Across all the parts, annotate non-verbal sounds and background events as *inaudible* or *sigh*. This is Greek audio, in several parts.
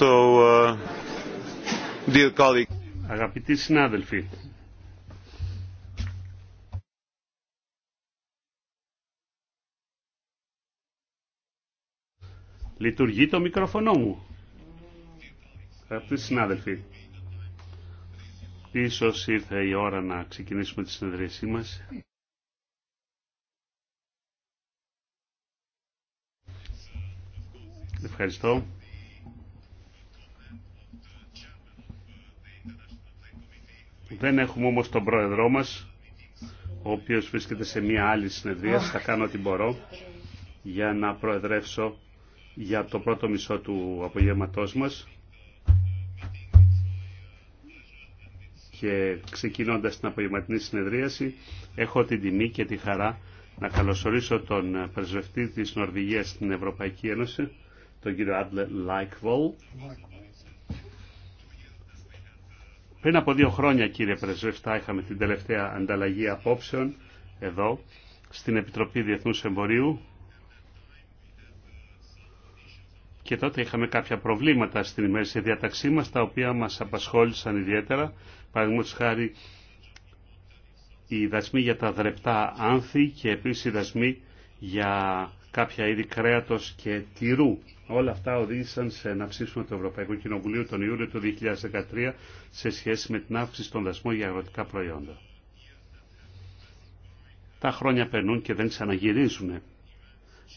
Ε, αγαπητοί συνάδελφοι, λειτουργεί το μικρόφωνο μου. Αγαπητοί συνάδελφοι, ίσως ήρθε η ώρα να ξεκινήσουμε τη συνεδρίασή μας. Ευχαριστώ. Δεν έχουμε όμως τον πρόεδρό μας, ο οποίος βρίσκεται σε μια άλλη συνεδρία. Θα κάνω ό,τι μπορώ για να προεδρεύσω για το πρώτο μισό του απογεύματός μας. Και ξεκινώντας την απογευματινή συνεδρίαση, έχω την τιμή και τη χαρά να καλωσορίσω τον πρεσβευτή της Νορβηγίας στην Ευρωπαϊκή Ένωση, τον κύριο Άντλε Λάικβολ. Πριν από δύο χρόνια κύριε Πρεσβευτά είχαμε την τελευταία ανταλλαγή απόψεων εδώ στην Επιτροπή Διεθνούς Εμπορίου και τότε είχαμε κάποια προβλήματα στην ημέρηση διαταξή μας τα οποία μας απασχόλησαν ιδιαίτερα. Παραδείγματος χάρη οι δασμοί για τα δρεπτά άνθη και επίσης οι δασμοί για κάποια είδη κρέατος και τυρού. Όλα αυτά οδήγησαν σε ένα ψήφισμα του Ευρωπαϊκού Κοινοβουλίου τον Ιούλιο του 2013 σε σχέση με την αύξηση των δασμών για αγροτικά προϊόντα. Τα χρόνια περνούν και δεν ξαναγυρίζουν.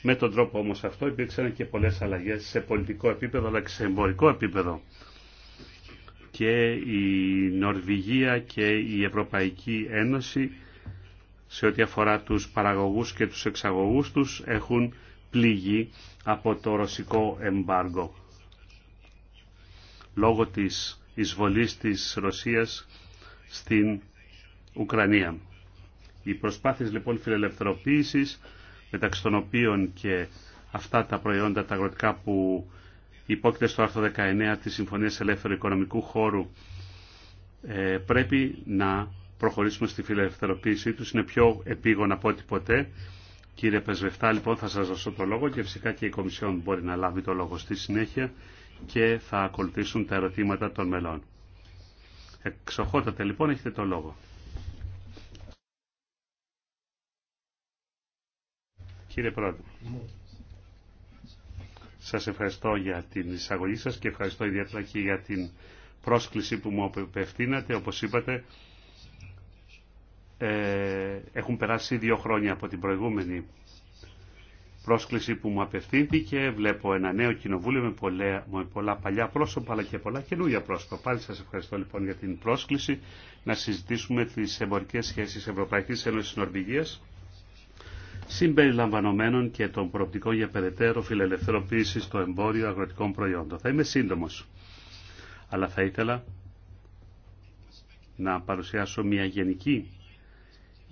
Με τον τρόπο όμως αυτό υπήρξαν και πολλές αλλαγές σε πολιτικό επίπεδο αλλά και σε εμπορικό επίπεδο. Και η Νορβηγία και η Ευρωπαϊκή Ένωση σε ό,τι αφορά τους παραγωγούς και τους εξαγωγούς τους έχουν πληγεί από το ρωσικό εμπάργκο. Λόγω της εισβολής της Ρωσίας στην Ουκρανία. Οι προσπάθειες λοιπόν φιλελευθεροποίησης μεταξύ των οποίων και αυτά τα προϊόντα τα αγροτικά που υπόκειται στο άρθρο 19 της Συμφωνίας Ελεύθερου Οικονομικού Χώρου ε, πρέπει να προχωρήσουμε στη φιλελευθερωποίησή του. Είναι πιο επίγον από ό,τι ποτέ. Κύριε Πεσβευτά, λοιπόν, θα σα δώσω το λόγο και φυσικά και η Κομισιόν μπορεί να λάβει το λόγο στη συνέχεια και θα ακολουθήσουν τα ερωτήματα των μελών. Εξοχότατε, λοιπόν, έχετε το λόγο. Κύριε Πρόεδρε, σας ευχαριστώ για την εισαγωγή σα και ευχαριστώ ιδιαίτερα και για την πρόσκληση που μου απευθύνατε. Όπως είπατε, ε, έχουν περάσει δύο χρόνια από την προηγούμενη πρόσκληση που μου απευθύνθηκε. Βλέπω ένα νέο κοινοβούλιο με, πολλά, με πολλά παλιά πρόσωπα αλλά και πολλά καινούργια πρόσωπα. Πάλι σας ευχαριστώ λοιπόν για την πρόσκληση να συζητήσουμε τις εμπορικές σχέσεις Ευρωπαϊκής Ένωσης Νορβηγίας συμπεριλαμβανομένων και των προοπτικών για περαιτέρω φιλελευθεροποίηση στο εμπόριο αγροτικών προϊόντων. Θα είμαι σύντομο. αλλά θα ήθελα να παρουσιάσω μια γενική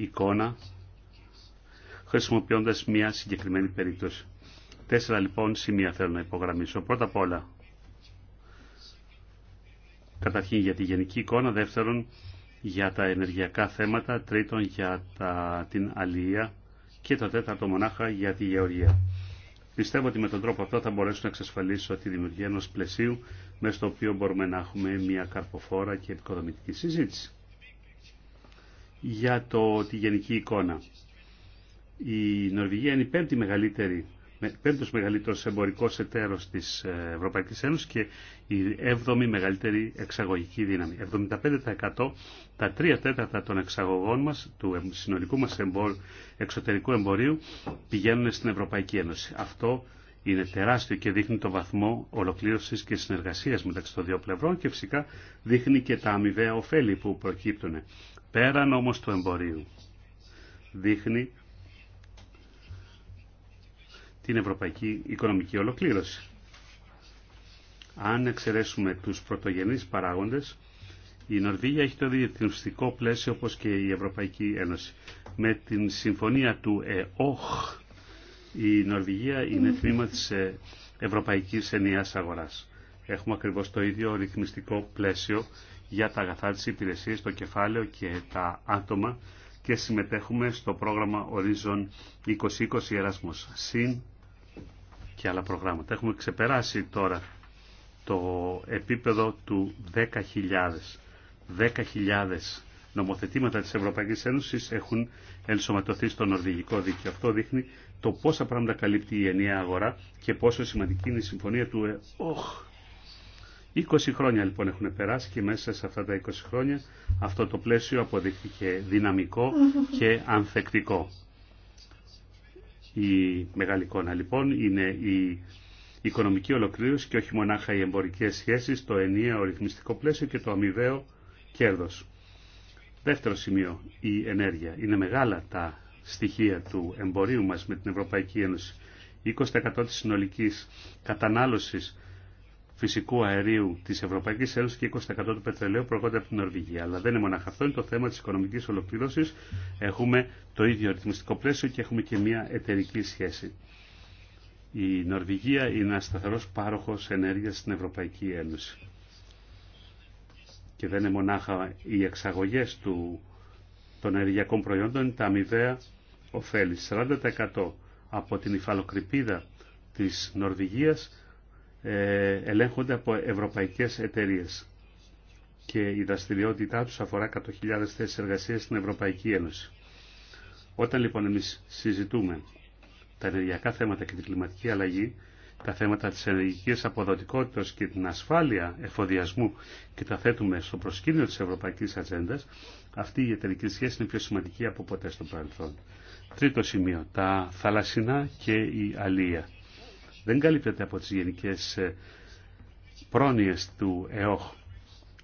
εικόνα χρησιμοποιώντας μια συγκεκριμένη περίπτωση. Τέσσερα λοιπόν σημεία θέλω να υπογραμμίσω. Πρώτα απ' όλα, καταρχήν για τη γενική εικόνα, δεύτερον για τα ενεργειακά θέματα, τρίτον για τα, την αλληλεία και το τέταρτο μονάχα για τη γεωργία. Πιστεύω ότι με τον τρόπο αυτό θα μπορέσω να εξασφαλίσω τη δημιουργία ενός πλαισίου μέσα στο οποίο μπορούμε να έχουμε μια καρποφόρα και επικοδομητική συζήτηση για το, τη γενική εικόνα. Η Νορβηγία είναι η πέμπτη μεγαλύτερη πέμπτος μεγαλύτερος εμπορικός εταίρος της ε, Ευρωπαϊκής Ένωσης και η έβδομη μεγαλύτερη εξαγωγική δύναμη. 75% τα τρία τέταρτα των εξαγωγών μας, του συνολικού μας εξωτερικού εμπορίου, πηγαίνουν στην Ευρωπαϊκή Ένωση. Αυτό είναι τεράστιο και δείχνει το βαθμό ολοκλήρωσης και συνεργασίας μεταξύ των δύο πλευρών και φυσικά δείχνει και τα αμοιβαία ωφέλη που προκύπτουν. Πέραν όμως του εμπορίου δείχνει την ευρωπαϊκή οικονομική ολοκλήρωση. Αν εξαιρέσουμε τους πρωτογενείς παράγοντες, η Νορβηγία έχει το διεθνιστικό πλαίσιο όπως και η Ευρωπαϊκή Ένωση. Με την συμφωνία του ΕΟΧ, η Νορβηγία είναι τμήμα της ε, Ευρωπαϊκής Ενιαίας Αγοράς. Έχουμε ακριβώς το ίδιο ρυθμιστικό πλαίσιο για τα αγαθά της υπηρεσίας, το κεφάλαιο και τα άτομα και συμμετέχουμε στο πρόγραμμα Horizon 2020 Ιεράσμος ΣΥΝ και άλλα προγράμματα. Έχουμε ξεπεράσει τώρα το επίπεδο του 10.000. 10.000 νομοθετήματα της Ευρωπαϊκής Ένωσης έχουν ενσωματωθεί στο νορβηγικό δίκαιο. Αυτό δείχνει το πόσα πράγματα καλύπτει η ενιαία αγορά και πόσο σημαντική είναι η συμφωνία του ΕΟΧ 20 χρόνια λοιπόν έχουν περάσει και μέσα σε αυτά τα 20 χρόνια αυτό το πλαίσιο αποδείχθηκε δυναμικό και ανθεκτικό. Η μεγάλη εικόνα λοιπόν είναι η οικονομική ολοκλήρωση και όχι μονάχα οι εμπορικές σχέσεις, το ενιαίο ρυθμιστικό πλαίσιο και το αμοιβαίο κέρδος. Δεύτερο σημείο, η ενέργεια. Είναι μεγάλα τα στοιχεία του εμπορίου μας με την Ευρωπαϊκή Ένωση. 20% της συνολικής κατανάλωσης φυσικού αερίου τη Ευρωπαϊκή Ένωση και 20% του πετρελαίου προέρχονται από την Νορβηγία. Αλλά δεν είναι μόνο αυτό, είναι το θέμα τη οικονομική ολοκλήρωση. Έχουμε το ίδιο ρυθμιστικό πλαίσιο και έχουμε και μια εταιρική σχέση. Η Νορβηγία είναι ένα σταθερό πάροχο ενέργεια στην Ευρωπαϊκή Ένωση. Και δεν είναι μονάχα οι εξαγωγέ των ενεργειακών προϊόντων, τα αμοιβαία ωφέλη. 40% από την υφαλοκρηπίδα της Νορβηγίας ε, ελέγχονται από ευρωπαϊκές εταιρείες και η δραστηριότητά τους αφορά 100.000 θέσεις εργασίας στην Ευρωπαϊκή Ένωση. Όταν λοιπόν εμείς συζητούμε τα ενεργειακά θέματα και την κλιματική αλλαγή, τα θέματα της ενεργικής αποδοτικότητας και την ασφάλεια εφοδιασμού και τα θέτουμε στο προσκήνιο της Ευρωπαϊκής Ατζέντα, αυτή η εταιρική σχέση είναι πιο σημαντική από ποτέ στο παρελθόν. Τρίτο σημείο, τα θαλασσινά και η αλία δεν καλύπτεται από τις γενικές ε, πρόνοιες του ΕΟΧ.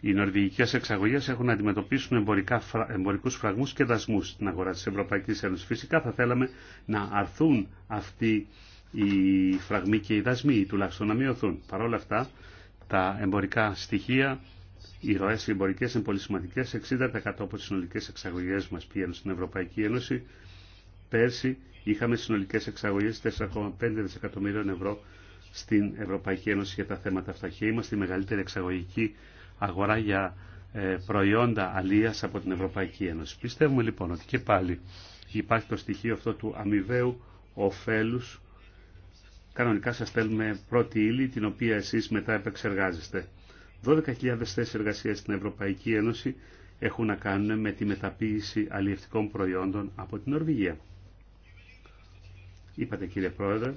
Οι νορβηγικές εξαγωγές έχουν να αντιμετωπίσουν εμπορικά, εμπορικούς φραγμούς και δασμούς στην αγορά της Ευρωπαϊκής Ένωσης. Φυσικά θα θέλαμε να αρθούν αυτοί οι φραγμοί και οι δασμοί, τουλάχιστον να μειωθούν. Παρ' όλα αυτά, τα εμπορικά στοιχεία, οι ροές εμπορικές είναι πολύ σημαντικές. 60% από τις συνολικές εξαγωγές μας πηγαίνουν στην Ευρωπαϊκή Ένωση πέρσι είχαμε συνολικές εξαγωγές 4,5 δισεκατομμυρίων ευρώ στην Ευρωπαϊκή Ένωση για τα θέματα αυτά και είμαστε η μεγαλύτερη εξαγωγική αγορά για ε, προϊόντα αλίας από την Ευρωπαϊκή Ένωση. Πιστεύουμε λοιπόν ότι και πάλι υπάρχει το στοιχείο αυτό του αμοιβαίου ωφέλους. Κανονικά σας στέλνουμε πρώτη ύλη την οποία εσείς μετά επεξεργάζεστε. 12.000 θέσεις εργασίας στην Ευρωπαϊκή Ένωση έχουν να κάνουν με τη μεταποίηση αλλιευτικών προϊόντων από την Νορβηγία. Είπατε κύριε Πρόεδρε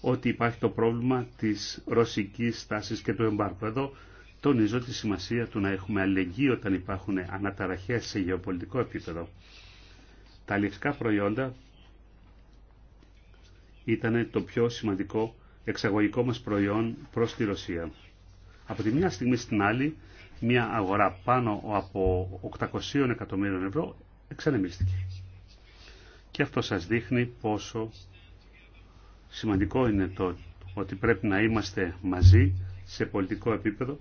ότι υπάρχει το πρόβλημα της ρωσικής στάσης και του εμπάρκου. Εδώ τονίζω τη σημασία του να έχουμε αλληλεγγύη όταν υπάρχουν αναταραχές σε γεωπολιτικό επίπεδο. Τα αλληλευτικά προϊόντα ήταν το πιο σημαντικό εξαγωγικό μας προϊόν προς τη Ρωσία. Από τη μια στιγμή στην άλλη, μια αγορά πάνω από 800 εκατομμύρια ευρώ εξανεμίστηκε. Και αυτό σας δείχνει πόσο Σημαντικό είναι το ότι πρέπει να είμαστε μαζί σε πολιτικό επίπεδο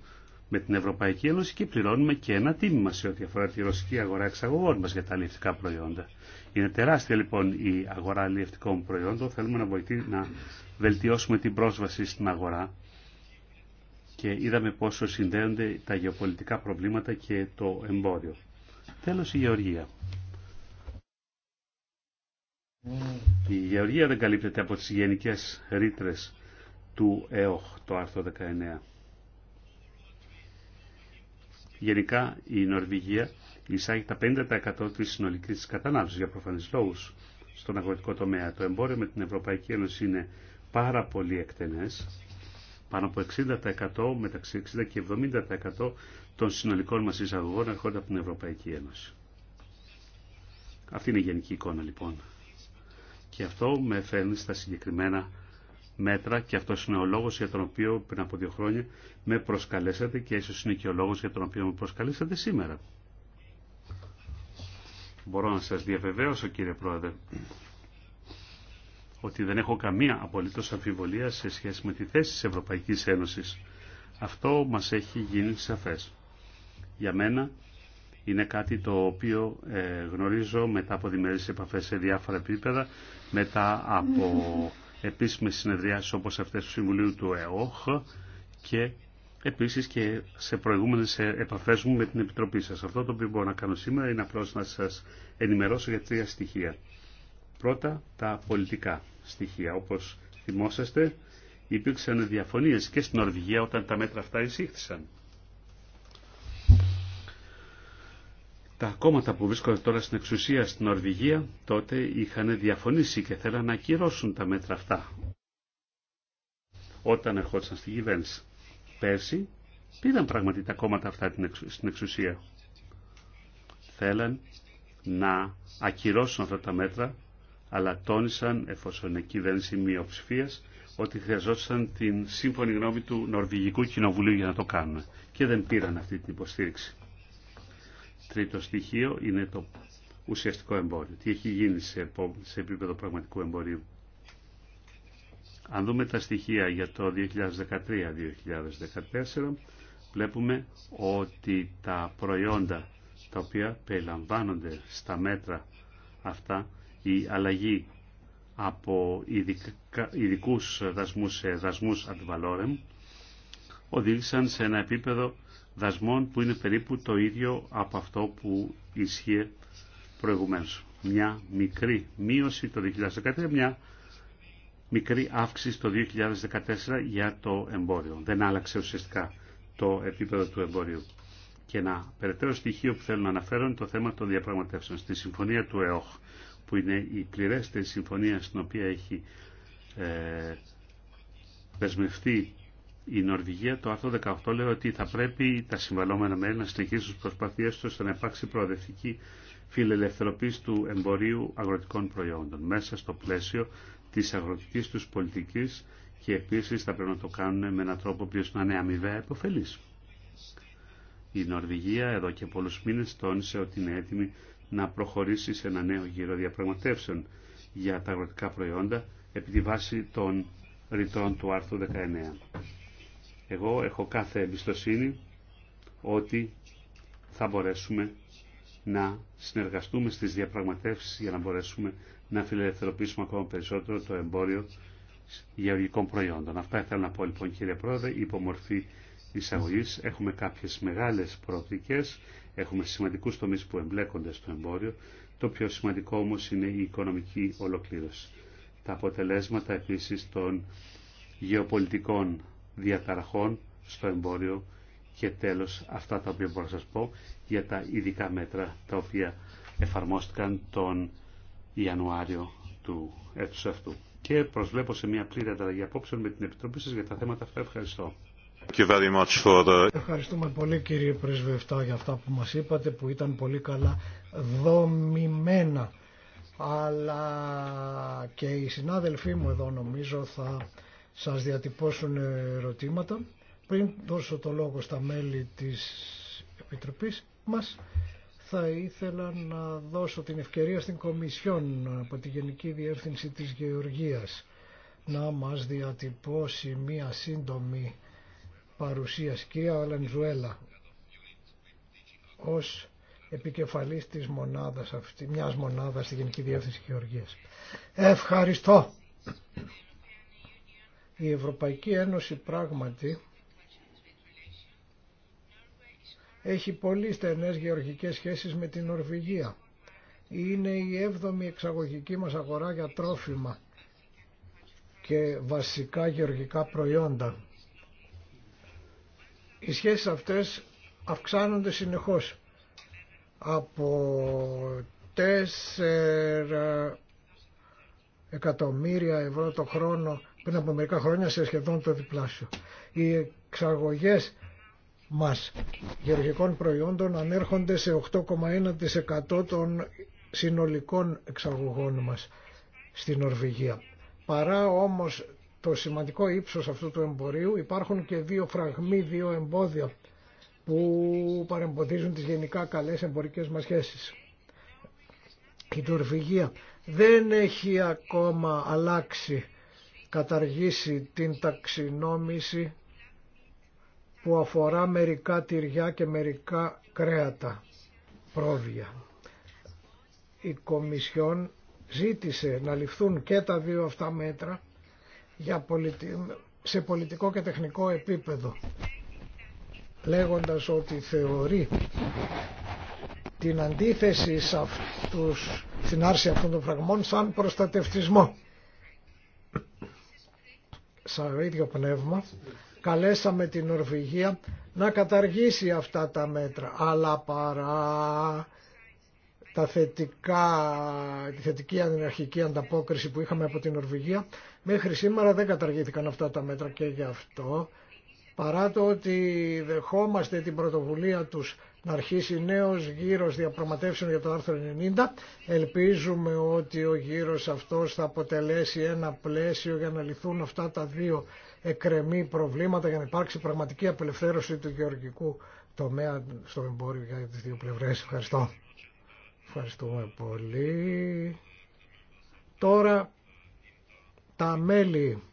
με την Ευρωπαϊκή Ένωση και πληρώνουμε και ένα τίμημα σε ό,τι αφορά τη ρωσική αγορά εξαγωγών μας για τα αλληλευτικά προϊόντα. Είναι τεράστια λοιπόν η αγορά αλληλευτικών προϊόντων. Θέλουμε να, βοηθήσουμε να βελτιώσουμε την πρόσβαση στην αγορά και είδαμε πόσο συνδέονται τα γεωπολιτικά προβλήματα και το εμπόριο. Τέλος η Γεωργία. Mm. Η γεωργία δεν καλύπτεται από τις γενικές ρήτρε του ΕΟΧ, το άρθρο 19. Γενικά η Νορβηγία εισάγει τα 50% της συνολικής της κατανάλωσης για προφανείς λόγους στον αγροτικό τομέα. Το εμπόριο με την Ευρωπαϊκή Ένωση είναι πάρα πολύ εκτενές, πάνω από 60% μεταξύ 60% και 70% των συνολικών μας εισαγωγών έρχονται από την Ευρωπαϊκή Ένωση. Αυτή είναι η γενική εικόνα λοιπόν. Και αυτό με φέρνει στα συγκεκριμένα μέτρα και αυτό είναι ο λόγος για τον οποίο πριν από δύο χρόνια με προσκαλέσατε και ίσως είναι και ο λόγος για τον οποίο με προσκαλέσατε σήμερα. Μπορώ να σας διαβεβαίωσω κύριε Πρόεδρε ότι δεν έχω καμία απολύτως αμφιβολία σε σχέση με τη θέση της Ευρωπαϊκής Ένωσης. Αυτό μας έχει γίνει σαφές. Για μένα είναι κάτι το οποίο ε, γνωρίζω μετά από διμερείς επαφές σε διάφορα επίπεδα, μετά από *laughs* επίσημες συνεδριάσεις όπως αυτές του Συμβουλίου του ΕΟΧ και επίσης και σε προηγούμενες επαφές μου με την Επιτροπή σας. Αυτό το οποίο μπορώ να κάνω σήμερα είναι απλώ να σας ενημερώσω για τρία στοιχεία. Πρώτα, τα πολιτικά στοιχεία. Όπως θυμόσαστε, υπήρξαν διαφωνίες και στην Νορβηγία όταν τα μέτρα αυτά εισήχθησαν. τα κόμματα που βρίσκονται τώρα στην εξουσία στην Νορβηγία τότε είχαν διαφωνήσει και θέλαν να ακυρώσουν τα μέτρα αυτά όταν ερχόντουσαν στην κυβέρνηση. Πέρσι πήραν πραγματικά τα κόμματα αυτά στην εξουσία. Θέλαν να ακυρώσουν αυτά τα μέτρα αλλά τόνισαν εφόσον η κυβέρνηση μειοψηφία ότι χρειαζόταν την σύμφωνη γνώμη του Νορβηγικού Κοινοβουλίου για να το κάνουν. Και δεν πήραν αυτή την υποστήριξη. Τρίτο στοιχείο είναι το ουσιαστικό εμπόριο. Τι έχει γίνει σε επίπεδο πραγματικού εμπορίου. Αν δούμε τα στοιχεία για το 2013-2014, βλέπουμε ότι τα προϊόντα τα οποία περιλαμβάνονται στα μέτρα αυτά, η αλλαγή από ειδικού δασμούς σε δασμούς ad οδήγησαν σε ένα επίπεδο δασμών που είναι περίπου το ίδιο από αυτό που ισχύει προηγουμένως. Μια μικρή μείωση το 2013, μια μικρή αύξηση το 2014 για το εμπόριο. Δεν άλλαξε ουσιαστικά το επίπεδο του εμπόριου. Και ένα περαιτέρω στοιχείο που θέλω να αναφέρω είναι το θέμα των διαπραγματεύσεων. Στη συμφωνία του ΕΟΧ, που είναι η πληρέστερη συμφωνία στην οποία έχει ε, δεσμευτεί η Νορβηγία το άρθρο 18 λέει ότι θα πρέπει τα συμβαλόμενα μέρη να συνεχίσουν τις προσπαθίε του ώστε να υπάρξει προοδευτική φιλελευθερωποίηση του εμπορίου αγροτικών προϊόντων μέσα στο πλαίσιο τη αγροτική του πολιτική και επίση θα πρέπει να το κάνουν με έναν τρόπο που να είναι αμοιβαία επωφελής. Η Νορβηγία εδώ και πολλού μήνε τόνισε ότι είναι έτοιμη να προχωρήσει σε ένα νέο γύρο διαπραγματεύσεων για τα αγροτικά προϊόντα επί τη βάση των ρητών του άρθρου 19. Εγώ έχω κάθε εμπιστοσύνη ότι θα μπορέσουμε να συνεργαστούμε στις διαπραγματεύσεις για να μπορέσουμε να φιλελευθερωποιήσουμε ακόμα περισσότερο το εμπόριο γεωργικών προϊόντων. Αυτά ήθελα να πω λοιπόν κύριε Πρόεδρε, υπομορφή εισαγωγή. Έχουμε κάποιε μεγάλε προοπτικέ, έχουμε σημαντικού τομεί που εμπλέκονται στο εμπόριο. Το πιο σημαντικό όμω είναι η οικονομική ολοκλήρωση. Τα αποτελέσματα επίση των γεωπολιτικών διαταραχών στο εμπόριο και τέλος αυτά τα οποία μπορώ να σας πω για τα ειδικά μέτρα τα οποία εφαρμόστηκαν τον Ιανουάριο του έτους αυτού. Και προσβλέπω σε μια πλήρη ανταλλαγή απόψεων με την Επιτροπή σας για τα θέματα αυτά. Ευχαριστώ. Ευχαριστούμε πολύ κύριε Πρεσβευτά για αυτά που μας είπατε που ήταν πολύ καλά δομημένα αλλά και οι συνάδελφοί μου εδώ νομίζω θα σας διατυπώσουν ερωτήματα. Πριν δώσω το λόγο στα μέλη της Επιτροπής μας, θα ήθελα να δώσω την ευκαιρία στην Κομισιόν από τη Γενική Διεύθυνση της Γεωργίας να μας διατυπώσει μία σύντομη παρουσίαση. Κυρία Βαλενζουέλα, ως επικεφαλής της μονάδας αυτή, μιας μονάδας στη Γενική Διεύθυνση Γεωργίας. Ευχαριστώ. Η Ευρωπαϊκή Ένωση πράγματι έχει πολύ στενές γεωργικές σχέσεις με την Νορβηγία. Είναι η έβδομη εξαγωγική μας αγορά για τρόφιμα και βασικά γεωργικά προϊόντα. Οι σχέσεις αυτές αυξάνονται συνεχώς. Από 4 εκατομμύρια ευρώ το χρόνο πριν από μερικά χρόνια σε σχεδόν το διπλάσιο. Οι εξαγωγές μας γεωργικών προϊόντων ανέρχονται σε 8,1% των συνολικών εξαγωγών μας στην Νορβηγία. Παρά όμως το σημαντικό ύψος αυτού του εμπορίου υπάρχουν και δύο φραγμοί, δύο εμπόδια που παρεμποδίζουν τις γενικά καλές εμπορικές μας σχέσεις. Η Νορβηγία δεν έχει ακόμα αλλάξει καταργήσει την ταξινόμηση που αφορά μερικά τυριά και μερικά κρέατα πρόβια. Η Κομισιόν ζήτησε να ληφθούν και τα δύο αυτά μέτρα για σε πολιτικό και τεχνικό επίπεδο λέγοντας ότι θεωρεί την αντίθεση σε αυτούς, στην άρση αυτών των φραγμών σαν προστατευτισμό. Σαν ίδιο πνεύμα καλέσαμε την Νορβηγία να καταργήσει αυτά τα μέτρα αλλά παρά τα θετικά, τη θετική ανταπόκριση που είχαμε από την Νορβηγία μέχρι σήμερα δεν καταργήθηκαν αυτά τα μέτρα και γι' αυτό παρά το ότι δεχόμαστε την πρωτοβουλία τους να αρχίσει νέος γύρος διαπραγματεύσεων για το άρθρο 90. Ελπίζουμε ότι ο γύρος αυτός θα αποτελέσει ένα πλαίσιο για να λυθούν αυτά τα δύο εκρεμή προβλήματα για να υπάρξει πραγματική απελευθέρωση του γεωργικού τομέα στο εμπόριο για τις δύο πλευρές. Ευχαριστώ. Ευχαριστούμε πολύ. Τώρα τα μέλη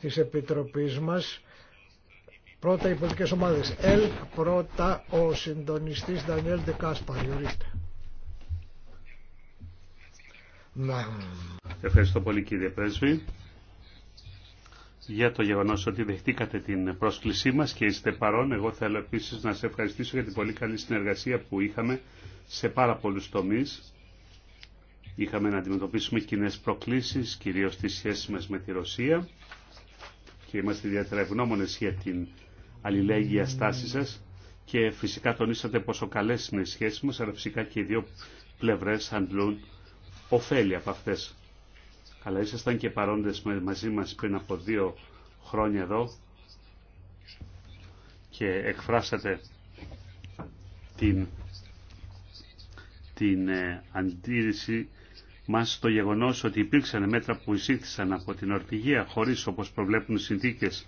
της Επιτροπής μας Πρώτα οι πολιτικές ομάδες. ΕΛΚ πρώτα ο συντονιστής Δανιέλ Ντεκάσπαρη. Να. Ευχαριστώ πολύ κύριε Πρέσβη για το γεγονός ότι δεχτήκατε την πρόσκλησή μας και είστε παρόν. Εγώ θέλω επίσης να σε ευχαριστήσω για την πολύ καλή συνεργασία που είχαμε σε πάρα πολλούς τομείς. Είχαμε να αντιμετωπίσουμε κοινέ προκλήσεις, κυρίως τις σχέσεις μας με τη Ρωσία και είμαστε ιδιαίτερα ευγνώμονες για την αλληλέγγυα στάση σα και φυσικά τονίσατε πόσο καλέ είναι οι σχέσει μα, αλλά φυσικά και οι δύο πλευρές αντλούν ωφέλη από αυτέ. Αλλά ήσασταν και παρόντε μαζί μα πριν από δύο χρόνια εδώ και εκφράσατε την, την ε, αντίρρηση μας στο γεγονός ότι υπήρξαν μέτρα που εισήχθησαν από την Ορτηγία χωρίς όπως προβλέπουν οι συνθήκες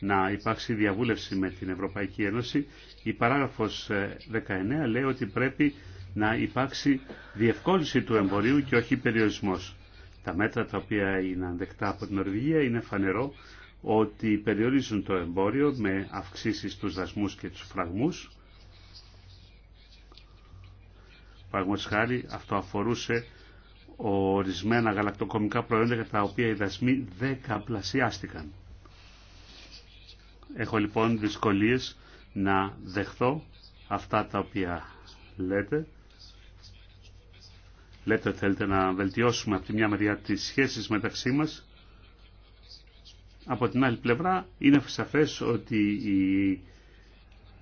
να υπάρξει διαβούλευση με την Ευρωπαϊκή Ένωση. Η παράγραφος 19 ε, λέει ότι πρέπει να υπάρξει διευκόλυνση του εμπορίου και όχι περιορισμός. Τα μέτρα τα οποία είναι ανδεκτά από την Ορβηγία είναι φανερό ότι περιορίζουν το εμπόριο με αυξήσεις στους δασμούς και τους φραγμούς. Παραγωγή χάρη αυτό αφορούσε ορισμένα γαλακτοκομικά προϊόντα για τα οποία οι δασμοί δεκαπλασιάστηκαν. Έχω λοιπόν δυσκολίες να δεχθώ αυτά τα οποία λέτε. Λέτε ότι θέλετε να βελτιώσουμε από τη μια μεριά τις σχέσεις μεταξύ μας. Από την άλλη πλευρά είναι σαφές ότι οι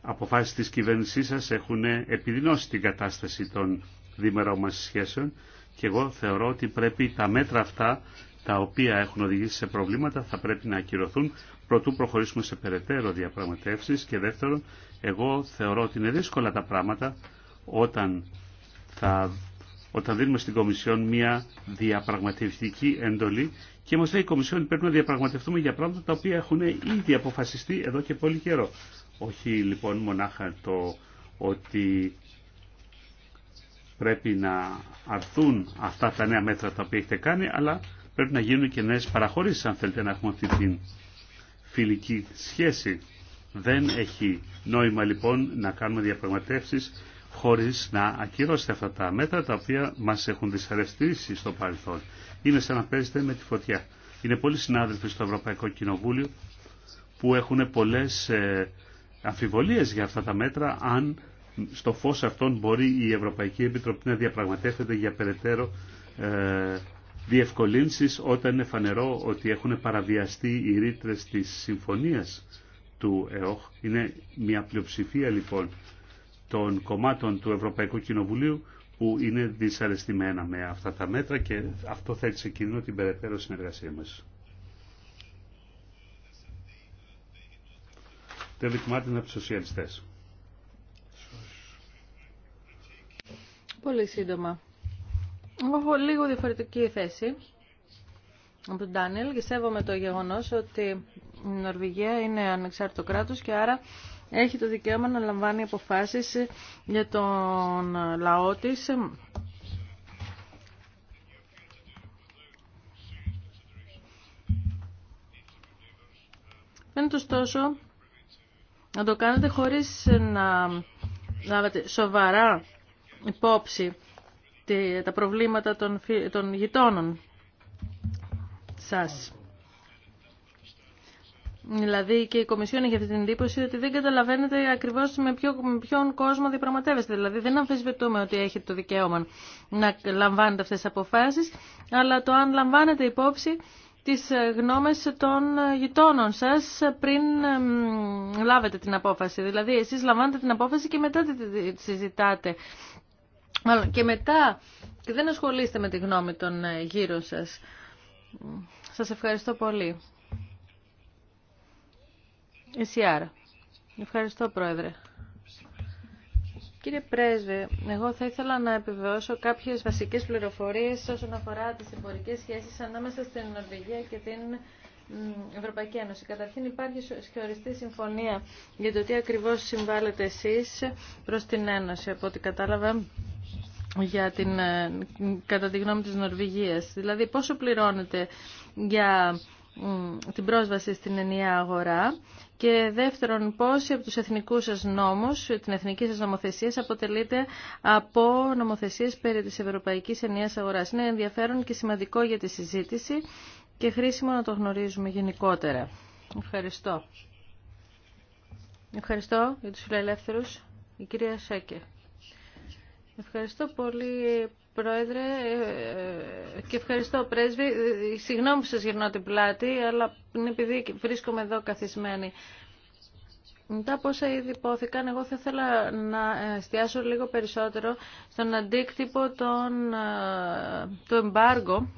αποφάσεις της κυβέρνησής σας έχουν επιδεινώσει την κατάσταση των διμερών μας σχέσεων και εγώ θεωρώ ότι πρέπει τα μέτρα αυτά τα οποία έχουν οδηγήσει σε προβλήματα θα πρέπει να ακυρωθούν Πρωτού προχωρήσουμε σε περαιτέρω διαπραγματεύσεις και δεύτερον, εγώ θεωρώ ότι είναι δύσκολα τα πράγματα όταν, θα, όταν δίνουμε στην Κομισιόν μια διαπραγματευτική εντολή και μας λέει η Κομισιόν πρέπει να διαπραγματευτούμε για πράγματα τα οποία έχουν ήδη αποφασιστεί εδώ και πολύ καιρό. Όχι λοιπόν μονάχα το ότι πρέπει να αρθούν αυτά τα νέα μέτρα τα οποία έχετε κάνει, αλλά πρέπει να γίνουν και νέες παραχωρήσεις αν θέλετε να έχουμε αυτή την φιλική σχέση. Δεν έχει νόημα λοιπόν να κάνουμε διαπραγματεύσεις χωρίς να ακυρώσετε αυτά τα μέτρα τα οποία μας έχουν δυσαρεστήσει στο παρελθόν. Είναι σαν να παίζετε με τη φωτιά. Είναι πολλοί συνάδελφοι στο Ευρωπαϊκό Κοινοβούλιο που έχουν πολλές ε, αμφιβολίες για αυτά τα μέτρα αν στο φως αυτών μπορεί η Ευρωπαϊκή Επιτροπή να διαπραγματεύεται για περαιτέρω ε, διευκολύνσεις όταν είναι φανερό ότι έχουν παραβιαστεί οι ρήτρες της συμφωνίας του ΕΟΧ. Είναι μια πλειοψηφία λοιπόν των κομμάτων του Ευρωπαϊκού Κοινοβουλίου που είναι δυσαρεστημένα με αυτά τα μέτρα και αυτό θέτει σε κίνδυνο την περαιτέρω συνεργασία μας. David Μάρτιν από Πολύ σύντομα. Εγώ έχω λίγο διαφορετική θέση από τον Ντάνιελ και σέβομαι το γεγονός ότι η Νορβηγία είναι ανεξάρτητο κράτος και άρα έχει το δικαίωμα να λαμβάνει αποφάσεις για τον λαό της Φαίνεται ωστόσο να το κάνετε χωρίς να λάβετε σοβαρά υπόψη τα προβλήματα των, των γειτόνων σας. Δηλαδή και η Κομισιόν έχει αυτή την εντύπωση ότι δεν καταλαβαίνετε ακριβώς με, ποιο, με ποιον κόσμο διπραγματεύεστε. Δηλαδή δεν αμφισβητούμε ότι έχετε το δικαίωμα να λαμβάνετε αυτές τις αποφάσεις αλλά το αν λαμβάνετε υπόψη τις γνώμες των γειτόνων σας πριν λάβετε την απόφαση. Δηλαδή εσείς λαμβάνετε την απόφαση και μετά τη συζητάτε και μετά και δεν ασχολείστε με τη γνώμη των ε, γύρω σας. Σας ευχαριστώ πολύ. Εσύ άρα. Ευχαριστώ, Πρόεδρε. Κύριε Πρέσβε, εγώ θα ήθελα να επιβεβαιώσω κάποιες βασικές πληροφορίες όσον αφορά τις εμπορικές σχέσεις ανάμεσα στην Νορβηγία και την Ευρωπαϊκή Ένωση. Καταρχήν υπάρχει σχεωριστή συμφωνία για το τι ακριβώς συμβάλλετε εσείς προς την Ένωση. Από ό,τι κατάλαβα, για την, ε, κατά τη γνώμη της Νορβηγίας. Δηλαδή πόσο πληρώνεται για την πρόσβαση στην ενιαία αγορά και δεύτερον πόσοι από τους εθνικούς σας νόμους, την εθνική σας νομοθεσία αποτελείται από νομοθεσίες περί της Ευρωπαϊκής Ενιαίας Αγοράς. Είναι ενδιαφέρον και σημαντικό για τη συζήτηση και χρήσιμο να το γνωρίζουμε γενικότερα. Ευχαριστώ. Ευχαριστώ για τους φιλελεύθερους. Η κυρία Σέκε. Ευχαριστώ πολύ, Πρόεδρε, ε, και ευχαριστώ, Πρέσβη. Συγγνώμη που σας γυρνώ την πλάτη, αλλά επειδή βρίσκομαι εδώ καθισμένη. Μετά από όσα ήδη υπόθηκαν, εγώ θα ήθελα να εστιάσω λίγο περισσότερο στον αντίκτυπο ε, του εμπάργου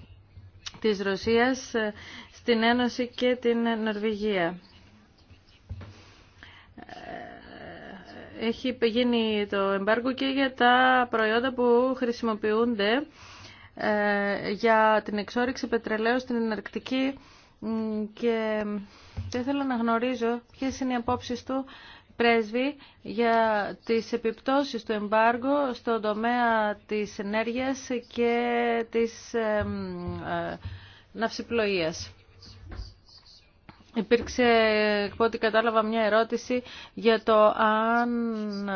της Ρωσίας ε, στην Ένωση και την Νορβηγία. έχει γίνει το εμπάργκο και για τα προϊόντα που χρησιμοποιούνται ε, για την εξόριξη πετρελαίου στην Αρκτική και θέλω θέλω να γνωρίζω ποιες είναι οι απόψεις του πρέσβη για τις επιπτώσεις του εμπάργου στον τομέα της ενέργειας και της ε, ε, ναυσιπλοείας. Υπήρξε, από ό,τι κατάλαβα, μια ερώτηση για το αν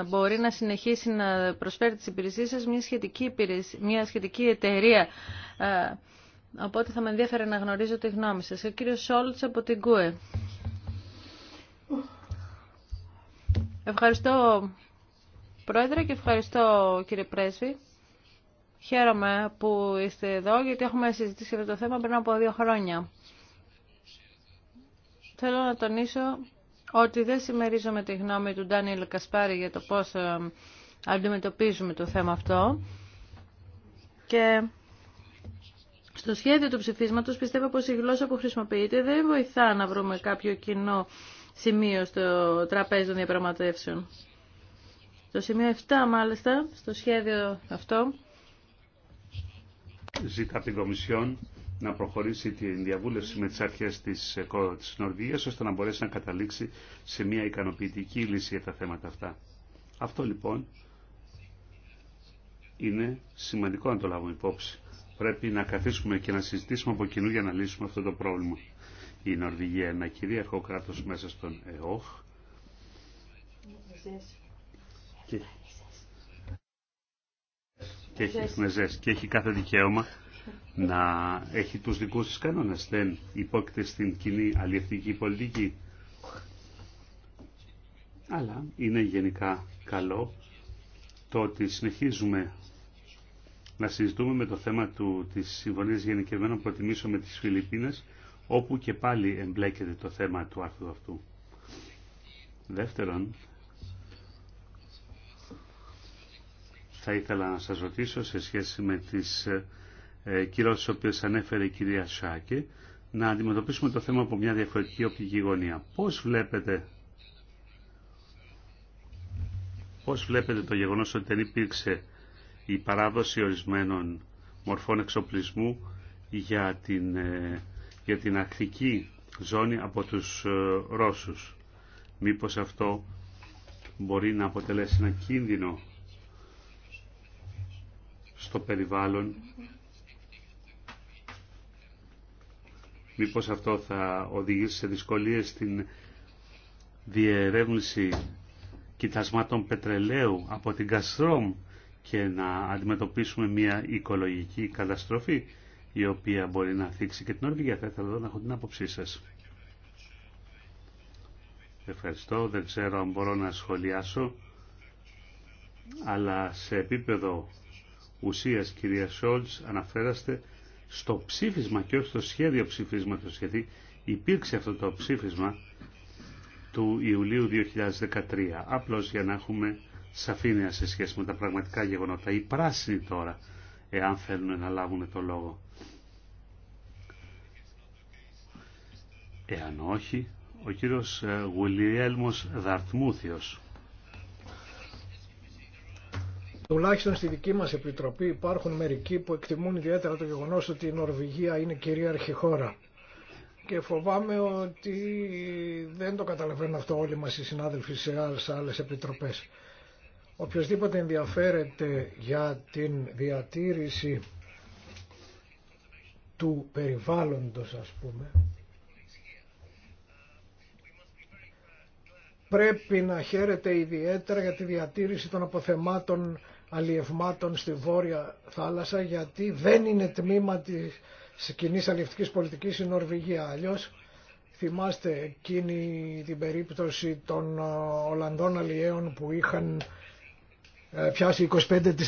μπορεί να συνεχίσει να προσφέρει τις υπηρεσίες σας μια σχετική, υπηρεσία, μια σχετική εταιρεία. Ε, οπότε θα με ενδιαφέρει να γνωρίζω τη γνώμη σας. Ο κύριος Σόλτς από την ΚΟΕ. Ευχαριστώ, Πρόεδρε, και ευχαριστώ, κύριε Πρέσβη. Χαίρομαι που είστε εδώ, γιατί έχουμε συζητήσει αυτό το θέμα πριν από δύο χρόνια. Θέλω να τονίσω ότι δεν συμμερίζομαι τη γνώμη του Ντάνιελ Κασπάρη για το πώς ε, αντιμετωπίζουμε το θέμα αυτό. Και στο σχέδιο του ψηφίσματος πιστεύω πως η γλώσσα που χρησιμοποιείται δεν βοηθά να βρούμε κάποιο κοινό σημείο στο τραπέζι των διαπραγματεύσεων. Το σημείο 7 μάλιστα, στο σχέδιο αυτό. Ζητά από την Κομισιόν να προχωρήσει την διαβούλευση με τις αρχές της, ε, της Νορβηγίας ώστε να μπορέσει να καταλήξει σε μια ικανοποιητική λύση για τα θέματα αυτά. Αυτό λοιπόν είναι σημαντικό να το λάβουμε υπόψη. Πρέπει να καθίσουμε και να συζητήσουμε από κοινού για να λύσουμε αυτό το πρόβλημα. Η Νορβηγία είναι ένα κυρίαρχο κράτος μέσα στον ΕΟΧ και, και έχει κάθε δικαίωμα να έχει τους δικούς της κανόνες. Δεν υπόκειται στην κοινή αλληλευτική πολιτική. Αλλά είναι γενικά καλό το ότι συνεχίζουμε να συζητούμε με το θέμα του, της Συμφωνίας Γενικευμένων Προτιμήσεων με τις Φιλιππίνες, όπου και πάλι εμπλέκεται το θέμα του άρθρου αυτού. Δεύτερον, θα ήθελα να σας ρωτήσω σε σχέση με τις ε, ε, κυρώσεις που οποίες ανέφερε η κυρία Σάκη, να αντιμετωπίσουμε το θέμα από μια διαφορετική οπτική γωνία. Πώς βλέπετε, πώς βλέπετε το γεγονός ότι δεν υπήρξε η παράδοση ορισμένων μορφών εξοπλισμού για την, ε, για την ζώνη από τους ε, Ρώσους. Μήπως αυτό μπορεί να αποτελέσει ένα κίνδυνο στο περιβάλλον Μήπως αυτό θα οδηγήσει σε δυσκολίες στην διερεύνηση κοιτασμάτων πετρελαίου από την Καστρόμ και να αντιμετωπίσουμε μια οικολογική καταστροφή η οποία μπορεί να θίξει και την Ορβηγία. Θα ήθελα εδώ να έχω την άποψή σα. Ευχαριστώ. Δεν ξέρω αν μπορώ να σχολιάσω αλλά σε επίπεδο ουσίας κυρία Σόλτς αναφέραστε στο ψήφισμα και όχι στο σχέδιο ψηφίσματος, γιατί υπήρξε αυτό το ψήφισμα του Ιουλίου 2013, απλώς για να έχουμε σαφήνεια σε σχέση με τα πραγματικά γεγονότα. Οι πράσινοι τώρα, εάν θέλουν να λάβουν το λόγο. Εάν όχι, ο κύριος ε, Γουλιέλμος Δαρτμούθιος. Τουλάχιστον στη δική μας επιτροπή υπάρχουν μερικοί που εκτιμούν ιδιαίτερα το γεγονός ότι η Νορβηγία είναι κυρίαρχη χώρα. Και φοβάμαι ότι δεν το καταλαβαίνουν αυτό όλοι μας οι συνάδελφοι σε άλλες, επιτροπέ. επιτροπές. Οποιοςδήποτε ενδιαφέρεται για την διατήρηση του περιβάλλοντος ας πούμε πρέπει να χαίρεται ιδιαίτερα για τη διατήρηση των αποθεμάτων αλλιευμάτων στη Βόρεια Θάλασσα γιατί δεν είναι τμήμα της κοινή αλλιευτικής πολιτικής η Νορβηγία. Αλλιώς θυμάστε εκείνη την περίπτωση των ε, Ολλανδών αλλιέων που είχαν ε, πιάσει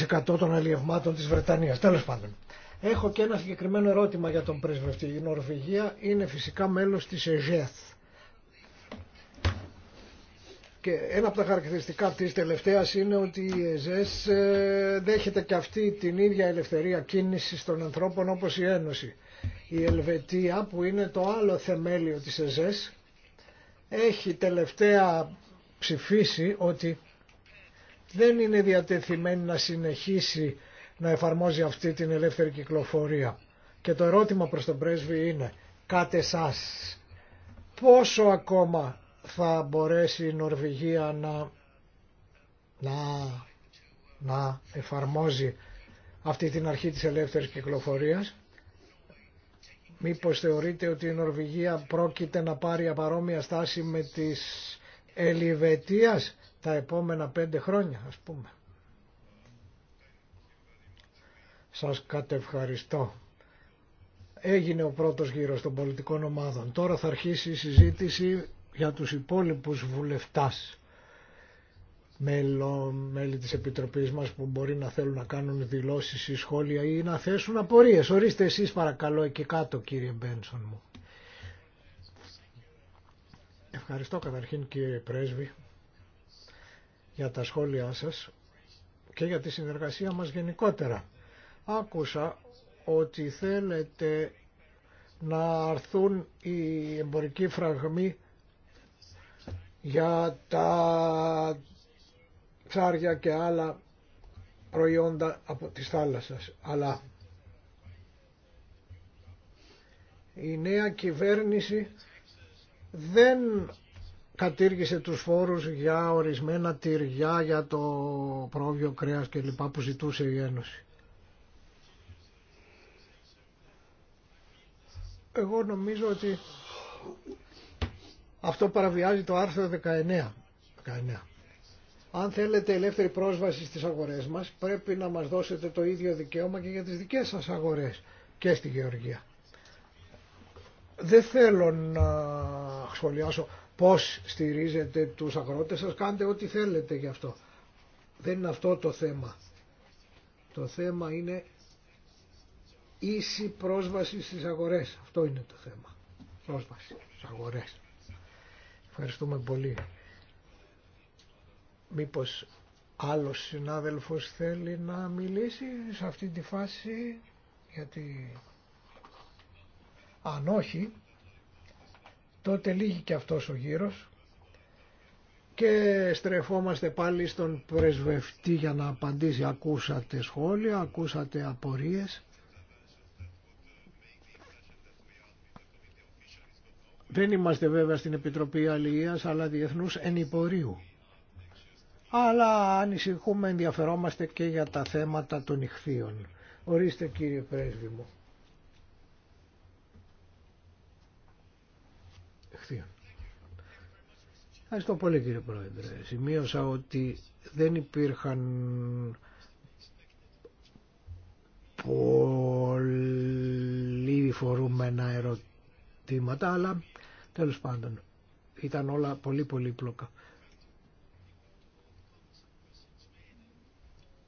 25% των αλλιευμάτων της Βρετανίας. Τέλος πάντων. Έχω και ένα συγκεκριμένο ερώτημα για τον πρεσβευτή. Η Νορβηγία είναι φυσικά μέλος της ΕΖΕΘ και ένα από τα χαρακτηριστικά της τελευταίας είναι ότι η ΕΖΕΣ ε, δέχεται και αυτή την ίδια ελευθερία κίνησης των ανθρώπων όπως η Ένωση. Η Ελβετία που είναι το άλλο θεμέλιο της ΕΖΕΣ έχει τελευταία ψηφίσει ότι δεν είναι διατεθειμένη να συνεχίσει να εφαρμόζει αυτή την ελεύθερη κυκλοφορία. Και το ερώτημα προς τον πρέσβη είναι, κάτε σας, πόσο ακόμα θα μπορέσει η Νορβηγία να, να, εφαρμόζει αυτή την αρχή της ελεύθερης κυκλοφορίας. Μήπως θεωρείτε ότι η Νορβηγία πρόκειται να πάρει απαρόμοια στάση με της Ελιβετίας τα επόμενα πέντε χρόνια ας πούμε. Σας κατευχαριστώ. Έγινε ο πρώτος γύρος των πολιτικών ομάδων. Τώρα θα αρχίσει η συζήτηση για τους υπόλοιπους βουλευτάς μέλο, μέλη της Επιτροπής μας που μπορεί να θέλουν να κάνουν δηλώσεις ή σχόλια ή να θέσουν απορίες. Ορίστε εσείς παρακαλώ εκεί κάτω κύριε Μπένσον μου. Ευχαριστώ καταρχήν κύριε Πρέσβη για τα σχόλιά σας και για τη συνεργασία μας γενικότερα. Άκουσα ότι θέλετε να αρθούν οι εμπορικοί φραγμοί για τα ψάρια και άλλα προϊόντα από τις θάλασσες, Αλλά η νέα κυβέρνηση δεν κατήργησε τους φόρους για ορισμένα τυριά, για το πρόβιο κρέας και λοιπά που ζητούσε η Ένωση. Εγώ νομίζω ότι αυτό παραβιάζει το άρθρο 19. 19. Αν θέλετε ελεύθερη πρόσβαση στις αγορές μας, πρέπει να μας δώσετε το ίδιο δικαίωμα και για τις δικές σας αγορές και στη Γεωργία. Δεν θέλω να σχολιάσω πώς στηρίζετε τους αγρότες σας, κάντε ό,τι θέλετε γι' αυτό. Δεν είναι αυτό το θέμα. Το θέμα είναι ίση πρόσβαση στις αγορές. Αυτό είναι το θέμα. Πρόσβαση στις αγορές. Ευχαριστούμε πολύ. Μήπως άλλος συνάδελφος θέλει να μιλήσει σε αυτή τη φάση, γιατί αν όχι, τότε λύγει και αυτός ο γύρος και στρεφόμαστε πάλι στον πρεσβευτή για να απαντήσει. Ακούσατε σχόλια, ακούσατε απορίες. Δεν είμαστε βέβαια στην Επιτροπή Αλληλείας αλλά Διεθνούς Ενυπορίου. Αλλά ανησυχούμε, ενδιαφερόμαστε και για τα θέματα των ηχθείων. Ορίστε κύριε πρέσβη μου. Ηχθείων. Ευχαριστώ πολύ κύριε Πρόεδρε. Σημείωσα ότι δεν υπήρχαν πολύ φορούμενα ερωτήματα αλλά Τέλος πάντων, ήταν όλα πολύ πολύπλοκα.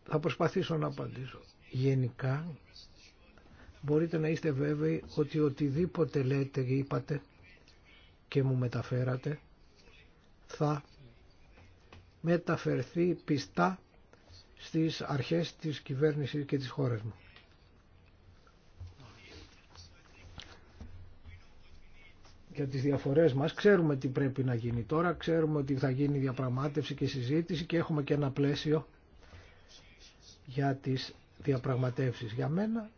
Θα προσπαθήσω να απαντήσω. Γενικά, μπορείτε να είστε βέβαιοι ότι οτιδήποτε λέτε και είπατε και μου μεταφέρατε, θα μεταφερθεί πιστά στις αρχές της κυβέρνησης και της χώρας μου. για τις διαφορές μας. Ξέρουμε τι πρέπει να γίνει τώρα, ξέρουμε ότι θα γίνει διαπραγμάτευση και συζήτηση και έχουμε και ένα πλαίσιο για τις διαπραγματεύσεις. Για μένα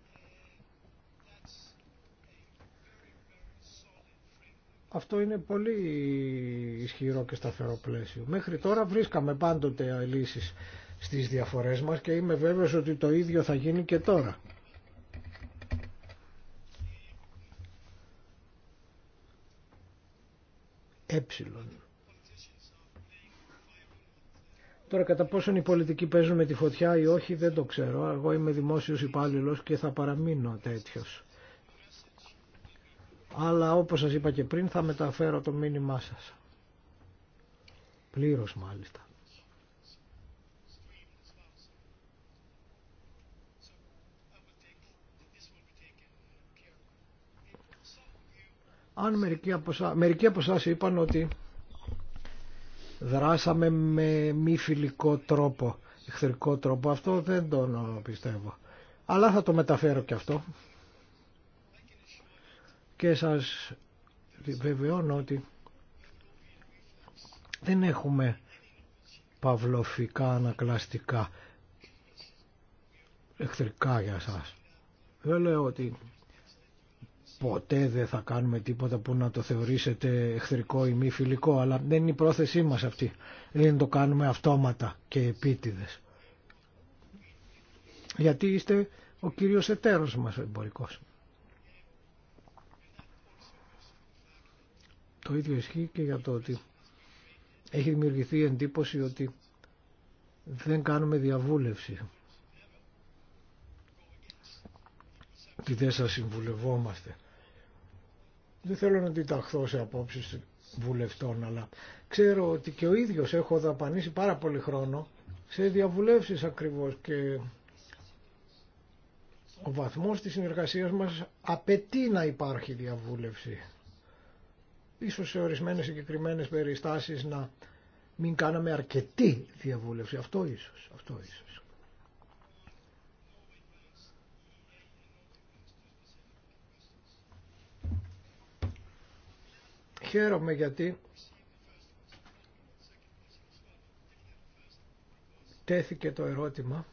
αυτό είναι πολύ ισχυρό και σταθερό πλαίσιο. Μέχρι τώρα βρίσκαμε πάντοτε λύσεις στις διαφορές μας και είμαι βέβαιος ότι το ίδιο θα γίνει και τώρα. ε. Τώρα κατά πόσον οι πολιτικοί παίζουν με τη φωτιά ή όχι δεν το ξέρω. Εγώ είμαι δημόσιος υπάλληλο και θα παραμείνω τέτοιος. Αλλά όπως σας είπα και πριν θα μεταφέρω το μήνυμά σας. Πλήρως μάλιστα. Αν μερικοί από, σας, μερικοί είπαν ότι δράσαμε με μη φιλικό τρόπο, εχθρικό τρόπο, αυτό δεν τον πιστεύω. Αλλά θα το μεταφέρω και αυτό. Και σας βεβαιώνω ότι δεν έχουμε παυλοφικά ανακλαστικά εχθρικά για σας. Δεν λέω ότι ποτέ δεν θα κάνουμε τίποτα που να το θεωρήσετε εχθρικό ή μη φιλικό, αλλά δεν είναι η πρόθεσή μας αυτή. Δεν το κάνουμε αυτόματα και επίτηδες. Γιατί είστε ο κύριος εταίρος μας εμπορικό. εμπορικός. Το ίδιο ισχύει και για το ότι έχει δημιουργηθεί εντύπωση ότι δεν κάνουμε διαβούλευση. Ότι δεν σας συμβουλευόμαστε. Δεν θέλω να διταχθώ σε απόψεις βουλευτών, αλλά ξέρω ότι και ο ίδιος έχω δαπανίσει πάρα πολύ χρόνο σε διαβουλεύσεις ακριβώς και ο βαθμός της συνεργασίας μας απαιτεί να υπάρχει διαβούλευση. Ίσως σε ορισμένες συγκεκριμένε περιστάσεις να μην κάναμε αρκετή διαβούλευση. Αυτό ίσως, αυτό ίσως. Χαίρομαι γιατί τέθηκε το ερώτημα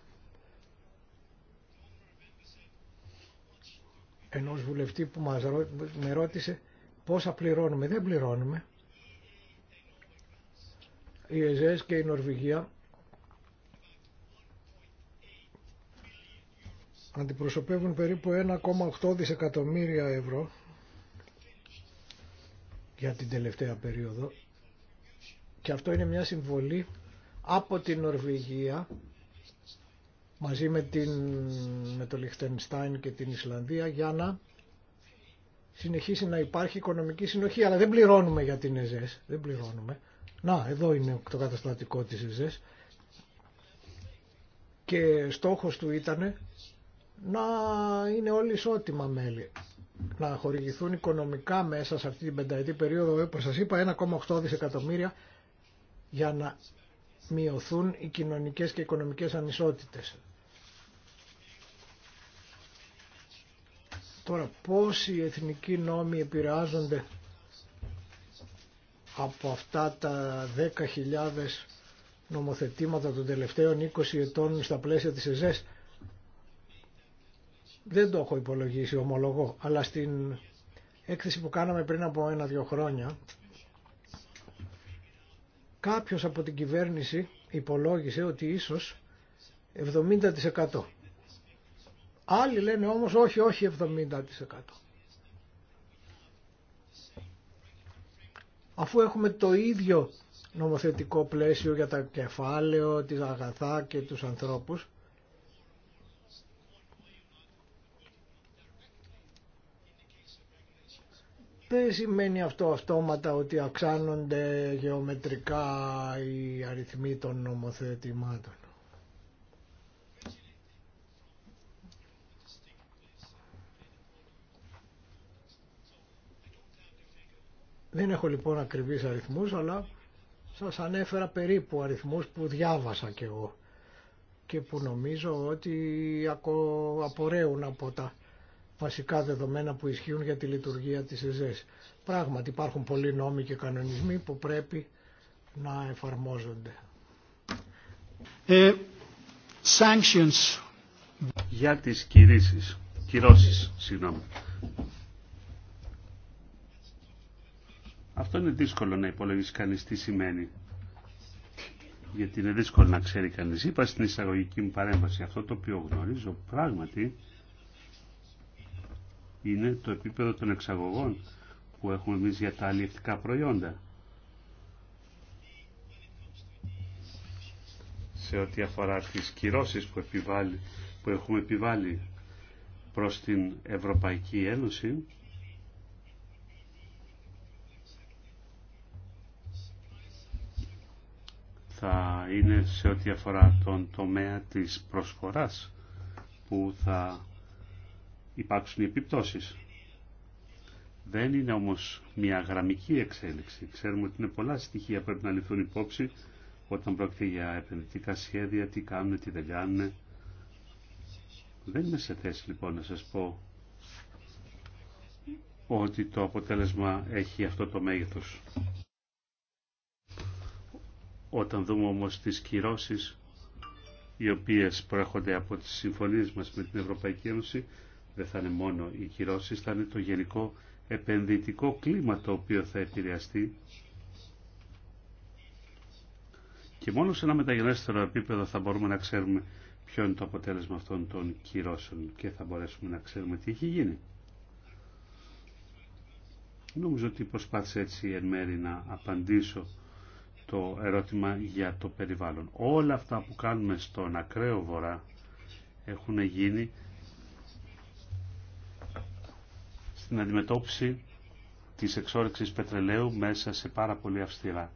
ενός βουλευτή που μας με ρώτησε πόσα πληρώνουμε. Δεν πληρώνουμε. Οι ΕΖΕΣ και η Νορβηγία αντιπροσωπεύουν περίπου 1,8 δισεκατομμύρια ευρώ για την τελευταία περίοδο και αυτό είναι μια συμβολή από την Νορβηγία μαζί με, την, με το Λιχτενστάιν και την Ισλανδία για να συνεχίσει να υπάρχει οικονομική συνοχή. Αλλά δεν πληρώνουμε για την ΕΖΕΣ, δεν πληρώνουμε. Να, εδώ είναι το καταστατικό της ΕΖΕΣ. Και στόχος του ήταν να είναι όλοι ισότιμα μέλη να χορηγηθούν οικονομικά μέσα σε αυτή την πενταετή περίοδο, ε, όπως σας είπα, 1,8 δισεκατομμύρια για να μειωθούν οι κοινωνικές και οικονομικές ανισότητες. Τώρα πώς οι εθνικοί νόμοι επηρεάζονται από αυτά τα 10.000 νομοθετήματα των τελευταίων 20 ετών στα πλαίσια της ΕΖΕΣ δεν το έχω υπολογίσει, ομολογώ, αλλά στην έκθεση που κάναμε πριν από ένα-δύο χρόνια, κάποιος από την κυβέρνηση υπολόγισε ότι ίσως 70%. Άλλοι λένε όμως όχι, όχι 70%. Αφού έχουμε το ίδιο νομοθετικό πλαίσιο για τα κεφάλαιο, τις αγαθά και τους ανθρώπους, Δεν σημαίνει αυτό αυτόματα ότι αυξάνονται γεωμετρικά οι αριθμοί των νομοθετημάτων. Δεν έχω λοιπόν ακριβείς αριθμούς, αλλά σας ανέφερα περίπου αριθμούς που διάβασα κι εγώ και που νομίζω ότι απορρέουν από τα βασικά δεδομένα που ισχύουν για τη λειτουργία της ΕΖΕΣ. Πράγματι υπάρχουν πολλοί νόμοι και κανονισμοί που πρέπει να εφαρμόζονται. Ε, sanctions. Για τις κυρίσεις, κυρώσεις, συγγνώμη. Αυτό είναι δύσκολο να υπολογίσει κανείς τι σημαίνει. Γιατί είναι δύσκολο να ξέρει κανείς. Είπα στην εισαγωγική μου παρέμβαση αυτό το οποίο γνωρίζω πράγματι είναι το επίπεδο των εξαγωγών που έχουμε εμείς για τα αλληλευτικά προϊόντα. Σε ό,τι αφορά τις κυρώσεις που, επιβάλλει, που έχουμε επιβάλει προς την Ευρωπαϊκή Ένωση, θα είναι σε ό,τι αφορά τον τομέα της προσφοράς που θα υπάρξουν επιπτώσεις. Δεν είναι όμως μια γραμμική εξέλιξη. Ξέρουμε ότι είναι πολλά στοιχεία που πρέπει να ληφθούν υπόψη όταν πρόκειται για επενδυτικά σχέδια, τι κάνουν, τι δεν κάνουν. Δεν είμαι σε θέση λοιπόν να σας πω ότι το αποτέλεσμα έχει αυτό το μέγεθος. Όταν δούμε όμως τις κυρώσεις οι οποίες προέρχονται από τις συμφωνίες μας με την Ευρωπαϊκή Ένωση δεν θα είναι μόνο οι κυρώσεις, θα είναι το γενικό επενδυτικό κλίμα το οποίο θα επηρεαστεί και μόνο σε ένα μεταγενέστερο επίπεδο θα μπορούμε να ξέρουμε ποιο είναι το αποτέλεσμα αυτών των κυρώσεων και θα μπορέσουμε να ξέρουμε τι έχει γίνει. Νομίζω ότι προσπάθησα έτσι εν μέρη να απαντήσω το ερώτημα για το περιβάλλον. Όλα αυτά που κάνουμε στον ακραίο βορρά έχουν γίνει στην αντιμετώπιση της εξόρυξης πετρελαίου μέσα σε πάρα πολύ αυστηρά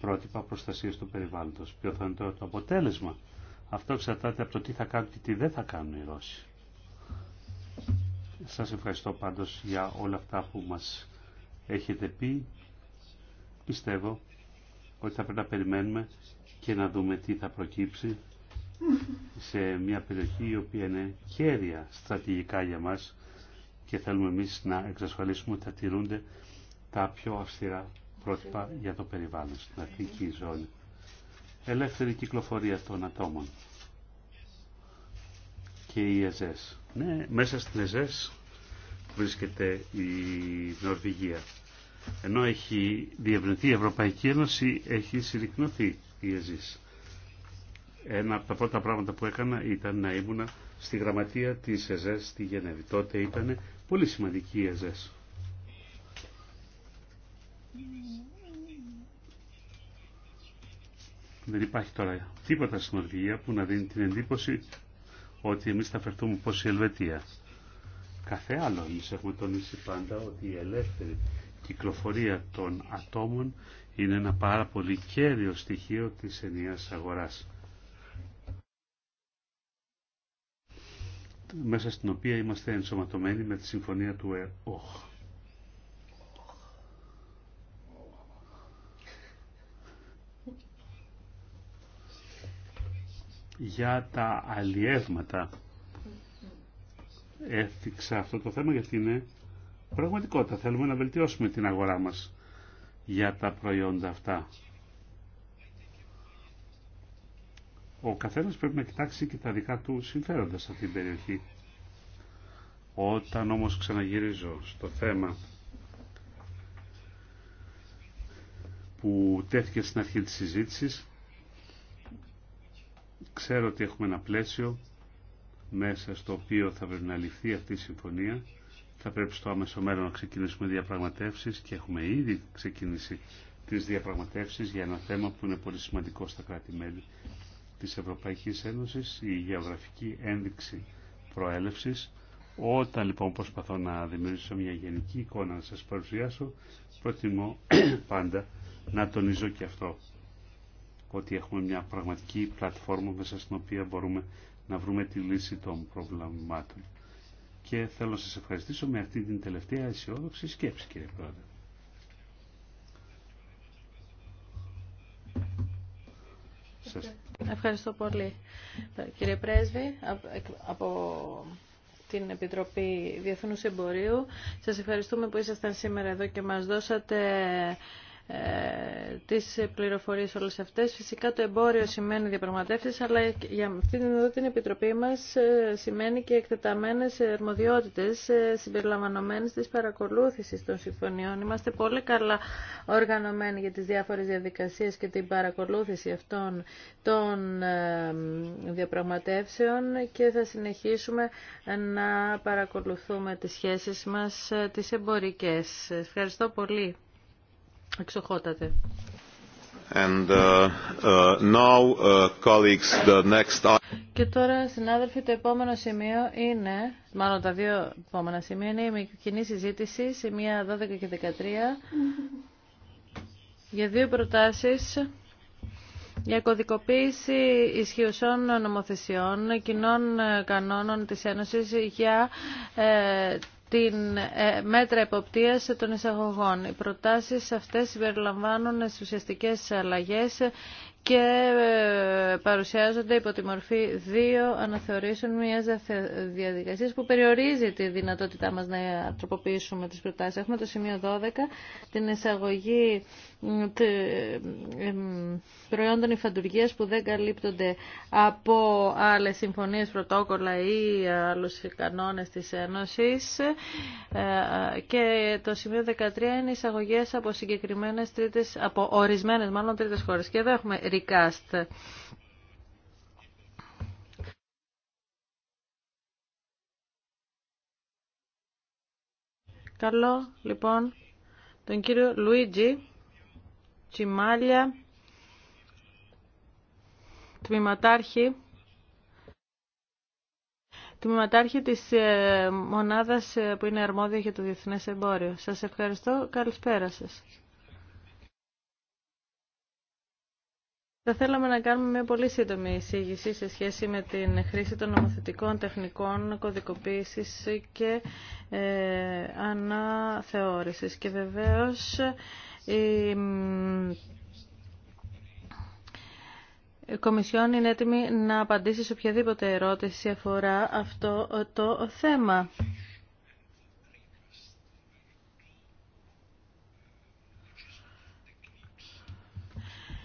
πρότυπα προστασίας του περιβάλλοντος. Ποιο θα είναι το αποτέλεσμα. Αυτό εξαρτάται από το τι θα κάνουν και τι δεν θα κάνουν οι Ρώσοι. Σας ευχαριστώ πάντως για όλα αυτά που μας έχετε πει. Πιστεύω ότι θα πρέπει να περιμένουμε και να δούμε τι θα προκύψει σε μια περιοχή η οποία είναι κέρια στρατηγικά για μας και θέλουμε εμείς να εξασφαλίσουμε ότι θα τηρούνται τα πιο αυστηρά πρότυπα για το περιβάλλον στην αρχική ζώνη. Ελεύθερη κυκλοφορία των ατόμων και η ΕΖΕΣ. Ναι, μέσα στην ΕΖΕΣ βρίσκεται η Νορβηγία. Ενώ έχει διευρυνθεί η Ευρωπαϊκή Ένωση, έχει συρρυκνωθεί η ΕΖΕΣ. Ένα από τα πρώτα πράγματα που έκανα ήταν να ήμουν στη γραμματεία της ΕΖΕΣ στη Γενέβη. Τότε ήταν Πολύ σημαντική η ΕΖΕΣ. Δεν υπάρχει τώρα τίποτα στην Ορβηγία που να δίνει την εντύπωση ότι εμείς θα φερθούμε πως η Ελβετία. Κάθε άλλο εμείς έχουμε τονίσει πάντα ότι η ελεύθερη κυκλοφορία των ατόμων είναι ένα πάρα πολύ κέριο στοιχείο της ενιαίας αγοράς. μέσα στην οποία είμαστε ενσωματωμένοι με τη συμφωνία του ΕΟΧ. Για τα αλλιεύματα έθιξα αυτό το θέμα γιατί είναι πραγματικότητα. Θέλουμε να βελτιώσουμε την αγορά μας για τα προϊόντα αυτά. ο καθένας πρέπει να κοιτάξει και τα δικά του συμφέροντα σε αυτήν την περιοχή. Όταν όμως ξαναγυρίζω στο θέμα που τέθηκε στην αρχή της συζήτησης, ξέρω ότι έχουμε ένα πλαίσιο μέσα στο οποίο θα πρέπει να ληφθεί αυτή η συμφωνία. Θα πρέπει στο άμεσο μέλλον να ξεκινήσουμε διαπραγματεύσεις και έχουμε ήδη ξεκινήσει τις διαπραγματεύσεις για ένα θέμα που είναι πολύ σημαντικό στα κράτη-μέλη της Ευρωπαϊκής Ένωσης, η γεωγραφική ένδειξη προέλευσης. Όταν λοιπόν προσπαθώ να δημιουργήσω μια γενική εικόνα να σας παρουσιάσω, προτιμώ *clears throat* πάντα να τονίζω και αυτό, ότι έχουμε μια πραγματική πλατφόρμα μέσα στην οποία μπορούμε να βρούμε τη λύση των προβλημάτων. Και θέλω να σας ευχαριστήσω με αυτή την τελευταία αισιόδοξη σκέψη, κύριε Πρόεδρε. Ευχαριστώ πολύ. Κύριε Πρέσβη, από την Επιτροπή Διεθνούς Εμπορίου, σας ευχαριστούμε που ήσασταν σήμερα εδώ και μας δώσατε ε, τις πληροφορίες όλες αυτές. Φυσικά το εμπόριο σημαίνει διαπραγματεύσεις, αλλά για αυτήν εδώ την Επιτροπή μας ε, σημαίνει και εκτεταμένες αρμοδιότητες ε, συμπεριλαμβανομένες της παρακολούθησης των συμφωνιών. Είμαστε πολύ καλά οργανωμένοι για τις διάφορες διαδικασίες και την παρακολούθηση αυτών των διαπραγματεύσεων και θα συνεχίσουμε να παρακολουθούμε τις σχέσεις μας τις εμπορικές. Ευχαριστώ πολύ εξοχότατε. And, uh, uh, now, uh, colleagues, the next... Και τώρα, συνάδελφοι, το επόμενο σημείο είναι, μάλλον τα δύο επόμενα σημεία είναι η κοινή συζήτηση, σημεία 12 και 13, για δύο προτάσεις για κωδικοποίηση ισχυωσών νομοθεσιών, κοινών ε, κανόνων της Ένωσης για ε, την ε, μέτρα εποπτείας των εισαγωγών. Οι προτάσεις αυτές συμπεριλαμβάνουν ουσιαστικές αλλαγές και ε, παρουσιάζονται υπό τη μορφή δύο αναθεωρήσεων μιας διαδικασίας που περιορίζει τη δυνατότητά μας να τροποποιήσουμε τις προτάσεις. Έχουμε το σημείο 12, την εισαγωγή προϊόντων υφαντουργίας που δεν καλύπτονται από άλλες συμφωνίες, πρωτόκολλα ή άλλους κανόνες της Ένωσης. Ε, και το σημείο 13 είναι εισαγωγέ εισαγωγές από συγκεκριμένες τρίτες, από ορισμένες μάλλον τρίτες χώρες. Και εδώ έχουμε recast. Καλό λοιπόν τον κύριο Λουίτζι Τσιμάλια, τμήματάρχη, τμήματάρχη της ε, μονάδας ε, που είναι αρμόδια για το Διεθνές Εμπόριο. Σας ευχαριστώ. Καλησπέρα σας. Θα θέλαμε να κάνουμε μια πολύ σύντομη εισήγηση σε σχέση με την χρήση των νομοθετικών τεχνικών κωδικοποίησης και ε, αναθεώρησης. Και βεβαίως η Κομισιόν είναι έτοιμη να απαντήσει σε οποιαδήποτε ερώτηση αφορά αυτό το θέμα.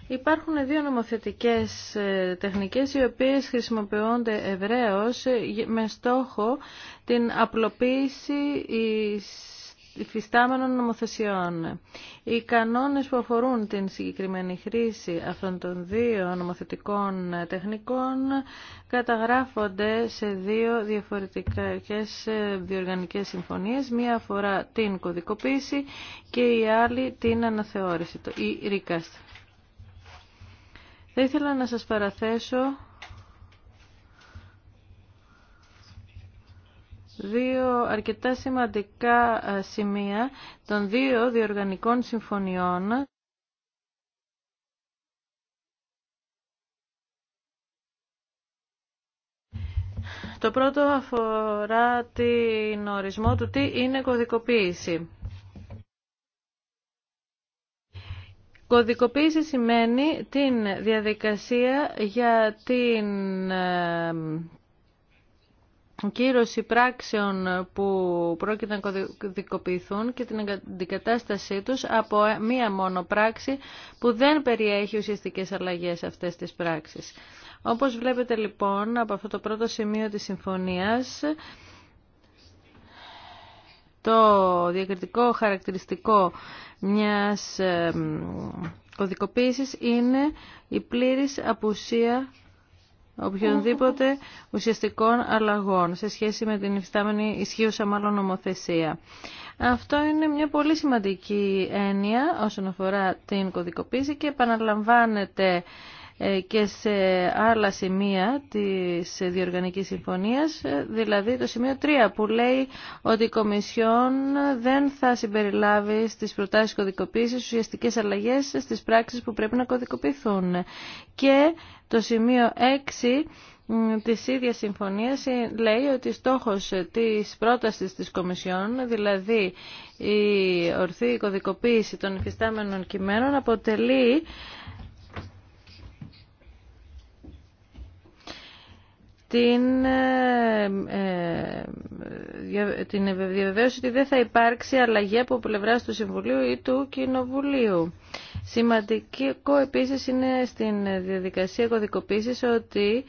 Υπάρχουν δύο νομοθετικές ε, τεχνικές οι οποίες χρησιμοποιούνται ευρέως ε, με στόχο την απλοποίηση υφιστάμενων νομοθεσιών. Οι κανόνες που αφορούν την συγκεκριμένη χρήση αυτών των δύο νομοθετικών τεχνικών καταγράφονται σε δύο διαφορετικές ε, διοργανικές συμφωνίες. Μία αφορά την κωδικοποίηση και η άλλη την αναθεώρηση, η RICAST. Θα ήθελα να σας παραθέσω δύο αρκετά σημαντικά ε, σημεία των δύο διοργανικών συμφωνιών Το πρώτο αφορά την ορισμό του τι είναι κωδικοποίηση. Κωδικοποίηση σημαίνει την διαδικασία για την ε, κύρωση πράξεων που πρόκειται να κωδικοποιηθούν και την αντικατάστασή τους από μία μόνο πράξη που δεν περιέχει ουσιαστικές αλλαγές αυτές τις πράξεις. Όπως βλέπετε λοιπόν από αυτό το πρώτο σημείο της συμφωνίας, το διακριτικό χαρακτηριστικό μιας κωδικοποίησης είναι η πλήρης απουσία οποιονδήποτε ουσιαστικών αλλαγών σε σχέση με την υφιστάμενη ισχύουσα μάλλον νομοθεσία. Αυτό είναι μια πολύ σημαντική έννοια όσον αφορά την κωδικοποίηση και επαναλαμβάνεται ε, και σε άλλα σημεία της διοργανικής συμφωνίας, ε, δηλαδή το σημείο 3 που λέει ότι η Κομισιόν δεν θα συμπεριλάβει στις προτάσεις κωδικοποίησης ουσιαστικές αλλαγές στις πράξεις που πρέπει να κωδικοποιηθούν. Και το σημείο 6 της ίδιας συμφωνίας ε, λέει ότι στόχος της πρότασης της Κομισιόν, δηλαδή η ορθή κωδικοποίηση των υφιστάμενων κειμένων, αποτελεί την, ε, ε, ε, ε, την διαβεβαίωση ότι δεν θα υπάρξει αλλαγή από πλευρά του Συμβουλίου ή του Κοινοβουλίου. Σημαντικό επίσης είναι στην διαδικασία κωδικοποίησης ότι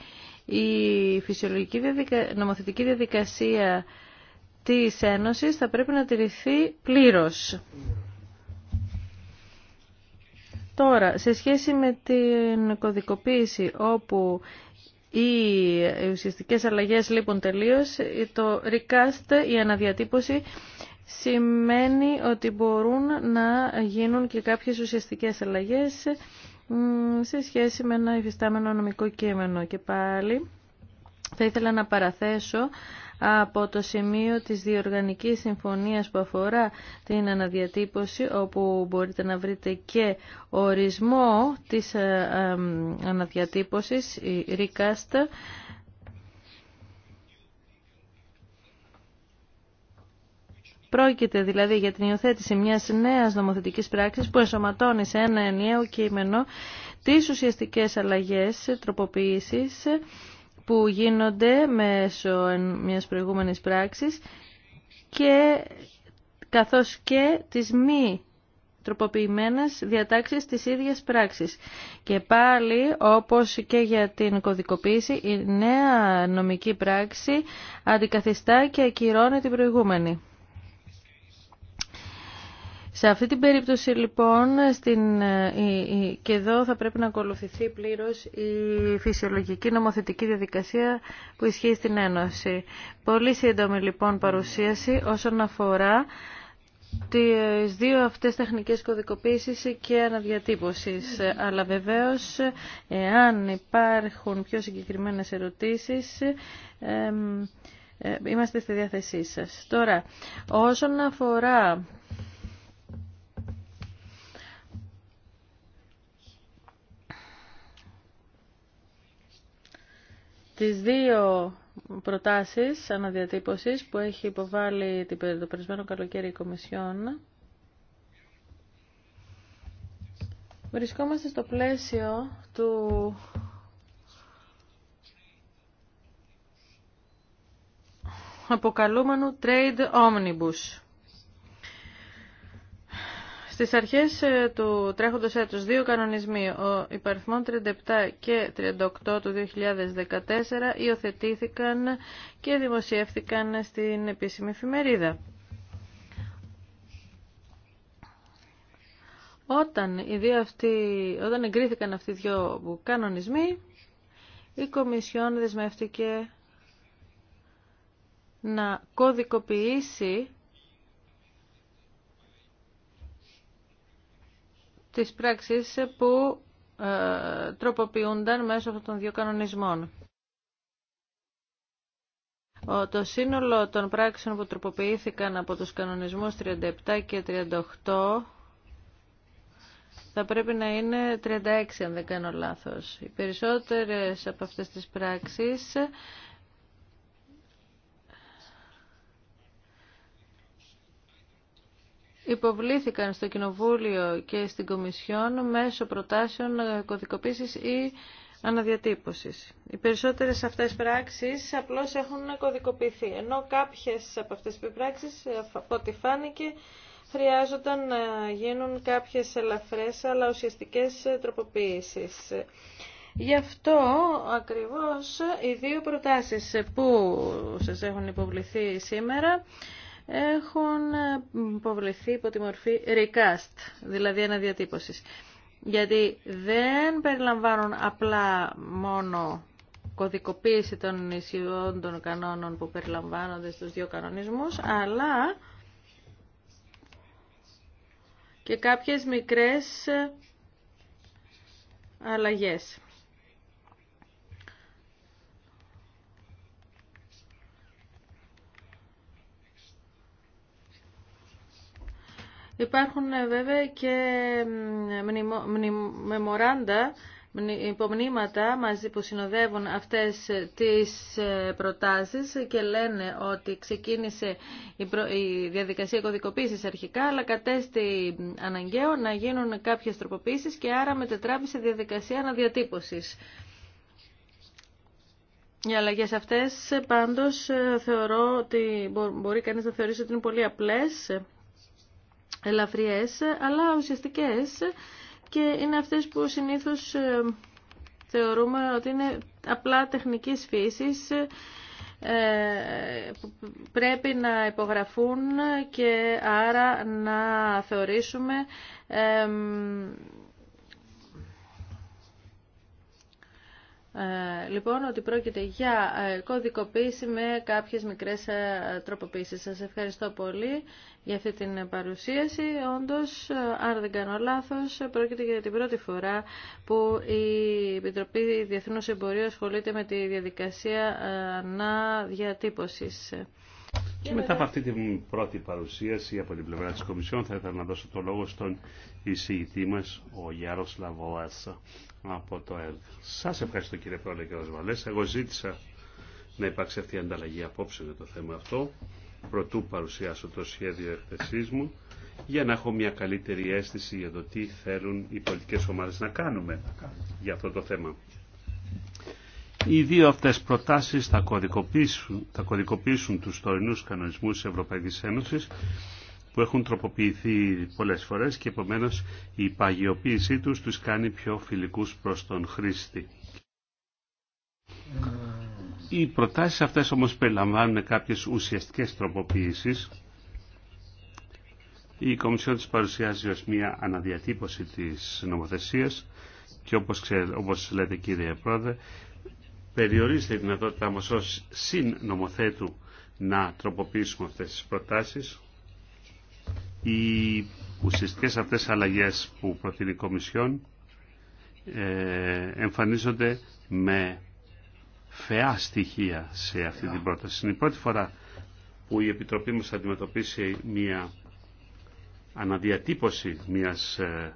η φυσιολογική νομοθετική διαδικασία της Ένωσης θα πρέπει να τηρηθεί πλήρως. Τώρα, σε σχέση με την κωδικοποίηση όπου οι ουσιαστικές αλλαγές λείπουν τελείως. Το recast, η αναδιατύπωση, σημαίνει ότι μπορούν να γίνουν και κάποιες ουσιαστικές αλλαγές σε σχέση με ένα υφιστάμενο νομικό κείμενο. Και πάλι θα ήθελα να παραθέσω από το σημείο της διοργανικής συμφωνίας που αφορά την αναδιατύπωση όπου μπορείτε να βρείτε και ορισμό της ε, ε, αναδιατύπωσης, η recast, Πρόκειται δηλαδή για την υιοθέτηση μιας νέας νομοθετικής πράξης που ενσωματώνει σε ένα ενιαίο κείμενο τις ουσιαστικές αλλαγές, τροποποιήσεις που γίνονται μέσω μιας προηγούμενης πράξης και καθώς και τις μη τροποποιημένες διατάξεις της ίδιας πράξης. Και πάλι, όπως και για την κωδικοποίηση, η νέα νομική πράξη αντικαθιστά και ακυρώνει την προηγούμενη. Σε αυτή την περίπτωση λοιπόν στην, ε, και εδώ θα πρέπει να ακολουθηθεί πλήρως η φυσιολογική νομοθετική διαδικασία που ισχύει στην Ένωση. Πολύ σύντομη λοιπόν παρουσίαση όσον αφορά τις δύο αυτές τεχνικές κωδικοποίησης και αναδιατύπωσης. Αλλά βεβαίως, εάν υπάρχουν πιο συγκεκριμένες ερωτήσεις, ε, είμαστε στη διάθεσή σας. Τώρα, όσον αφορά τις δύο προτάσεις αναδιατύπωσης που έχει υποβάλει το περισμένο καλοκαίρι η Κομισιόν. Βρισκόμαστε στο πλαίσιο του αποκαλούμενου Trade Omnibus. Στις αρχές ε, του τρέχοντος έτους δύο κανονισμοί, ο υπαριθμών 37 και 38 του 2014, υιοθετήθηκαν και δημοσιεύθηκαν στην επίσημη εφημερίδα. Όταν, οι δύο αυτοί, όταν εγκρίθηκαν αυτοί οι δύο κανονισμοί, η Κομισιόν δεσμεύτηκε να κωδικοποιήσει τις πράξεις που ε, τροποποιούνταν μέσω αυτών των δύο κανονισμών. Το σύνολο των πράξεων που τροποποιήθηκαν από τους κανονισμούς 37 και 38 θα πρέπει να είναι 36 αν δεν κάνω λάθος. Οι περισσότερες από αυτές τις πράξεις υποβλήθηκαν στο Κοινοβούλιο και στην Κομισιόν μέσω προτάσεων κωδικοποίησης ή αναδιατύπωσης. Οι περισσότερες αυτές πράξεις απλώς έχουν κωδικοποιηθεί, ενώ κάποιες από αυτές τις πράξεις, από ό,τι φάνηκε, χρειάζονταν να γίνουν κάποιες ελαφρές αλλά ουσιαστικές τροποποίησεις. Γι' αυτό ακριβώς οι δύο προτάσεις που σας έχουν υποβληθεί σήμερα έχουν ε, υποβληθεί υπό τη μορφή recast, δηλαδή αναδιατύπωσης. Γιατί δεν περιλαμβάνουν απλά μόνο κωδικοποίηση των ισιών των κανόνων που περιλαμβάνονται στους δύο κανονισμούς, αλλά και κάποιες μικρές ε, αλλαγές. Υπάρχουν ε, βέβαια και μεμοράντα, υπομνήματα μαζί που συνοδεύουν αυτές τις ε, προτάσεις και λένε ότι ξεκίνησε η διαδικασία κωδικοποίησης αρχικά αλλά κατέστη αναγκαίο να γίνουν κάποιες τροποποίησεις και άρα μετετράπησε διαδικασία αναδιατύπωσης. Οι αλλαγέ αυτές πάντως ε, θεωρώ ότι μπορεί κανείς να θεωρήσει ότι είναι πολύ απλές ελαφριές αλλά ουσιαστικές και είναι αυτές που συνήθως ε, θεωρούμε ότι είναι απλά τεχνικής φύσης ε, πρέπει να υπογραφούν και άρα να θεωρήσουμε ε, Ε, λοιπόν ότι πρόκειται για ε, κωδικοποίηση με κάποιες μικρές ε, τροποποίησεις. Σας ευχαριστώ πολύ για αυτή την παρουσίαση. Όντως, αν δεν κάνω λάθος, πρόκειται για την πρώτη φορά που η Επιτροπή Διεθνούς Εμπορίου ασχολείται με τη διαδικασία αναδιατύπωσης. Και μετά από αυτή την πρώτη παρουσίαση από την πλευρά της Κομισιόν θα ήθελα να δώσω το λόγο στον εισηγητή μας, ο Γιάρος Λαβόας από το ΕΛΚ. Σας ευχαριστώ κύριε Πρόεδρε και Βαλές. Εγώ ζήτησα να υπάρξει αυτή η ανταλλαγή απόψε για το θέμα αυτό, προτού παρουσιάσω το σχέδιο εκθεσή μου, για να έχω μια καλύτερη αίσθηση για το τι θέλουν οι πολιτικές ομάδες να κάνουμε για αυτό το θέμα. Οι δύο αυτές προτάσεις θα κωδικοποιήσουν, θα κωδικοποιήσουν τους τωρινούς κανονισμούς της Ευρωπαϊκής Ένωσης που έχουν τροποποιηθεί πολλές φορές και επομένως η παγιοποίησή τους τους κάνει πιο φιλικούς προς τον χρήστη. Οι προτάσεις αυτές όμως περιλαμβάνουν κάποιες ουσιαστικές τροποποίησεις. Η Κομισιόν της παρουσιάζει ως μία αναδιατύπωση της νομοθεσίας και όπως, όπως λέτε κύριε Πρόεδρε, περιορίζεται η δυνατότητά μας ως συνομοθέτου να τροποποιήσουμε αυτές τις προτάσεις. Οι ουσιαστικές αυτές αλλαγές που προτείνει η Κομισιόν ε, εμφανίζονται με φαιά στοιχεία σε αυτή την πρόταση. Είναι η πρώτη φορά που η Επιτροπή μας αντιμετωπίσει μια αναδιατύπωση μιας ε,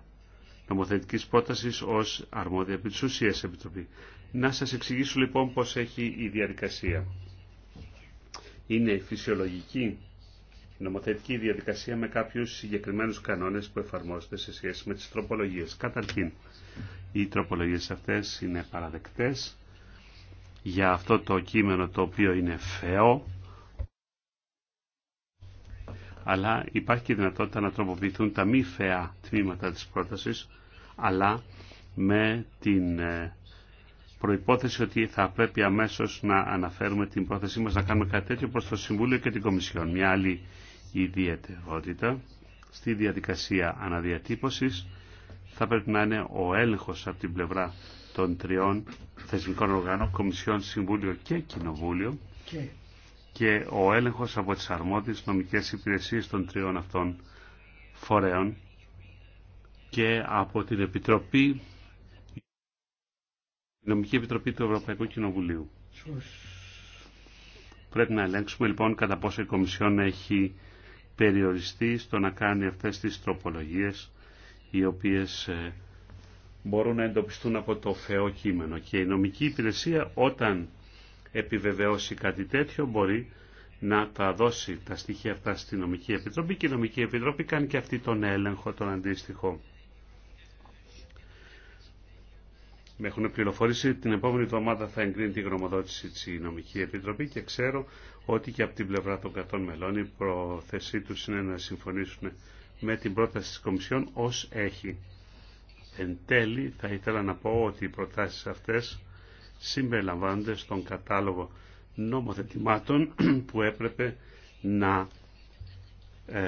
νομοθετικής πρότασης ως αρμόδια επί της Επιτροπή. Να σας εξηγήσω λοιπόν πώς έχει η διαδικασία. Είναι φυσιολογική νομοθετική διαδικασία με κάποιους συγκεκριμένους κανόνες που εφαρμόζονται σε σχέση με τις τροπολογίες. Καταρχήν, οι τροπολογίες αυτές είναι παραδεκτές για αυτό το κείμενο το οποίο είναι φαίο, αλλά υπάρχει και η δυνατότητα να τροποποιηθούν τα μη φαιά τμήματα της πρότασης, αλλά με την ε, προϋπόθεση ότι θα πρέπει αμέσως να αναφέρουμε την πρόθεσή μας να κάνουμε κάτι τέτοιο προς το Συμβούλιο και την Κομισιόν. Μια άλλη ιδιαιτερότητα στη διαδικασία αναδιατύπωσης θα πρέπει να είναι ο έλεγχος από την πλευρά των τριών θεσμικών οργάνων, Κομισιόν, Συμβούλιο και Κοινοβούλιο και, και ο έλεγχος από τις αρμόδιες νομικές υπηρεσίες των τριών αυτών φορέων και από την Επιτροπή η Νομική Επιτροπή του Ευρωπαϊκού Κοινοβουλίου. Πρέπει να ελέγξουμε λοιπόν κατά πόσο η Κομισιόν έχει περιοριστεί στο να κάνει αυτές τις τροπολογίες οι οποίες ε, μπορούν να εντοπιστούν από το φαιό κείμενο. Και η νομική υπηρεσία όταν επιβεβαιώσει κάτι τέτοιο μπορεί να τα δώσει τα στοιχεία αυτά στη νομική επιτροπή και η νομική επιτροπή κάνει και αυτή τον έλεγχο τον αντίστοιχο. με έχουν πληροφορήσει ότι την επόμενη εβδομάδα θα εγκρίνει τη γνωμοδότηση της Νομική Επιτροπή και ξέρω ότι και από την πλευρά των κατών μελών η προθεσή του είναι να συμφωνήσουν με την πρόταση τη Κομισιόν ως έχει. Εν τέλει θα ήθελα να πω ότι οι προτάσει αυτέ συμπεριλαμβάνονται στον κατάλογο νομοθετημάτων *clears throat* που έπρεπε να ε,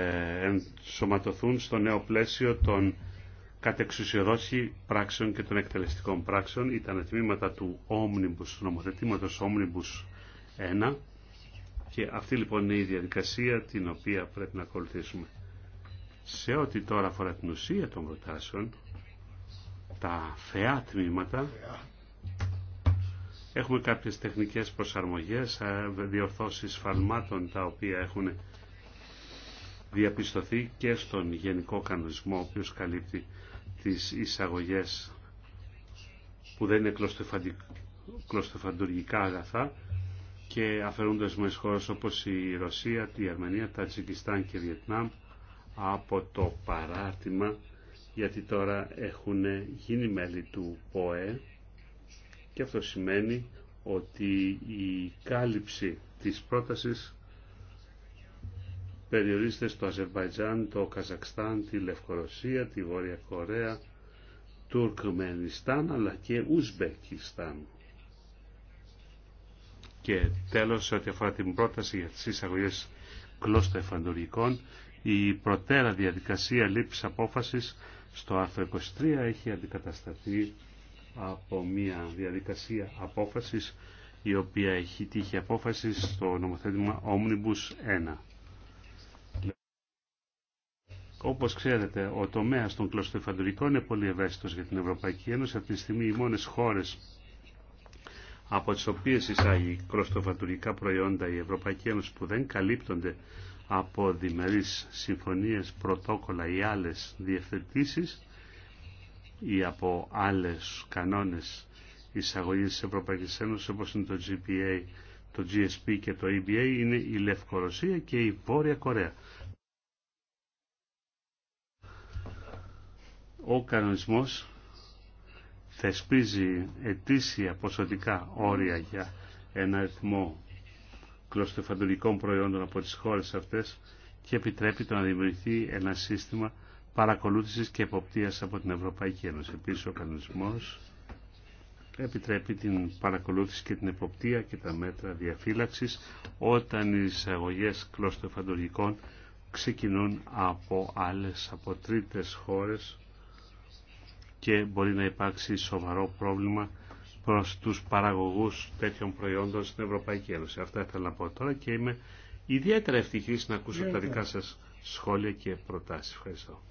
ενσωματωθούν στο νέο πλαίσιο των εξουσιοδόση πράξεων και των εκτελεστικών πράξεων ήταν τμήματα του Omnibus, του νομοθετήματος Omnibus 1 και αυτή λοιπόν είναι η διαδικασία την οποία πρέπει να ακολουθήσουμε. Σε ό,τι τώρα αφορά την ουσία των προτάσεων, τα θεά τμήματα, έχουμε κάποιες τεχνικές προσαρμογές, ε, διορθώσεις φαλμάτων τα οποία έχουν διαπιστωθεί και στον γενικό κανονισμό ο οποίος καλύπτει τις εισαγωγές που δεν είναι κλωστοφαντουργικά αγαθά και αφαιρούνται με χώρες όπως η Ρωσία, η Αρμενία, τα Τζικιστάν και η Βιετνάμ από το παράρτημα γιατί τώρα έχουν γίνει μέλη του ΠΟΕ και αυτό σημαίνει ότι η κάλυψη της πρότασης περιορίζεται στο Αζερβαϊτζάν, το Καζακστάν, τη Λευκορωσία, τη Βόρεια Κορέα, Τουρκμενιστάν αλλά και Ουσμπεκιστάν. Και τέλος, ό,τι αφορά την πρόταση για τις εισαγωγές κλώστα εφαντουργικών, η προτέρα διαδικασία λήψης απόφασης στο άρθρο 23 έχει αντικατασταθεί από μια διαδικασία απόφασης η οποία έχει τύχει απόφαση στο νομοθέτημα Omnibus 1. Όπως ξέρετε, ο τομέας των κλωστοφαντουρικών είναι πολύ ευαίσθητος για την Ευρωπαϊκή Ένωση. Αυτή τη στιγμή οι μόνες χώρες από τις οποίες εισάγει κλωστοφαντουργικά προϊόντα η Ευρωπαϊκή Ένωση που δεν καλύπτονται από διμερείς συμφωνίες, πρωτόκολλα ή άλλες διευθετήσεις ή από άλλες κανόνες εισαγωγής της Ευρωπαϊκής Ένωσης όπως είναι το GPA, το GSP και το EBA είναι η Λευκορωσία και η Βόρεια Κορέα. Ο κανονισμός θεσπίζει ετήσια ποσοτικά όρια για ένα αριθμό κλωστοφαντουργικών προϊόντων από τις χώρες αυτές και επιτρέπει το να δημιουργηθεί ένα σύστημα παρακολούθησης και εποπτείας από την Ευρωπαϊκή Ένωση. Επίσης ο κανονισμός επιτρέπει την παρακολούθηση και την εποπτεία και τα μέτρα διαφύλαξης όταν οι εισαγωγές κλωστοφαντουργικών ξεκινούν από άλλες, από τρίτες χώρες και μπορεί να υπάρξει σοβαρό πρόβλημα προς τους παραγωγούς τέτοιων προϊόντων στην Ευρωπαϊκή Ένωση. Αυτά ήθελα να πω τώρα και είμαι ιδιαίτερα ευτυχής να ακούσω τα δικά σας σχόλια και προτάσεις. Ευχαριστώ.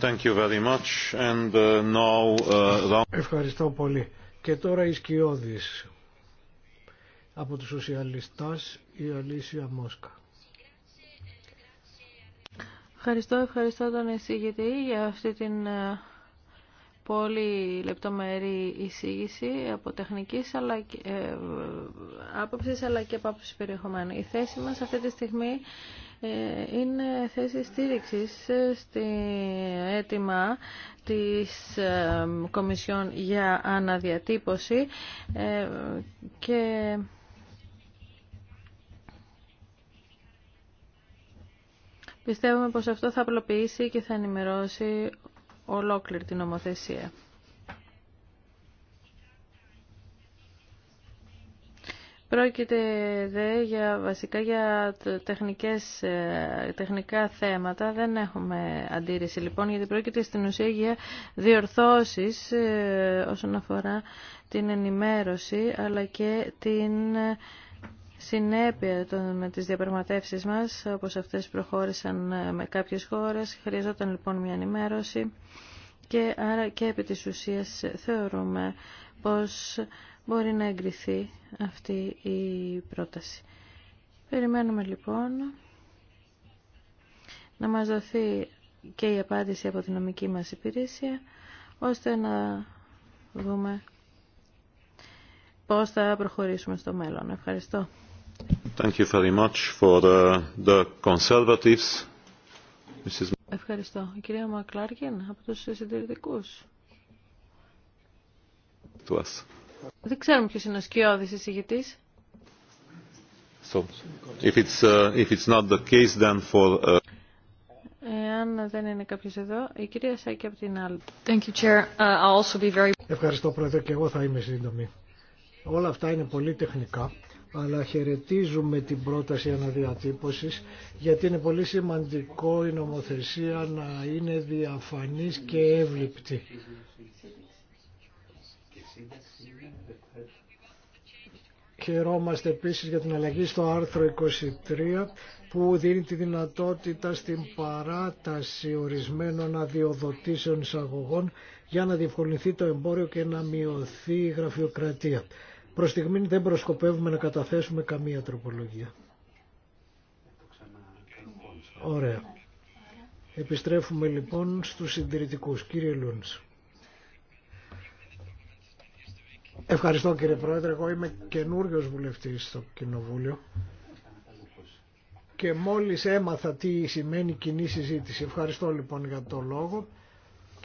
Thank you very much. And uh, now, uh... Ευχαριστώ πολύ. Και τώρα η Σκιώδης. Από τους Σοσιαλιστάς η Αλήσια Μόσκα. Ευχαριστώ, ευχαριστώ τον εισηγητή για αυτή την ε, πολύ λεπτομερή εισήγηση από τεχνικής αλλά ε, αλλά και από άποψη περιεχομένου. Η θέση μας αυτή τη στιγμή ε, είναι θέση στήριξης στη αίτημα της ε, Κομισιόν για αναδιατύπωση ε, και Πιστεύουμε πως αυτό θα απλοποιήσει και θα ενημερώσει ολόκληρη την νομοθεσία. Πρόκειται δε για, βασικά για τεχνικές, ε, τεχνικά θέματα. Δεν έχουμε αντίρρηση λοιπόν γιατί πρόκειται στην ουσία για διορθώσεις ε, όσον αφορά την ενημέρωση αλλά και την συνέπεια των, με τις διαπραγματεύσεις μας, όπως αυτές προχώρησαν ε, με κάποιες χώρες. Χρειαζόταν λοιπόν μια ενημέρωση και άρα και επί της ουσίας θεωρούμε πως μπορεί να εγκριθεί αυτή η πρόταση. Περιμένουμε λοιπόν να μας δοθεί και η απάντηση από την νομική μας υπηρεσία, ώστε να δούμε πώς θα προχωρήσουμε στο μέλλον. Ευχαριστώ. Thank you very much for the, uh, the conservatives. Mrs. Ευχαριστώ. Η κυρία Μακλάρκιν από τους συντηρητικούς. To us. Δεν ξέρουμε ποιος είναι ο σκιώδης εισηγητής. So, if it's, uh, if it's not the case, then for... Uh... Εάν δεν είναι κάποιος εδώ, η κυρία Σάκη από την άλλη. Thank you, Chair. Uh, I'll also be very... Ευχαριστώ, Πρόεδρε, και εγώ θα είμαι σύντομη. Όλα αυτά είναι πολύ τεχνικά αλλά χαιρετίζουμε την πρόταση αναδιατύπωσης γιατί είναι πολύ σημαντικό η νομοθεσία να είναι διαφανής και εύληπτη. Χαιρόμαστε επίσης για την αλλαγή στο άρθρο 23 που δίνει τη δυνατότητα στην παράταση ορισμένων αδειοδοτήσεων εισαγωγών για να διευκολυνθεί το εμπόριο και να μειωθεί η γραφειοκρατία. Προς στιγμήν δεν προσκοπεύουμε να καταθέσουμε καμία τροπολογία. Ωραία. Επιστρέφουμε λοιπόν στους συντηρητικούς. Κύριε Λούνς. Ευχαριστώ κύριε Πρόεδρε. Εγώ είμαι καινούριο βουλευτής στο Κοινοβούλιο και μόλις έμαθα τι σημαίνει κοινή συζήτηση. Ευχαριστώ λοιπόν για το λόγο.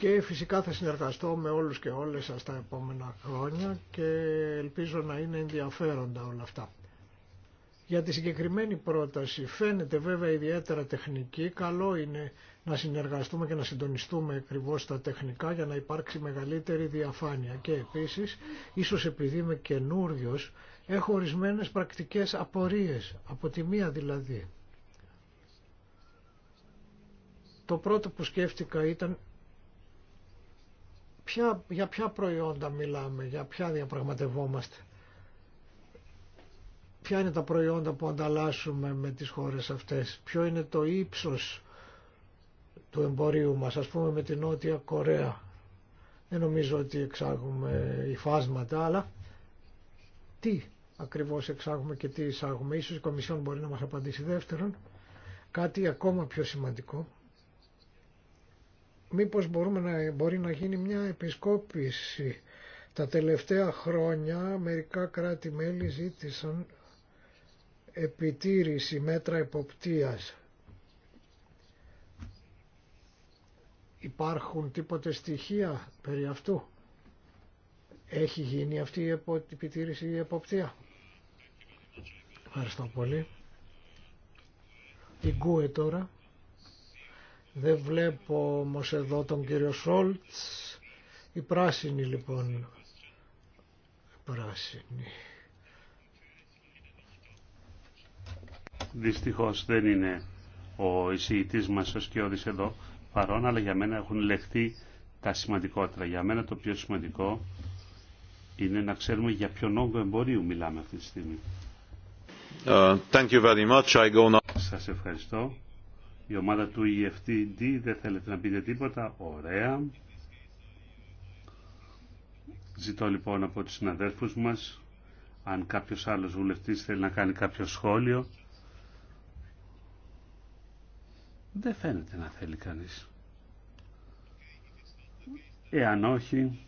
Και φυσικά θα συνεργαστώ με όλους και όλες σας τα επόμενα χρόνια και ελπίζω να είναι ενδιαφέροντα όλα αυτά. Για τη συγκεκριμένη πρόταση φαίνεται βέβαια ιδιαίτερα τεχνική. Καλό είναι να συνεργαστούμε και να συντονιστούμε ακριβώ τα τεχνικά για να υπάρξει μεγαλύτερη διαφάνεια. Και επίσης, ίσως επειδή είμαι καινούριο, έχω ορισμένες πρακτικές απορίες. Από τη μία δηλαδή. Το πρώτο που σκέφτηκα ήταν για ποια προϊόντα μιλάμε, για ποια διαπραγματευόμαστε. Ποια είναι τα προϊόντα που ανταλλάσσουμε με τις χώρες αυτές. Ποιο είναι το ύψος του εμπορίου μας, ας πούμε με την Νότια Κορέα. Δεν νομίζω ότι εξάγουμε υφάσματα, αλλά τι ακριβώς εξάγουμε και τι εισάγουμε. Ίσως η Κομισιόν μπορεί να μας απαντήσει δεύτερον. Κάτι ακόμα πιο σημαντικό μήπως μπορούμε να, μπορεί να γίνει μια επισκόπηση. Τα τελευταία χρόνια μερικά κράτη-μέλη ζήτησαν επιτήρηση μέτρα εποπτείας. Υπάρχουν τίποτε στοιχεία περί αυτού. Έχει γίνει αυτή η επιτήρηση ή η εποπτεία. Ευχαριστώ πολύ. Την κούε τώρα. Δεν βλέπω όμω εδώ τον κύριο Σόλτς. Η πράσινη λοιπόν. Πράσινη. Δυστυχώς δεν είναι ο εισηγητής μας ο Σκιώδης εδώ παρόν, αλλά για μένα έχουν λεχθεί τα σημαντικότερα. Για μένα το πιο σημαντικό είναι να ξέρουμε για ποιον όγκο εμπορίου μιλάμε αυτή τη στιγμή. Uh, thank you very much. I go now. Σας ευχαριστώ. Η ομάδα του EFTD δεν θέλετε να πείτε τίποτα. Ωραία. Ζητώ λοιπόν από τους συναδέλφους μας αν κάποιος άλλος βουλευτής θέλει να κάνει κάποιο σχόλιο. Δεν φαίνεται να θέλει κανείς. Εάν όχι,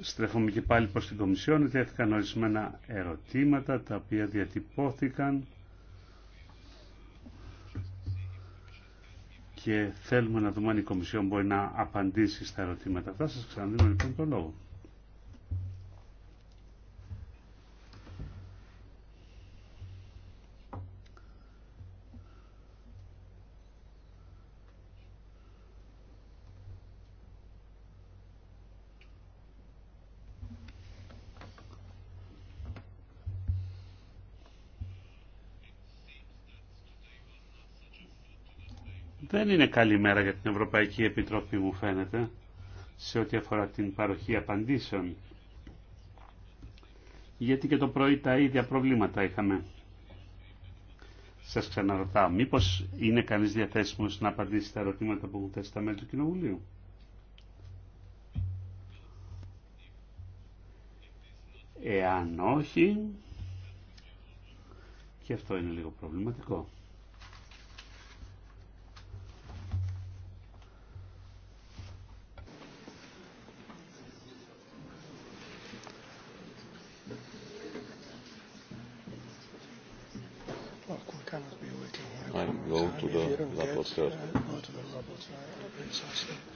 στρέφομαι και πάλι προς την Κομισιόν, διέφθηκαν ορισμένα ερωτήματα τα οποία διατυπώθηκαν και θέλουμε να δούμε αν η Κομισιόν μπορεί να απαντήσει στα ερωτήματα αυτά. Σας ξαναδίνω λοιπόν τον λόγο. δεν είναι καλή μέρα για την Ευρωπαϊκή Επιτροπή μου φαίνεται σε ό,τι αφορά την παροχή απαντήσεων. Γιατί και το πρωί τα ίδια προβλήματα είχαμε. Σας ξαναρωτάω, μήπως είναι κανείς διαθέσιμος να απαντήσει τα ερωτήματα που έχουν θέσει τα μέλη του Κοινοβουλίου. Εάν όχι, και αυτό είναι λίγο προβληματικό.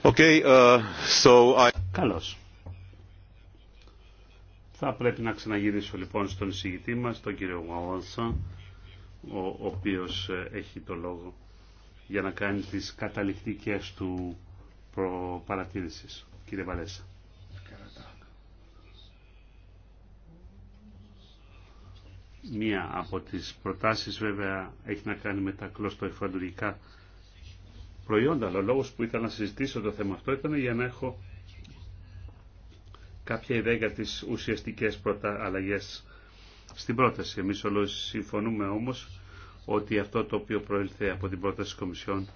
Okay, uh, Θα πρέπει να ξαναγυρίσω λοιπόν στον εισηγητή μας, τον κύριο ο, οποίος ε, έχει το λόγο για να κάνει τις καταληκτικές του παρατήρησεις. Κύριε Μία από τις προτάσεις βέβαια έχει να κάνει με τα κλωστοεφαντουργικά προϊόντα. ο λόγο που ήθελα να συζητήσω το θέμα αυτό ήταν για να έχω κάποια ιδέα για τι ουσιαστικέ πρώτα στην πρόταση. Εμεί όλοι συμφωνούμε όμως ότι αυτό το οποίο προήλθε από την πρόταση της Κομισιόν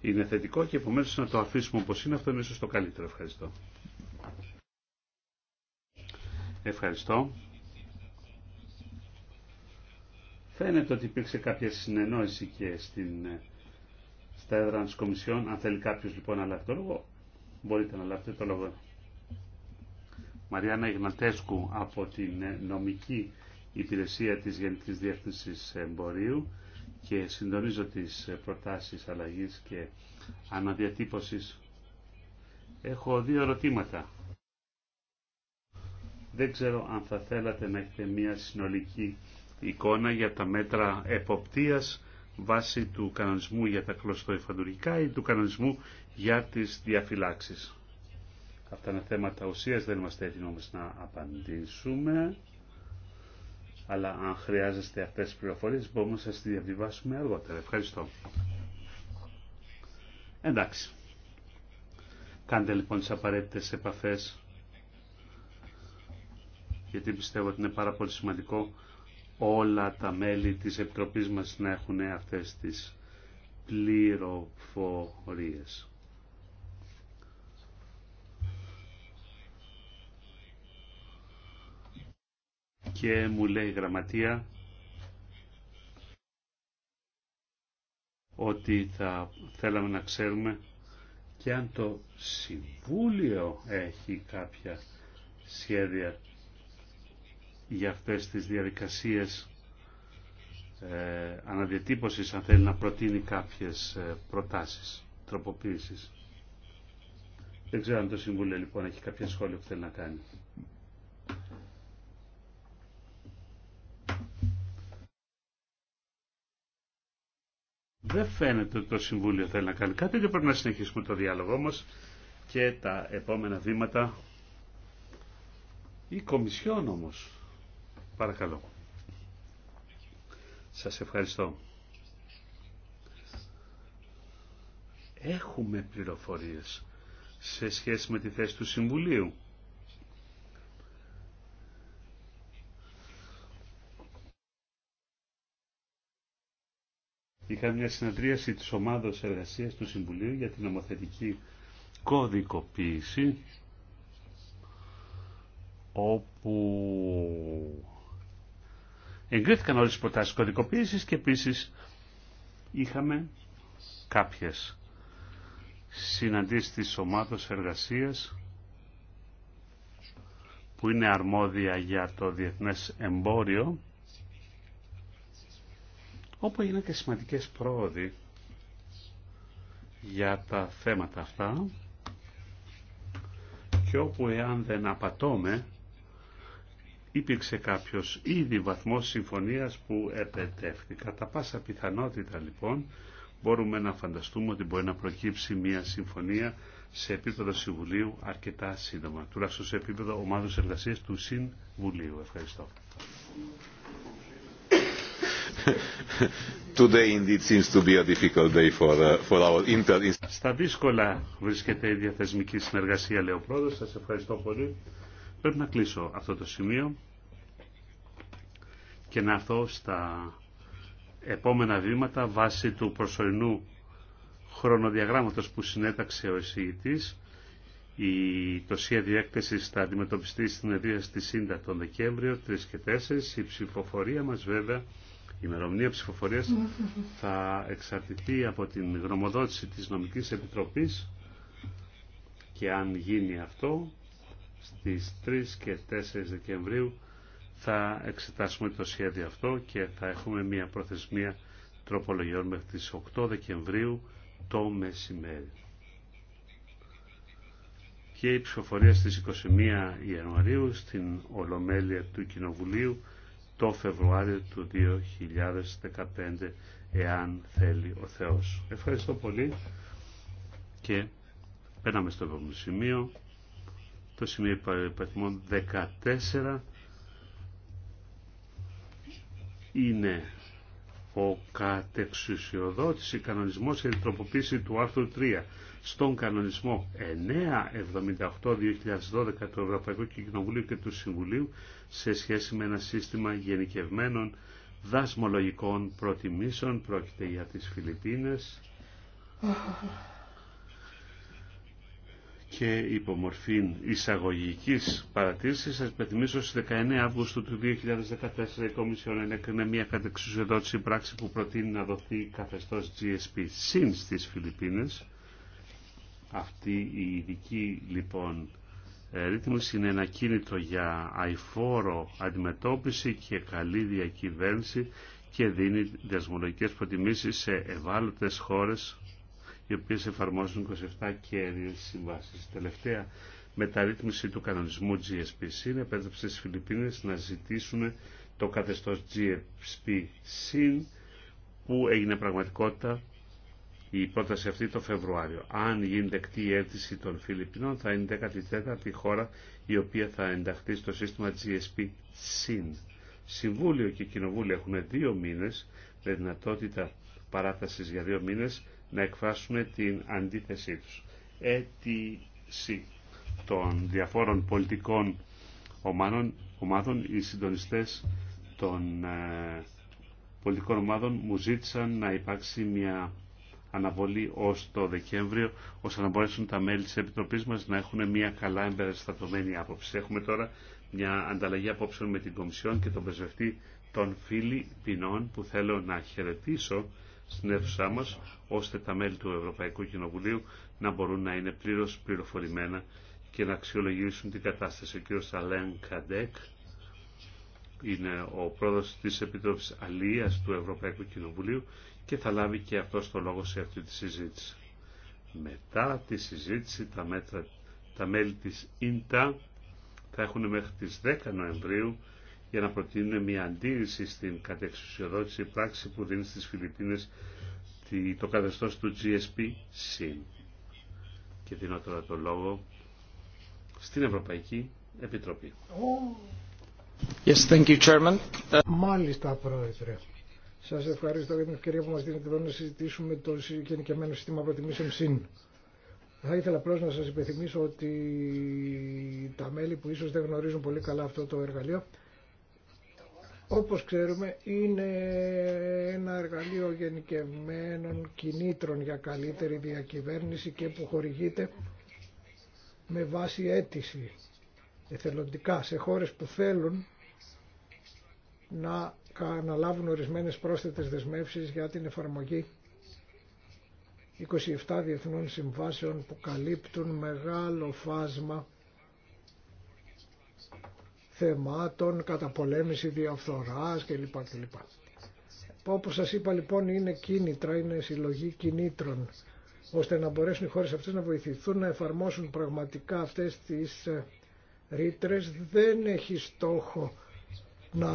είναι θετικό και επομένω να το αφήσουμε όπω είναι. Αυτό είναι ίσω το καλύτερο. Ευχαριστώ. Ευχαριστώ. Φαίνεται ότι υπήρξε κάποια συνεννόηση και στην στα έδρα τη Κομισιόν. Αν θέλει κάποιο λοιπόν να λάβει το λόγο, μπορείτε να λάβετε το λόγο. Μαριάννα Ιγνατέσκου από την ε, νομική υπηρεσία της Γενικής Διεύθυνσης Εμπορίου και συντονίζω τις ε, προτάσεις αλλαγής και αναδιατύπωσης. Έχω δύο ερωτήματα. Δεν ξέρω αν θα θέλατε να έχετε μια συνολική εικόνα για τα μέτρα εποπτείας βάσει του κανονισμού για τα κλωστοϊφαντουργικά ή του κανονισμού για τις διαφυλάξεις. Αυτά είναι θέματα ουσίας, δεν είμαστε έτοιμοι όμως να απαντήσουμε. Αλλά αν χρειάζεστε αυτές τις πληροφορίες μπορούμε να σας διαβιβάσουμε αργότερα. Ευχαριστώ. Εντάξει. Κάντε λοιπόν τις απαραίτητες επαφές γιατί πιστεύω ότι είναι πάρα πολύ σημαντικό όλα τα μέλη της Επιτροπής μας να έχουν αυτές τις πληροφορίες. Και μου λέει η γραμματεία ότι θα θέλαμε να ξέρουμε και αν το Συμβούλιο έχει κάποια σχέδια για αυτές τις διαδικασίες ε, αναδιατύπωσης αν θέλει να προτείνει κάποιες ε, προτάσεις τροποποίησης. Δεν ξέρω αν το Συμβούλιο λοιπόν έχει κάποια σχόλια που θέλει να κάνει. Δεν φαίνεται ότι το Συμβούλιο θέλει να κάνει κάτι και πρέπει να συνεχίσουμε το διάλογό μας και τα επόμενα βήματα η Κομισιόν όμως Παρακαλώ. Σας ευχαριστώ. Έχουμε πληροφορίες σε σχέση με τη θέση του Συμβουλίου. Είχαμε μια συναντρίαση της ομάδος εργασίας του Συμβουλίου για την νομοθετική κωδικοποίηση όπου Εγκρίθηκαν όλες τις προτάσεις κωδικοποίησης και επίσης είχαμε κάποιες συναντήσεις της ομάδος εργασίας που είναι αρμόδια για το διεθνές εμπόριο όπου έγιναν και σημαντικές πρόοδοι για τα θέματα αυτά και όπου εάν δεν απατώμε υπήρξε κάποιος ήδη βαθμός συμφωνίας που επετεύχθη. Κατά πάσα πιθανότητα λοιπόν μπορούμε να φανταστούμε ότι μπορεί να προκύψει μια συμφωνία σε επίπεδο Συμβουλίου αρκετά σύντομα, τουλάχιστον σε επίπεδο ομάδος εργασίας του Συμβουλίου. Ευχαριστώ. Today indeed seems to be a difficult day for, uh, for our inter... Στα δύσκολα βρίσκεται η διαθεσμική συνεργασία, λέει ο πρόεδρος. Σας ευχαριστώ πολύ. Πρέπει να κλείσω αυτό το σημείο και να έρθω στα επόμενα βήματα βάσει του προσωρινού χρονοδιαγράμματος που συνέταξε ο εισηγητής. Η, τοσία σχέδιο θα αντιμετωπιστεί στην εδρία στη ΣΥΝΤΑ τον Δεκέμβριο 3 και 4. Η ψηφοφορία μας βέβαια, η ημερομηνία ψηφοφορίας θα εξαρτηθεί από την γνωμοδότηση της Νομικής Επιτροπής και αν γίνει αυτό στις 3 και 4 Δεκεμβρίου θα εξετάσουμε το σχέδιο αυτό και θα έχουμε μια προθεσμία τροπολογιών μέχρι τις 8 Δεκεμβρίου το μεσημέρι. Και η ψηφοφορία στις 21 Ιανουαρίου στην Ολομέλεια του Κοινοβουλίου το Φεβρουάριο του 2015 εάν θέλει ο Θεός. Ευχαριστώ πολύ και πέραμε στο επόμενο σημείο το σημείο υπαριθμών 14 είναι ο κατεξουσιοδότης κανονισμός για την τροποποίηση του άρθρου 3 στον κανονισμό 978-2012 του Ευρωπαϊκού Κοινοβουλίου και του Συμβουλίου σε σχέση με ένα σύστημα γενικευμένων δασμολογικών προτιμήσεων πρόκειται για τις Φιλιππίνες και υπό μορφή εισαγωγικής παρατήρησης. Σας υπενθυμίσω στις 19 Αύγουστου του 2014 η Κομισιόν ενέκρινε μια κατεξουσιοδότηση πράξη που προτείνει να δοθεί καθεστώς GSP συν στις Φιλιππίνες. Αυτή η ειδική λοιπόν ε, ρύθμιση είναι ένα κίνητο για αηφόρο αντιμετώπιση και καλή διακυβέρνηση και δίνει δεσμολογικές προτιμήσεις σε ευάλωτες χώρες οι οποίε εφαρμόζουν 27 κέρδιες συμβάσει. τελευταία μεταρρύθμιση του κανονισμού GSPC επέτρεψε στι Φιλιππίνες να ζητήσουν το κατεστώς GSPC που έγινε πραγματικότητα η πρόταση αυτή το Φεβρουάριο. Αν γίνει δεκτή η αίτηση των Φιλιππινών θα είναι 14η χώρα η οποία θα ενταχθεί στο σύστημα GSP-SYN. Συμβούλιο και Κοινοβούλιο έχουν δύο μήνες με δυνατότητα παράτασης για δύο μήνες να εκφράσουν την αντίθεσή τους. Έτσι, ε των διαφόρων πολιτικών ομάδων, ομάδων οι συντονιστές των ε, πολιτικών ομάδων μου ζήτησαν να υπάρξει μια αναβολή ως το Δεκέμβριο, ώστε να μπορέσουν τα μέλη της Επιτροπής μας να έχουν μια καλά εμπεριστατωμένη άποψη. Έχουμε τώρα μια ανταλλαγή απόψεων με την Κομισιόν και τον Πρεσβευτή των Φίλιππινών που θέλω να χαιρετήσω στην αίθουσά μας, ώστε τα μέλη του Ευρωπαϊκού Κοινοβουλίου να μπορούν να είναι πλήρως πληροφορημένα και να αξιολογήσουν την κατάσταση. Ο κ. Αλέν Καντέκ είναι ο πρόεδρος της Επιτροπής Αλίας του Ευρωπαϊκού Κοινοβουλίου και θα λάβει και αυτό το λόγο σε αυτή τη συζήτηση. Μετά τη συζήτηση τα, μέτρα, τα μέλη της ΙΝΤΑ θα έχουν μέχρι τις 10 Νοεμβρίου για να προτείνουν μια αντίρρηση στην κατεξουσιοδότηση πράξη που δίνει στις Φιλιππίνες το καθεστώς του GSP συν. Και δίνω τώρα το λόγο στην Ευρωπαϊκή Επιτροπή. Yes, thank you, Chairman. Μάλιστα, Πρόεδρε. Σας ευχαριστώ για την ευκαιρία που μας δίνετε να συζητήσουμε το γενικεμένο σύστημα προτιμήσεων συν. Θα ήθελα απλώ να σας υπενθυμίσω ότι τα μέλη που ίσως δεν γνωρίζουν πολύ καλά αυτό το εργαλείο όπως ξέρουμε είναι ένα εργαλείο γενικευμένων κινήτρων για καλύτερη διακυβέρνηση και που χορηγείται με βάση αίτηση εθελοντικά σε χώρες που θέλουν να αναλάβουν ορισμένες πρόσθετες δεσμεύσεις για την εφαρμογή 27 διεθνών συμβάσεων που καλύπτουν μεγάλο φάσμα θεμάτων, πολέμηση διαφθοράς κλπ. κλπ. Όπως σας είπα λοιπόν είναι κίνητρα, είναι συλλογή κινήτρων ώστε να μπορέσουν οι χώρες αυτές να βοηθηθούν να εφαρμόσουν πραγματικά αυτές τις ε, ρήτρε δεν έχει στόχο να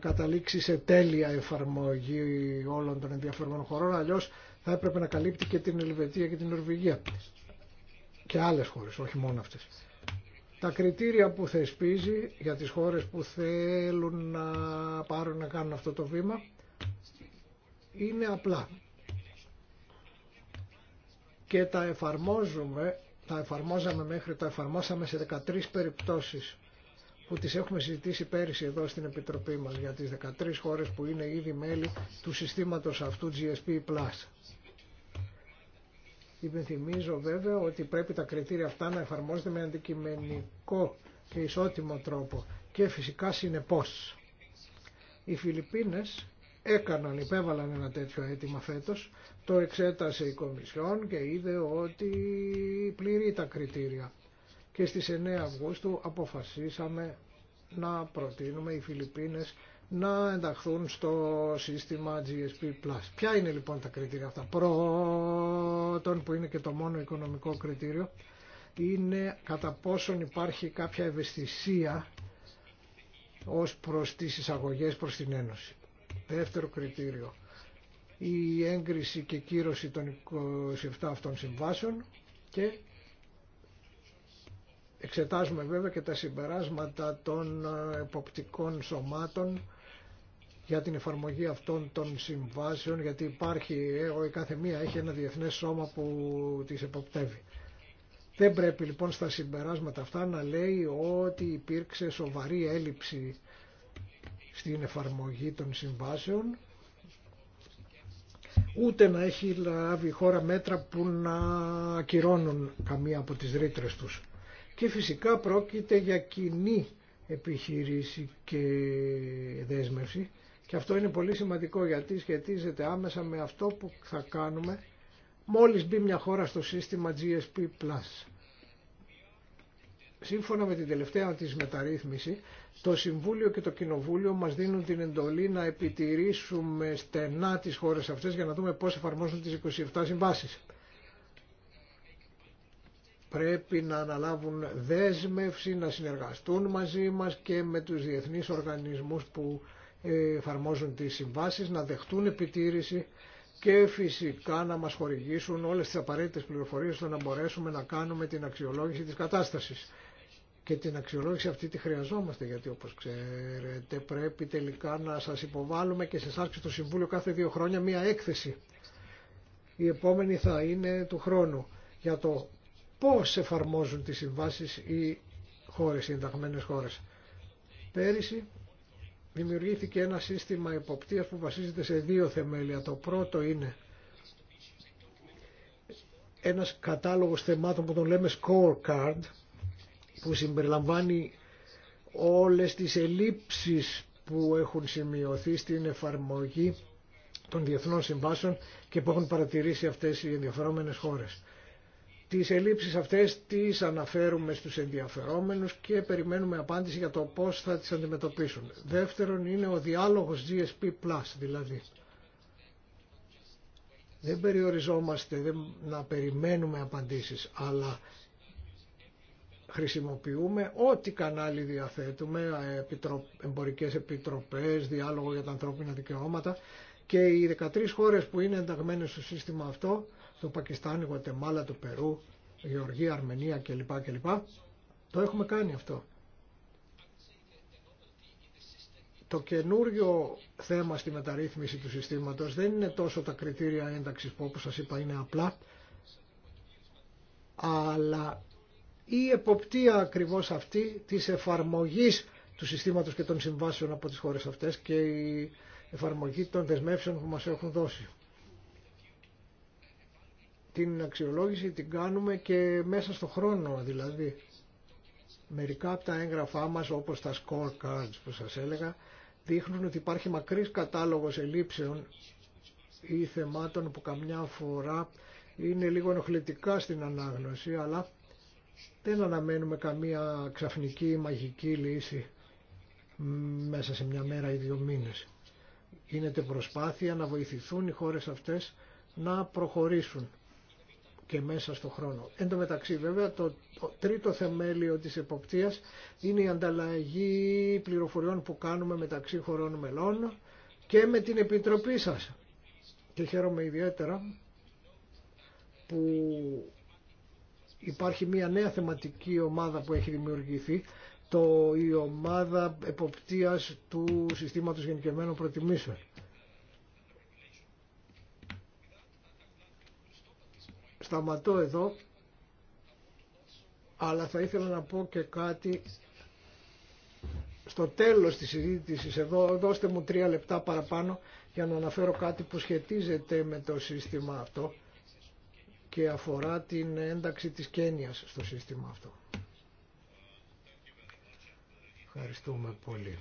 καταλήξει σε τέλεια εφαρμογή όλων των ενδιαφερμένων χωρών, αλλιώς θα έπρεπε να καλύπτει και την Ελβετία και την Νορβηγία και άλλες χώρες, όχι μόνο αυτές. Τα κριτήρια που θεσπίζει για τις χώρες που θέλουν να πάρουν να κάνουν αυτό το βήμα είναι απλά. Και τα εφαρμόζουμε, τα εφαρμόζαμε μέχρι, τα εφαρμόσαμε σε 13 περιπτώσεις που τις έχουμε συζητήσει πέρυσι εδώ στην Επιτροπή μας για τις 13 χώρες που είναι ήδη μέλη του συστήματος αυτού GSP+. Υπενθυμίζω βέβαια ότι πρέπει τα κριτήρια αυτά να εφαρμόζονται με αντικειμενικό και ισότιμο τρόπο και φυσικά συνεπώς. Οι Φιλιππίνες έκαναν, υπέβαλαν ένα τέτοιο αίτημα φέτος, το εξέτασε η Κομισιόν και είδε ότι πληρεί τα κριτήρια. Και στις 9 Αυγούστου αποφασίσαμε να προτείνουμε οι Φιλιππίνες να ενταχθούν στο σύστημα GSP+. Ποια είναι λοιπόν τα κριτήρια αυτά. Πρώτον που είναι και το μόνο οικονομικό κριτήριο είναι κατά πόσον υπάρχει κάποια ευαισθησία ως προς τις εισαγωγές προς την Ένωση. Δεύτερο κριτήριο η έγκριση και κύρωση των 27 αυτών συμβάσεων και εξετάζουμε βέβαια και τα συμπεράσματα των εποπτικών σωμάτων για την εφαρμογή αυτών των συμβάσεων γιατί υπάρχει, η κάθε μία έχει ένα διεθνές σώμα που τις εποπτεύει. Δεν πρέπει λοιπόν στα συμπεράσματα αυτά να λέει ότι υπήρξε σοβαρή έλλειψη στην εφαρμογή των συμβάσεων ούτε να έχει λάβει η χώρα μέτρα που να ακυρώνουν καμία από τις ρήτρες τους. Και φυσικά πρόκειται για κοινή επιχείρηση και δέσμευση και αυτό είναι πολύ σημαντικό γιατί σχετίζεται άμεσα με αυτό που θα κάνουμε μόλις μπει μια χώρα στο σύστημα GSP+. Σύμφωνα με την τελευταία της μεταρρύθμιση, το Συμβούλιο και το Κοινοβούλιο μας δίνουν την εντολή να επιτηρήσουμε στενά τις χώρες αυτές για να δούμε πώς εφαρμόζουν τις 27 συμβάσεις. Πρέπει να αναλάβουν δέσμευση, να συνεργαστούν μαζί μας και με τους διεθνείς οργανισμούς που εφαρμόζουν τις συμβάσεις, να δεχτούν επιτήρηση και φυσικά να μας χορηγήσουν όλες τις απαραίτητες πληροφορίες ώστε να μπορέσουμε να κάνουμε την αξιολόγηση της κατάστασης. Και την αξιολόγηση αυτή τη χρειαζόμαστε γιατί όπως ξέρετε πρέπει τελικά να σας υποβάλουμε και σε εσάς και στο Συμβούλιο κάθε δύο χρόνια μία έκθεση. Η επόμενη θα είναι του χρόνου για το πώς εφαρμόζουν τις συμβάσεις οι χώρες, οι ενταγμένες χώρες. Πέρυσι δημιουργήθηκε ένα σύστημα εποπτείας που βασίζεται σε δύο θεμέλια. Το πρώτο είναι ένας κατάλογος θεμάτων που τον λέμε scorecard που συμπεριλαμβάνει όλες τις ελλείψεις που έχουν σημειωθεί στην εφαρμογή των διεθνών συμβάσεων και που έχουν παρατηρήσει αυτές οι ενδιαφερόμενες χώρες. Τις ελλείψεις αυτές τις αναφέρουμε στους ενδιαφερόμενους και περιμένουμε απάντηση για το πώς θα τις αντιμετωπίσουν. Δεύτερον είναι ο διάλογος GSP+, δηλαδή. Δεν περιοριζόμαστε δεν, να περιμένουμε απαντήσεις, αλλά χρησιμοποιούμε ό,τι κανάλι διαθέτουμε, ε, εμπορικές επιτροπές, διάλογο για τα ανθρώπινα δικαιώματα και οι 13 χώρες που είναι ενταγμένες στο σύστημα αυτό στο Πακιστάν, Γουατεμάλα, το Περού, Γεωργία, Αρμενία κλπ. κλπ. Το έχουμε κάνει αυτό. Το καινούριο θέμα στη μεταρρύθμιση του συστήματος δεν είναι τόσο τα κριτήρια ένταξης που όπως σας είπα είναι απλά, αλλά η εποπτεία ακριβώς αυτή της εφαρμογής του συστήματος και των συμβάσεων από τις χώρες αυτές και η εφαρμογή των δεσμεύσεων που μας έχουν δώσει την αξιολόγηση την κάνουμε και μέσα στο χρόνο δηλαδή. Μερικά από τα έγγραφά μας όπως τα scorecards που σας έλεγα δείχνουν ότι υπάρχει μακρύς κατάλογος ελλείψεων ή θεμάτων που καμιά φορά είναι λίγο ενοχλητικά στην ανάγνωση αλλά δεν αναμένουμε καμία ξαφνική ή μαγική λύση μέσα σε μια μέρα ή δύο μήνες. Γίνεται προσπάθεια να βοηθηθούν οι χώρες αυτές να προχωρήσουν και μέσα στο χρόνο. Εν τω μεταξύ βέβαια το τρίτο θεμέλιο της εποπτείας είναι η ανταλλαγή πληροφοριών που κάνουμε μεταξύ χωρών μελών και με την Επιτροπή σας. Και χαίρομαι ιδιαίτερα που υπάρχει μια νέα θεματική ομάδα που έχει δημιουργηθεί το, η ομάδα εποπτείας του συστήματος γενικευμένων προτιμήσεων. σταματώ εδώ, αλλά θα ήθελα να πω και κάτι στο τέλος της συζήτησης. Εδώ δώστε μου τρία λεπτά παραπάνω για να αναφέρω κάτι που σχετίζεται με το σύστημα αυτό και αφορά την ένταξη της Κένιας στο σύστημα αυτό. Ευχαριστούμε πολύ.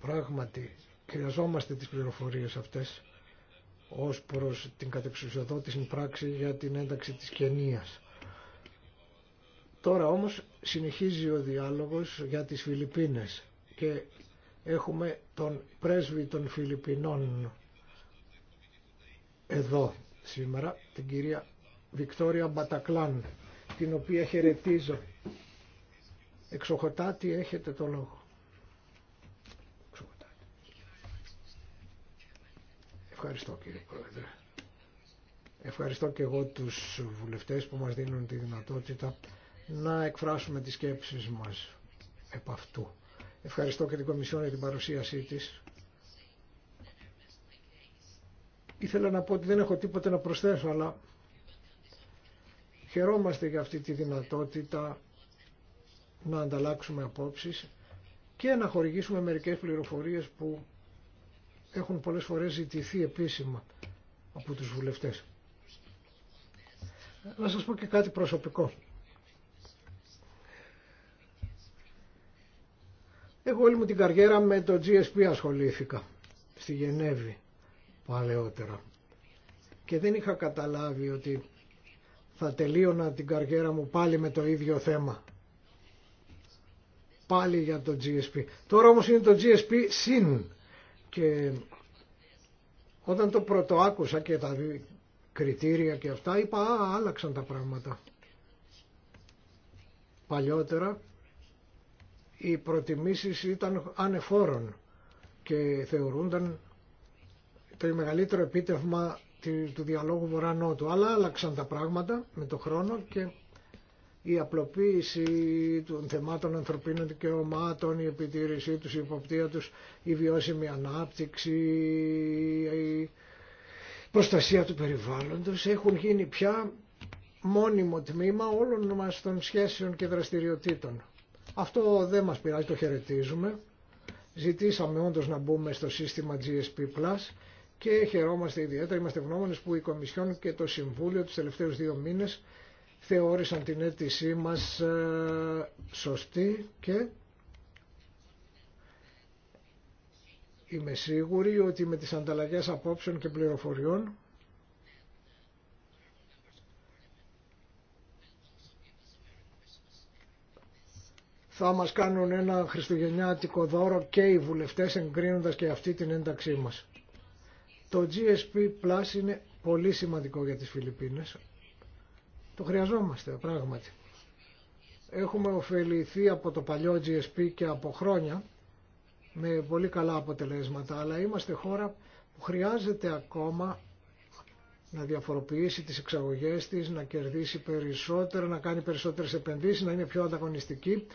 Πράγματι, χρειαζόμαστε τις πληροφορίες αυτές ως προς την κατεξουσιοδότηση πράξη για την ένταξη της Κενίας. Τώρα όμως συνεχίζει ο διάλογος για τις Φιλιππίνες και έχουμε τον πρέσβη των Φιλιππινών εδώ σήμερα, την κυρία Βικτόρια Μπατακλάν, την οποία χαιρετίζω. Εξοχοτάτη έχετε το λόγο. Ευχαριστώ κύριε Πρόεδρε. Ευχαριστώ και εγώ τους βουλευτές που μας δίνουν τη δυνατότητα να εκφράσουμε τις σκέψεις μας επ' αυτού. Ευχαριστώ και την Κομισιόν για την παρουσίασή της. Ήθελα να πω ότι δεν έχω τίποτα να προσθέσω, αλλά χαιρόμαστε για αυτή τη δυνατότητα να ανταλλάξουμε απόψεις και να χορηγήσουμε μερικές πληροφορίες που έχουν πολλές φορές ζητηθεί επίσημα από τους βουλευτές. Να σας πω και κάτι προσωπικό. Εγώ όλη μου την καριέρα με το GSP ασχολήθηκα στη Γενέβη παλαιότερα και δεν είχα καταλάβει ότι θα τελείωνα την καριέρα μου πάλι με το ίδιο θέμα. Πάλι για το GSP. Τώρα όμως είναι το GSP συν και όταν το πρωτοάκουσα και τα κριτήρια και αυτά είπα α, άλλαξαν τα πράγματα. Παλιότερα οι προτιμήσεις ήταν ανεφόρων και θεωρούνταν το μεγαλύτερο επίτευγμα του διαλόγου Αλλά άλλαξαν τα πράγματα με το χρόνο και η απλοποίηση των θεμάτων ανθρωπίνων δικαιωμάτων, η επιτήρησή τους, η υποπτία τους, η βιώσιμη ανάπτυξη, η προστασία του περιβάλλοντος έχουν γίνει πια μόνιμο τμήμα όλων μας των σχέσεων και δραστηριοτήτων. Αυτό δεν μας πειράζει, το χαιρετίζουμε. Ζητήσαμε όντως να μπούμε στο σύστημα GSP+, και χαιρόμαστε ιδιαίτερα, είμαστε γνώμονες που η Κομισιόν και το Συμβούλιο τους τελευταίους δύο μήνες θεώρησαν την αίτησή μας ε, σωστή και είμαι σίγουρη ότι με τις ανταλλαγές απόψεων και πληροφοριών θα μας κάνουν ένα χριστουγεννιάτικο δώρο και οι βουλευτές εγκρίνοντας και αυτή την ένταξή μας. Το GSP Plus είναι πολύ σημαντικό για τις Φιλιππίνες το χρειαζόμαστε πράγματι. Έχουμε ωφεληθεί από το παλιό GSP και από χρόνια με πολύ καλά αποτελέσματα, αλλά είμαστε χώρα που χρειάζεται ακόμα να διαφοροποιήσει τις εξαγωγές της, να κερδίσει περισσότερα, να κάνει περισσότερες επενδύσεις, να είναι πιο ανταγωνιστική,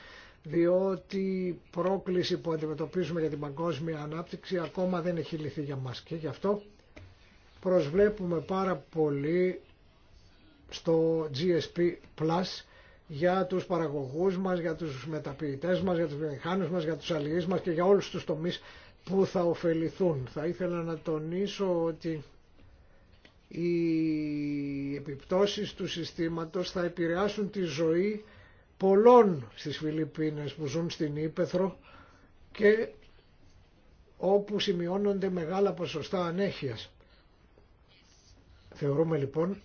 διότι η πρόκληση που αντιμετωπίζουμε για την παγκόσμια ανάπτυξη ακόμα δεν έχει λυθεί για μας. Και γι' αυτό προσβλέπουμε πάρα πολύ στο GSP Plus για τους παραγωγούς μας, για τους μεταποιητές μας, για τους βιομηχάνους μας, για τους αλληλείς μας και για όλους τους τομείς που θα ωφεληθούν. Θα ήθελα να τονίσω ότι οι επιπτώσεις του συστήματος θα επηρεάσουν τη ζωή πολλών στις Φιλιππίνες που ζουν στην Ήπεθρο και όπου σημειώνονται μεγάλα ποσοστά ανέχειας. Θεωρούμε λοιπόν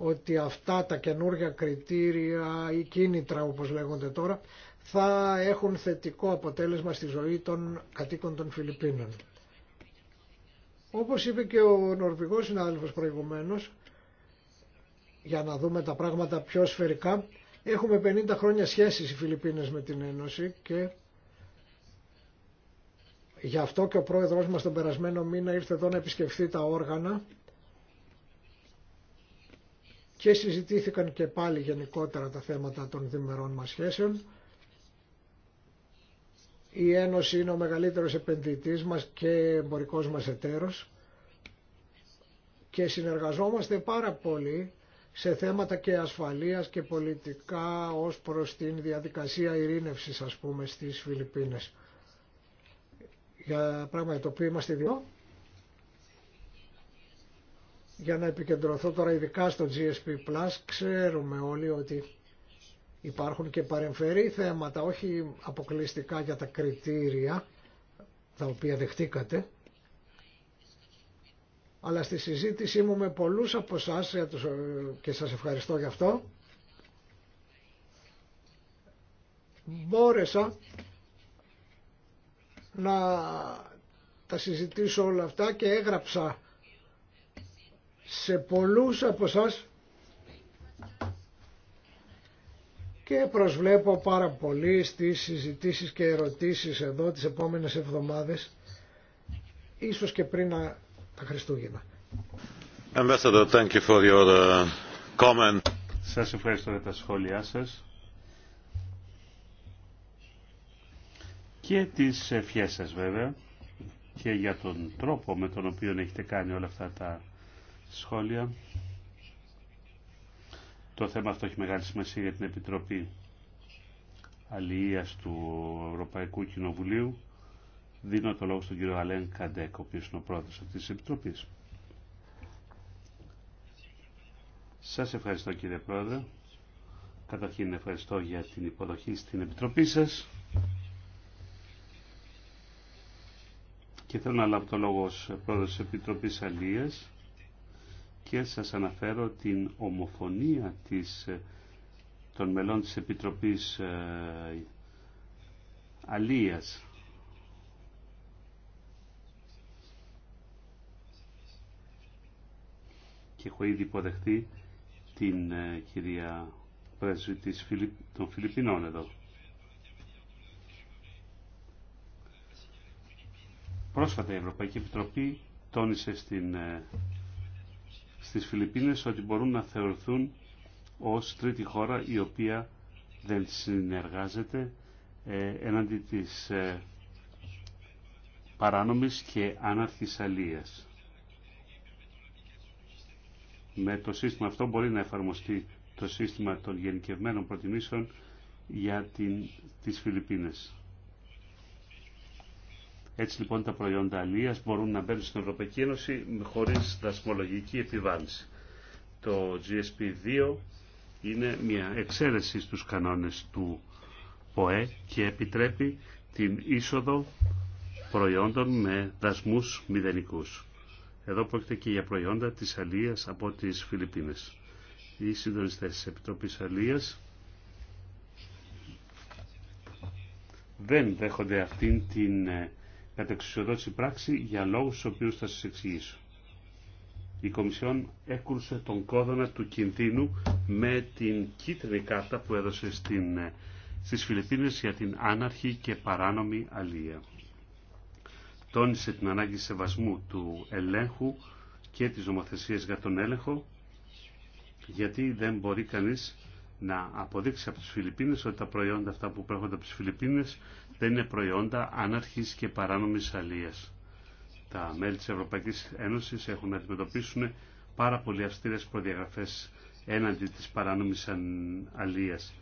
ότι αυτά τα καινούργια κριτήρια ή κίνητρα όπως λέγονται τώρα θα έχουν θετικό αποτέλεσμα στη ζωή των κατοίκων των Φιλιππίνων. Όπως είπε και ο Νορβηγός συνάδελφος προηγουμένως, για να δούμε τα πράγματα πιο σφαιρικά, έχουμε 50 χρόνια σχέσεις οι Φιλιππίνες με την Ένωση και γι' αυτό και ο πρόεδρος μας τον περασμένο μήνα ήρθε εδώ να επισκεφθεί τα όργανα και συζητήθηκαν και πάλι γενικότερα τα θέματα των διμερών μας σχέσεων. Η Ένωση είναι ο μεγαλύτερος επενδυτής μας και εμπορικός μας εταίρος και συνεργαζόμαστε πάρα πολύ σε θέματα και ασφαλείας και πολιτικά ως προς την διαδικασία ειρήνευσης ας πούμε στις Φιλιππίνες. Για πράγματα το οποίο είμαστε δύο για να επικεντρωθώ τώρα ειδικά στο GSP+, Plus ξέρουμε όλοι ότι υπάρχουν και παρεμφερή θέματα, όχι αποκλειστικά για τα κριτήρια, τα οποία δεχτήκατε, αλλά στη συζήτησή μου με πολλούς από εσά ε, και σας ευχαριστώ γι' αυτό, μπόρεσα να τα συζητήσω όλα αυτά και έγραψα σε πολλούς από σας και προσβλέπω πάρα πολύ στις συζητήσεις και ερωτήσεις εδώ τις επόμενες εβδομάδες ίσως και πριν τα Χριστούγεννα. Ambassador, thank you for your uh, comment. Σας ευχαριστώ για τα σχόλιά σας και τις ευχές σας βέβαια και για τον τρόπο με τον οποίο έχετε κάνει όλα αυτά τα σχόλια. Το θέμα αυτό έχει μεγάλη σημασία για την Επιτροπή Αλληλείας του Ευρωπαϊκού Κοινοβουλίου. Δίνω το λόγο στον κύριο Αλέν Καντέκ, ο οποίος είναι ο πρόεδρος αυτής της Επιτροπής. Σας ευχαριστώ κύριε Πρόεδρε. Καταρχήν ευχαριστώ για την υποδοχή στην Επιτροπή σας. Και θέλω να λάβω το λόγο ως πρόεδρος της Επιτροπής Αλίας και σας αναφέρω την ομοφωνία της, ε, των μελών της Επιτροπής ε, Αλίας. Και έχω ήδη υποδεχτεί την ε, κυρία πρέσβη της των Φιλιππινών εδώ. Πρόσφατα η Ευρωπαϊκή Επιτροπή τόνισε στην στις Φιλιππίνες ότι μπορούν να θεωρηθούν ως τρίτη χώρα η οποία δεν συνεργάζεται ε, έναντι της ε, παράνομης και άναρχης αλίας. Με το σύστημα αυτό μπορεί να εφαρμοστεί το σύστημα των γενικευμένων προτιμήσεων για την, τις Φιλιππίνες. Έτσι λοιπόν τα προϊόντα αλίας μπορούν να μπαίνουν στην Ευρωπαϊκή Ένωση χωρίς δασμολογική επιβάλληση. Το GSP2 είναι μια εξαίρεση στους κανόνες του ΠΟΕ και επιτρέπει την είσοδο προϊόντων με δασμούς μηδενικούς. Εδώ πρόκειται και για προϊόντα της αλίας από τις Φιλιππίνες. Οι συντονιστές τη Επιτροπής Αλίας δεν δέχονται αυτήν την ε, εξουσιοδότηση πράξη για λόγους στους οποίους θα σας εξηγήσω. Η Κομισιόν έκουρσε τον κόδωνα του κινδύνου με την κίτρινη κάρτα που έδωσε στην, ε, στις Φιλιππίνες για την άναρχη και παράνομη αλία. Τόνισε την ανάγκη σεβασμού του ελέγχου και της νομοθεσίας για τον έλεγχο, γιατί δεν μπορεί κανείς να αποδείξει από τις Φιλιππίνες ότι τα προϊόντα αυτά που προέρχονται από τις Φιλιππίνες δεν είναι προϊόντα άναρχης και παράνομης αλίας. Τα μέλη της Ευρωπαϊκής Ένωσης έχουν να αντιμετωπίσουν πάρα πολύ αυστηρές προδιαγραφές έναντι της παράνομης αλίας.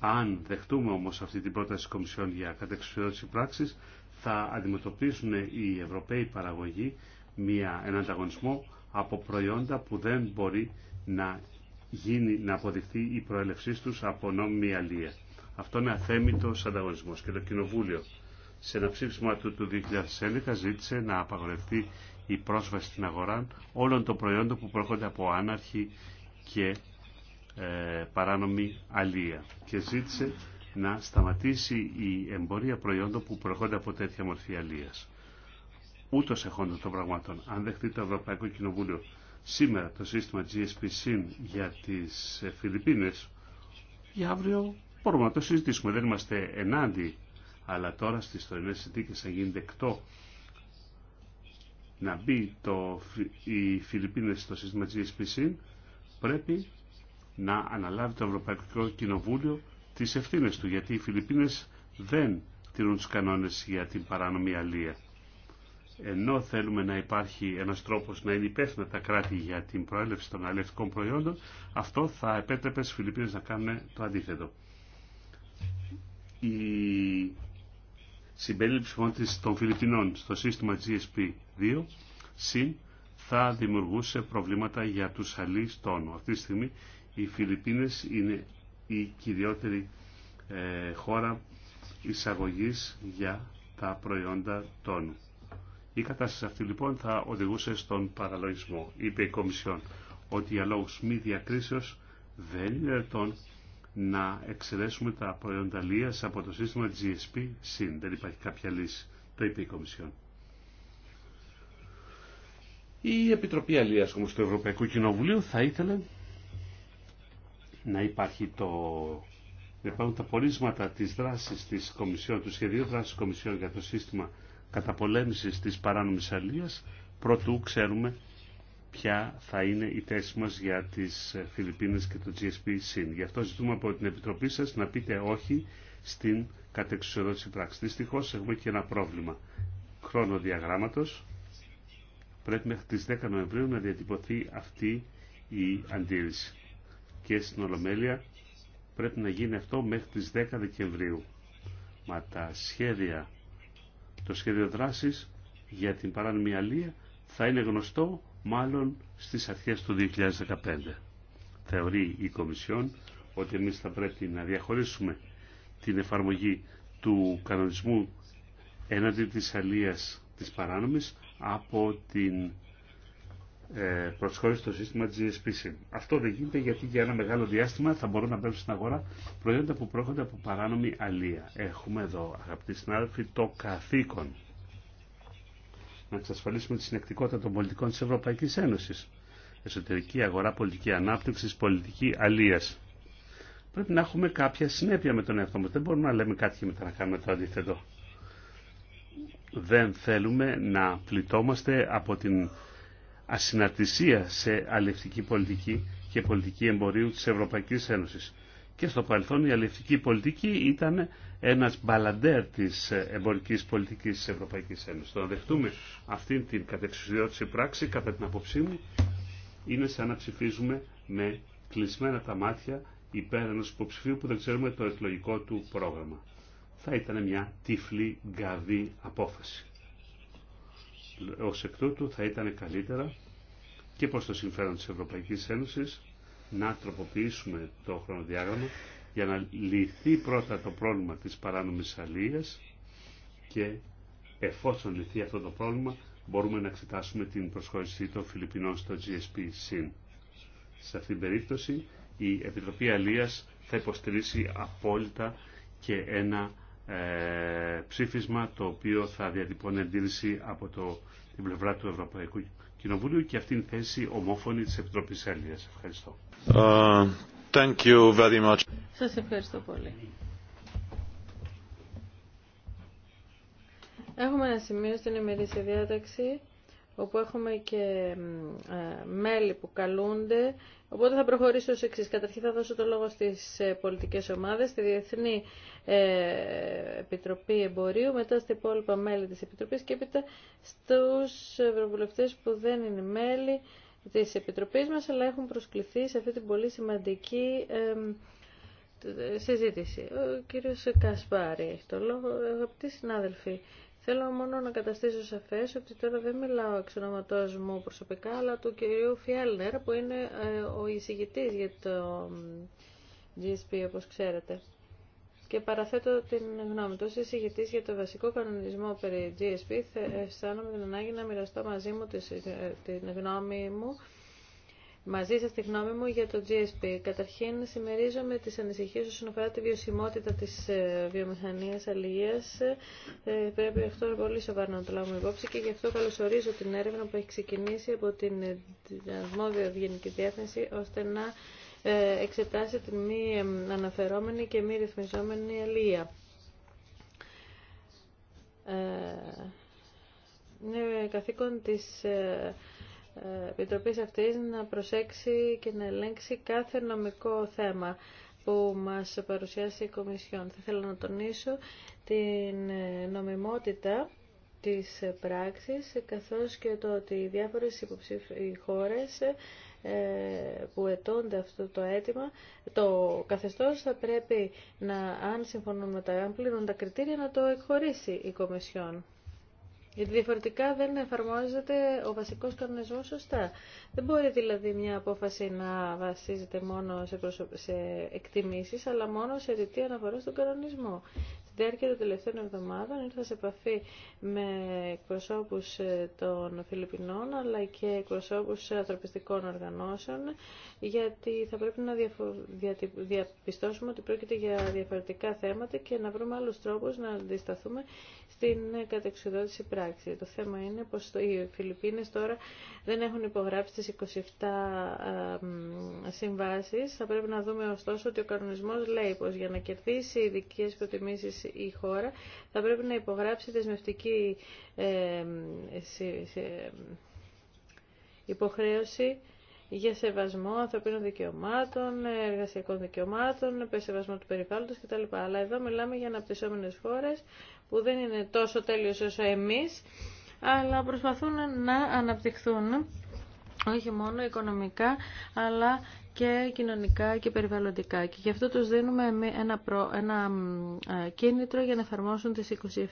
Αν δεχτούμε όμως αυτή την πρόταση της Κομισιόν για κατεξουσιοδότηση πράξης, θα αντιμετωπίσουν οι Ευρωπαίοι παραγωγοί μια, έναν ανταγωνισμό από προϊόντα που δεν μπορεί να γίνει, να αποδειχθεί η προέλευσή του από νόμιμη αλία. Αυτό είναι αθέμητο ανταγωνισμό και το Κοινοβούλιο σε ένα ψήφισμα του 2011 ζήτησε να απαγορευτεί η πρόσβαση στην αγορά όλων των προϊόντων που προέρχονται από άναρχη και ε, παράνομη αλία και ζήτησε να σταματήσει η εμπορία προϊόντων που προέρχονται από τέτοια μορφή αλίας. Ούτω εχόντων των πραγματών, αν δεχτεί το Ευρωπαϊκό Κοινοβούλιο σήμερα το σύστημα GSP για τις ε, Φιλιππίνες, για αύριο μπορούμε να το συζητήσουμε. Δεν είμαστε ενάντι, αλλά τώρα στις τωρινές συνθήκες θα γίνει δεκτό να μπει το, οι Φιλιππίνες στο σύστημα GSP πρέπει να αναλάβει το Ευρωπαϊκό Κοινοβούλιο τις ευθύνες του, γιατί οι Φιλιππίνες δεν τηρούν τους κανόνες για την παράνομη αλία ενώ θέλουμε να υπάρχει ένας τρόπος να είναι υπεύθυνα τα κράτη για την προέλευση των αλληλευτικών προϊόντων, αυτό θα επέτρεπε στις Φιλιππίνες να κάνουν το αντίθετο. Η συμπερίληψη λοιπόν των Φιλιππινών στο σύστημα GSP2 συν θα δημιουργούσε προβλήματα για τους αλληλείς τόνου. Αυτή τη στιγμή οι Φιλιππίνες είναι η κυριότερη ε, χώρα εισαγωγής για τα προϊόντα τόνου. Η κατάσταση αυτή λοιπόν θα οδηγούσε στον παραλογισμό. Είπε η Κομισιόν ότι για λόγους μη διακρίσεως δεν είναι δυνατόν να εξαιρέσουμε τα προϊόντα λίας από το σύστημα GSP συν. Δεν υπάρχει κάποια λύση. Το είπε η Κομισιόν. Η Επιτροπή Αλίας όμως του Ευρωπαϊκού Κοινοβουλίου θα ήθελε να υπάρχει το... να υπάρχουν τα πορίσματα της δράσης της Κομισιόν, του σχεδίου δράσης της Κομισιόν για το σύστημα καταπολέμησης της παράνομης αλίας, προτού ξέρουμε ποια θα είναι η θέση μας για τις Φιλιππίνες και το GSP συν. Γι' αυτό ζητούμε από την Επιτροπή σας να πείτε όχι στην κατεξουσιοδότηση πράξη. Δυστυχώ έχουμε και ένα πρόβλημα χρόνο διαγράμματος. Πρέπει μέχρι τις 10 Νοεμβρίου να διατυπωθεί αυτή η αντίρρηση. Και στην Ολομέλεια πρέπει να γίνει αυτό μέχρι τις 10 Δεκεμβρίου. Μα τα σχέδια το σχέδιο δράσης για την παράνομη αλία θα είναι γνωστό μάλλον στις αρχές του 2015. Θεωρεί η Κομισιόν ότι εμείς θα πρέπει να διαχωρίσουμε την εφαρμογή του κανονισμού έναντι της αλίας της παράνομης από την ε, προσχώρηση στο σύστημα GSP. Αυτό δεν γίνεται γιατί για ένα μεγάλο διάστημα θα μπορούν να μπαίνουν στην αγορά προϊόντα που πρόκειται από παράνομη αλεία. Έχουμε εδώ, αγαπητοί συνάδελφοι, το καθήκον να εξασφαλίσουμε τη συνεκτικότητα των πολιτικών τη Ευρωπαϊκή Ένωση. Εσωτερική αγορά, πολιτική ανάπτυξη, πολιτική αλίας. Πρέπει να έχουμε κάποια συνέπεια με τον εαυτό μα. Δεν μπορούμε να λέμε κάτι και μετά να κάνουμε το αντίθετο. Δεν θέλουμε να πληττόμαστε από την ασυναρτησία σε αλληλευτική πολιτική και πολιτική εμπορίου της Ευρωπαϊκής Ένωσης. Και στο παρελθόν η αλληλευτική πολιτική ήταν ένας μπαλαντέρ της εμπορικής πολιτικής της Ευρωπαϊκής Ένωσης. Το να δεχτούμε αυτή την κατεξουσιώτηση πράξη, κατά την απόψή μου, είναι σαν να ψηφίζουμε με κλεισμένα τα μάτια υπέρ ενός υποψηφίου που δεν ξέρουμε το εκλογικό του πρόγραμμα. Θα ήταν μια τύφλη γκαβή απόφαση. Ω εκ τούτου θα ήταν καλύτερα και προ το συμφέρον τη ευρωπαϊκή Ένωσης να τροποποιήσουμε το χρονοδιάγραμμα για να λυθεί πρώτα το πρόβλημα της παράνομης αλίας και εφόσον λυθεί αυτό το πρόβλημα μπορούμε να εξετάσουμε την προσχώρηση των Φιλιππινών στο GSP συν. Σε αυτήν την περίπτωση η Επιτροπή Αλίας θα υποστηρίσει απόλυτα και ένα ε, ψήφισμα το οποίο θα διατυπώνει αντίρρηση από το, την πλευρά του Ευρωπαϊκού Κοινοβουλίου και αυτήν την θέση ομόφωνη της Επιτροπής Έλληνας. Ευχαριστώ. Uh, thank you very much. Σας ευχαριστώ πολύ. Έχουμε ένα σημείο στην ημερήσια διάταξη όπου έχουμε και ε, μέλη που καλούνται. Οπότε θα προχωρήσω ως εξής. Καταρχήν θα δώσω το λόγο στις ε, πολιτικές ομάδες, στη Διεθνή ε, Επιτροπή Εμπορίου, μετά στα υπόλοιπα μέλη της Επιτροπής και έπειτα στους ευρωβουλευτές που δεν είναι μέλη της Επιτροπής μας, αλλά έχουν προσκληθεί σε αυτή την πολύ σημαντική συζήτηση. Ο κύριος Κασπάρη έχει το λόγο. Αγαπητοί συνάδελφοι, Θέλω μόνο να καταστήσω σαφές ότι τώρα δεν μιλάω εξ ονοματός μου προσωπικά, αλλά του κυρίου Φιέλνερ, που είναι ε, ο εισηγητής για το GSP, όπως ξέρετε. Και παραθέτω την γνώμη του. Ως εισηγητής για το βασικό κανονισμό περί GSP, ε, αισθάνομαι την ανάγκη να μοιραστώ μαζί μου ε, την γνώμη μου μαζί σας τη γνώμη μου για το GSP. Καταρχήν, συμμερίζομαι τις ανησυχίες όσον αφορά τη βιωσιμότητα της ε, βιομηχανίας αλληλείας. Ε, πρέπει αυτό πολύ σοβαρό να το λάβουμε υπόψη και γι' αυτό καλωσορίζω την έρευνα που έχει ξεκινήσει από την ε, αρμόδια γενική διεύθυνση ώστε να εξετάσει την μη αναφερόμενη και μη ρυθμιζόμενη αλληλεία. Είναι καθήκον της Επιτροπή αυτή να προσέξει και να ελέγξει κάθε νομικό θέμα που μας παρουσιάσει η Κομισιόν. Θα ήθελα να τονίσω την ε, νομιμότητα της ε, πράξης, καθώς και το ότι οι διάφορες υποψήφιες χώρες ε, που ετώνται αυτό το αίτημα, το καθεστώς θα πρέπει να, αν συμφωνούν με τα, αν τα κριτήρια, να το εκχωρήσει η Κομισιόν. Γιατί διαφορετικά δεν εφαρμόζεται ο βασικός κανονισμός σωστά. Δεν μπορεί δηλαδή μια απόφαση να βασίζεται μόνο σε, προσω... σε εκτιμήσεις, αλλά μόνο σε ρητή αναφορά στον κανονισμό διάρκεια των τελευταίων εβδομάδων ήρθα σε επαφή με εκπροσώπου ε, των Φιλιππινών αλλά και εκπροσώπου ανθρωπιστικών οργανώσεων γιατί θα πρέπει να διαπιστώσουμε ότι πρόκειται για διαφορετικά θέματα και να βρούμε άλλου τρόπου να αντισταθούμε στην κατεξουδότηση πράξη. Το θέμα είναι πω οι Φιλιππίνες τώρα δεν έχουν υπογράψει τις 27 ε, συμβάσει. Θα πρέπει να δούμε ωστόσο ότι ο κανονισμό λέει πω για να κερδίσει ειδικέ προτιμήσει η χώρα θα πρέπει να υπογράψει δεσμευτική ε, υποχρέωση για σεβασμό ανθρωπίνων δικαιωμάτων, εργασιακών δικαιωμάτων, σεβασμό του περιβάλλοντος κτλ. Αλλά εδώ μιλάμε για αναπτυσσόμενες χώρες που δεν είναι τόσο τέλειος όσο εμείς, αλλά προσπαθούν να αναπτυχθούν όχι μόνο οικονομικά, αλλά και κοινωνικά και περιβαλλοντικά. Και γι' αυτό τους δίνουμε ένα, προ, ένα ε, κίνητρο για να εφαρμόσουν τις 27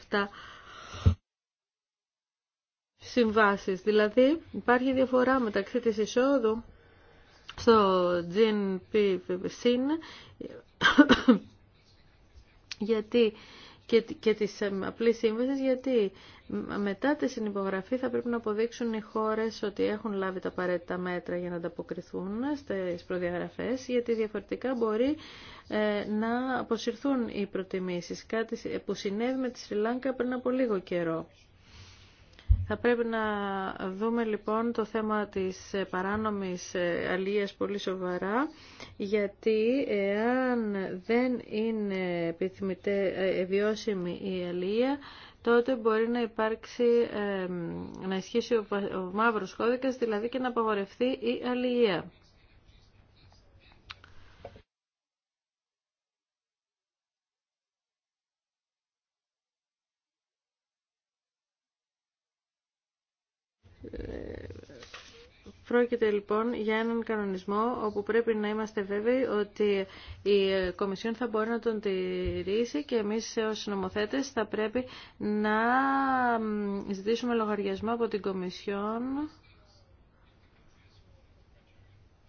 συμβάσεις. Δηλαδή υπάρχει διαφορά μεταξύ της εισόδου στο GNP-SIN *coughs* γιατί και, και της ε, απλής γιατί μετά τη συνυπογραφή θα πρέπει να αποδείξουν οι χώρες ότι έχουν λάβει τα απαραίτητα μέτρα για να ανταποκριθούν στις προδιαγραφές γιατί διαφορετικά μπορεί ε, να αποσυρθούν οι προτιμήσεις κάτι που συνέβη με τη Σρι Λάγκα πριν από λίγο καιρό. Θα πρέπει να δούμε λοιπόν το θέμα της ε, παράνομης ε, αλίας πολύ σοβαρά, γιατί εάν δεν είναι επιθυμητέ, ε, βιώσιμη η αλία, τότε μπορεί να υπάρξει, να ισχύσει ο μαύρος κώδικας, δηλαδή και να απαγορευτεί η αλία. Πρόκειται λοιπόν για έναν κανονισμό όπου πρέπει να είμαστε βέβαιοι ότι η Κομισιόν θα μπορεί να τον τηρήσει και εμείς ως νομοθέτες θα πρέπει να ζητήσουμε λογαριασμό από την Κομισιόν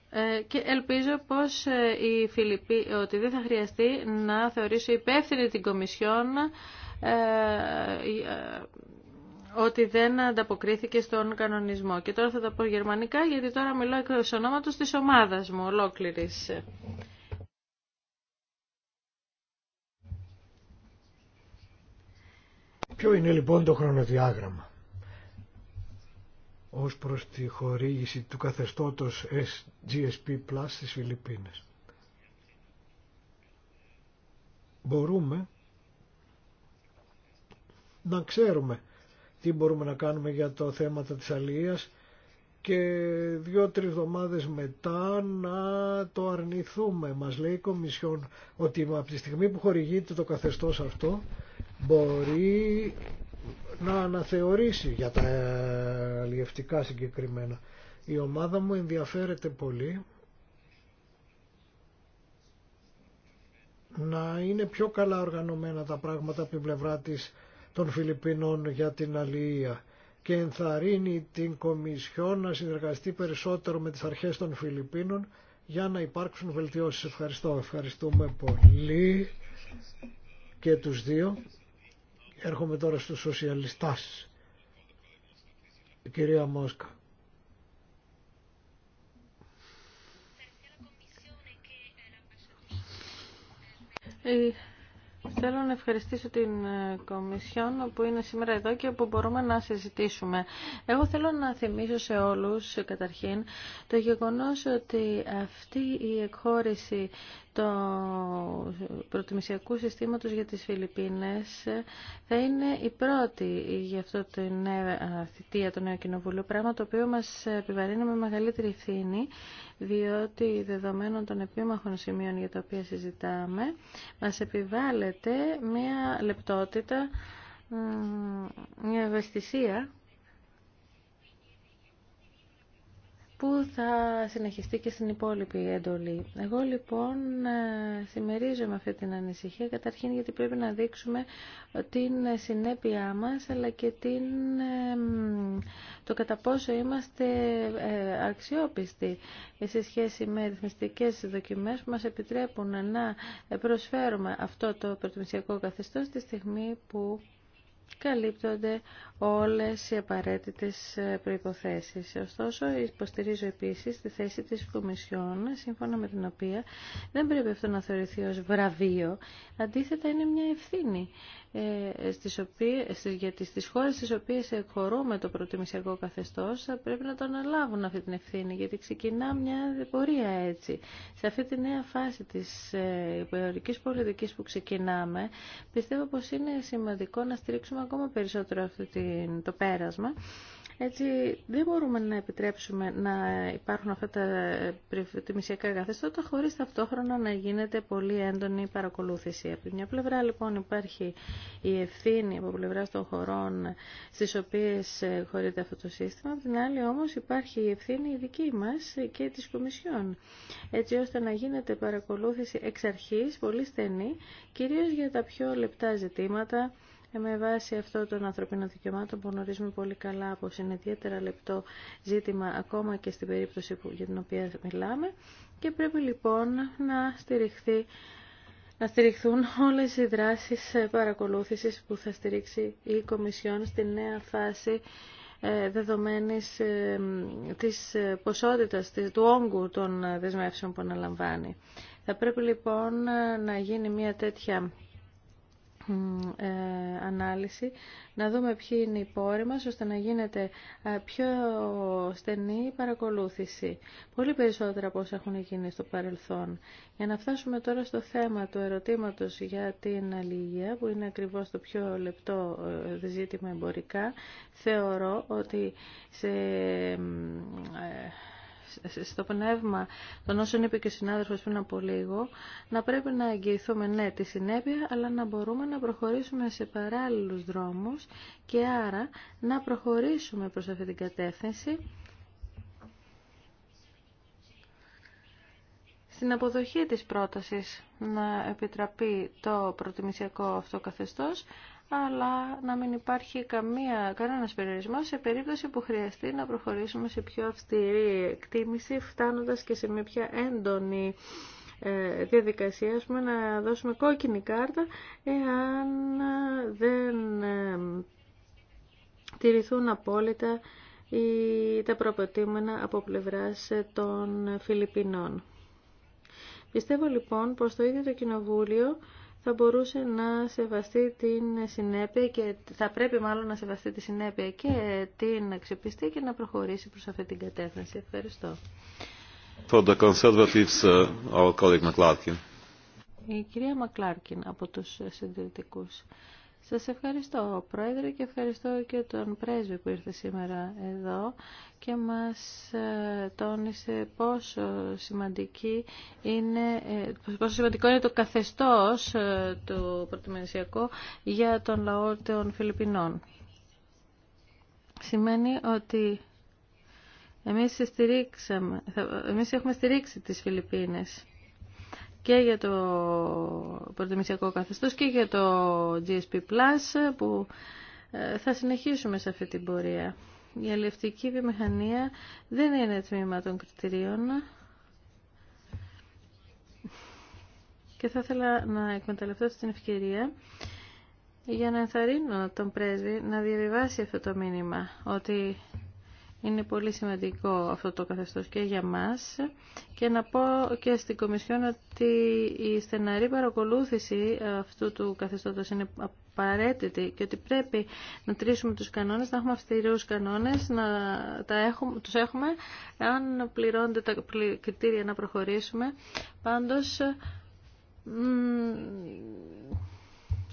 ε, και ελπίζω πως ε, η Φιλιππή, ότι δεν θα χρειαστεί να θεωρήσω υπεύθυνη την Κομισιόν ε, ότι δεν ανταποκρίθηκε στον κανονισμό. Και τώρα θα τα πω γερμανικά γιατί τώρα μιλώ εκ ονόματος της ομάδας μου ολόκληρης. Ποιο είναι λοιπόν το χρονοδιάγραμμα ως προς τη χορήγηση του καθεστώτος GSP Plus στις Φιλιππίνες. Μπορούμε να ξέρουμε τι μπορούμε να κάνουμε για το θέμα της αλληλείας και δύο-τρεις εβδομάδες μετά να το αρνηθούμε. Μας λέει η Κομισιόν ότι από τη στιγμή που χορηγείται το καθεστώς αυτό μπορεί να αναθεωρήσει για τα ε, αλληλευτικά συγκεκριμένα. Η ομάδα μου ενδιαφέρεται πολύ να είναι πιο καλά οργανωμένα τα πράγματα από την πλευρά της των Φιλιππίνων για την αλληλεία και ενθαρρύνει την Κομισιόν να συνεργαστεί περισσότερο με τις αρχές των Φιλιππίνων για να υπάρξουν βελτιώσεις. Ευχαριστώ. Ευχαριστούμε πολύ και τους δύο. Έρχομαι τώρα στους σοσιαλιστάς. κυρία Μόσκα. Ε, Θέλω να ευχαριστήσω την ε, Κομισιόν που είναι σήμερα εδώ και που μπορούμε να συζητήσουμε. Εγώ θέλω να θυμίσω σε όλους ε, καταρχήν το γεγονός ότι αυτή η εκχώρηση του προτιμησιακού συστήματος για τις Φιλιππίνες θα είναι η πρώτη για αυτό το νέο θητεία του Νέου Κοινοβουλίου, πράγμα το οποίο μας επιβαρύνει με μεγαλύτερη ευθύνη διότι δεδομένων των επίμαχων σημείων για τα οποία συζητάμε, μας επιβάλλεται μια λεπτότητα, μια ευαισθησία που θα συνεχιστεί και στην υπόλοιπη εντολή. Εγώ λοιπόν ε, συμμερίζομαι αυτή την ανησυχία καταρχήν γιατί πρέπει να δείξουμε την συνέπειά μας αλλά και την, το κατά πόσο είμαστε ε, αξιόπιστοι σε σχέση με ρυθμιστικές δοκιμές που μας επιτρέπουν να προσφέρουμε αυτό το προτιμησιακό καθεστώς τη στιγμή που καλύπτονται όλες οι απαραίτητες ε, προϋποθέσεις. Ωστόσο, υποστηρίζω επίσης τη θέση της Κομισιόν, σύμφωνα με την οποία δεν πρέπει αυτό να θεωρηθεί ως βραβείο. Αντίθετα, είναι μια ευθύνη. Ε, στις οποίες, γιατί στις χώρες στις οποίες χωρούμε το προτιμησιακό καθεστώς θα πρέπει να τον αναλάβουν αυτή την ευθύνη γιατί ξεκινά μια πορεία έτσι. Σε αυτή τη νέα φάση της ε, υπερορικής πολιτικής που ξεκινάμε πιστεύω πως είναι σημαντικό να στηρίξουμε ακόμα περισσότερο αυτό το πέρασμα έτσι δεν μπορούμε να επιτρέψουμε να υπάρχουν αυτά τα το καθεστώτα χωρίς ταυτόχρονα να γίνεται πολύ έντονη παρακολούθηση. Από μια πλευρά λοιπόν υπάρχει η ευθύνη από πλευρά των χωρών στις οποίες ε, χωρείται αυτό το σύστημα, από την άλλη όμως υπάρχει η ευθύνη η δική μας και της Κομισιόν, έτσι ώστε να γίνεται παρακολούθηση εξ αρχής πολύ στενή, κυρίως για τα πιο λεπτά ζητήματα και ε, με βάση αυτό των ανθρωπίνων δικαιωμάτων που γνωρίζουμε πολύ καλά πως είναι ιδιαίτερα λεπτό ζήτημα ακόμα και στην περίπτωση που, για την οποία μιλάμε και πρέπει λοιπόν να στηριχθεί να στηριχθούν όλες οι δράσεις ε, παρακολούθησης που θα στηρίξει η Κομισιόν στη νέα φάση ε, δεδομένης της ποσότητας του όγκου των δεσμεύσεων που αναλαμβάνει. Θα πρέπει λοιπόν να γίνει μια τέτοια ε, ανάλυση, να δούμε ποιοι είναι οι πόροι μας, ώστε να γίνεται ε, πιο στενή παρακολούθηση. Πολύ περισσότερα από όσα έχουν γίνει στο παρελθόν. Για να φτάσουμε τώρα στο θέμα του ερωτήματος για την αλληλεία, που είναι ακριβώς το πιο λεπτό ε, ζήτημα εμπορικά, θεωρώ ότι σε στο πνεύμα των όσων είπε και ο συνάδελφος πριν από λίγο, να πρέπει να εγγυηθούμε ναι τη συνέπεια, αλλά να μπορούμε να προχωρήσουμε σε παράλληλους δρόμους και άρα να προχωρήσουμε προς αυτή την κατεύθυνση στην αποδοχή της πρότασης να επιτραπεί το προτιμησιακό αυτό καθεστώς, αλλά να μην υπάρχει καμία, κανένας περιορισμός σε περίπτωση που χρειαστεί να προχωρήσουμε σε πιο αυστηρή εκτίμηση, φτάνοντας και σε μια πιο έντονη ε, διαδικασία, πούμε, να δώσουμε κόκκινη κάρτα, εάν ε, δεν ε, τηρηθούν απόλυτα ή τα προποτήμενα από πλευράς των Φιλιππινών. Πιστεύω λοιπόν πως το ίδιο το Κοινοβούλιο θα μπορούσε να σεβαστεί την συνέπεια και θα πρέπει μάλλον να σεβαστεί τη συνέπεια και την αξιοπιστία και να προχωρήσει προς αυτή την κατεύθυνση. Ευχαριστώ. For the conservatives, uh, our colleague McClarkin. Η κυρία Μακλάρκιν από τους συντηρητικούς. Σας ευχαριστώ, Πρόεδρε, και ευχαριστώ και τον πρέσβη που ήρθε σήμερα εδώ και μας ε, τόνισε πόσο, σημαντική είναι, ε, πόσο σημαντικό είναι το καθεστώς ε, του πρωτομενησιακού για τον λαό των Φιλιππινών. Σημαίνει ότι εμείς, εμείς έχουμε στηρίξει τις Φιλιππίνες και για το προτιμησιακό καθεστώς και για το GSP Plus που ε, θα συνεχίσουμε σε αυτή την πορεία. Η αλληλευτική βιομηχανία δεν είναι τμήμα των κριτηρίων και θα ήθελα να εκμεταλλευτώ την ευκαιρία για να ενθαρρύνω τον πρέσβη να διαβιβάσει αυτό το μήνυμα ότι είναι πολύ σημαντικό αυτό το καθεστώς και για μας και να πω και στην Κομισιόν ότι η στεναρή παρακολούθηση αυτού του καθεστώτος είναι απαραίτητη και ότι πρέπει να τρίσουμε τους κανόνες, να έχουμε αυστηρούς κανόνες, να τα έχουμε, τους έχουμε, αν πληρώνται τα κριτήρια να προχωρήσουμε. Πάντως,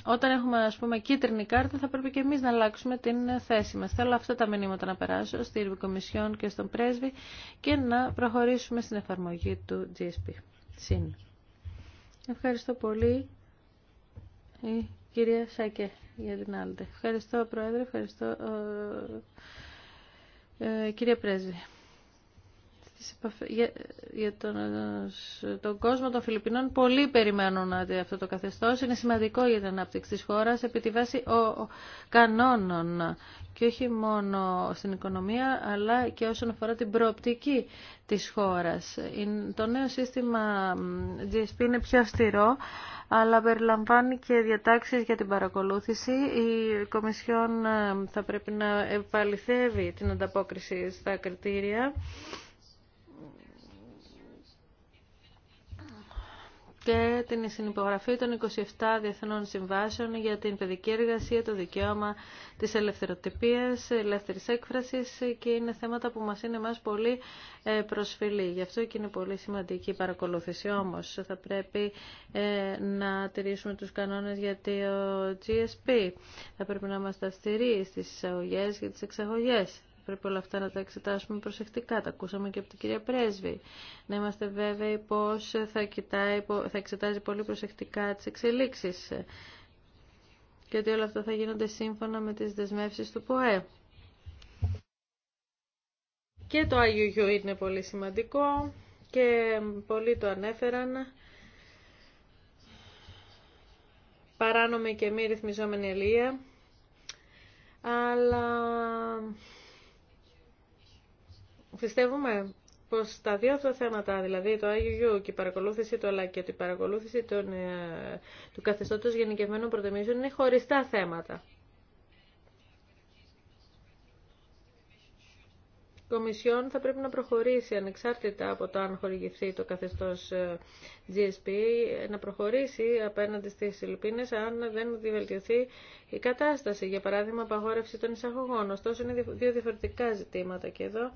όταν έχουμε ας πούμε κίτρινη κάρτα θα πρέπει και εμείς να αλλάξουμε την θέση μας. Θέλω αυτά τα μηνύματα να περάσω στη Ευρωκομισιόν και στον Πρέσβη και να προχωρήσουμε στην εφαρμογή του GSP. Συν. Ευχαριστώ πολύ η κυρία Σάκε για την άλλη. Ευχαριστώ Πρόεδρε, ευχαριστώ ε, κυρία Πρέσβη για, τον, κόσμο των Φιλιππινών πολύ περιμένουν αυτό το καθεστώς. Είναι σημαντικό για την ανάπτυξη της χώρας επί τη βάση ο, κανόνων και όχι μόνο στην οικονομία αλλά και όσον αφορά την προοπτική της χώρας. Το νέο σύστημα GSP είναι πιο αυστηρό αλλά περιλαμβάνει και διατάξεις για την παρακολούθηση. Η Κομισιόν ε, θα πρέπει να επαληθεύει την ανταπόκριση στα κριτήρια και την συνυπογραφή των 27 διεθνών συμβάσεων για την παιδική εργασία, το δικαίωμα της ελευθεροτυπίας, ελεύθερης έκφρασης και είναι θέματα που μας είναι μας πολύ ε, προσφυλή. Γι' αυτό και είναι πολύ σημαντική η παρακολούθηση. Όμως θα πρέπει ε, να τηρήσουμε τους κανόνες γιατί ο GSP. Θα πρέπει να είμαστε αυστηροί στις εισαγωγές και τις εξαγωγές. Πρέπει όλα αυτά να τα εξετάσουμε προσεκτικά. Τα ακούσαμε και από την κυρία Πρέσβη. Να είμαστε βέβαιοι πώς θα, θα εξετάζει πολύ προσεκτικά τις εξελίξεις. Και ότι όλα αυτά θα γίνονται σύμφωνα με τις δεσμεύσεις του ΠΟΕ. Και το Άγιο είναι πολύ σημαντικό και πολλοί το ανέφεραν. Παράνομη και μη ρυθμιζόμενη ελεία αλλά Πιστεύουμε πως τα δύο αυτά θέματα, δηλαδή το IUU και η παρακολούθηση του αλλά και την παρακολούθηση των, ε, του καθεστώτος γενικευμένων προτεμήσεων είναι χωριστά θέματα. Η Κομισιόν θα πρέπει να προχωρήσει ανεξάρτητα από το αν χορηγηθεί το καθεστώς ε, GSP, να προχωρήσει απέναντι στις Φιλιππίνες αν δεν βελτιωθεί η κατάσταση, για παράδειγμα απαγόρευση των εισαγωγών. Ωστόσο είναι δύο διαφορετικά ζητήματα και εδώ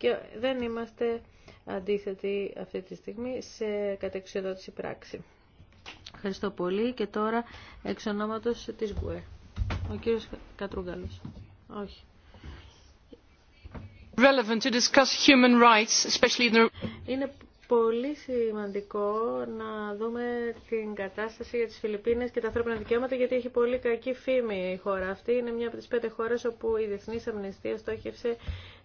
και δεν είμαστε αντίθετοι αυτή τη στιγμή σε κατεξιοδότηση πράξη. Ευχαριστώ πολύ και τώρα εξ ονόματος της ΓΚΟΕ. Ο κύριος Κατρούγκαλος. Όχι. Είναι πολύ σημαντικό να δούμε την κατάσταση για τις Φιλιππίνες και τα ανθρώπινα δικαιώματα γιατί έχει πολύ κακή φήμη η χώρα αυτή. Είναι μια από τις πέντε χώρες όπου η Διεθνής Αμνηστία στόχευσε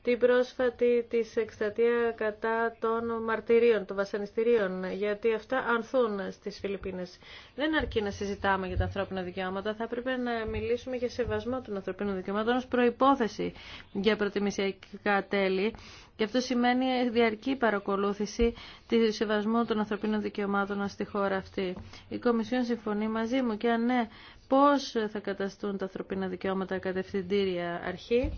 την πρόσφατη της εκστατεία κατά των μαρτυρίων, των βασανιστήριων, γιατί αυτά ανθούν στις Φιλιππίνες. Δεν αρκεί να συζητάμε για τα ανθρώπινα δικαιώματα, θα πρέπει να μιλήσουμε για σεβασμό των ανθρωπίνων δικαιωμάτων ως προϋπόθεση για προτιμησιακά τέλη. Και αυτό σημαίνει διαρκή παρακολούθηση του σεβασμού των ανθρωπίνων δικαιωμάτων στη χώρα αυτή. Η Κομισιόν συμφωνεί μαζί μου και αν ναι, πώς θα καταστούν τα ανθρωπίνα δικαιώματα κατευθυντήρια αρχή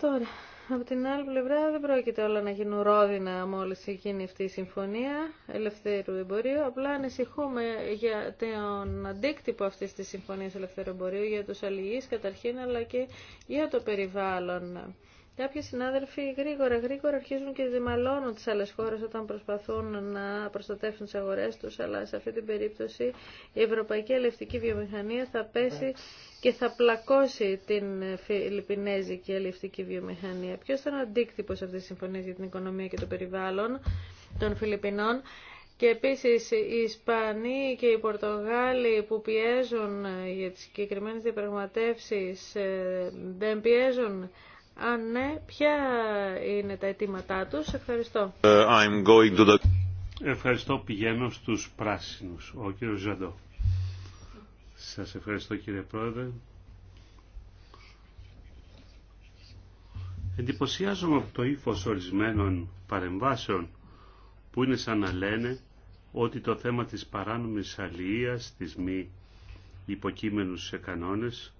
Τώρα, από την άλλη πλευρά δεν πρόκειται όλα να γίνουν ρόδινα μόλις γίνει αυτή η συμφωνία ελευθέρου εμπορίου. Απλά ανησυχούμε για τον αντίκτυπο αυτής της συμφωνίας ελευθέρου εμπορίου για τους αλληλείς καταρχήν αλλά και για το περιβάλλον. Κάποιοι συνάδελφοι γρήγορα, γρήγορα αρχίζουν και δημαλώνουν τις άλλες χώρες όταν προσπαθούν να προστατεύσουν τις αγορές τους, αλλά σε αυτή την περίπτωση η Ευρωπαϊκή Ελευτική Βιομηχανία θα πέσει και θα πλακώσει την Φιλιππινέζικη Ελευτική Βιομηχανία. Ποιο ήταν ο αντίκτυπος αυτή τη συμφωνία για την οικονομία και το περιβάλλον των Φιλιππινών. Και επίσης οι Ισπανοί και οι Πορτογάλοι που πιέζουν για τις συγκεκριμένες διαπραγματεύσεις ε, δεν πιέζουν αν ναι, ποια είναι τα αιτήματά τους. Ευχαριστώ. Ε, going to the... Ευχαριστώ. Πηγαίνω στους πράσινους. Ο κύριος Ζαντό. Σας ευχαριστώ κύριε Πρόεδρε. Εντυπωσιάζομαι από το ύφο ορισμένων παρεμβάσεων που είναι σαν να λένε ότι το θέμα της παράνομης αλληλείας, της μη υποκείμενους σε κανόνες,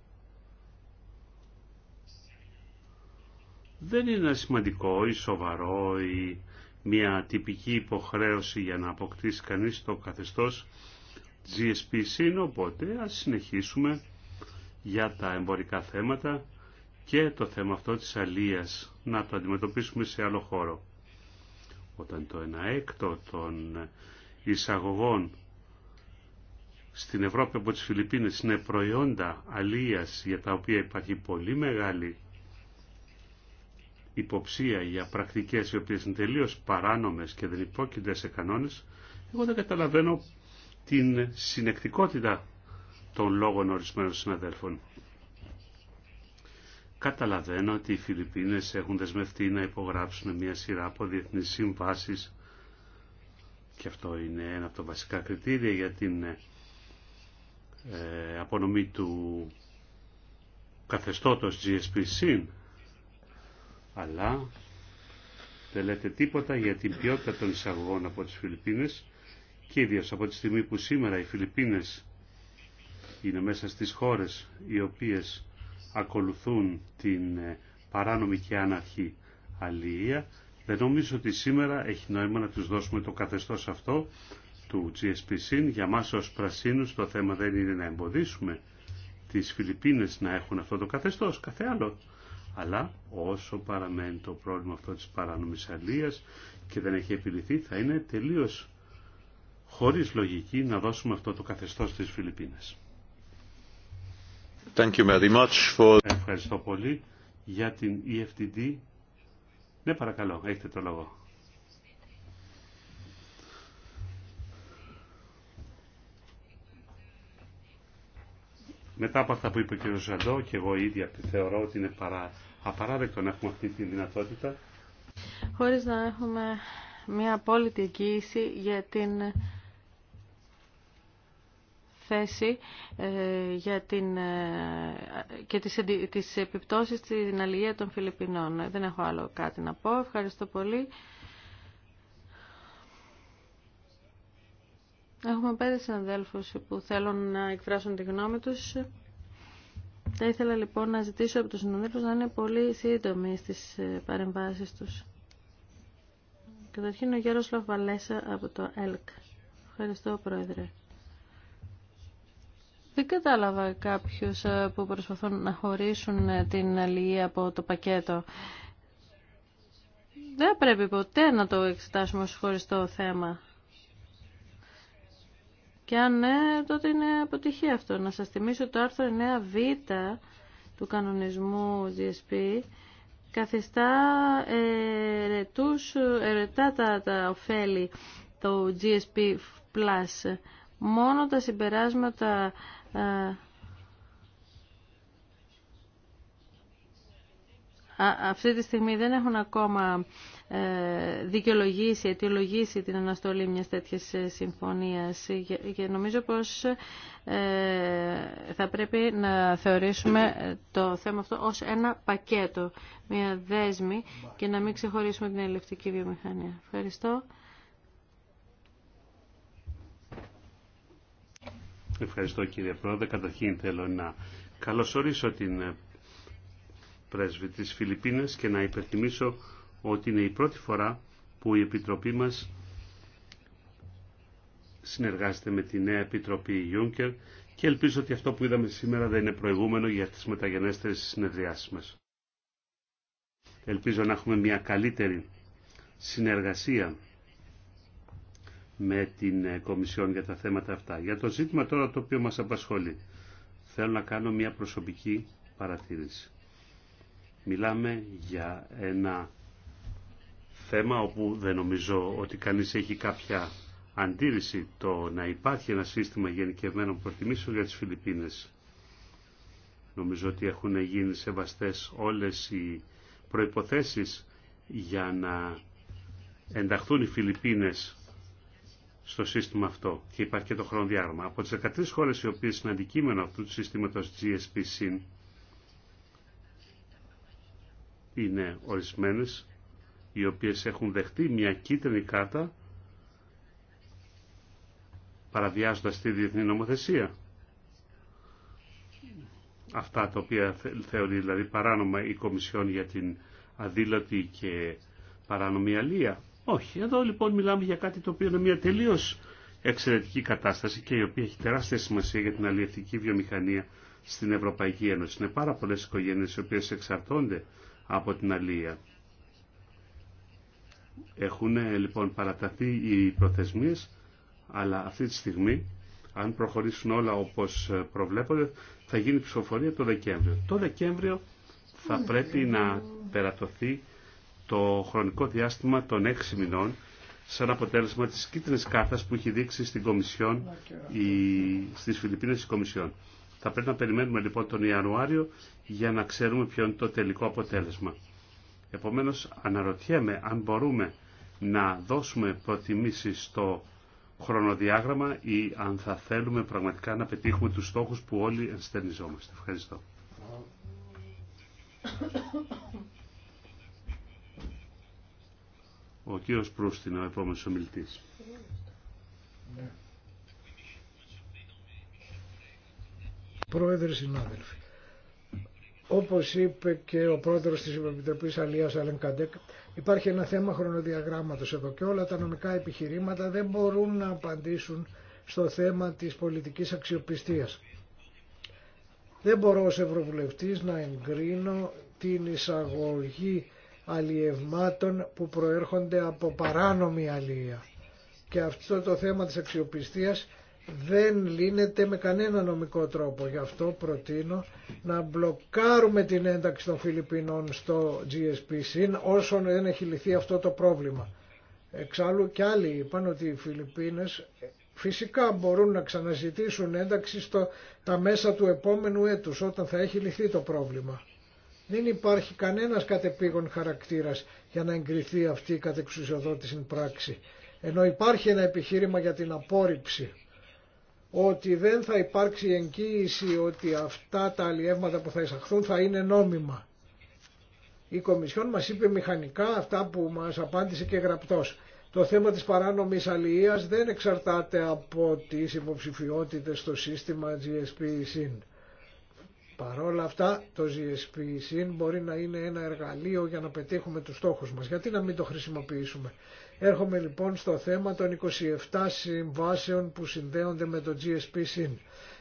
δεν είναι σημαντικό ή σοβαρό ή μια τυπική υποχρέωση για να αποκτήσει κανείς το καθεστώς GSP συν, οπότε ας συνεχίσουμε για τα εμπορικά θέματα και το θέμα αυτό της αλίας να το αντιμετωπίσουμε σε άλλο χώρο. Όταν το 1 έκτο των εισαγωγών στην Ευρώπη από τις Φιλιππίνες είναι προϊόντα αλίας για τα οποία υπάρχει πολύ μεγάλη υποψία για πρακτικές οι οποίες είναι τελείως παράνομες και δεν υπόκεινται σε κανόνες, εγώ δεν καταλαβαίνω την συνεκτικότητα των λόγων ορισμένων συναδέλφων. Καταλαβαίνω ότι οι Φιλιππίνες έχουν δεσμευτεί να υπογράψουν μια σειρά από διεθνείς συμβάσεις και αυτό είναι ένα από τα βασικά κριτήρια για την ε, απονομή του καθεστώτος GSPC αλλά δεν λέτε τίποτα για την ποιότητα των εισαγωγών από τις Φιλιππίνες και ιδίως από τη στιγμή που σήμερα οι Φιλιππίνες είναι μέσα στις χώρες οι οποίες ακολουθούν την ε, παράνομη και άναρχη αλληλεία. Δεν νομίζω ότι σήμερα έχει νόημα να τους δώσουμε το καθεστώς αυτό του GSPC. Για μας ως πρασίνους το θέμα δεν είναι να εμποδίσουμε τις Φιλιππίνες να έχουν αυτό το καθεστώς, κάθε άλλο αλλά όσο παραμένει το πρόβλημα αυτό της παράνομης και δεν έχει επιληθεί θα είναι τελείως χωρίς λογική να δώσουμε αυτό το καθεστώς στις Φιλιππίνες. Ευχαριστώ πολύ για την EFTD. Ναι παρακαλώ, έχετε το λόγο. Μετά από αυτά που είπε ο κ. Ζαντό και εγώ ίδια θεωρώ ότι είναι παρά, απαράδεκτο να έχουμε αυτή τη δυνατότητα. Χωρίς να έχουμε μια απόλυτη εγγύηση για την θέση ε, για την, ε, και τις, τις επιπτώσεις στην αλληλεία των Φιλιππινών. Δεν έχω άλλο κάτι να πω. Ευχαριστώ πολύ. Έχουμε πέντε συναδέλφους που θέλουν να εκφράσουν τη γνώμη τους. Θα ήθελα λοιπόν να ζητήσω από τους συναδέλφους να είναι πολύ σύντομοι στις ε, παρεμβάσεις τους. Καταρχήν ο Γέρος Λαβαλέσα από το ΕΛΚ. Ευχαριστώ Πρόεδρε. Δεν κατάλαβα κάποιους ε, που προσπαθούν να χωρίσουν ε, την αλληλεία από το πακέτο. Δεν πρέπει ποτέ να το εξετάσουμε ως χωριστό θέμα. Και αν ναι, τότε είναι αποτυχία αυτό. Να σας θυμίσω το άρθρο 9β του κανονισμού GSP καθιστά ερετούς, ερετά τα, τα ωφέλη το GSP+. Plus. Μόνο τα συμπεράσματα αυτή τη στιγμή δεν έχουν ακόμα δικαιολογήσει, αιτιολογήσει την αναστολή μιας τέτοιας ε, συμφωνίας και νομίζω πως ε, θα πρέπει να θεωρήσουμε ε, το θέμα αυτό ως ένα πακέτο, μια δέσμη και να μην ξεχωρίσουμε την ελευτική βιομηχανία. Ευχαριστώ. Ευχαριστώ κύριε Πρόεδρε. Καταρχήν θέλω να καλωσορίσω την πρέσβη της Φιλιππίνες και να υπενθυμίσω ότι είναι η πρώτη φορά που η Επιτροπή μας συνεργάζεται με τη νέα Επιτροπή Juncker και ελπίζω ότι αυτό που είδαμε σήμερα δεν είναι προηγούμενο για τις μεταγενέστερες συνεδριάσεις μας. Ελπίζω να έχουμε μια καλύτερη συνεργασία με την ε, Κομισιόν για τα θέματα αυτά. Για το ζήτημα τώρα το οποίο μας απασχολεί. Θέλω να κάνω μια προσωπική παρατήρηση. Μιλάμε για ένα θέμα όπου δεν νομίζω ότι κανείς έχει κάποια αντίρρηση το να υπάρχει ένα σύστημα γενικευμένων προτιμήσεων για τις Φιλιππίνες. Νομίζω ότι έχουν γίνει σεβαστές όλες οι προϋποθέσεις για να ενταχθούν οι Φιλιππίνες στο σύστημα αυτό και υπάρχει και το χρονοδιάγραμμα. Από τις 13 χώρες οι οποίες είναι αντικείμενο αυτού του συστήματος είναι ορισμένες οι οποίες έχουν δεχτεί μια κίτρινη κάρτα παραβιάζοντας τη διεθνή νομοθεσία. Αυτά τα οποία θεωρεί δηλαδή παράνομα η Κομισιόν για την αδήλωτη και παράνομη αλία. Όχι, εδώ λοιπόν μιλάμε για κάτι το οποίο είναι μια τελείως εξαιρετική κατάσταση και η οποία έχει τεράστια σημασία για την αλληλευτική βιομηχανία στην Ευρωπαϊκή Ένωση. Είναι πάρα πολλές οικογένειες οι οποίες εξαρτώνται από την αλληλεία. Έχουν λοιπόν παραταθεί οι προθεσμίες, αλλά αυτή τη στιγμή, αν προχωρήσουν όλα όπως ε, προβλέπονται, θα γίνει ψηφοφορία το Δεκέμβριο. Το Δεκέμβριο θα πρέπει να περατωθεί το χρονικό διάστημα των έξι μηνών, σαν αποτέλεσμα της κίτρινης κάρτας που έχει δείξει στην Κομισιόν, η, στις Φιλιππίνες η Κομισιόν. Θα πρέπει να περιμένουμε λοιπόν τον Ιανουάριο για να ξέρουμε ποιο είναι το τελικό αποτέλεσμα. Επομένως αναρωτιέμαι αν μπορούμε να δώσουμε προτιμήσεις στο χρονοδιάγραμμα ή αν θα θέλουμε πραγματικά να πετύχουμε τους στόχους που όλοι ενστερνιζόμαστε. Ευχαριστώ. Ο κύριος Προύστη ο επόμενος ομιλητής. Πρόεδρε συνάδελφοι, όπως είπε και ο πρόεδρος της Επιτροπής Αλίας Αλεν Καντέκ, υπάρχει ένα θέμα χρονοδιαγράμματος εδώ και όλα τα νομικά επιχειρήματα δεν μπορούν να απαντήσουν στο θέμα της πολιτικής αξιοπιστίας. Δεν μπορώ ως Ευρωβουλευτής να εγκρίνω την εισαγωγή αλλιευμάτων που προέρχονται από παράνομη αλληλεία. Και αυτό το θέμα της αξιοπιστίας δεν λύνεται με κανένα νομικό τρόπο. Γι' αυτό προτείνω να μπλοκάρουμε την ένταξη των Φιλιππινών στο GSP συν όσο δεν έχει λυθεί αυτό το πρόβλημα. Εξάλλου και άλλοι είπαν ότι οι Φιλιππίνες ε, φυσικά μπορούν να ξαναζητήσουν ένταξη στο, τα μέσα του επόμενου έτους όταν θα έχει λυθεί το πρόβλημα. Δεν υπάρχει κανένας κατεπήγον χαρακτήρας για να εγκριθεί αυτή η κατεξουσιοδότηση πράξη. Ενώ υπάρχει ένα επιχείρημα για την απόρριψη ότι δεν θα υπάρξει εγγύηση ότι αυτά τα αλλιεύματα που θα εισαχθούν θα είναι νόμιμα. Η Κομισιόν μας είπε μηχανικά αυτά που μας απάντησε και γραπτός. Το θέμα της παράνομης αλληλείας δεν εξαρτάται από τις υποψηφιότητες στο σύστημα GSP-SYN. Παρόλα αυτά το gsp μπορεί να είναι ένα εργαλείο για να πετύχουμε τους στόχους μας. Γιατί να μην το χρησιμοποιήσουμε. Έρχομαι λοιπόν στο θέμα των 27 συμβάσεων που συνδέονται με το GSP συν.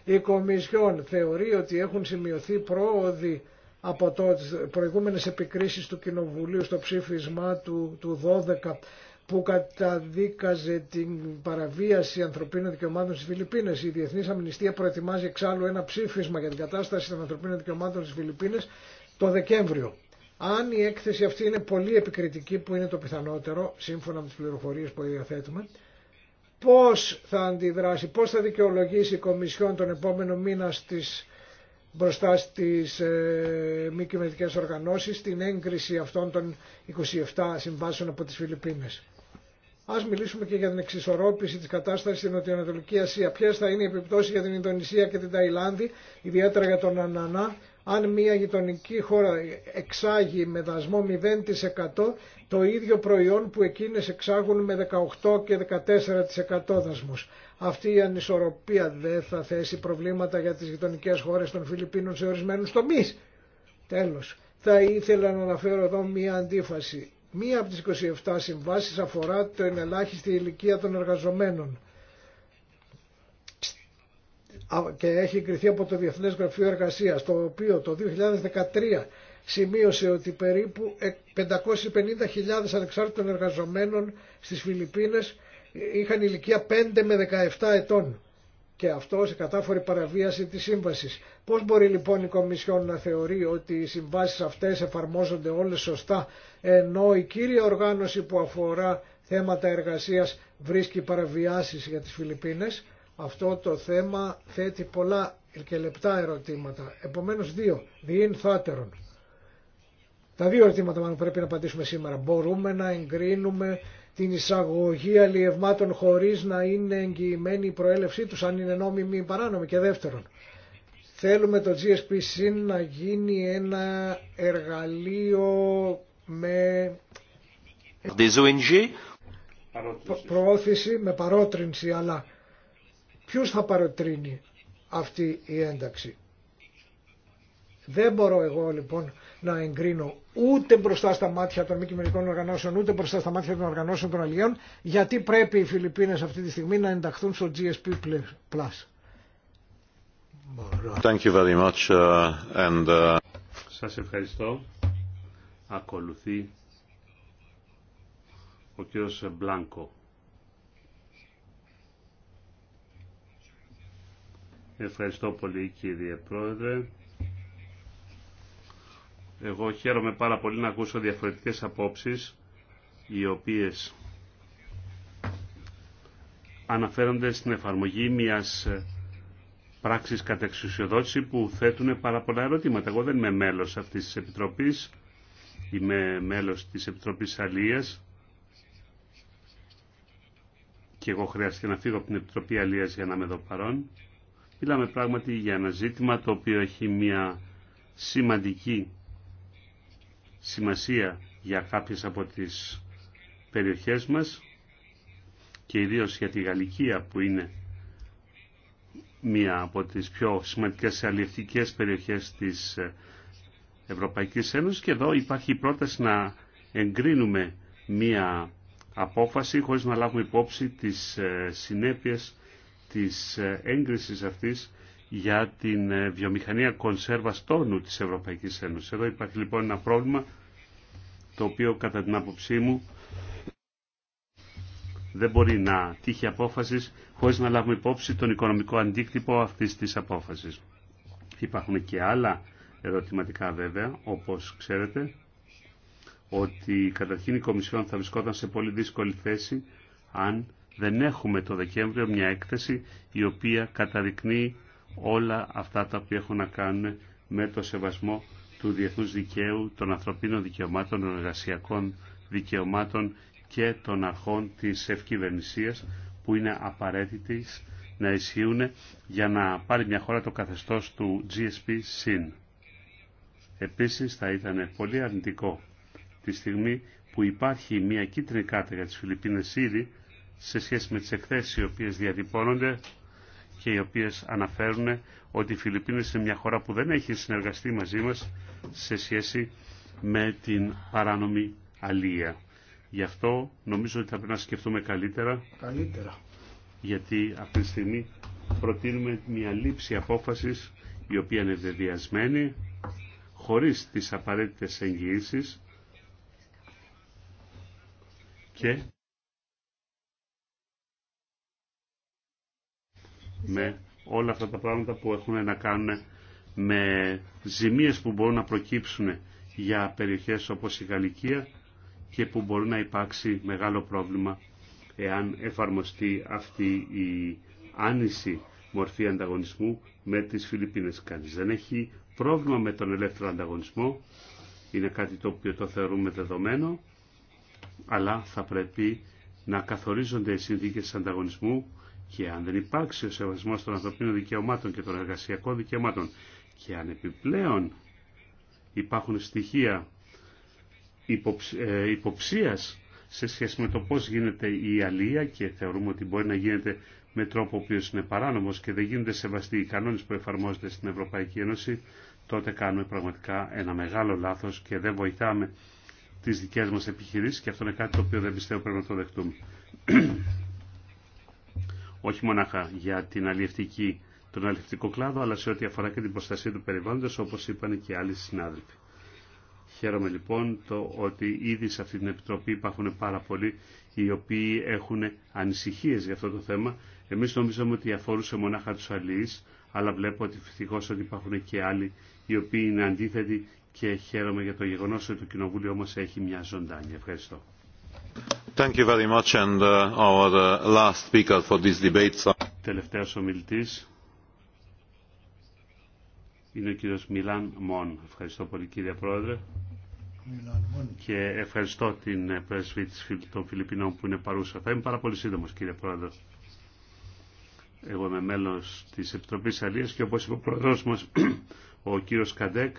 Η Κομισιόν θεωρεί ότι έχουν σημειωθεί πρόοδοι από το προηγούμενες επικρίσεις του Κοινοβουλίου στο ψήφισμά του, του 12 που καταδίκαζε την παραβίαση ανθρωπίνων δικαιωμάτων στις Φιλιππίνες. Η Διεθνής Αμνηστία προετοιμάζει εξάλλου ένα ψήφισμα για την κατάσταση των ανθρωπίνων δικαιωμάτων στις Φιλιππίνες το Δεκέμβριο. Αν η έκθεση αυτή είναι πολύ επικριτική που είναι το πιθανότερο σύμφωνα με τις πληροφορίες που διαθέτουμε πώς θα αντιδράσει, πώς θα δικαιολογήσει η Κομισιόν τον επόμενο μήνα στις, μπροστά στις ε, μη κυβερνητικέ οργανώσεις την έγκριση αυτών των 27 συμβάσεων από τις Φιλιππίνες. Ας μιλήσουμε και για την εξισορρόπηση της κατάστασης στην Νοτιοανατολική Ασία. Ποιες θα είναι οι επιπτώσεις για την Ινδονησία και την Ταϊλάνδη, ιδιαίτερα για τον Ανανά αν μια γειτονική χώρα εξάγει με δασμό 0% το ίδιο προϊόν που εκείνες εξάγουν με 18 και 14% δασμούς. Αυτή η ανισορροπία δεν θα θέσει προβλήματα για τις γειτονικέ χώρες των Φιλιππίνων σε ορισμένους τομείς. Τέλος, θα ήθελα να αναφέρω εδώ μια αντίφαση. Μία από τις 27 συμβάσεις αφορά την ελάχιστη ηλικία των εργαζομένων και έχει εγκριθεί από το Διεθνές Γραφείο Εργασίας, το οποίο το 2013 σημείωσε ότι περίπου 550.000 ανεξάρτητων εργαζομένων στις Φιλιππίνες είχαν ηλικία 5 με 17 ετών και αυτό σε κατάφορη παραβίαση της σύμβασης. Πώς μπορεί λοιπόν η Κομισιόν να θεωρεί ότι οι συμβάσεις αυτές εφαρμόζονται όλες σωστά ενώ η κύρια οργάνωση που αφορά θέματα εργασίας βρίσκει παραβιάσεις για τις Φιλιππίνες αυτό το θέμα θέτει πολλά και λεπτά ερωτήματα. Επομένως δύο, διήν θάτερον. Τα δύο ερωτήματα που πρέπει να απαντήσουμε σήμερα. Μπορούμε να εγκρίνουμε την εισαγωγή αλλιευμάτων χωρίς να είναι εγγυημένη η προέλευσή τους, αν είναι νόμιμη ή παράνομη. Και δεύτερον, θέλουμε το GSP να γίνει ένα εργαλείο με προώθηση, με παρότρινση, αλλά Ποιος θα παροτρύνει αυτή η ένταξη. Δεν μπορώ εγώ λοιπόν να εγκρίνω ούτε μπροστά στα μάτια των μη κυβερνητικών οργανώσεων, ούτε μπροστά στα μάτια των οργανώσεων των αλλιών, γιατί πρέπει οι Φιλιππίνες αυτή τη στιγμή να ενταχθούν στο GSP+. Thank uh, uh, Σας ευχαριστώ. Ακολουθεί ο κύριος Μπλάνκο. Ευχαριστώ πολύ κύριε Πρόεδρε. Εγώ χαίρομαι πάρα πολύ να ακούσω διαφορετικές απόψεις οι οποίες αναφέρονται στην εφαρμογή μιας πράξης κατά που θέτουν πάρα πολλά ερωτήματα. Εγώ δεν είμαι μέλος αυτής της Επιτροπής, είμαι μέλος της Επιτροπής Αλίας και εγώ χρειάστηκε να φύγω από την Επιτροπή Αλίας για να είμαι εδώ παρόν. Μιλάμε πράγματι για ένα ζήτημα το οποίο έχει μια σημαντική σημασία για κάποιες από τις περιοχές μας και ιδίως για τη Γαλλικία που είναι μία από τις πιο σημαντικές αλληλευτικές περιοχές της Ευρωπαϊκής Ένωσης και εδώ υπάρχει η πρόταση να εγκρίνουμε μία απόφαση χωρίς να λάβουμε υπόψη τις ε, συνέπειες της ε, έγκρισης αυτής για την ε, βιομηχανία κονσέρβα τόνου της Ευρωπαϊκής Ένωσης. Εδώ υπάρχει λοιπόν ένα πρόβλημα το οποίο κατά την άποψή μου δεν μπορεί να τύχει απόφαση χωρίς να λάβουμε υπόψη τον οικονομικό αντίκτυπο αυτής της απόφασης. Υπάρχουν και άλλα ερωτηματικά βέβαια, όπως ξέρετε, ότι καταρχήν η Κομισιόν θα βρισκόταν σε πολύ δύσκολη θέση αν δεν έχουμε το Δεκέμβριο μια έκθεση η οποία καταδεικνύει όλα αυτά τα οποία έχουν να κάνουν με το σεβασμό του διεθνούς δικαίου, των ανθρωπίνων δικαιωμάτων, των εργασιακών δικαιωμάτων και των αρχών της ευκυβερνησίας που είναι απαραίτητη να ισχύουν για να πάρει μια χώρα το καθεστώς του GSP συν. Επίσης θα ήταν πολύ αρνητικό τη στιγμή που υπάρχει μια κίτρινη κάρτα για τις Φιλιππίνες ήδη σε σχέση με τις εκθέσεις οι οποίες διατυπώνονται και οι οποίες αναφέρουν ότι οι Φιλιππίνες είναι μια χώρα που δεν έχει συνεργαστεί μαζί μας σε σχέση με την παράνομη αλία. Γι' αυτό νομίζω ότι θα πρέπει να σκεφτούμε καλύτερα. Καλύτερα. Γιατί αυτή τη στιγμή προτείνουμε μια λήψη απόφασης η οποία είναι δεδιασμένη, χωρίς τις απαραίτητες εγγυήσεις και με όλα αυτά τα πράγματα που έχουν να κάνουν με ζημίες που μπορούν να προκύψουν για περιοχές όπως η Γαλλικία και που μπορεί να υπάρξει μεγάλο πρόβλημα εάν εφαρμοστεί αυτή η άνηση μορφή ανταγωνισμού με τις Φιλιππίνες. Κανείς δεν έχει πρόβλημα με τον ελεύθερο ανταγωνισμό, είναι κάτι το οποίο το θεωρούμε δεδομένο, αλλά θα πρέπει να καθορίζονται οι συνθήκες ανταγωνισμού και αν δεν υπάρξει ο σεβασμός των ανθρωπίνων δικαιωμάτων και των εργασιακών δικαιωμάτων και αν επιπλέον υπάρχουν στοιχεία ε, υποψίας σε σχέση με το πώς γίνεται η αλία και θεωρούμε ότι μπορεί να γίνεται με τρόπο ο οποίος είναι παράνομος και δεν γίνονται σεβαστοί οι κανόνες που εφαρμόζονται στην Ευρωπαϊκή Ένωση, τότε κάνουμε πραγματικά ένα μεγάλο λάθος και δεν βοηθάμε τις δικές μας επιχειρήσεις και αυτό είναι κάτι το οποίο δεν πιστεύω πρέπει να το δεχτούμε όχι μονάχα για την τον αλληλευτικό κλάδο, αλλά σε ό,τι αφορά και την προστασία του περιβάλλοντος, όπως είπαν και άλλοι συνάδελφοι. Χαίρομαι λοιπόν το ότι ήδη σε αυτή την Επιτροπή υπάρχουν πάρα πολλοί οι οποίοι έχουν ανησυχίες για αυτό το θέμα. Εμείς νομίζαμε ότι αφορούσε μονάχα τους αλληλείς, αλλά βλέπω ότι ευτυχώ ότι υπάρχουν και άλλοι οι οποίοι είναι αντίθετοι και χαίρομαι για το γεγονός ότι το Κοινοβούλιο μας έχει μια ζωντάνια. Ευχαριστώ. Thank you very much uh, uh, Τελευταίος ομιλητής είναι ο κύριος Μιλάν Μον. Ευχαριστώ πολύ κύριε Πρόεδρε. Και ευχαριστώ την ε, πρέσβη των Φιλιππινών που είναι παρούσα. Θα είμαι πάρα πολύ σύντομο, κύριε Πρόεδρε. Εγώ είμαι μέλο τη Επιτροπή Αλία και όπω είπε ο πρόεδρό μα, *clears throat* ο κύριο Καντέκ,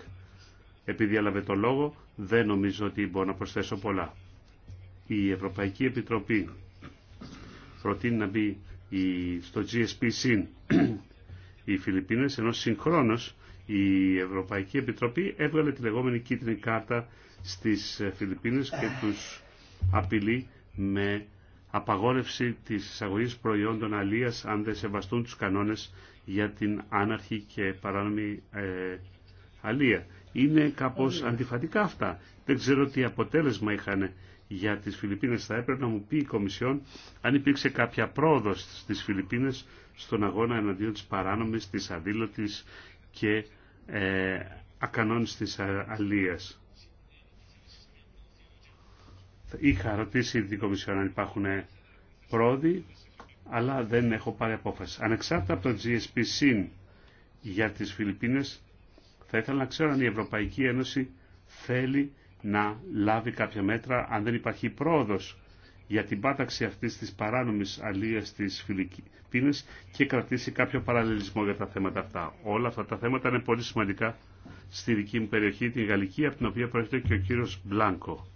επειδή έλαβε το λόγο, δεν νομίζω ότι μπορώ να προσθέσω πολλά η Ευρωπαϊκή Επιτροπή προτείνει να μπει στο GSP οι Φιλιππίνες, ενώ συγχρόνως η Ευρωπαϊκή Επιτροπή έβγαλε τη λεγόμενη κίτρινη κάρτα στις Φιλιππίνες και τους απειλεί με απαγόρευση της εισαγωγής προϊόντων αλίας αν δεν σεβαστούν τους κανόνες για την άναρχη και παράνομη ε, αλία. Είναι κάπως αντιφατικά αυτά. Δεν ξέρω τι αποτέλεσμα είχαν για τις Φιλιππίνες. Θα έπρεπε να μου πει η Κομισιόν αν υπήρξε κάποια πρόοδος στις Φιλιππίνες στον αγώνα εναντίον της παράνομης, της αδήλωτης και ε, ακανόνιστης αλίας. Είχα ρωτήσει την Κομισιόν αν υπάρχουν ε, πρόοδοι, αλλά δεν έχω πάρει απόφαση. Ανεξάρτητα από το GSP συν για τις Φιλιππίνες, θα ήθελα να ξέρω αν η Ευρωπαϊκή Ένωση θέλει να λάβει κάποια μέτρα αν δεν υπάρχει πρόοδος για την πάταξη αυτής της παράνομης αλίας της Φιλιππίνες και κρατήσει κάποιο παραλληλισμό για τα θέματα αυτά. Όλα αυτά τα θέματα είναι πολύ σημαντικά στη δική μου περιοχή, την Γαλλική, από την οποία προέρχεται και ο κύριος Μπλάνκο,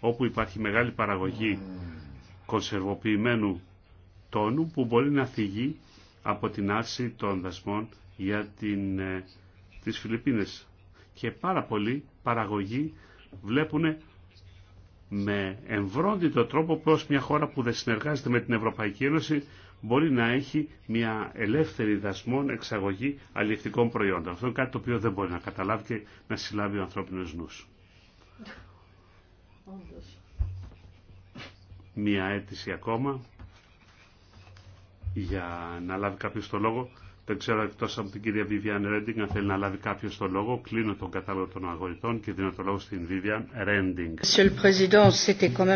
όπου υπάρχει μεγάλη παραγωγή κονσερβοποιημένου τόνου που μπορεί να θυγεί από την άρση των δασμών για την, ε, τις Φιλιππίνες και πάρα πολλοί παραγωγοί βλέπουν με εμβρόντιτο τρόπο πως μια χώρα που δεν συνεργάζεται με την Ευρωπαϊκή Ένωση μπορεί να έχει μια ελεύθερη δασμόν εξαγωγή αλληλευτικών προϊόντων. Αυτό είναι κάτι το οποίο δεν μπορεί να καταλάβει και να συλλάβει ο ανθρώπινος νους. Μια αίτηση ακόμα για να λάβει κάποιος το λόγο δεν ξέρω εκτό από την κυρία Βίβιαν Ρέντινγκ αν θέλει να λάβει κάποιο το λόγο. Κλείνω τον κατάλογο των αγωγητών και δίνω το λόγο στην Βίβιαν Ρέντινγκ.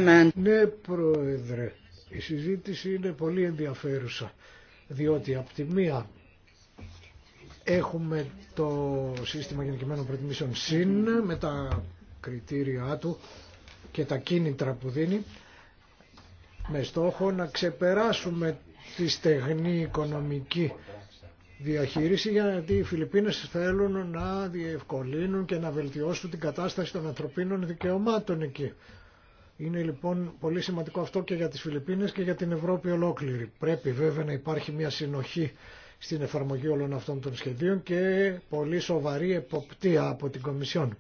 Ναι, Πρόεδρε. Η συζήτηση είναι πολύ ενδιαφέρουσα. Διότι από τη μία έχουμε το σύστημα γενικημένων προτιμήσεων ΣΥΝ με τα κριτήρια του και τα κίνητρα που δίνει με στόχο να ξεπεράσουμε τη στεγνή οικονομική διαχείριση γιατί οι Φιλιππίνες θέλουν να διευκολύνουν και να βελτιώσουν την κατάσταση των ανθρωπίνων δικαιωμάτων εκεί. Είναι λοιπόν πολύ σημαντικό αυτό και για τις Φιλιππίνες και για την Ευρώπη ολόκληρη. Πρέπει βέβαια να υπάρχει μια συνοχή στην εφαρμογή όλων αυτών των σχεδίων και πολύ σοβαρή εποπτεία από την Κομισιόν.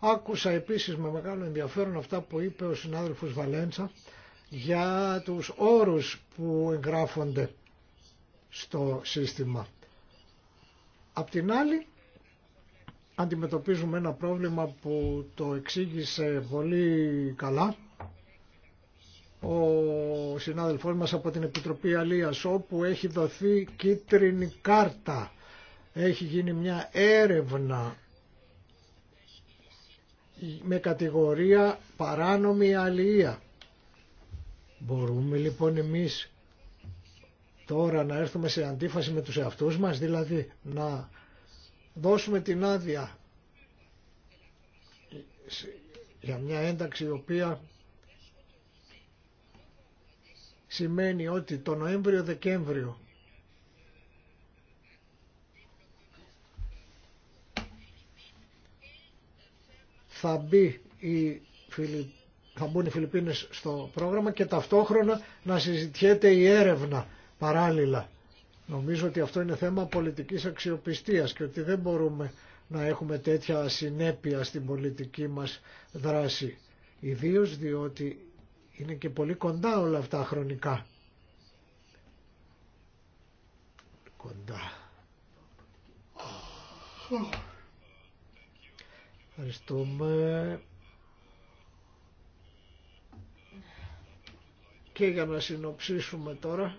Άκουσα επίσης με μεγάλο ενδιαφέρον αυτά που είπε ο συνάδελφος Βαλέντσα για τους όρους που εγγράφονται στο σύστημα. Απ' την άλλη, αντιμετωπίζουμε ένα πρόβλημα που το εξήγησε πολύ καλά ο συνάδελφός μας από την Επιτροπή Αλίας όπου έχει δοθεί κίτρινη κάρτα. Έχει γίνει μια έρευνα με κατηγορία παράνομη αλία. Μπορούμε λοιπόν εμείς τώρα να έρθουμε σε αντίφαση με τους εαυτούς μας, δηλαδή να δώσουμε την άδεια για μια ένταξη η οποία σημαίνει ότι το Νοέμβριο-Δεκέμβριο θα, μπει η θα μπουν οι Φιλιππίνες στο πρόγραμμα και ταυτόχρονα να συζητιέται η έρευνα παράλληλα. Νομίζω ότι αυτό είναι θέμα πολιτικής αξιοπιστίας και ότι δεν μπορούμε να έχουμε τέτοια ασυνέπεια στην πολιτική μας δράση. Ιδίως διότι είναι και πολύ κοντά όλα αυτά χρονικά. Κοντά. Ευχαριστούμε. Και για να συνοψίσουμε τώρα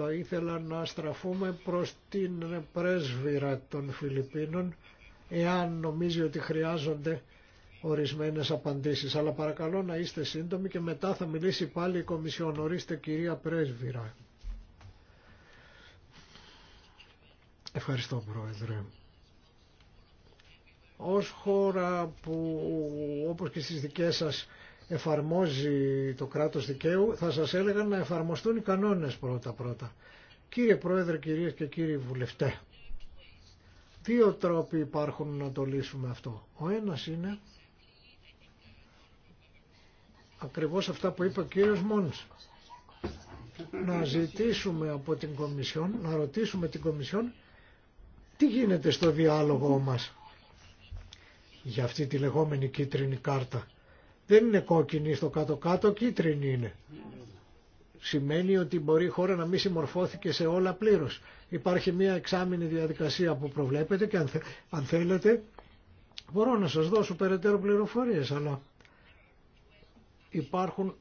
θα ήθελα να στραφούμε προς την πρέσβυρα των Φιλιππίνων εάν νομίζει ότι χρειάζονται ορισμένες απαντήσεις. Αλλά παρακαλώ να είστε σύντομοι και μετά θα μιλήσει πάλι η Κομισιόν. Ορίστε κυρία πρέσβυρα. Ευχαριστώ Πρόεδρε. Ως χώρα που όπως και στις δικές σας εφαρμόζει το κράτος δικαίου, θα σας έλεγα να εφαρμοστούν οι κανόνες πρώτα-πρώτα. Κύριε Πρόεδρε, κυρίες και κύριοι βουλευτέ, δύο τρόποι υπάρχουν να το λύσουμε αυτό. Ο ένας είναι ακριβώς αυτά που είπε ο κύριος Μόνς. Να ζητήσουμε από την Κομισιόν, να ρωτήσουμε την Κομισιόν τι γίνεται στο διάλογο μας για αυτή τη λεγόμενη κίτρινη κάρτα δεν είναι κόκκινη στο κάτω-κάτω, κίτρινη είναι. Σημαίνει ότι μπορεί η χώρα να μην συμμορφώθηκε σε όλα πλήρω. Υπάρχει μια εξάμεινη διαδικασία που προβλέπετε και αν θέλετε μπορώ να σας δώσω περαιτέρω πληροφορίες, αλλά υπάρχουν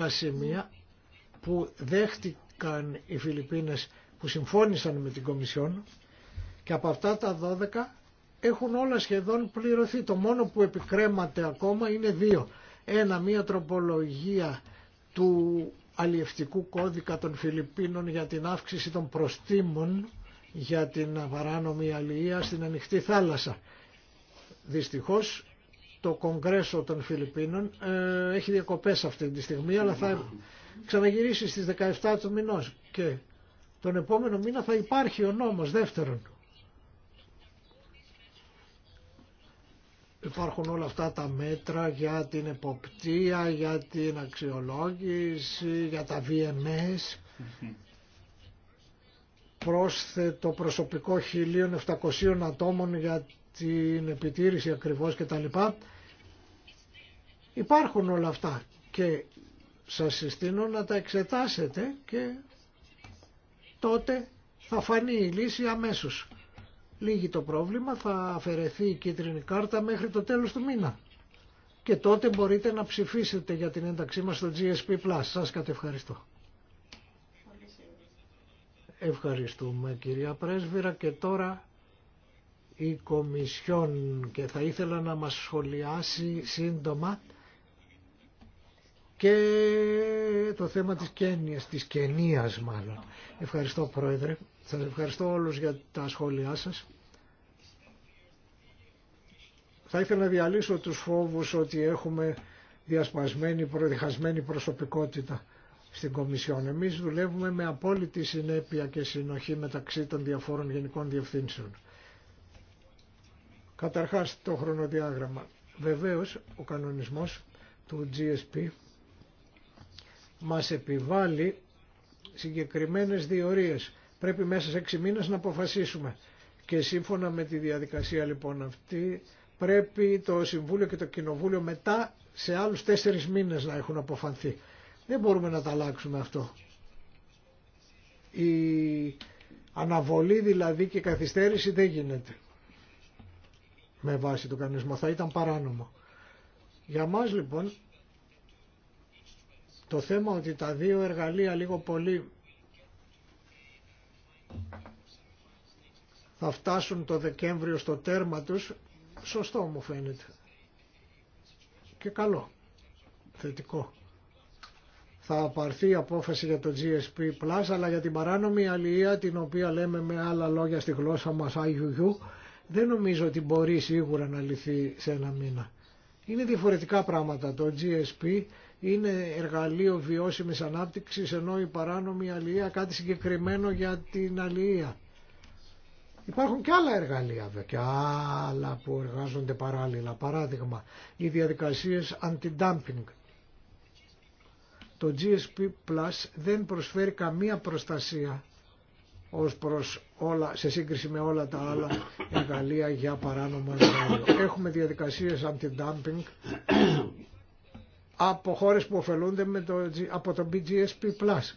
12 σημεία που δέχτηκαν οι Φιλιππίνες που συμφώνησαν με την Κομισιόν και από αυτά τα 12 έχουν όλα σχεδόν πληρωθεί. Το μόνο που επικρέμαται ακόμα είναι δύο. Ένα, μία τροπολογία του αλλιευτικού κώδικα των Φιλιππίνων για την αύξηση των προστήμων για την παράνομη αλληλεία στην ανοιχτή θάλασσα. Δυστυχώς το Κογκρέσο των Φιλιππίνων ε, έχει διακοπές αυτή τη στιγμή αλλά θα ξαναγυρίσει στις 17 του μηνός και τον επόμενο μήνα θα υπάρχει ο νόμος δεύτερον Υπάρχουν όλα αυτά τα μέτρα για την εποπτεία, για την αξιολόγηση, για τα VMS. Πρόσθετο προσωπικό 1.700 ατόμων για την επιτήρηση ακριβώς και τα λοιπά. Υπάρχουν όλα αυτά και σας συστήνω να τα εξετάσετε και τότε θα φανεί η λύση αμέσως λύγει το πρόβλημα, θα αφαιρεθεί η κίτρινη κάρτα μέχρι το τέλος του μήνα. Και τότε μπορείτε να ψηφίσετε για την ένταξή μας στο GSP+. Σας κατευχαριστώ. Ευχαριστούμε κυρία Πρέσβυρα και τώρα η Κομισιόν και θα ήθελα να μας σχολιάσει σύντομα και το θέμα της κένειας της Κενίας μάλλον. Ευχαριστώ Πρόεδρε, σας ευχαριστώ όλους για τα σχόλιά σας. Θα ήθελα να διαλύσω τους φόβους ότι έχουμε διασπασμένη, προδιχασμένη προσωπικότητα στην Κομισιόν. Εμείς δουλεύουμε με απόλυτη συνέπεια και συνοχή μεταξύ των διαφόρων γενικών διευθύνσεων. Καταρχάς το χρονοδιάγραμμα. Βεβαίως ο κανονισμός του GSP μας επιβάλλει συγκεκριμένες διορίες. Πρέπει μέσα σε έξι μήνες να αποφασίσουμε. Και σύμφωνα με τη διαδικασία λοιπόν αυτή πρέπει το Συμβούλιο και το Κοινοβούλιο μετά σε άλλους τέσσερις μήνες να έχουν αποφανθεί. Δεν μπορούμε να τα αλλάξουμε αυτό. Η αναβολή δηλαδή και η καθυστέρηση δεν γίνεται με βάση το κανονισμό. Θα ήταν παράνομο. Για μας λοιπόν το θέμα ότι τα δύο εργαλεία λίγο πολύ θα φτάσουν το Δεκέμβριο στο τέρμα τους, σωστό μου φαίνεται. Και καλό, θετικό. Θα απαρθεί η απόφαση για το GSP+, αλλά για την παράνομη αλληλεία, την οποία λέμε με άλλα λόγια στη γλώσσα μας IUU, δεν νομίζω ότι μπορεί σίγουρα να λυθεί σε ένα μήνα. Είναι διαφορετικά πράγματα. Το GSP είναι εργαλείο βιώσιμης ανάπτυξης ενώ η παράνομη αλληλεία κάτι συγκεκριμένο για την αλληλεία. Υπάρχουν και άλλα εργαλεία και άλλα που εργάζονται παράλληλα. Παράδειγμα, οι διαδικασίες anti-dumping. Το GSP Plus δεν προσφέρει καμία προστασία ως προς όλα, σε σύγκριση με όλα τα άλλα εργαλεία για παράνομο εργαλείο. Έχουμε διαδικασίες anti-dumping από χώρες που ωφελούνται με το, από το BGSP Plus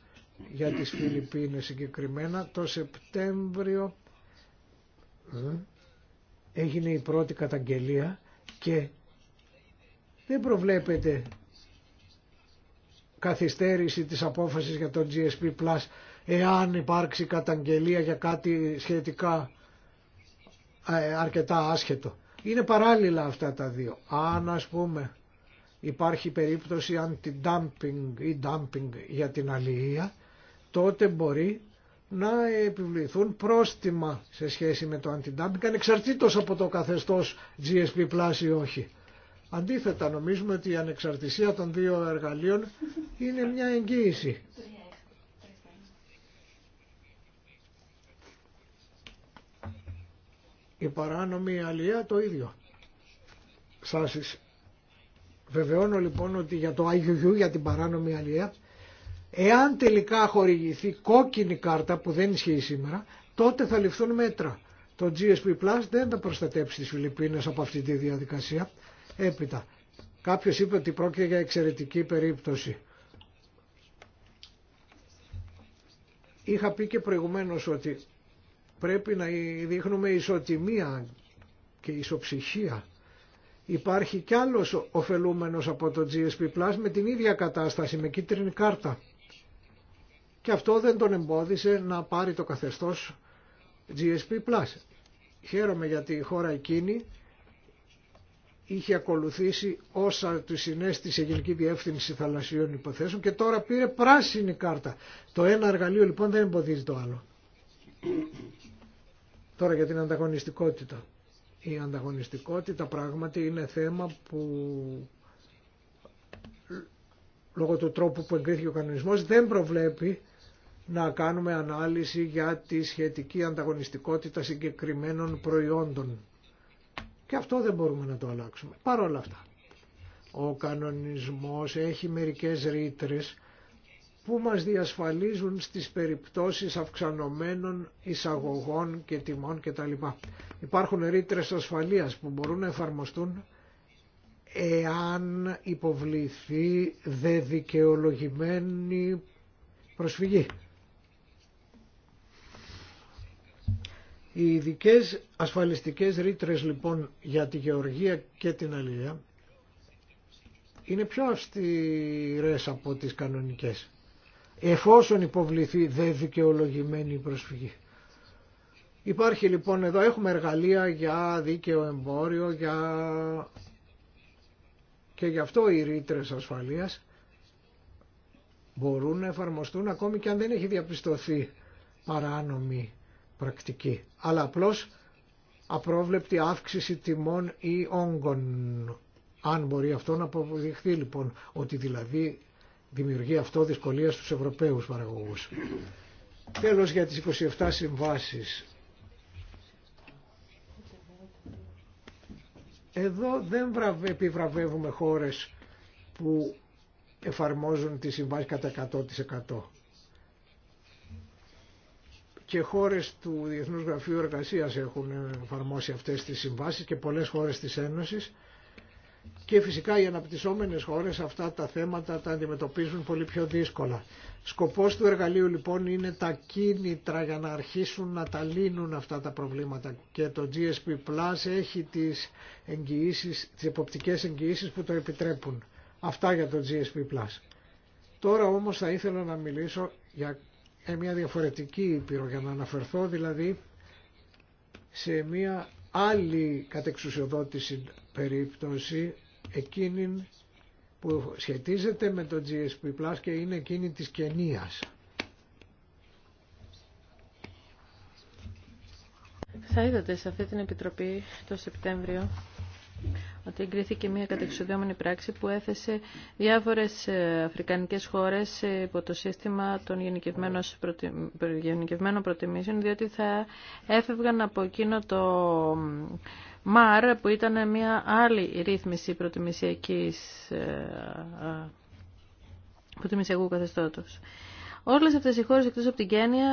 για τις Φιλιππίνες συγκεκριμένα το Σεπτέμβριο ε, έγινε η πρώτη καταγγελία και δεν προβλέπεται καθυστέρηση της απόφασης για το GSP Plus εάν υπάρξει καταγγελία για κάτι σχετικά ε, αρκετά άσχετο. Είναι παράλληλα αυτά τα δύο. Αν ας πούμε υπάρχει περίπτωση anti-dumping ή dumping για την αλληλεία, τότε μπορεί να επιβληθούν πρόστιμα σε σχέση με το αντι dumping ανεξαρτήτως από το καθεστώς GSP Plus ή όχι. Αντίθετα, νομίζουμε ότι η ανεξαρτησία των δύο εργαλείων είναι μια εγγύηση. Η παράνομη αλληλεία το ίδιο. Σας Βεβαιώνω λοιπόν ότι για το IUU, για την παράνομη αλληλεία, εάν τελικά χορηγηθεί κόκκινη κάρτα που δεν ισχύει σήμερα, τότε θα ληφθούν μέτρα. Το GSP Plus δεν θα προστατέψει τις Φιλιππίνες από αυτή τη διαδικασία. Έπειτα, κάποιος είπε ότι πρόκειται για εξαιρετική περίπτωση. Είχα πει και προηγουμένως ότι πρέπει να δείχνουμε ισοτιμία και ισοψυχία Υπάρχει κι άλλος ωφελούμενος από το GSP Plus με την ίδια κατάσταση, με κίτρινη κάρτα. Και αυτό δεν τον εμπόδισε να πάρει το καθεστώς GSP Plus. Χαίρομαι γιατί η χώρα εκείνη είχε ακολουθήσει όσα του συνέστησε η Γενική Διεύθυνση Θαλασσιών Υποθέσεων και τώρα πήρε πράσινη κάρτα. Το ένα εργαλείο λοιπόν δεν εμποδίζει το άλλο. Τώρα για την ανταγωνιστικότητα. Η ανταγωνιστικότητα πράγματι είναι θέμα που λόγω του τρόπου που εγκρίθηκε ο κανονισμός δεν προβλέπει να κάνουμε ανάλυση για τη σχετική ανταγωνιστικότητα συγκεκριμένων προϊόντων. Και αυτό δεν μπορούμε να το αλλάξουμε. Παρ' όλα αυτά, ο κανονισμός έχει μερικές ρήτρες που μας διασφαλίζουν στις περιπτώσεις αυξανωμένων εισαγωγών και τιμών κτλ. Υπάρχουν ρήτρες ασφαλείας που μπορούν να εφαρμοστούν εάν υποβληθεί δε δικαιολογημένη προσφυγή. Οι ειδικέ ασφαλιστικές ρήτρες λοιπόν για τη γεωργία και την αλληλεία είναι πιο αυστηρές από τις κανονικές εφόσον υποβληθεί δε δικαιολογημένη προσφυγή. Υπάρχει λοιπόν εδώ, έχουμε εργαλεία για δίκαιο εμπόριο για... και γι' αυτό οι ρήτρε ασφαλείας μπορούν να εφαρμοστούν ακόμη και αν δεν έχει διαπιστωθεί παράνομη πρακτική. Αλλά απλώς απρόβλεπτη αύξηση τιμών ή όγκων. Αν μπορεί αυτό να αποδειχθεί λοιπόν ότι δηλαδή δημιουργεί αυτό δυσκολία στους Ευρωπαίους παραγωγούς. Τέλος για τις 27 συμβάσεις. Εδώ δεν επιβραβεύουμε χώρες που εφαρμόζουν τις συμβάσεις κατά 100% και χώρες του Διεθνούς Γραφείου Εργασίας έχουν εφαρμόσει αυτές τις συμβάσεις και πολλές χώρες της Ένωσης και φυσικά οι αναπτυσσόμενες χώρες αυτά τα θέματα τα αντιμετωπίζουν πολύ πιο δύσκολα. Σκοπός του εργαλείου λοιπόν είναι τα κίνητρα για να αρχίσουν να τα λύνουν αυτά τα προβλήματα και το GSP Plus έχει τις, εγγυήσεις, τις εποπτικές εγγυήσεις που το επιτρέπουν. Αυτά για το GSP Plus. Τώρα όμως θα ήθελα να μιλήσω για ε, μια διαφορετική ήπειρο για να αναφερθώ δηλαδή σε μια άλλη κατεξουσιοδότηση περίπτωση εκείνη που σχετίζεται με το GSP Plus και είναι εκείνη της Κενίας. Θα είδατε σε αυτή την Επιτροπή το Σεπτέμβριο ότι εγκρίθηκε μια κατεξοδιόμενη πράξη που έθεσε διάφορες ε, αφρικανικές χώρες ε, υπό το σύστημα των γενικευμένων προτιμήσεων διότι θα έφευγαν από εκείνο το ΜΑΡ που ήταν μια άλλη ρύθμιση προτιμησιακής ε, ε, προτιμησιακού καθεστώτος. Όλε αυτέ οι χώρες εκτό από την Κένια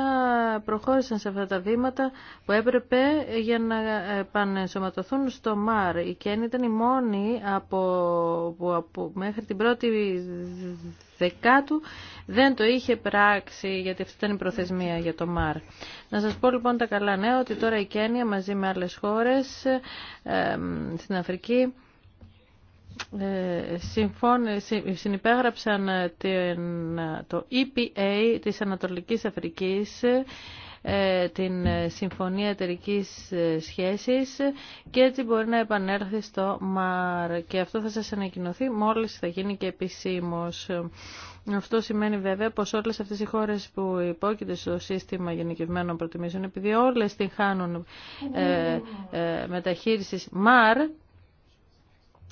προχώρησαν σε αυτά τα βήματα που έπρεπε για να επανεσωματωθούν στο ΜΑΡ. Η Κένια ήταν η μόνη από, που, μέχρι την πρώτη δεκάτου δεν το είχε πράξει γιατί αυτή ήταν η προθεσμία για το ΜΑΡ. Να σας πω λοιπόν τα καλά νέα ότι τώρα η Κένια μαζί με άλλες χώρες στην Αφρική ε, συνυπέγραψαν ε, ε, το EPA της Ανατολικής Αφρικής την Συμφωνία εταιρική Σχέσης και έτσι μπορεί να επανέλθει στο ΜΑΡ και αυτό θα σας ανακοινωθεί μόλις θα γίνει και επισήμως. Αυτό σημαίνει βέβαια πως όλες αυτές οι χώρες που υπόκειται στο σύστημα γενικευμένων προτιμήσεων επειδή όλες την χάνουν ε, μεταχείρισης ΜΑΡ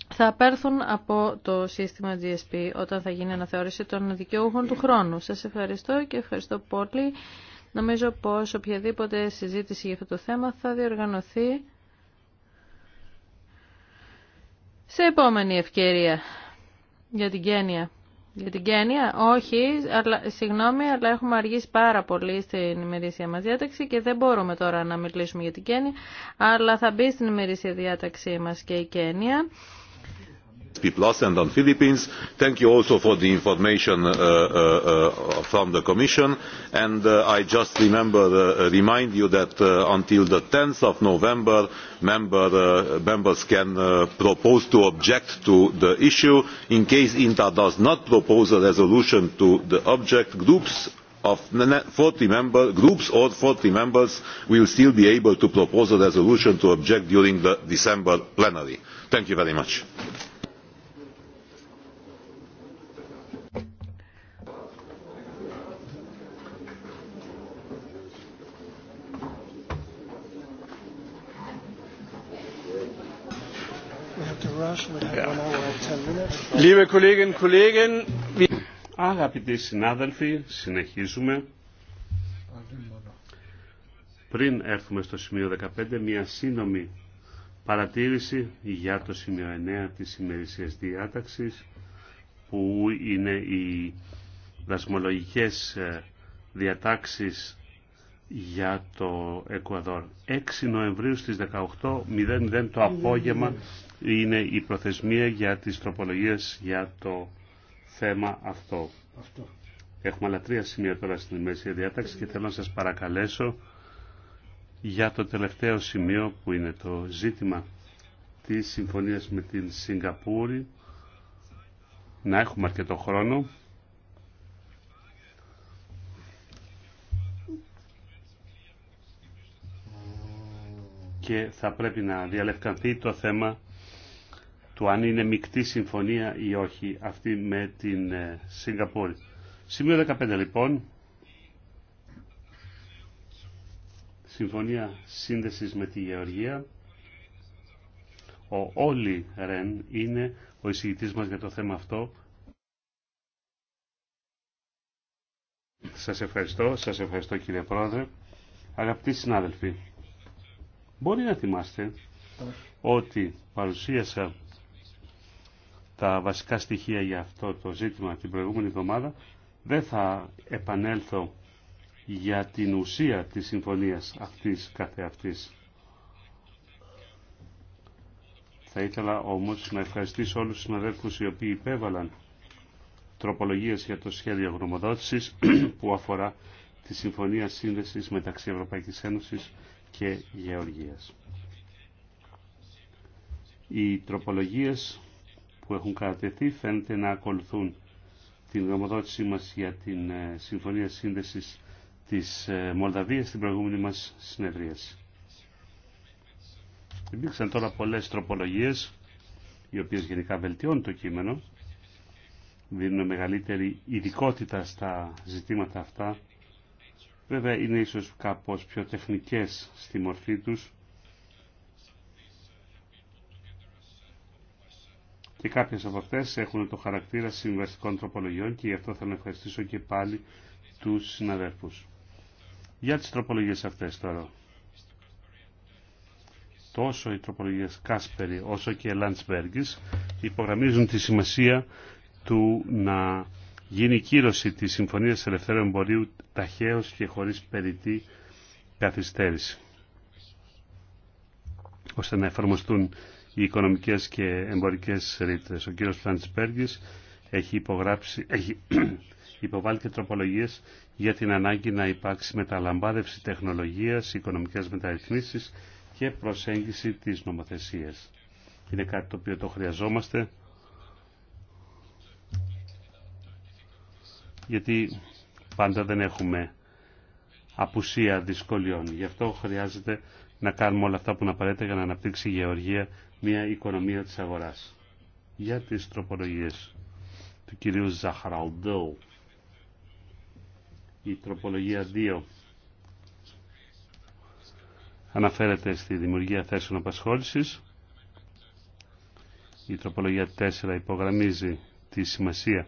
θα απέρθουν από το σύστημα GSP όταν θα γίνει αναθεώρηση των δικαιούχων του χρόνου. Σας ευχαριστώ και ευχαριστώ πολύ. Νομίζω πως οποιαδήποτε συζήτηση για αυτό το θέμα θα διοργανωθεί σε επόμενη ευκαιρία για την Κένια. Για την Κένια, όχι, αλλά, συγγνώμη, αλλά έχουμε αργήσει πάρα πολύ στην ημερήσια μας διάταξη και δεν μπορούμε τώρα να μιλήσουμε για την Κένια, αλλά θα μπει στην ημερήσια διάταξή μας και η Κένια plus and on philippines thank you also for the information from the commission and i just remind you that until the 10th of november members can propose to object to the issue in case inta does not propose a resolution to the object groups of 40 groups or 40 members will still be able to propose a resolution to object during the december plenary thank you very much Αγαπητοί συνάδελφοι, συνεχίζουμε. Πριν έρθουμε στο σημείο 15, μια σύνομη παρατήρηση για το σημείο 9 της ημερησίας διάταξης, που είναι οι δασμολογικές ε, διατάξεις για το Εκουαδόρ. 6 Νοεμβρίου στις 18.00 το απόγευμα είναι η προθεσμία για τις τροπολογίες για το θέμα αυτό. αυτό. Έχουμε άλλα τρία σημεία τώρα στην μέση διάταξη και θέλω να σας παρακαλέσω για το τελευταίο σημείο που είναι το ζήτημα της συμφωνίας με την Σιγκαπούρη να έχουμε αρκετό χρόνο και θα πρέπει να διαλευκανθεί το θέμα του αν είναι μεικτή συμφωνία ή όχι αυτή με την ε, Σιγκαπούρη. Σημείο 15 λοιπόν. Συμφωνία σύνδεσης με τη Γεωργία. Ο Όλι Ρεν είναι ο εισηγητής μας για το θέμα αυτό. Σας ευχαριστώ, σας ευχαριστώ κύριε Πρόεδρε. Αγαπητοί συνάδελφοι, μπορεί να θυμάστε ότι παρουσίασα τα βασικά στοιχεία για αυτό το ζήτημα την προηγούμενη εβδομάδα. Δεν θα επανέλθω για την ουσία της συμφωνίας αυτής καθεαυτής. Θα ήθελα όμως να ευχαριστήσω όλους τους συναδέλφους οι οποίοι υπέβαλαν τροπολογίες για το σχέδιο γνωμοδότησης *clears throat* που αφορά τη Συμφωνία Σύνδεσης μεταξύ Ευρωπαϊκής Ένωσης και Γεωργίας. Οι τροπολογίες που έχουν κατατεθεί φαίνεται να ακολουθούν την γνωμοδότησή μας για την ε, Συμφωνία Σύνδεσης της ε, Μολδαβίας στην προηγούμενη μας συνεδρίαση. Υπήρξαν τώρα πολλές τροπολογίες, οι οποίες γενικά βελτιώνουν το κείμενο, δίνουν μεγαλύτερη ειδικότητα στα ζητήματα αυτά. Βέβαια είναι ίσως κάπως πιο τεχνικές στη μορφή τους, και κάποιες από αυτές έχουν το χαρακτήρα συμβαστικών τροπολογιών και γι' αυτό θα να ευχαριστήσω και πάλι τους συναδέλφους. Για τις τροπολογίες αυτές τώρα. Τόσο οι τροπολογίες Κάσπερι όσο και Λαντσμπέργκης υπογραμμίζουν τη σημασία του να γίνει κύρωση της Συμφωνίας Ελευθέρου Εμπορίου ταχαίως και χωρίς περιττή καθυστέρηση ώστε να εφαρμοστούν οι οικονομικέ και εμπορικέ ρήτρε. Ο κύριος Φλαντσπέργης έχει, έχει *clears throat* υποβάλει και τροπολογίε για την ανάγκη να υπάρξει μεταλαμπάδευση τεχνολογία, οικονομικέ μεταρρυθμίσει και προσέγγιση τη νομοθεσία. Είναι κάτι το οποίο το χρειαζόμαστε γιατί πάντα δεν έχουμε απουσία δυσκολιών. Γι' αυτό χρειάζεται να κάνουμε όλα αυτά που είναι απαραίτητα για να αναπτύξει η γεωργία μια οικονομία της αγοράς. Για τις τροπολογίες του κυρίου Ζαχραουντόου, η τροπολογία 2 αναφέρεται στη δημιουργία θέσεων απασχόλησης. Η τροπολογία 4 υπογραμμίζει τη σημασία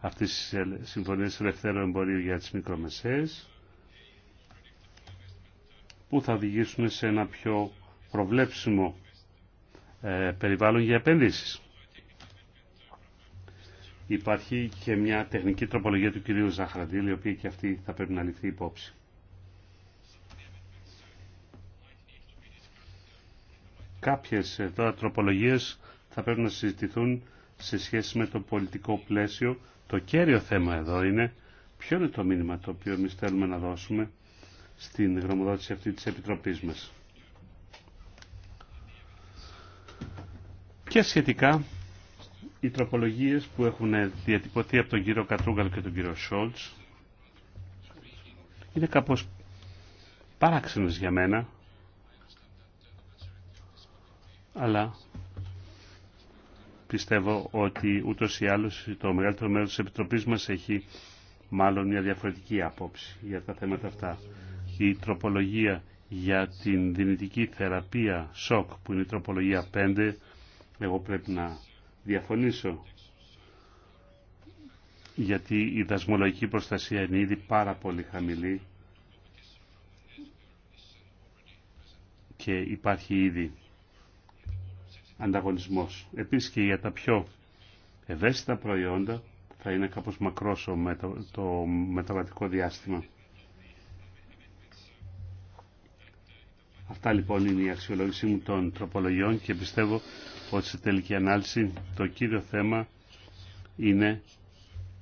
αυτής της συμφωνίας ελευθέρω εμπορίου για τις μικρομεσαίες που θα οδηγήσουν σε ένα πιο προβλέψιμο ε, περιβάλλον για επενδύσεις. Υπάρχει και μια τεχνική τροπολογία του κυρίου Ζαχραντήλ, η οποία και αυτή θα πρέπει να ληφθεί υπόψη. Κάποιες ε, τώρα τροπολογίες θα πρέπει να συζητηθούν σε σχέση με το πολιτικό πλαίσιο. Το κέριο θέμα εδώ είναι ποιο είναι το μήνυμα το οποίο εμεί θέλουμε να δώσουμε στην γνωμοδότηση αυτή της Επιτροπής μας. και σχετικά οι τροπολογίες που έχουν διατυπωθεί από τον κύριο Κατρούγκαλ και τον κύριο Σόλτ είναι κάπως παράξενες για μένα αλλά πιστεύω ότι ούτως ή άλλως το μεγαλύτερο μέρος της Επιτροπής μας έχει μάλλον μια διαφορετική άποψη για τα θέματα αυτά. Η τροπολογία για την δυνητική θεραπεία σοκ που είναι η τροπολογία 5 εγώ πρέπει να διαφωνήσω γιατί η δασμολογική προστασία είναι ήδη πάρα πολύ χαμηλή και υπάρχει ήδη ανταγωνισμός. Επίσης και για τα πιο ευαίσθητα προϊόντα θα είναι κάπως μακρόσο το μεταβατικό διάστημα. Αυτά λοιπόν είναι η αξιολόγησή μου των τροπολογιών και πιστεύω ότι σε τελική ανάλυση το κύριο θέμα είναι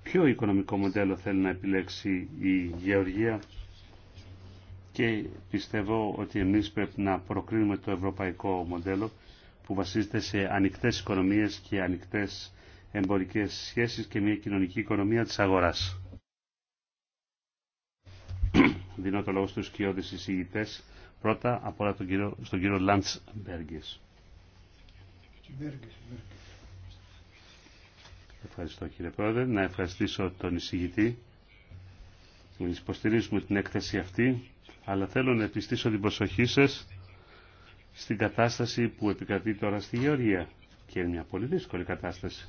ποιο οικονομικό μοντέλο θέλει να επιλέξει η Γεωργία και πιστεύω ότι εμείς πρέπει να προκρίνουμε το ευρωπαϊκό μοντέλο που βασίζεται σε ανοιχτές οικονομίες και ανοιχτές εμπορικές σχέσεις και μια κοινωνική οικονομία της αγοράς. Δίνω το λόγο στους κοιόδης εισηγητές, πρώτα απ' όλα τον κύριο, στον κύριο Ευχαριστώ κύριε Πρόεδρε. Να ευχαριστήσω τον εισηγητή. Υποστηρίζουμε την έκθεση αυτή, αλλά θέλω να επιστήσω την προσοχή σας στην κατάσταση που επικρατεί τώρα στη Γεωργία. Και είναι μια πολύ δύσκολη κατάσταση.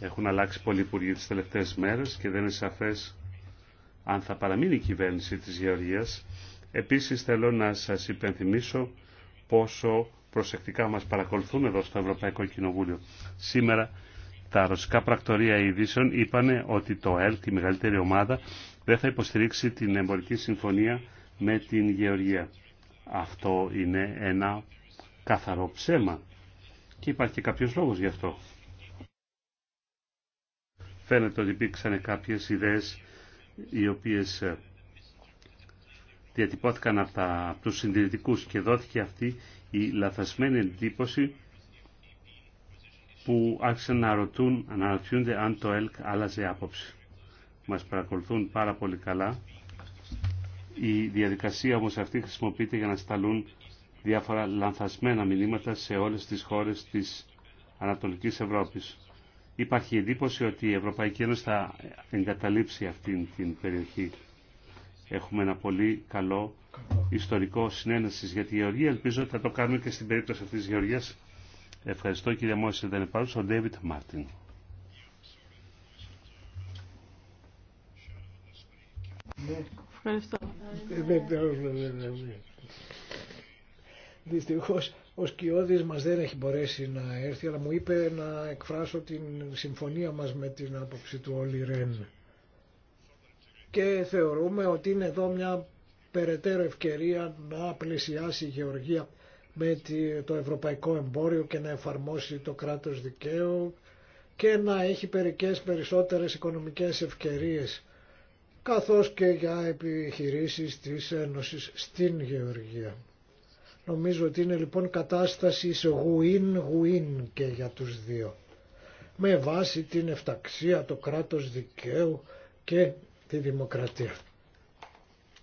Έχουν αλλάξει πολλοί υπουργοί τις τελευταίες μέρες και δεν είναι σαφές αν θα παραμείνει η κυβέρνηση της Γεωργίας. Επίσης θέλω να σας υπενθυμίσω πόσο προσεκτικά μας παρακολουθούν εδώ στο Ευρωπαϊκό Κοινοβούλιο. Σήμερα τα ρωσικά πρακτορία ειδήσεων είπαν ότι το ΕΛ, τη μεγαλύτερη ομάδα, δεν θα υποστηρίξει την εμπορική συμφωνία με την Γεωργία. Αυτό είναι ένα καθαρό ψέμα. Και υπάρχει και κάποιος λόγος γι' αυτό. Φαίνεται ότι υπήρξαν κάποιες ιδέες οι οποίες ε, διατυπώθηκαν από, τα, από τους συντηρητικούς και δόθηκε αυτή η λαθασμένη εντύπωση που άρχισαν να ρωτούν, αν το ΕΛΚ άλλαζε άποψη. Μας παρακολουθούν πάρα πολύ καλά. Η διαδικασία όμως αυτή χρησιμοποιείται για να σταλούν διάφορα λανθασμένα μηνύματα σε όλες τις χώρες της Ανατολικής Ευρώπης. Υπάρχει εντύπωση ότι η Ευρωπαϊκή Ένωση θα εγκαταλείψει αυτήν την περιοχή. Έχουμε ένα πολύ καλό ιστορικό συνένεση για τη Γεωργία. Ελπίζω ότι θα το κάνουμε και στην περίπτωση αυτή τη Γεωργίας. Ευχαριστώ κύριε Μόση, δεν είναι παρόν, ο Ντέβιτ Μάρτιν. Δυστυχώ, ο Σκιώδη μα δεν έχει μπορέσει να έρθει, αλλά μου είπε να εκφράσω την συμφωνία μα με την άποψη του Όλη Ρεν. Και θεωρούμε ότι είναι εδώ μια περαιτέρω ευκαιρία να πλησιάσει η Γεωργία με το ευρωπαϊκό εμπόριο και να εφαρμόσει το κράτος δικαίου και να έχει περικές περισσότερες οικονομικές ευκαιρίες καθώς και για επιχειρήσεις της Ένωσης στην Γεωργία. Νομίζω ότι είναι λοιπόν κατάσταση σε γουιν και για τους δύο. Με βάση την εφταξία, το κράτος δικαίου και τη δημοκρατία.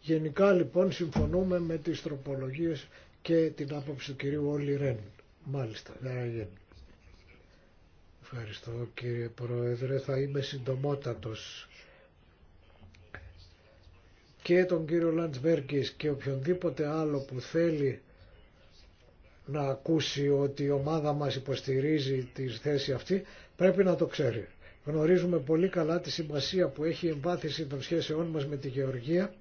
Γενικά λοιπόν συμφωνούμε με τις τροπολογίες και την άποψη του κυρίου Όλη Ρέν. Μάλιστα, Ευχαριστώ κύριε Πρόεδρε, θα είμαι συντομότατος και τον κύριο Λαντσβέρκης και οποιονδήποτε άλλο που θέλει να ακούσει ότι η ομάδα μας υποστηρίζει τη θέση αυτή, πρέπει να το ξέρει. Γνωρίζουμε πολύ καλά τη σημασία που έχει η εμβάθυνση των σχέσεών μας με τη Γεωργία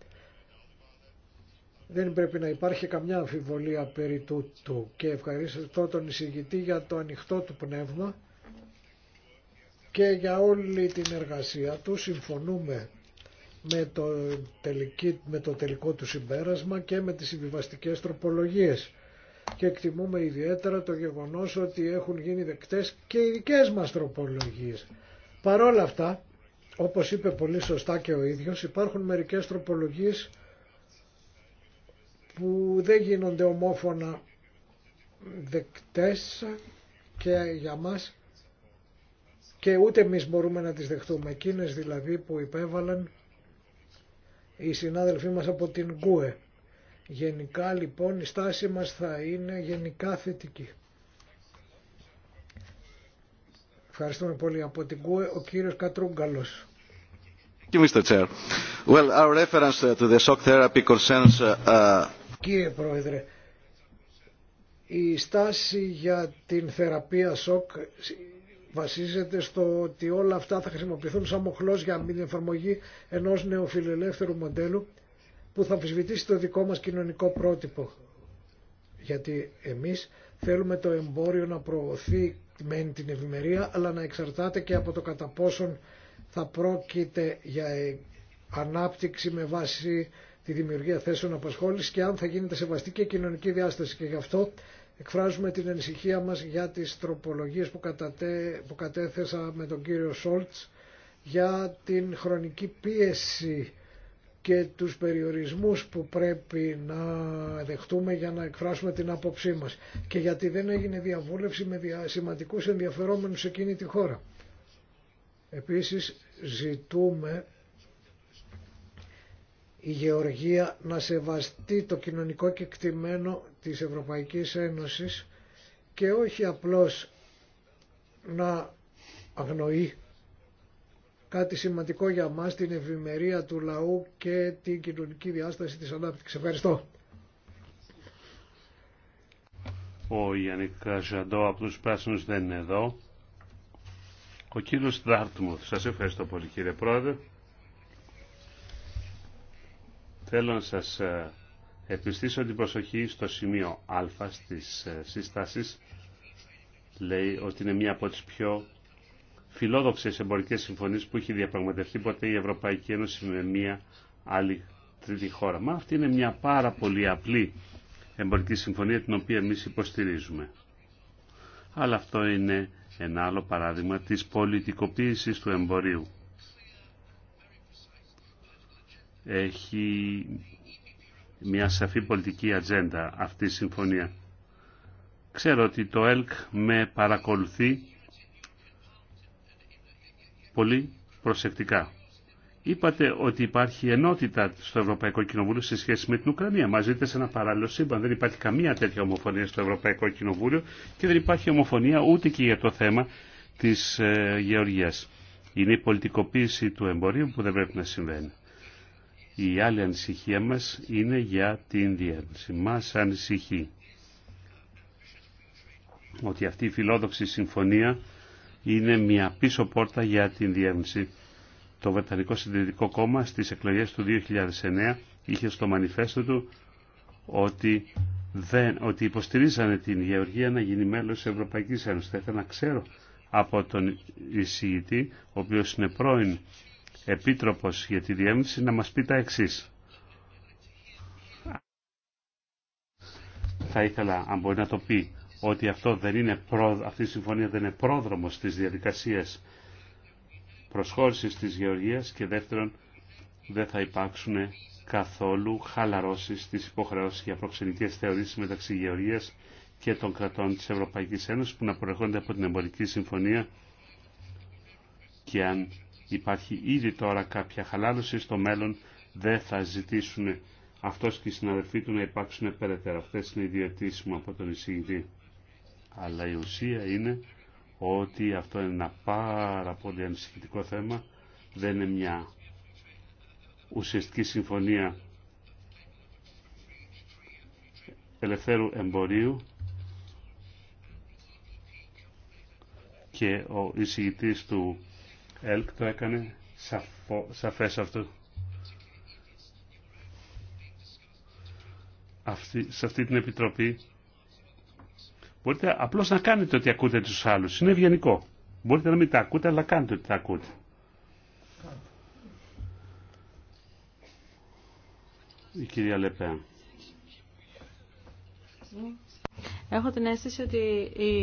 δεν πρέπει να υπάρχει καμιά αμφιβολία περί τούτου και ευχαριστώ τον εισηγητή για το ανοιχτό του πνεύμα και για όλη την εργασία του συμφωνούμε με το, τελική, με το τελικό του συμπέρασμα και με τις συμβιβαστικέ τροπολογίες και εκτιμούμε ιδιαίτερα το γεγονός ότι έχουν γίνει δεκτές και οι δικές μας τροπολογίες. Παρόλα αυτά, όπως είπε πολύ σωστά και ο ίδιος, υπάρχουν μερικές τροπολογίες που δεν γίνονται ομόφωνα δεκτές και για μας και ούτε εμείς μπορούμε να τις δεχτούμε. Εκείνες δηλαδή που υπέβαλαν οι συνάδελφοί μας από την ΚΟΕ. Γενικά λοιπόν η στάση μας θα είναι γενικά θετική. Ευχαριστούμε πολύ από την ΚΟΕ ο κύριος Κατρούγκαλος. Thank you, Mr. Chair. Well, our reference uh, to the shock therapy uh, uh, Κύριε Πρόεδρε, η στάση για την θεραπεία σοκ βασίζεται στο ότι όλα αυτά θα χρησιμοποιηθούν σαν μοχλός για την εφαρμογή ενός νεοφιλελεύθερου μοντέλου που θα αμφισβητήσει το δικό μας κοινωνικό πρότυπο. Γιατί εμείς θέλουμε το εμπόριο να προωθεί με την ευημερία αλλά να εξαρτάται και από το κατά πόσον θα πρόκειται για ε, ανάπτυξη με βάση τη δημιουργία θέσεων απασχόλησης και αν θα γίνεται σεβαστή και κοινωνική διάσταση. Και γι' αυτό εκφράζουμε την ανησυχία μας για τις τροπολογίες που, κατατέ, κατέθεσα με τον κύριο Σόλτ για την χρονική πίεση και τους περιορισμούς που πρέπει να δεχτούμε για να εκφράσουμε την άποψή μας και γιατί δεν έγινε διαβούλευση με σημαντικούς ενδιαφερόμενους σε εκείνη τη χώρα. Επίσης ζητούμε η Γεωργία να σεβαστεί το κοινωνικό κεκτημένο της Ευρωπαϊκής Ένωσης και όχι απλώς να αγνοεί κάτι σημαντικό για μας την ευημερία του λαού και την κοινωνική διάσταση της ανάπτυξης. Ευχαριστώ. Ο κύριο Καζαντό από τους Πράσινους δεν είναι εδώ. Ο κύριος Δάρτμουθ. Σας ευχαριστώ πολύ κύριε Πρόεδρε. Θέλω να σας ε, επιστήσω την προσοχή στο σημείο α της ε, σύστασης Λέει ότι είναι μία από τις πιο φιλόδοξες εμπορικές συμφωνίες που έχει διαπραγματευτεί ποτέ η Ευρωπαϊκή Ένωση με μία άλλη τρίτη χώρα. Μα αυτή είναι μια πάρα πολύ απλή εμπορική συμφωνία την οποία εμείς υποστηρίζουμε. Αλλά αυτό είναι ένα άλλο παράδειγμα της πολιτικοποίησης του εμπορίου. έχει μια σαφή πολιτική ατζέντα αυτή η συμφωνία. Ξέρω ότι το ΕΛΚ με παρακολουθεί πολύ προσεκτικά. Είπατε ότι υπάρχει ενότητα στο Ευρωπαϊκό Κοινοβούλιο σε σχέση με την Ουκρανία. Μα ζείτε σε ένα παράλληλο σύμπαν. Δεν υπάρχει καμία τέτοια ομοφωνία στο Ευρωπαϊκό Κοινοβούλιο και δεν υπάρχει ομοφωνία ούτε και για το θέμα της ε, Είναι η πολιτικοποίηση του εμπορίου που δεν πρέπει να συμβαίνει. Η άλλη ανησυχία μας είναι για την διεύρυνση. Μας ανησυχεί ότι αυτή η φιλόδοξη συμφωνία είναι μια πίσω πόρτα για την διεύρυνση. Το Βρετανικό Συντηρητικό Κόμμα στις εκλογές του 2009 είχε στο μανιφέστο του ότι, δεν, ότι υποστηρίζανε την Γεωργία να γίνει μέλος της Ευρωπαϊκής Ένωσης. Θα ήθελα να ξέρω από τον εισηγητή, ο οποίος είναι πρώην Επίτροπος για τη Διεύθυνση να μας πει τα εξής. Θα ήθελα, αν μπορεί να το πει, ότι αυτό δεν είναι αυτή η συμφωνία δεν είναι πρόδρομος της διαδικασίας προσχώρησης της Γεωργίας και δεύτερον δεν θα υπάρξουν καθόλου χαλαρώσεις στις υποχρεώσεις για προξενικές θεωρήσεις μεταξύ Γεωργίας και των κρατών της Ευρωπαϊκής Ένωσης που να προερχόνται από την εμπορική συμφωνία και αν Υπάρχει ήδη τώρα κάποια χαλάρωση στο μέλλον. Δεν θα ζητήσουν αυτός και οι συναδελφοί του να υπάρξουν περαιτέρω. Αυτές είναι οι από τον εισηγητή. Αλλά η ουσία είναι ότι αυτό είναι ένα πάρα πολύ ανησυχητικό θέμα. Δεν είναι μια ουσιαστική συμφωνία ελευθέρου εμπορίου και ο εισηγητής του ΕΛΚ το έκανε σαφό, σαφές αυτό. Αυτή, σε αυτή την επιτροπή μπορείτε απλώς να κάνετε ότι ακούτε τους άλλους. Είναι ευγενικό. Μπορείτε να μην τα ακούτε, αλλά κάνετε ότι τα ακούτε. Η κυρία Λεπέα. Ναι. Έχω την αίσθηση ότι οι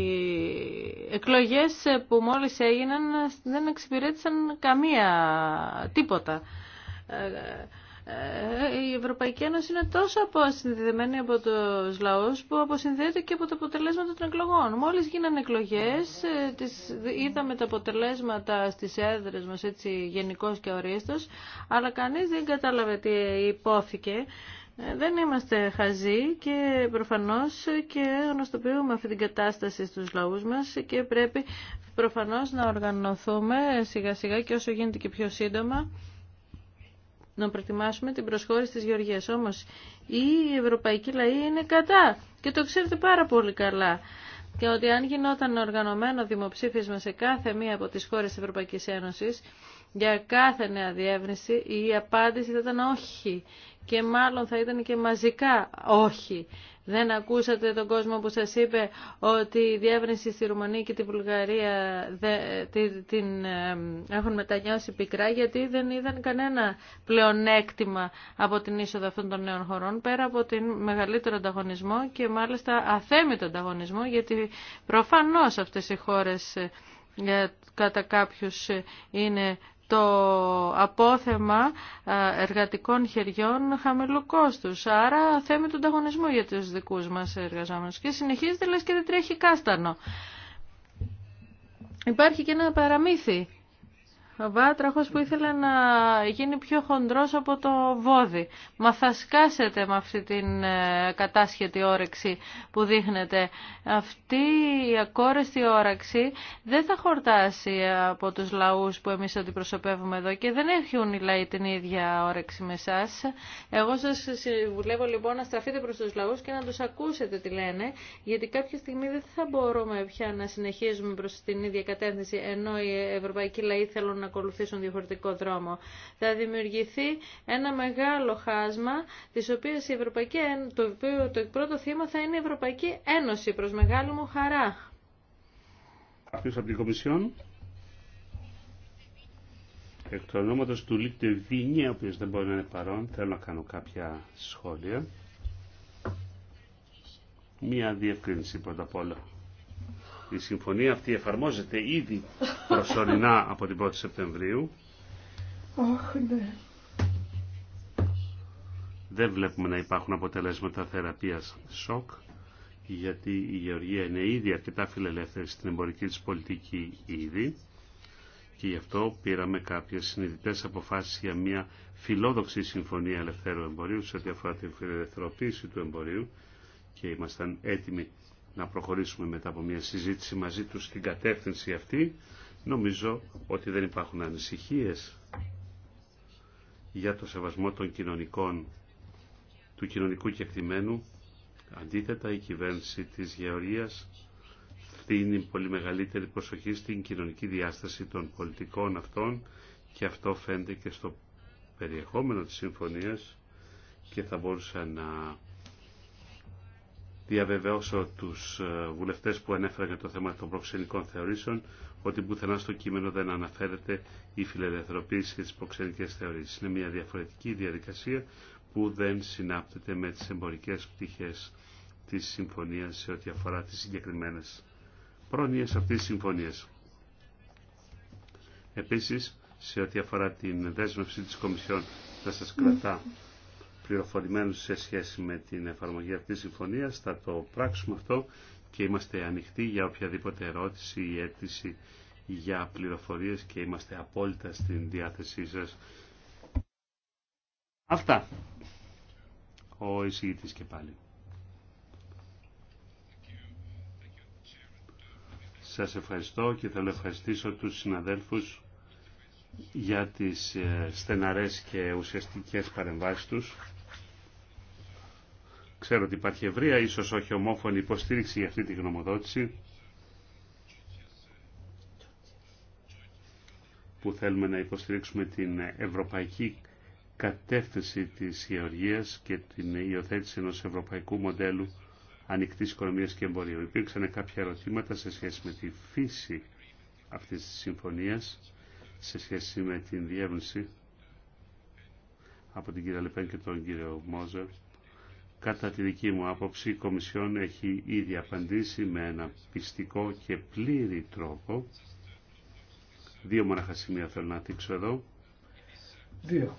εκλογές που μόλις έγιναν δεν εξυπηρέτησαν καμία τίποτα. Ε, ε, η Ευρωπαϊκή Ένωση είναι τόσο αποσυνδεδεμένη από τους λαούς που αποσυνδέεται και από τα αποτελέσματα των εκλογών. Μόλις γίνανε εκλογές, ε, τις είδαμε τα αποτελέσματα στις έδρες μας έτσι γενικώς και ορίστος, αλλά κανείς δεν κατάλαβε τι υπόθηκε. Ε, δεν είμαστε χαζοί και προφανώς και γνωστοποιούμε αυτή την κατάσταση στους λαούς μας και πρέπει προφανώς να οργανωθούμε σιγά σιγά και όσο γίνεται και πιο σύντομα να προετοιμάσουμε την προσχώρηση της Γεωργίας. Όμως η ευρωπαϊκή λαή είναι κατά και το ξέρετε πάρα πολύ καλά και ότι αν γινόταν οργανωμένο δημοψήφισμα σε κάθε μία από τις χώρες της Ευρωπαϊκής Ένωσης για κάθε νέα διεύρυνση η απάντηση θα ήταν όχι και μάλλον θα ήταν και μαζικά όχι. Δεν ακούσατε τον κόσμο που σας είπε ότι η διεύρυνση στη Ρουμανία και τη Βουλγαρία την έχουν μετανιώσει πικρά γιατί δεν είδαν κανένα πλεονέκτημα από την είσοδο αυτών των νέων χωρών πέρα από την μεγαλύτερο ανταγωνισμό και μάλιστα αθέμητο ανταγωνισμό γιατί προφανώς αυτές οι χώρες ε, κατά κάποιους ε, είναι το απόθεμα ε, εργατικών χεριών χαμηλού κόστους. Άρα θέμε του ανταγωνισμού για τους δικούς μας εργαζόμενους. Και συνεχίζεται λες και δεν τρέχει κάστανο. Υπάρχει και ένα παραμύθι βάτραχος που ήθελε να γίνει πιο χοντρός από το βόδι. Μα θα σκάσετε με αυτή την ε, κατάσχετη όρεξη που δείχνετε. Αυτή η ακόρεστη όρεξη δεν θα χορτάσει από τους λαούς που εμείς αντιπροσωπεύουμε εδώ και δεν έχουν οι λαοί την ίδια όρεξη με εσά. Εγώ σας συμβουλεύω λοιπόν να στραφείτε προς τους λαούς και να τους ακούσετε τι λένε, γιατί κάποια στιγμή δεν θα μπορούμε πια να συνεχίζουμε προς την ίδια κατεύθυνση ενώ οι ευρωπαϊκοί λαοί θέλουν να ακολουθήσουν διαφορετικό δρόμο. Θα δημιουργηθεί ένα μεγάλο χάσμα, της οποίας η Ευρωπαϊκή, το, οποίο, το πρώτο θύμα θα είναι η Ευρωπαϊκή Ένωση, προς μεγάλη μου χαρά. Αυτός από την Κομισιόν. Εκ του ονόματος του ο οποίος δεν μπορεί να είναι παρόν, θέλω να κάνω κάποια σχόλια. Μία διευκρίνηση πρώτα απ' όλα. Η συμφωνία αυτή εφαρμόζεται ήδη προσωρινά από την 1η Σεπτεμβρίου. Όχι, ναι. Δεν βλέπουμε να υπάρχουν αποτελέσματα θεραπείας σοκ, γιατί η Γεωργία είναι ήδη αρκετά φιλελεύθερη στην εμπορική της πολιτική ήδη και γι' αυτό πήραμε κάποιες συνειδητές αποφάσεις για μια φιλόδοξη συμφωνία ελευθέρου εμπορίου σε ό,τι αφορά την φιλελευθερωποίηση του εμπορίου και ήμασταν έτοιμοι να προχωρήσουμε μετά από μια συζήτηση μαζί τους στην κατεύθυνση αυτή. Νομίζω ότι δεν υπάρχουν ανησυχίες για το σεβασμό των κοινωνικών, του κοινωνικού κεκτημένου. Αντίθετα, η κυβέρνηση της Γεωργίας φτύνει πολύ μεγαλύτερη προσοχή στην κοινωνική διάσταση των πολιτικών αυτών και αυτό φαίνεται και στο περιεχόμενο της συμφωνίας και θα μπορούσα να διαβεβαιώσω τους ε, βουλευτές που ανέφεραν για το θέμα των προξενικών θεωρήσεων ότι πουθενά στο κείμενο δεν αναφέρεται η φιλελευθερωποίηση και τις προξενικές Είναι μια διαφορετική διαδικασία που δεν συνάπτεται με τις εμπορικές πτυχές της συμφωνίας σε ό,τι αφορά τις συγκεκριμένες πρόνοιες αυτής της συμφωνίας. Επίσης, σε ό,τι αφορά την δέσμευση της Κομισιόν θα σας κρατά πληροφορημένους σε σχέση με την εφαρμογή αυτής της συμφωνίας. Θα το πράξουμε αυτό και είμαστε ανοιχτοί για οποιαδήποτε ερώτηση ή αίτηση για πληροφορίες και είμαστε απόλυτα στην διάθεσή σας. Αυτά. Ο εισηγητής και πάλι. Σας ευχαριστώ και θέλω ευχαριστήσω τους συναδέλφους για τις ε, στεναρές και ουσιαστικές παρεμβάσεις τους. Ξέρω ότι υπάρχει ευρεία, ίσως όχι ομόφωνη υποστήριξη για αυτή τη γνωμοδότηση που θέλουμε να υποστηρίξουμε την ευρωπαϊκή κατεύθυνση της γεωργίας και την υιοθέτηση ενός ευρωπαϊκού μοντέλου ανοιχτής οικονομίας και εμπορίου. Υπήρξαν κάποια ερωτήματα σε σχέση με τη φύση αυτής της συμφωνίας, σε σχέση με την διεύρυνση από την κυρία Λεπέν και τον κύριο Μόζερ Κατά τη δική μου άποψη, η Κομισιόν έχει ήδη απαντήσει με ένα πιστικό και πλήρη τρόπο. Δύο μοναχα σημεία θέλω να δείξω εδώ. Δύο.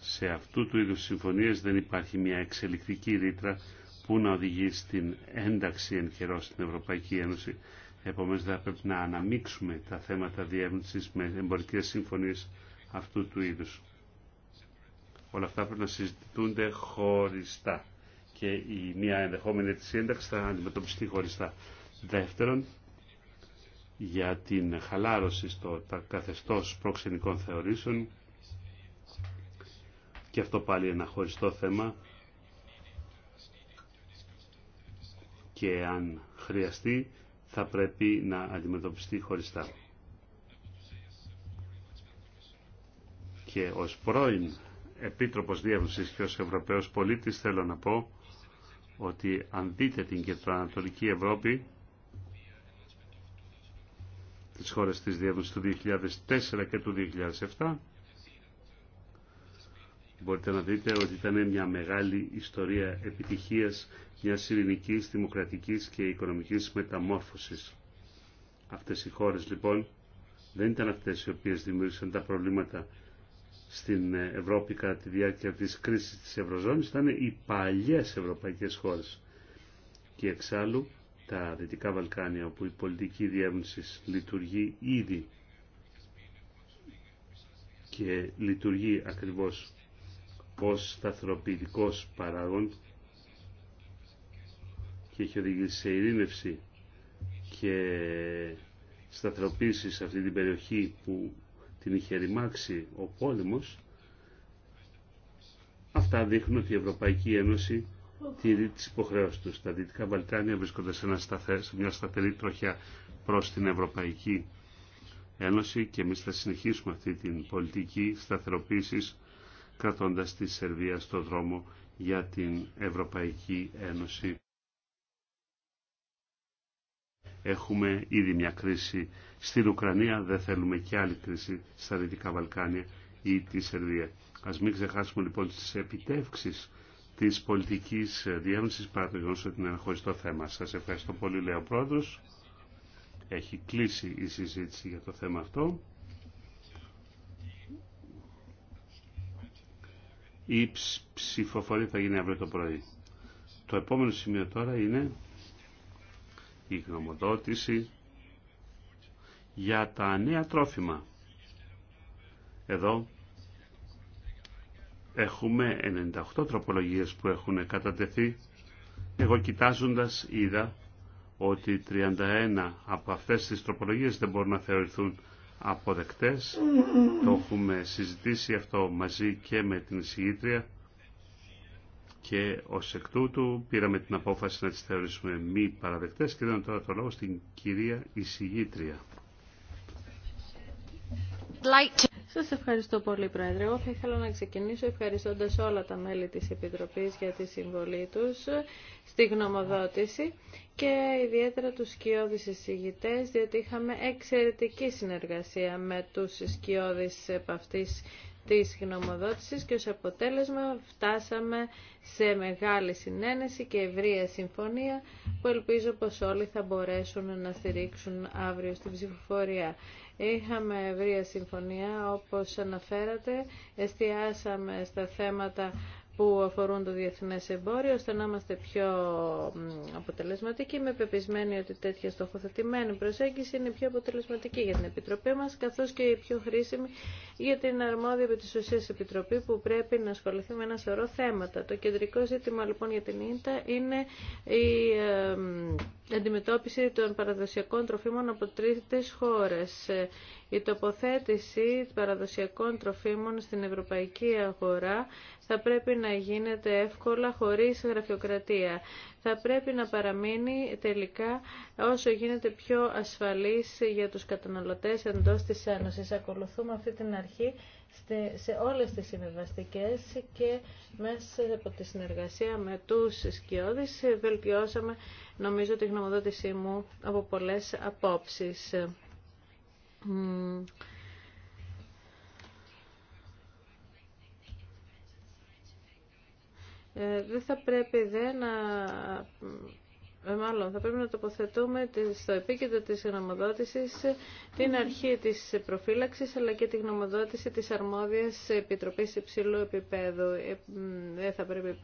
Σε αυτού του είδους συμφωνίες δεν υπάρχει μια εξελικτική ρήτρα που να οδηγεί στην ένταξη εν καιρό στην Ευρωπαϊκή Ένωση. Επομένως θα πρέπει να αναμίξουμε τα θέματα διεύνησης με εμπορικές συμφωνίες αυτού του είδους. Όλα αυτά πρέπει να συζητούνται χωριστά και η μία ενδεχόμενη της σύνταξη θα αντιμετωπιστεί χωριστά. Δεύτερον, για την χαλάρωση στο καθεστώς προξενικών θεωρήσεων και αυτό πάλι ένα χωριστό θέμα και αν χρειαστεί θα πρέπει να αντιμετωπιστεί χωριστά. Και ως πρώην Επίτροπος Διεύρυνσης και ως Ευρωπαίος πολίτης θέλω να πω ότι αν δείτε την κεντροανατολική Ευρώπη τις χώρες της Διεύρυνσης του 2004 και του 2007 μπορείτε να δείτε ότι ήταν μια μεγάλη ιστορία επιτυχίας μια ειρηνικής, δημοκρατικής και οικονομικής μεταμόρφωσης. Αυτές οι χώρες λοιπόν δεν ήταν αυτές οι οποίες δημιούργησαν τα προβλήματα στην Ευρώπη κατά τη διάρκεια της κρίσης της Ευρωζώνης ήταν οι παλιές ευρωπαϊκές χώρες. Και εξάλλου τα Δυτικά Βαλκάνια όπου η πολιτική διεύνηση λειτουργεί ήδη και λειτουργεί ακριβώς ως σταθεροποιητικός παράγον και έχει οδηγήσει σε ειρήνευση και σταθεροποίηση σε αυτή την περιοχή που την είχε ρημάξει ο πόλεμος, αυτά δείχνουν ότι η Ευρωπαϊκή Ένωση τηρεί τις υποχρεώσεις του. Τα Δυτικά Βαλκάνια βρίσκονται σε, μια σταθερή τροχιά προς την Ευρωπαϊκή Ένωση και εμείς θα συνεχίσουμε αυτή την πολιτική σταθεροποίησης κρατώντας τη Σερβία στο δρόμο για την Ευρωπαϊκή Ένωση. Έχουμε ήδη μια κρίση στην Ουκρανία, δεν θέλουμε και άλλη κρίση στα Δυτικά Βαλκάνια ή τη Σερβία. Ας μην ξεχάσουμε λοιπόν τις επιτεύξεις της πολιτικής διεύνησης παρά το γεγονός ότι είναι ένα θέμα. Σας ευχαριστώ πολύ, λέει ο Πρόεδρος. Έχει κλείσει η συζήτηση για το θέμα αυτό. Η ψηφοφορία θα γίνει αύριο το πρωί. Το επόμενο σημείο τώρα είναι η γνωμοδότηση για τα νέα τρόφιμα. Εδώ έχουμε 98 τροπολογίες που έχουν κατατεθεί. Εγώ κοιτάζοντας είδα ότι 31 από αυτές τις τροπολογίες δεν μπορούν να θεωρηθούν αποδεκτές. Το έχουμε συζητήσει αυτό μαζί και με την εισηγήτρια και ως εκ τούτου πήραμε την απόφαση να τις θεωρήσουμε μη παραδεκτές και δίνω τώρα το λόγο στην κυρία εισηγήτρια. Σας ευχαριστώ πολύ Πρόεδρε. Εγώ θα ήθελα να ξεκινήσω ευχαριστώντα όλα τα μέλη της Επιτροπής για τη συμβολή τους στη γνωμοδότηση και ιδιαίτερα τους σκιώδει εισηγητέ, διότι είχαμε εξαιρετική συνεργασία με τους σκιώδει επ' της γνωμοδότησης και ως αποτέλεσμα φτάσαμε σε μεγάλη συνένεση και ευρεία συμφωνία που ελπίζω πως όλοι θα μπορέσουν να στηρίξουν αύριο στην ψηφοφορία. Είχαμε ευρεία συμφωνία όπως αναφέρατε, εστιάσαμε στα θέματα που αφορούν το διεθνές εμπόριο, ώστε να είμαστε πιο αποτελεσματικοί. Είμαι πεπισμένη ότι τέτοια στοχοθετημένη προσέγγιση είναι πιο αποτελεσματική για την Επιτροπή μας, καθώς και η πιο χρήσιμη για την αρμόδια επί της ουσίας Επιτροπή που πρέπει να ασχοληθεί με ένα σωρό θέματα. Το κεντρικό ζήτημα λοιπόν για την ΙΝΤΑ είναι η αντιμετώπιση των παραδοσιακών τροφίμων από τρίτες χώρες. Η τοποθέτηση παραδοσιακών τροφίμων στην ευρωπαϊκή αγορά θα πρέπει να γίνεται εύκολα χωρίς γραφειοκρατία. Θα πρέπει να παραμείνει τελικά όσο γίνεται πιο ασφαλής για τους καταναλωτές εντός της Ένωση. Ακολουθούμε αυτή την αρχή σε όλες τις συμβιβαστικέ και μέσα από τη συνεργασία με τους σκιώδεις βελτιώσαμε νομίζω τη γνωμοδότησή μου από πολλές απόψεις. Ε, δεν θα πρέπει δε να ε, μάλλον θα πρέπει να τοποθετούμε στο επίκεντρο της γνωμοδότησης την αρχή της προφύλαξης αλλά και τη γνωμοδότηση της αρμόδιας επιτροπής υψηλού επίπεδου. Ε, δεν θα πρέπει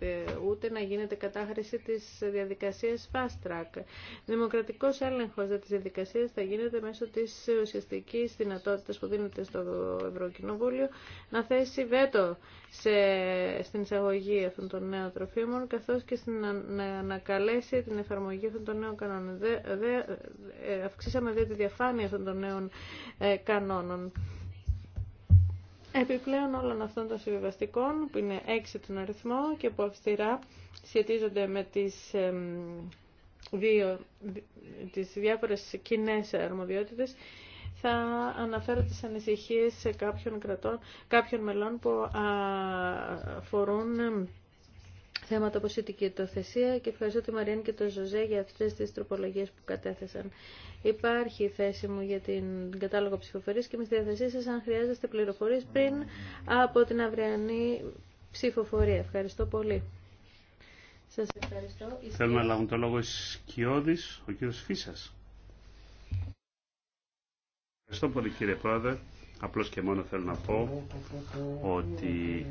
ούτε να γίνεται κατάχρηση της διαδικασίας fast track. Δημοκρατικός έλεγχος της διαδικασίας θα γίνεται μέσω της ουσιαστικής δυνατότητας που δίνεται στο Ευρωκοινοβούλιο να θέσει βέτο σε, στην εισαγωγή αυτών των νέων τροφίμων, καθώς και στην, να ανακαλέσει την εφαρμογή αυτών των νέων κανόνων. Δε, ε, αυξήσαμε δε τη διαφάνεια αυτών των νέων ε, κανόνων. Επιπλέον όλων αυτών των συμβιβαστικών, που είναι έξι τον αριθμό και που αυστηρά σχετίζονται με τις ε, δύο, τις διάφορες κοινέ αρμοδιότητες, θα αναφέρω τις ανησυχίες σε κάποιων, κρατών, κάποιων μελών που αφορούν θέματα όπως η τοκετοθεσία και ευχαριστώ τη Μαρίαν και τον Ζωζέ για αυτές τις τροπολογίες που κατέθεσαν. Υπάρχει η θέση μου για την κατάλογο ψηφοφορίας και με στη διαθεσή σας αν χρειάζεστε πληροφορίες πριν από την αυριανή ψηφοφορία. Ευχαριστώ πολύ. Σας ευχαριστώ. Θέλουμε να λάβουν το λόγο εσείς, ο κύριος Φίσας. Ευχαριστώ πολύ κύριε Πρόεδρε. Απλώς και μόνο θέλω να πω ότι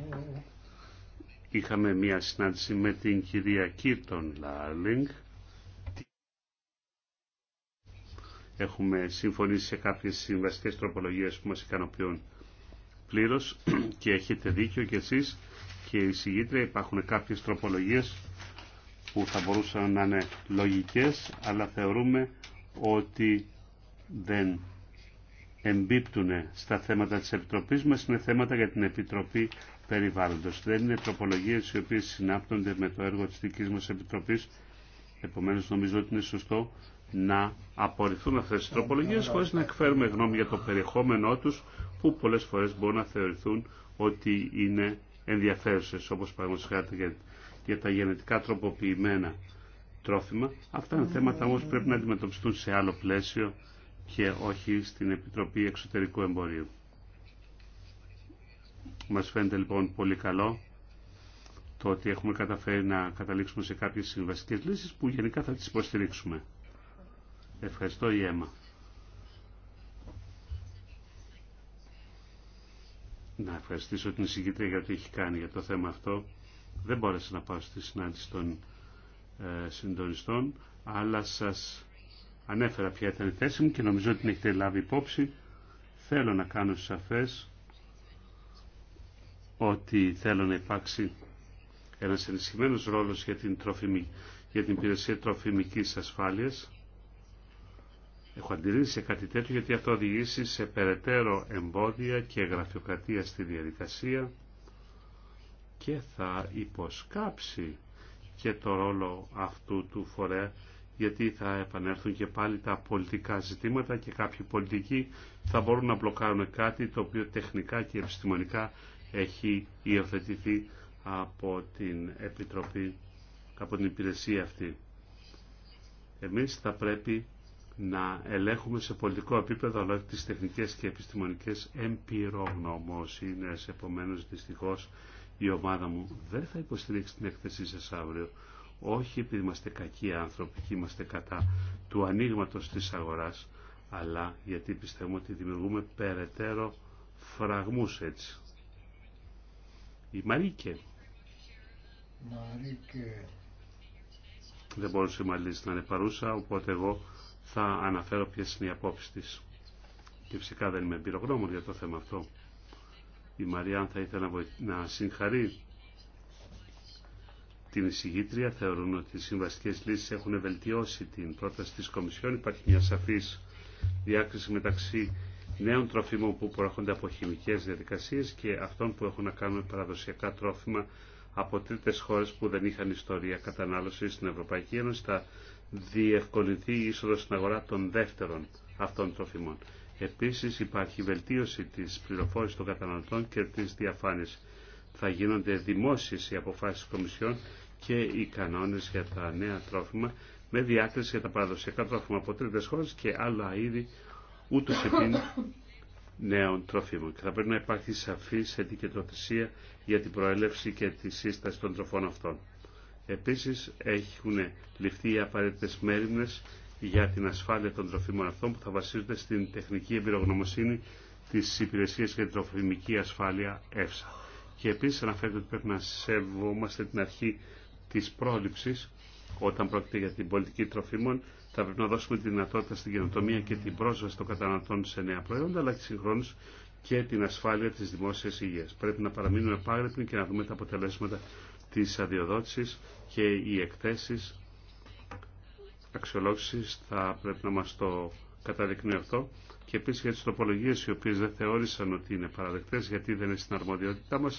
είχαμε μία συνάντηση με την κυρία Κίρτον Λάρλινγκ. Έχουμε συμφωνήσει σε κάποιες συμβαστικές τροπολογίες που μας ικανοποιούν πλήρως και έχετε δίκιο κι εσείς και η συγγήτρια υπάρχουν κάποιες τροπολογίες που θα μπορούσαν να είναι λογικές αλλά θεωρούμε ότι δεν εμπίπτουν στα θέματα της Επιτροπής μας είναι θέματα για την Επιτροπή Περιβάλλοντος. Δεν είναι τροπολογίες οι οποίες συνάπτονται με το έργο της δικής μας Επιτροπής. Επομένως νομίζω ότι είναι σωστό να απορριφθούν αυτές τις τροπολογίες χωρίς να εκφέρουμε γνώμη για το περιεχόμενό τους που πολλές φορές μπορούν να θεωρηθούν ότι είναι ενδιαφέρουσες όπως παραγωγή για, τα γενετικά τροποποιημένα τρόφιμα. Αυτά είναι θέματα όμως πρέπει να αντιμετωπιστούν σε άλλο πλαίσιο και όχι στην Επιτροπή Εξωτερικού Εμπορίου. Μας φαίνεται λοιπόν πολύ καλό το ότι έχουμε καταφέρει να καταλήξουμε σε κάποιες συμβασικές λύσεις που γενικά θα τις υποστηρίξουμε. Ευχαριστώ η Έμα. Να ευχαριστήσω την εισηγήτρια για το έχει κάνει για το θέμα αυτό. Δεν μπόρεσα να πάω στη συνάντηση των ε, συντονιστών, αλλά σας Ανέφερα ποια ήταν η θέση μου και νομίζω ότι την έχετε λάβει υπόψη. Θέλω να κάνω σαφές ότι θέλω να υπάρξει ένας ενισχυμένος ρόλος για την, τροφιμή, για την υπηρεσία τροφιμικής ασφάλειας. Έχω αντιρρήσει σε κάτι τέτοιο γιατί αυτό οδηγήσει σε περαιτέρω εμπόδια και γραφειοκρατία στη διαδικασία και θα υποσκάψει και το ρόλο αυτού του φορέα γιατί θα επανέλθουν και πάλι τα πολιτικά ζητήματα και κάποιοι πολιτικοί θα μπορούν να μπλοκάρουν κάτι το οποίο τεχνικά και επιστημονικά έχει υιοθετηθεί από την Επιτροπή, από την υπηρεσία αυτή. Εμείς θα πρέπει να ελέγχουμε σε πολιτικό επίπεδο αλλά τις τεχνικές και επιστημονικές εμπειρογνωμοσύνες. Επομένως, δυστυχώς, η ομάδα μου δεν θα υποστηρίξει την έκθεσή σας αύριο όχι επειδή είμαστε κακοί άνθρωποι και είμαστε κατά του ανοίγματο της αγοράς, αλλά γιατί πιστεύουμε ότι δημιουργούμε περαιτέρω φραγμούς έτσι. Η Μαρίκε. Μαρίκε. Δεν μπορούσε η Μαρίκε να είναι παρούσα, οπότε εγώ θα αναφέρω ποιες είναι οι απόψεις της. Και φυσικά δεν είμαι εμπειρογνώμων για το θέμα αυτό. Η Μαριάν θα ήθελα να συγχαρεί την εισηγήτρια. Θεωρούν ότι οι συμβαστικέ λύσει έχουν βελτιώσει την πρόταση τη Κομισιόν. Υπάρχει μια σαφή διάκριση μεταξύ νέων τροφίμων που προέρχονται από χημικέ διαδικασίε και αυτών που έχουν να κάνουν παραδοσιακά τρόφιμα από τρίτες χώρε που δεν είχαν ιστορία κατανάλωση στην Ευρωπαϊκή Ένωση. Θα διευκολυνθεί η είσοδο στην αγορά των δεύτερων αυτών τροφίμων. Επίση, υπάρχει βελτίωση τη πληροφόρηση των καταναλωτών και τη διαφάνεια θα γίνονται δημόσιες οι αποφάσεις της Κομισιόν και οι κανόνες για τα νέα τρόφιμα με διάκριση για τα παραδοσιακά τρόφιμα από τρίτες χώρες και άλλα είδη ούτως επίν νέων τροφίμων. Και θα πρέπει να υπάρχει σαφής ετικετοθεσία για την προέλευση και τη σύσταση των τροφών αυτών. Επίσης έχουν ληφθεί οι απαραίτητες μέρημνες για την ασφάλεια των τροφίμων αυτών που θα βασίζονται στην τεχνική εμπειρογνωμοσύνη της Υπηρεσίας για την Τροφιμική Ασφάλεια ΕΦΣΑ. Και επίσης αναφέρεται ότι πρέπει να σεβόμαστε την αρχή της πρόληψης όταν πρόκειται για την πολιτική τροφίμων. Θα πρέπει να δώσουμε τη δυνατότητα στην καινοτομία και την πρόσβαση των καταναλωτών σε νέα προϊόντα, αλλά και συγχρόνω και την ασφάλεια της δημόσιας υγείας. Πρέπει να παραμείνουμε επάγρυπνοι και να δούμε τα αποτελέσματα της αδειοδότησης και οι εκθέσεις αξιολόγηση. θα πρέπει να μας το καταδεικνύει αυτό και επίση για τι τροπολογίε οι οποίε δεν θεώρησαν ότι είναι παραδεκτές γιατί δεν είναι στην αρμοδιότητά μα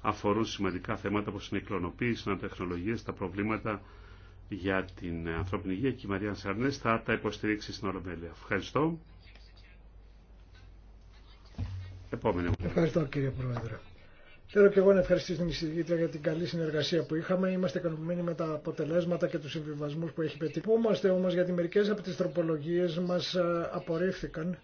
αφορούν σημαντικά θέματα όπως είναι η κλωνοποίηση, νανοτεχνολογίες, τα προβλήματα για την ανθρώπινη υγεία και η Μαρία Σαρνέ. θα τα υποστηρίξει στην Ολομέλεια. Ευχαριστώ. Επόμενη. Ευχαριστώ κύριε Πρόεδρε. Θέλω και εγώ να ευχαριστήσω την εισηγήτρια για την καλή συνεργασία που είχαμε. Είμαστε ικανοποιημένοι με τα αποτελέσματα και του συμβιβασμού που έχει πετύχει. όμω γιατί μερικέ από τι τροπολογίε μα ε, απορρίφθηκαν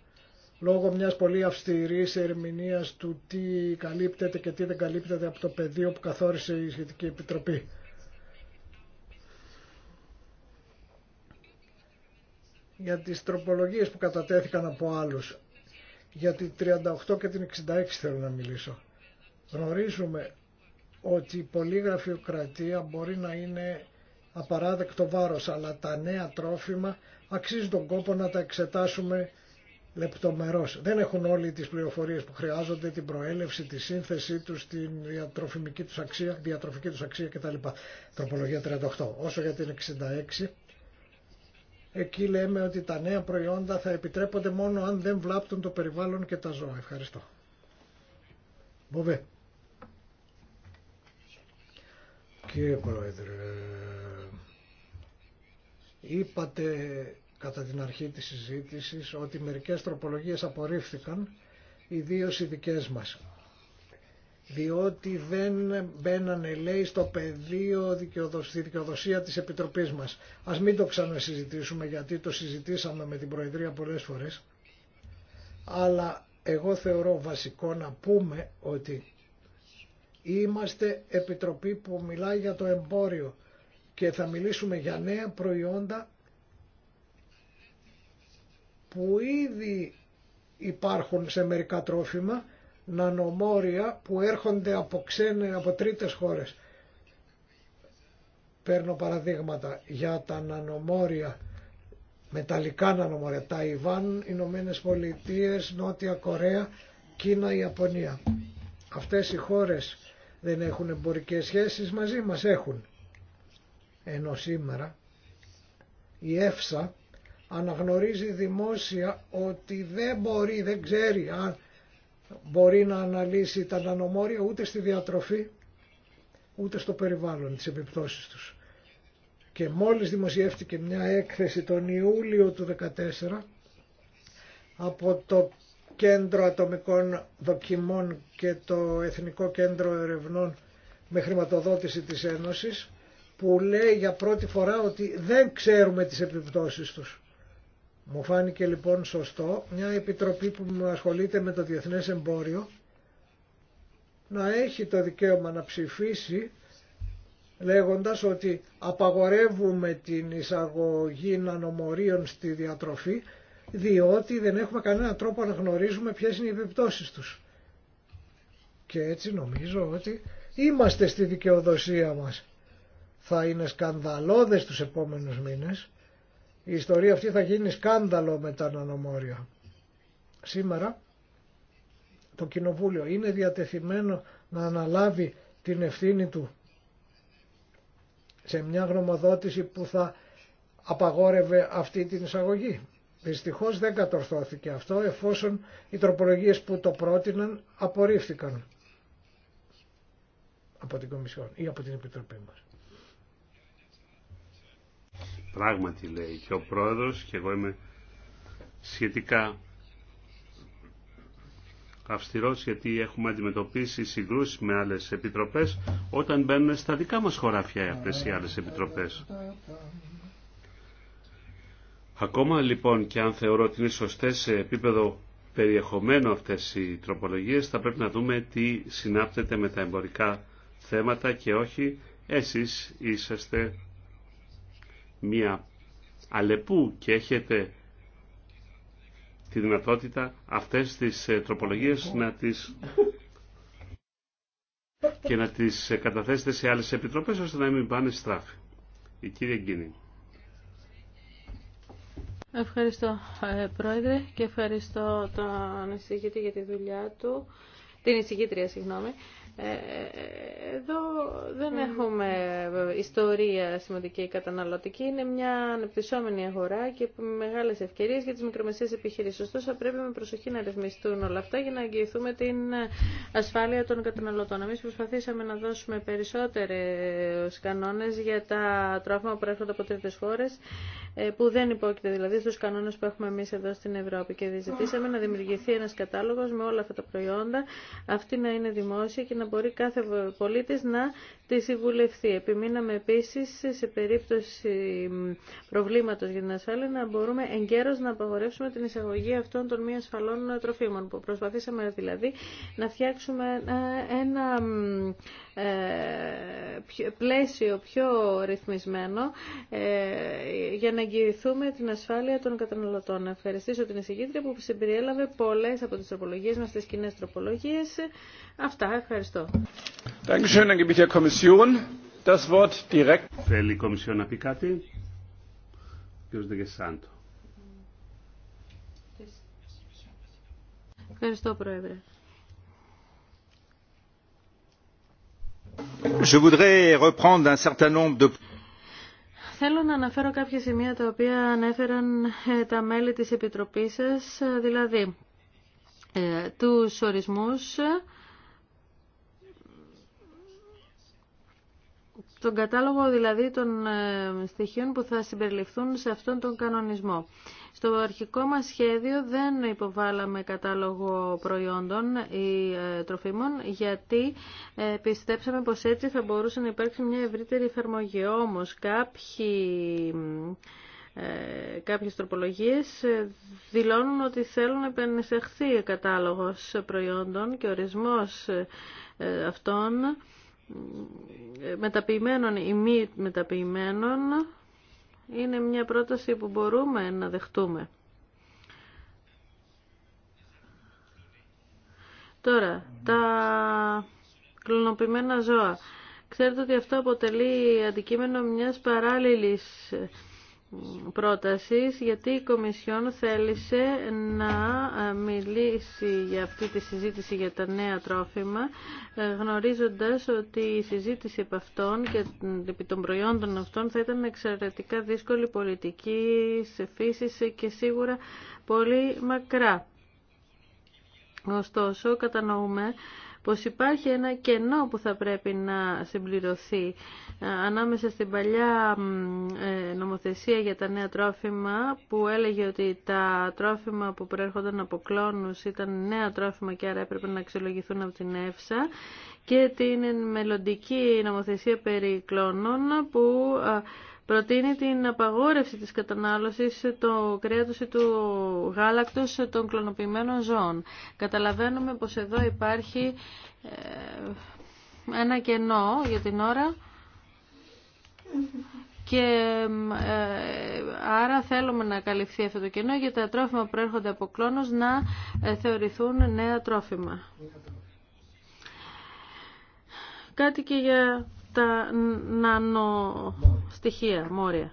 λόγω μιας πολύ αυστηρής ερμηνείας του τι καλύπτεται και τι δεν καλύπτεται από το πεδίο που καθόρισε η σχετική επιτροπή. Για τις τροπολογίες που κατατέθηκαν από άλλους, για την 38 και την 66 θέλω να μιλήσω. Γνωρίζουμε ότι η πολλή γραφειοκρατία μπορεί να είναι απαράδεκτο βάρος, αλλά τα νέα τρόφιμα αξίζει τον κόπο να τα εξετάσουμε λεπτομερώς. Δεν έχουν όλοι τις πληροφορίες που χρειάζονται, την προέλευση, τη σύνθεσή τους, την διατροφική τους αξία, διατροφική τους αξία κτλ. Τροπολογία 38. Όσο για την 66, εκεί λέμε ότι τα νέα προϊόντα θα επιτρέπονται μόνο αν δεν βλάπτουν το περιβάλλον και τα ζώα. Ευχαριστώ. Μποβέ. Κύριε Πρόεδρε, είπατε κατά την αρχή της συζήτησης ότι μερικές τροπολογίες απορρίφθηκαν, ιδίως οι δικές μας. Διότι δεν μπαίνανε, λέει, στο πεδίο, στη δικαιοδοσία της Επιτροπής μας. Ας μην το ξανασυζητήσουμε γιατί το συζητήσαμε με την Προεδρία πολλές φορές. Αλλά εγώ θεωρώ βασικό να πούμε ότι είμαστε Επιτροπή που μιλάει για το εμπόριο και θα μιλήσουμε για νέα προϊόντα που ήδη υπάρχουν σε μερικά τρόφιμα, νανομόρια που έρχονται από ξένες, από τρίτες χώρες. Παίρνω παραδείγματα για τα νανομόρια, μεταλλικά νανομόρια, τα Ιβάν, Ηνωμένε Πολιτείε, Νότια Κορέα, Κίνα, Ιαπωνία. Αυτές οι χώρες δεν έχουν εμπορικές σχέσεις μαζί μας, έχουν. Ενώ σήμερα η ΕΦΣΑ αναγνωρίζει δημόσια ότι δεν μπορεί, δεν ξέρει αν μπορεί να αναλύσει τα νανομόρια ούτε στη διατροφή ούτε στο περιβάλλον, τις επιπτώσεις τους. Και μόλις δημοσιεύτηκε μια έκθεση τον Ιούλιο του 2014 από το Κέντρο Ατομικών Δοκιμών και το Εθνικό Κέντρο Ερευνών με χρηματοδότηση της Ένωσης που λέει για πρώτη φορά ότι δεν ξέρουμε τις επιπτώσεις τους. Μου φάνηκε λοιπόν σωστό μια επιτροπή που ασχολείται με το διεθνές εμπόριο να έχει το δικαίωμα να ψηφίσει λέγοντας ότι απαγορεύουμε την εισαγωγή νανομορίων στη διατροφή διότι δεν έχουμε κανέναν τρόπο να γνωρίζουμε ποιες είναι οι επιπτώσεις τους. Και έτσι νομίζω ότι είμαστε στη δικαιοδοσία μας. Θα είναι σκανδαλώδες τους επόμενους μήνες η ιστορία αυτή θα γίνει σκάνδαλο με τα νανομόρια. Σήμερα το Κοινοβούλιο είναι διατεθειμένο να αναλάβει την ευθύνη του σε μια γνωμοδότηση που θα απαγόρευε αυτή την εισαγωγή. Δυστυχώς δεν κατορθώθηκε αυτό εφόσον οι τροπολογίες που το πρότειναν απορρίφθηκαν από την Κομισιόν ή από την Επιτροπή μας. Πράγματι λέει και ο πρόεδρος και εγώ είμαι σχετικά αυστηρός γιατί έχουμε αντιμετωπίσει συγκρούσεις με άλλες επιτροπές όταν μπαίνουν στα δικά μας χωράφια αυτές οι άλλες επιτροπές. Ακόμα λοιπόν και αν θεωρώ ότι είναι σωστές σε επίπεδο περιεχομένου αυτές οι τροπολογίες θα πρέπει να δούμε τι συνάπτεται με τα εμπορικά θέματα και όχι εσείς είσαστε μία αλεπού και έχετε τη δυνατότητα αυτές τις ε, τροπολογίες να τις και να τις ε, καταθέσετε σε άλλες επιτροπές ώστε να μην πάνε στράφη. Η κυρία Γκίνη. Ευχαριστώ ε, Πρόεδρε και ευχαριστώ τον εισηγητή για τη δουλειά του, την εισηγήτρια συγγνώμη. Ε, ε, ε, εδώ δεν έχουμε ιστορία σημαντική καταναλωτική. Είναι μια ανεπτυσσόμενη αγορά και μεγάλε ευκαιρίε για τι μικρομεσαίε επιχειρήσει. Ωστόσο, πρέπει με προσοχή να ρυθμιστούν όλα αυτά για να αγγιηθούμε την ασφάλεια των καταναλωτών. Εμεί προσπαθήσαμε να δώσουμε περισσότερε κανόνε για τα τρόφιμα που έρχονται από τρίτε χώρε, που δεν υπόκειται δηλαδή στου κανόνε που έχουμε εμεί εδώ στην Ευρώπη. Και ζητήσαμε να δημιουργηθεί ένα κατάλογο με όλα αυτά τα προϊόντα, αυτή να είναι δημόσια και να μπορεί κάθε πολίτης να τη συμβουλευτεί. Επιμείναμε επίσης σε περίπτωση προβλήματος για την ασφάλεια να μπορούμε εγκαίρως να απαγορεύσουμε την εισαγωγή αυτών των μη ασφαλών τροφίμων. Που προσπαθήσαμε δηλαδή να φτιάξουμε ένα ε, πλαίσιο πιο ρυθμισμένο ε, για να εγγυηθούμε την ασφάλεια των καταναλωτών. Να ευχαριστήσω την εισηγήτρια που συμπεριέλαβε πολλέ από τι τροπολογίε μα τις κοινέ τροπολογίε. Αυτά, ευχαριστώ. Ευχαριστώ, Πρόεδρε. Θέλω να αναφέρω κάποια σημεία τα οποία ανέφεραν ε, τα μέλη της Επιτροπής σας, ε, δηλαδή ε, τους ορισμούς, τον κατάλογο δηλαδή των ε, στοιχείων που θα συμπεριληφθούν σε αυτόν τον κανονισμό. Στο αρχικό μας σχέδιο δεν υποβάλαμε κατάλογο προϊόντων ή ε, τροφίμων γιατί ε, πιστέψαμε πως έτσι θα μπορούσε να υπάρξει μια ευρύτερη εφαρμογή. Όμως κάποιοι κάποιες τροπολογίες δηλώνουν ότι θέλουν να επενεσεχθεί κατάλογος προϊόντων και ορισμός αυτών ε, μεταποιημένων ή μη μεταποιημένων είναι μια πρόταση που μπορούμε να δεχτούμε. Τώρα, τα κλωνοποιημένα ζώα. Ξέρετε ότι αυτό αποτελεί αντικείμενο μιας παράλληλης πρότασης γιατί η Κομισιόν θέλησε να ε, μιλήσει για αυτή τη συζήτηση για τα νέα τρόφιμα ε, γνωρίζοντας ότι η συζήτηση επ' αυτών και επί των προϊόντων αυτών θα ήταν εξαιρετικά δύσκολη πολιτική σε φύση και σίγουρα πολύ μακρά. Ωστόσο, κατανοούμε πως υπάρχει ένα κενό που θα πρέπει να συμπληρωθεί ε, ανάμεσα στην παλιά ε, νομοθεσία για τα νέα τρόφιμα που έλεγε ότι τα τρόφιμα που προέρχονταν από κλόνους ήταν νέα τρόφιμα και άρα έπρεπε να αξιολογηθούν από την ΕΦΣΑ και την μελλοντική νομοθεσία περί κλόνων που ε, προτείνει την απαγόρευση της κατανάλωσης του κρέατος του γάλακτος των κλωνοποιημένων ζώων. Καταλαβαίνουμε πως εδώ υπάρχει ε, ένα κενό για την ώρα και ε, άρα θέλουμε να καλυφθεί αυτό το κενό για τα τρόφιμα που προέρχονται από κλόνος να ε, θεωρηθούν νέα τρόφιμα. Κάτι και για τα νανοστοιχεία, μόρια.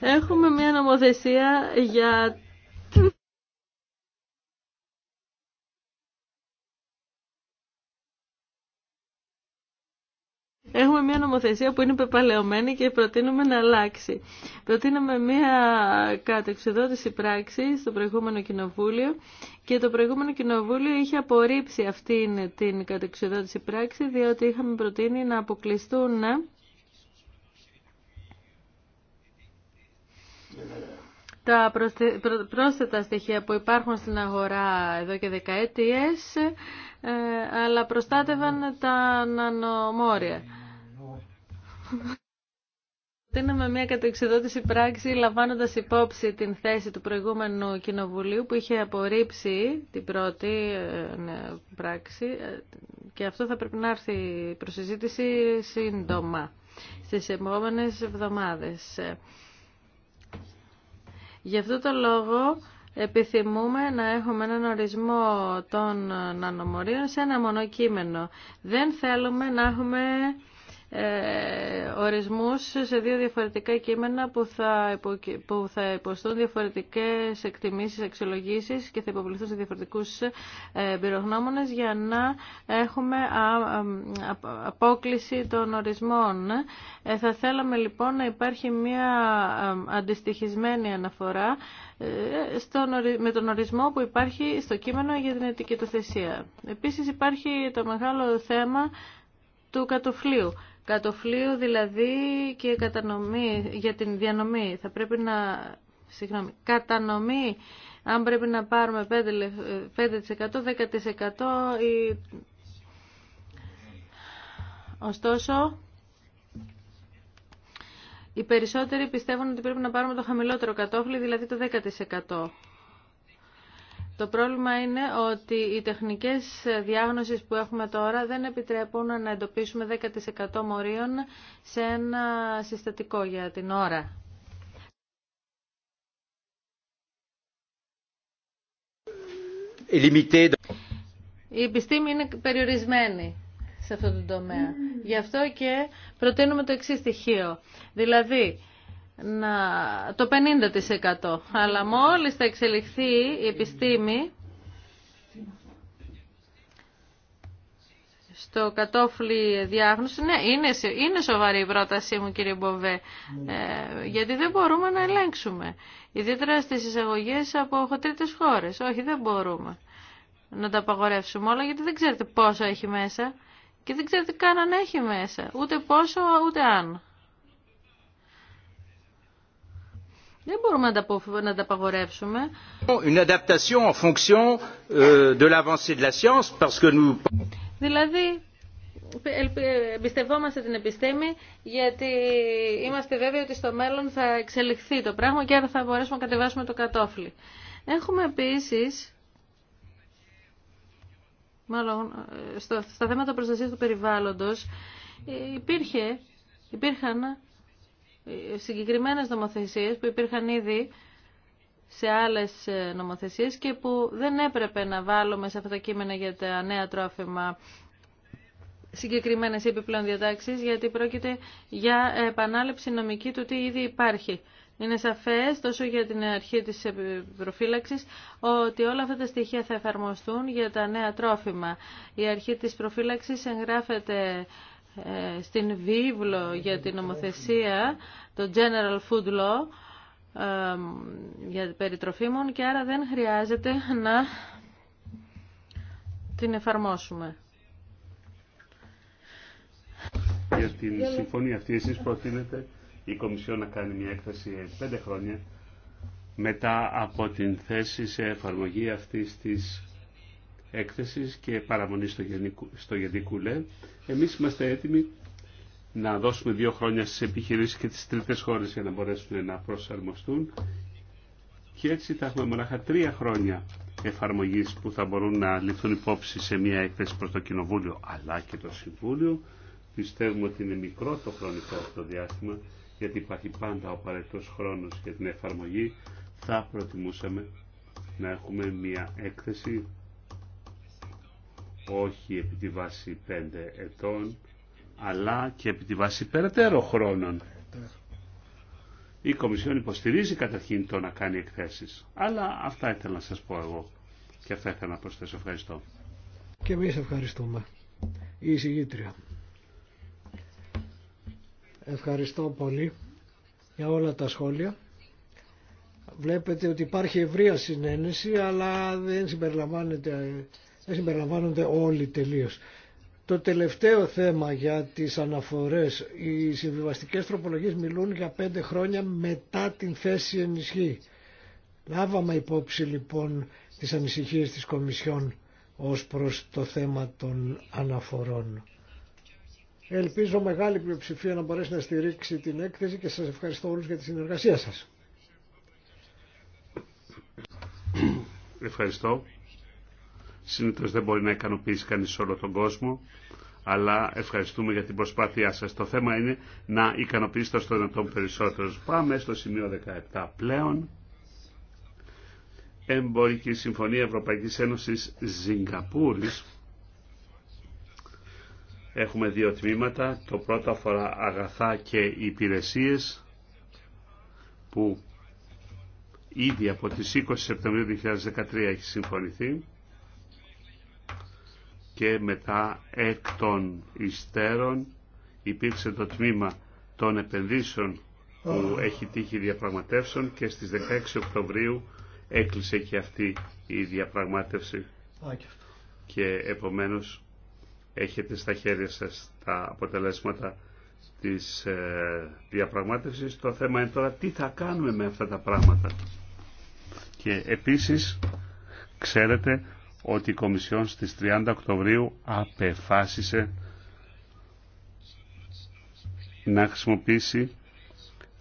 Έχουμε μια νομοθεσία για Έχουμε μια νομοθεσία που είναι πεπαλαιωμένη και προτείνουμε να αλλάξει. Προτείνουμε μια κατεξοδότηση πράξη στο προηγούμενο κοινοβούλιο και το προηγούμενο κοινοβούλιο είχε απορρίψει αυτήν την κατεξοδότηση πράξη διότι είχαμε προτείνει να αποκλειστούν τα πρόσθετα στοιχεία που υπάρχουν στην αγορά εδώ και δεκαετίες ε, αλλά προστάτευαν τα νανομόρια με μια κατεξιδότηση πράξη λαμβάνοντας υπόψη την θέση του προηγούμενου κοινοβουλίου που είχε απορρίψει την πρώτη ε, πράξη ε, και αυτό θα πρέπει να έρθει προς συζήτηση σύντομα στις επόμενες εβδομάδες. Γι' αυτό το λόγο επιθυμούμε να έχουμε έναν ορισμό των νανομορίων σε ένα μονοκείμενο. Δεν θέλουμε να έχουμε ε, ορισμούς σε δύο διαφορετικά κείμενα που θα, υπο, που θα υποστούν διαφορετικές εκτιμήσεις, αξιολογήσεις και θα υποβληθούν σε διαφορετικούς ε, πυρογνώμονες για να έχουμε απόκληση των ορισμών. Ε, θα θέλαμε λοιπόν να υπάρχει μια αντιστοιχισμένη αναφορά με τον ορισμό που υπάρχει στο κείμενο για την ετικετοθεσία. Επίσης υπάρχει το μεγάλο θέμα του κατοφλίου. Κατοφλίου δηλαδή και κατανομή για την διανομή. Θα πρέπει να... Συγγνώμη, κατανομή, αν πρέπει να πάρουμε 5%, 10% ή... Ωστόσο, οι περισσότεροι πιστεύουν ότι πρέπει να πάρουμε το χαμηλότερο κατόφλι, δηλαδή το 10%. Το πρόβλημα είναι ότι οι τεχνικές διάγνωσης που έχουμε τώρα δεν επιτρέπουν να εντοπίσουμε 10% μορίων σε ένα συστατικό για την ώρα. Η επιστήμη είναι περιορισμένη σε αυτό το τομέα. Γι' αυτό και προτείνουμε το εξή στοιχείο. Δηλαδή, να, το 50%. Αλλά μόλις θα εξελιχθεί η επιστήμη στο κατόφλι διάγνωση, ναι, είναι, είναι σοβαρή η πρότασή μου κύριε Μποβέ, ε, γιατί δεν μπορούμε να ελέγξουμε. Ιδιαίτερα στις εισαγωγές από τρίτες χώρες. Όχι, δεν μπορούμε να τα απαγορεύσουμε όλα, γιατί δεν ξέρετε πόσο έχει μέσα και δεν ξέρετε καν αν έχει μέσα, ούτε πόσο, ούτε αν. Δεν μπορούμε να τα απαγορεύσουμε. Δηλαδή, εμπιστευόμαστε την επιστήμη γιατί είμαστε βέβαιοι ότι στο μέλλον θα εξελιχθεί το πράγμα και άρα θα μπορέσουμε να κατεβάσουμε το κατόφλι. Έχουμε επίσης, μάλλον ε, στα θέματα προστασίας του περιβάλλοντος, ε, υπήρχε, υπήρχαν ε, συγκεκριμένες νομοθεσίες που υπήρχαν ήδη σε άλλες ε, νομοθεσίες και που δεν έπρεπε να βάλουμε σε αυτά τα κείμενα για τα νέα τρόφιμα συγκεκριμένες επιπλέον διατάξεις γιατί πρόκειται για επανάληψη νομική του τι ήδη υπάρχει. Είναι σαφές τόσο για την αρχή της προφύλαξης ότι όλα αυτά τα στοιχεία θα εφαρμοστούν για τα νέα τρόφιμα. Η αρχή της προφύλαξης εγγράφεται ε, στην βίβλο για την νομοθεσία, το General Food Law, για περιτροφήμων και άρα δεν χρειάζεται να την εφαρμόσουμε. Για την συμφωνία αυτή εσείς προτείνετε η Κομισιόν να κάνει μια έκθεση πέντε χρόνια μετά από την θέση σε εφαρμογή αυτής της Έκθεση και παραμονή στο, γενικού, στο Γενικούλε. Εμείς είμαστε έτοιμοι να δώσουμε δύο χρόνια στις επιχειρήσεις και τι τρίτες χώρες για να μπορέσουν να προσαρμοστούν και έτσι θα έχουμε μονάχα τρία χρόνια εφαρμογής που θα μπορούν να ληφθούν υπόψη σε μια έκθεση προς το Κοινοβούλιο αλλά και το Συμβούλιο. Πιστεύουμε ότι είναι μικρό το χρονικό αυτό διάστημα γιατί υπάρχει πάντα ο απαραίτητος χρόνος για την εφαρμογή. Θα προτιμούσαμε να έχουμε μια έκθεση όχι επί τη βάση πέντε ετών, αλλά και επί τη βάση περαιτέρω χρόνων. Η Κομισιόν υποστηρίζει καταρχήν το να κάνει εκθέσεις. Αλλά αυτά ήθελα να σας πω εγώ. Και αυτά ήθελα να προσθέσω. Ευχαριστώ. Και εμείς ευχαριστούμε. Η εισηγήτρια. Ευχαριστώ πολύ για όλα τα σχόλια. Βλέπετε ότι υπάρχει ευρεία συνένεση, αλλά δεν συμπεριλαμβάνεται δεν συμπεριλαμβάνονται όλοι τελείως. Το τελευταίο θέμα για τις αναφορές, οι συμβιβαστικές τροπολογίες μιλούν για πέντε χρόνια μετά την θέση ενισχύ. Λάβαμε υπόψη λοιπόν τις ανησυχίες της Κομισιόν ως προς το θέμα των αναφορών. Ελπίζω μεγάλη πλειοψηφία να μπορέσει να στηρίξει την έκθεση και σας ευχαριστώ όλους για τη συνεργασία σας. Ευχαριστώ. Συνήθω δεν μπορεί να ικανοποιήσει κανείς όλο τον κόσμο, αλλά ευχαριστούμε για την προσπάθειά σας. Το θέμα είναι να ικανοποιήσετε στο δυνατόν περισσότερο. Πάμε στο σημείο 17 πλέον. Εμπορική Συμφωνία Ευρωπαϊκής Ένωσης Ζιγκαπούρης. Έχουμε δύο τμήματα. Το πρώτο αφορά αγαθά και υπηρεσίες που ήδη από τις 20 Σεπτεμβρίου 2013 έχει συμφωνηθεί και μετά εκ των υστέρων υπήρξε το τμήμα των επενδύσεων που έχει τύχει διαπραγματεύσεων και στις 16 Οκτωβρίου έκλεισε και αυτή η διαπραγμάτευση και επομένως έχετε στα χέρια σας τα αποτελέσματα της ε, διαπραγμάτευσης. Το θέμα είναι τώρα τι θα κάνουμε με αυτά τα πράγματα. Και επίσης ξέρετε ότι η Κομισιόν στις 30 Οκτωβρίου απεφάσισε να χρησιμοποιήσει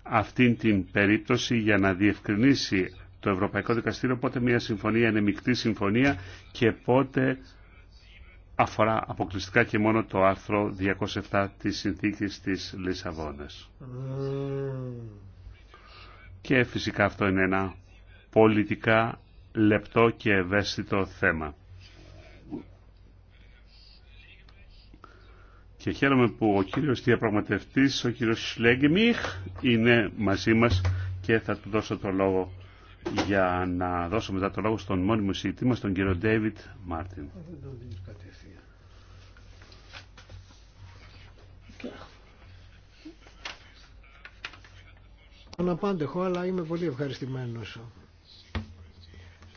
αυτήν την περίπτωση για να διευκρινίσει το Ευρωπαϊκό Δικαστήριο πότε μια συμφωνία είναι μεικτή συμφωνία και πότε αφορά αποκλειστικά και μόνο το άρθρο 207 της συνθήκης της Λισαβόνας. Mm. Και φυσικά αυτό είναι ένα πολιτικά λεπτό και ευαίσθητο θέμα. Και χαίρομαι που ο κύριος διαπραγματευτής, ο κύριος Σλέγκμιχ, είναι μαζί μας και θα του δώσω το λόγο για να δώσω μετά το λόγο στον μόνιμο συγκεκριτή μας, τον κύριο Ντέιβιτ Μάρτιν. Αναπάντεχο, αλλά είμαι πολύ ευχαριστημένος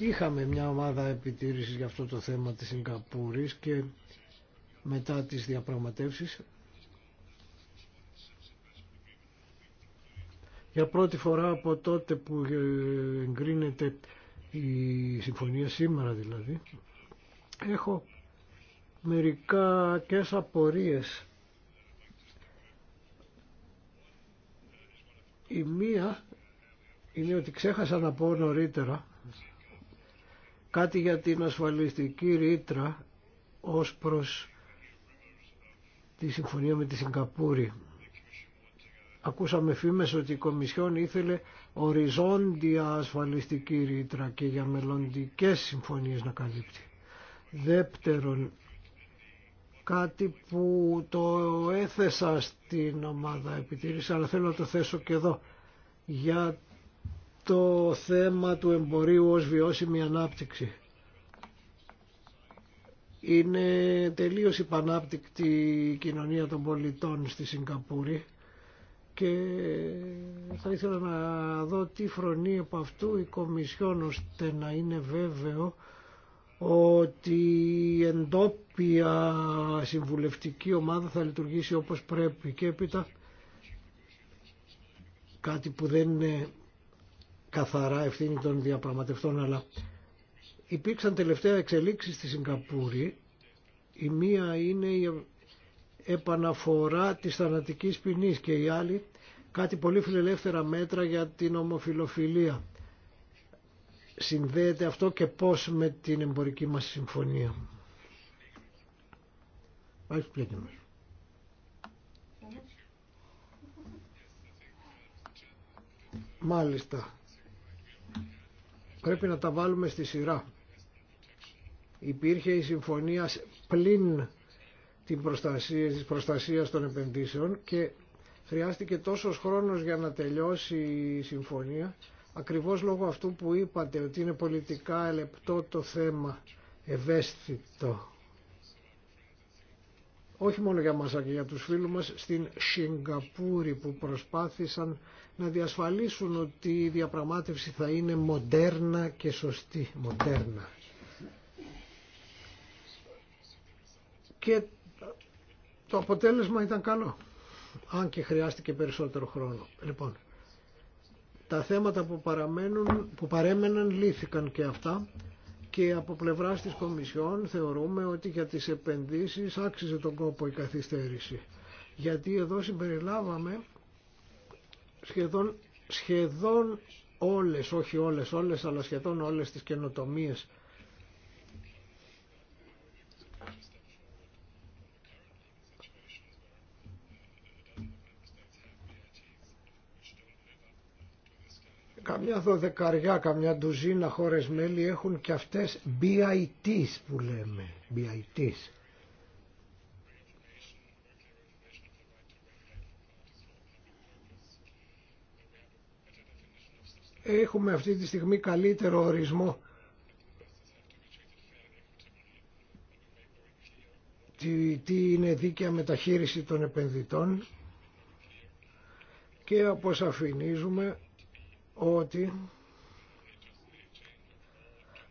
Είχαμε μια ομάδα επιτήρησης για αυτό το θέμα της Σιγκαπούρης και μετά τις διαπραγματεύσεις για πρώτη φορά από τότε που ε, εγκρίνεται η συμφωνία σήμερα δηλαδή έχω μερικά και απορίες η μία είναι ότι ξέχασα να πω νωρίτερα κάτι για την ασφαλιστική ρήτρα ως προς τη συμφωνία με τη Σιγκαπούρη. Ακούσαμε φήμες ότι η Κομισιόν ήθελε οριζόντια ασφαλιστική ρήτρα και για μελλοντικές συμφωνίες να καλύπτει. Δεύτερον, κάτι που το έθεσα στην ομάδα επιτήρηση, αλλά θέλω να το θέσω και εδώ, για το θέμα του εμπορίου ως βιώσιμη ανάπτυξη. Είναι τελείως υπανάπτυκτη η κοινωνία των πολιτών στη Σιγκαπούρη και θα ήθελα να δω τι φρονεί από αυτού η Κομισιόν ώστε να είναι βέβαιο ότι η εντόπια συμβουλευτική ομάδα θα λειτουργήσει όπως πρέπει και έπειτα κάτι που δεν είναι καθαρά ευθύνη των διαπραγματευτών, αλλά υπήρξαν τελευταία εξελίξεις στη Σιγκαπούρη. Η μία είναι η επαναφορά της θανατικής ποινής και η άλλη κάτι πολύ φιλελεύθερα μέτρα για την ομοφιλοφιλία. Συνδέεται αυτό και πώς με την εμπορική μας συμφωνία. Μάλιστα πρέπει να τα βάλουμε στη σειρά. Υπήρχε η συμφωνία πλην την προστασία, της προστασίας των επενδύσεων και χρειάστηκε τόσος χρόνος για να τελειώσει η συμφωνία ακριβώς λόγω αυτού που είπατε ότι είναι πολιτικά ελεπτό το θέμα ευαίσθητο όχι μόνο για μας αλλά και για τους φίλους μας στην Σιγκαπούρη που προσπάθησαν να διασφαλίσουν ότι η διαπραγμάτευση θα είναι μοντέρνα και σωστή. Μοντέρνα. Και το αποτέλεσμα ήταν καλό, αν και χρειάστηκε περισσότερο χρόνο. Λοιπόν, τα θέματα που, που παρέμεναν λύθηκαν και αυτά και από πλευράς της Κομισιόν θεωρούμε ότι για τις επενδύσεις άξιζε τον κόπο η καθυστέρηση. Γιατί εδώ συμπεριλάβαμε σχεδόν, σχεδόν όλες, όχι όλες, όλες, αλλά σχεδόν όλες τις καινοτομίες καμιά δωδεκαριά, καμιά ντουζίνα χώρες μέλη έχουν και αυτές BITs που λέμε, Έχουμε αυτή τη στιγμή καλύτερο ορισμό τι είναι δίκαια μεταχείριση των επενδυτών και αποσαφηνίζουμε ότι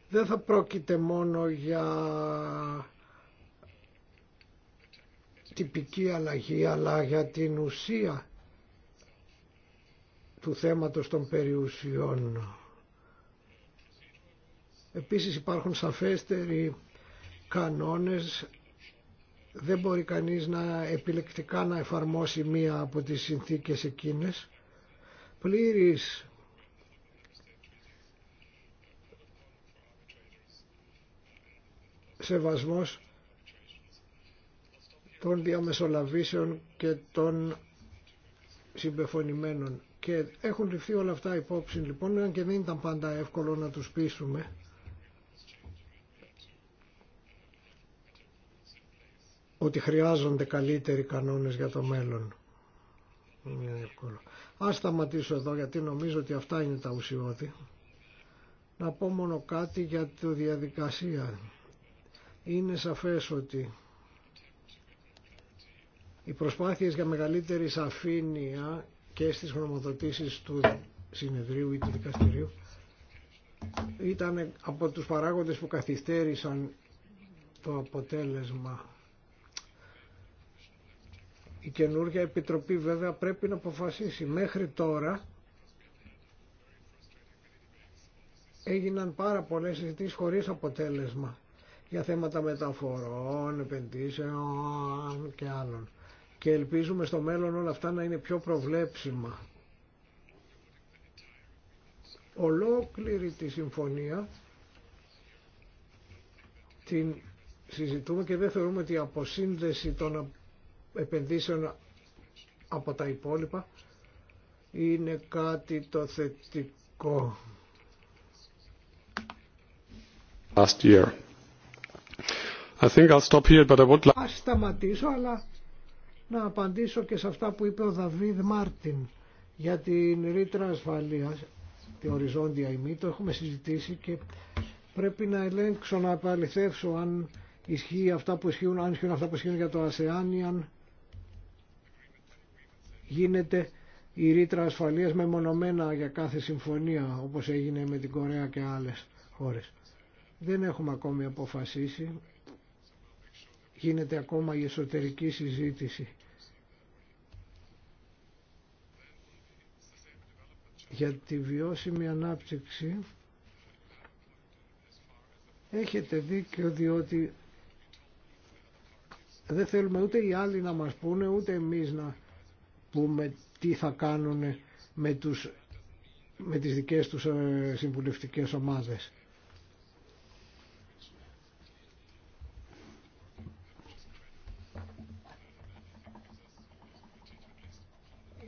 δεν θα πρόκειται μόνο για τυπική αλλαγή αλλά για την ουσία του θέματος των περιουσιών. Επίσης υπάρχουν σαφέστεροι κανόνες δεν μπορεί κανείς να επιλεκτικά να εφαρμόσει μία από τις συνθήκες εκείνες. Πλήρης σεβασμός των διαμεσολαβήσεων και των συμπεφωνημένων. Και έχουν ληφθεί όλα αυτά υπόψη λοιπόν, αν και δεν ήταν πάντα εύκολο να τους πείσουμε. ότι χρειάζονται καλύτεροι κανόνες για το μέλλον. Είναι εύκολο. Ας σταματήσω εδώ γιατί νομίζω ότι αυτά είναι τα ουσιώδη. Να πω μόνο κάτι για τη διαδικασία είναι σαφές ότι οι προσπάθειες για μεγαλύτερη σαφήνεια και στις γνωμοδοτήσεις του συνεδρίου ή του δικαστηρίου ήταν από τους παράγοντες που καθυστέρησαν το αποτέλεσμα. Η καινούργια επιτροπή βέβαια πρέπει να αποφασίσει. Μέχρι τώρα έγιναν πάρα πολλές συζητήσεις χωρίς αποτέλεσμα για θέματα μεταφορών, επενδύσεων και άλλων. Και ελπίζουμε στο μέλλον όλα αυτά να είναι πιο προβλέψιμα. Ολόκληρη τη συμφωνία την συζητούμε και δεν θεωρούμε ότι η αποσύνδεση των επενδύσεων από τα υπόλοιπα είναι κάτι το θετικό. Last year. I Ας σταματήσω, αλλά να απαντήσω και σε αυτά που είπε ο Δαβίδ Μάρτιν για την ρήτρα ασφαλεία, τη οριζόντια ημί, το έχουμε συζητήσει και πρέπει να ελέγξω, να επαληθεύσω αν ισχύει αυτά που ισχύουν, αν ισχύουν αυτά που ισχύουν για το ΑΣΕΑΝ ή αν γίνεται η ρήτρα ασφαλείας μεμονωμένα για κάθε συμφωνία όπως έγινε με την Κορέα και άλλες χώρες. Δεν έχουμε ακόμη αποφασίσει γίνεται ακόμα η εσωτερική συζήτηση. Για τη βιώσιμη ανάπτυξη έχετε δίκιο διότι δεν θέλουμε ούτε οι άλλοι να μας πούνε ούτε εμείς να πούμε τι θα κάνουν με, τους, με τις δικές τους ε, συμβουλευτικές ομάδες.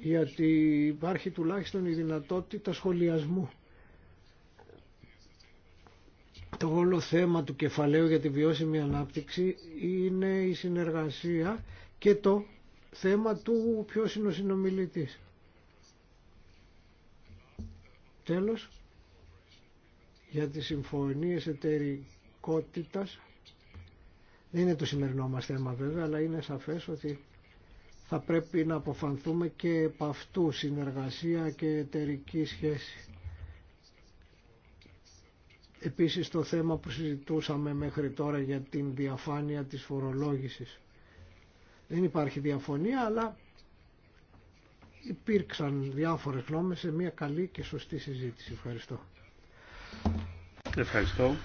γιατί υπάρχει τουλάχιστον η δυνατότητα σχολιασμού. Το όλο θέμα του κεφαλαίου για τη βιώσιμη ανάπτυξη είναι η συνεργασία και το θέμα του ποιος είναι ο συνομιλητής. Τέλος, για τις συμφωνίες εταιρικότητας, δεν είναι το σημερινό μας θέμα βέβαια, αλλά είναι σαφές ότι θα πρέπει να αποφανθούμε και επ' αυτού συνεργασία και εταιρική σχέση. Επίσης το θέμα που συζητούσαμε μέχρι τώρα για την διαφάνεια της φορολόγησης. Δεν υπάρχει διαφωνία, αλλά υπήρξαν διάφορες γνώμες σε μια καλή και σωστή συζήτηση. Ευχαριστώ. Ευχαριστώ.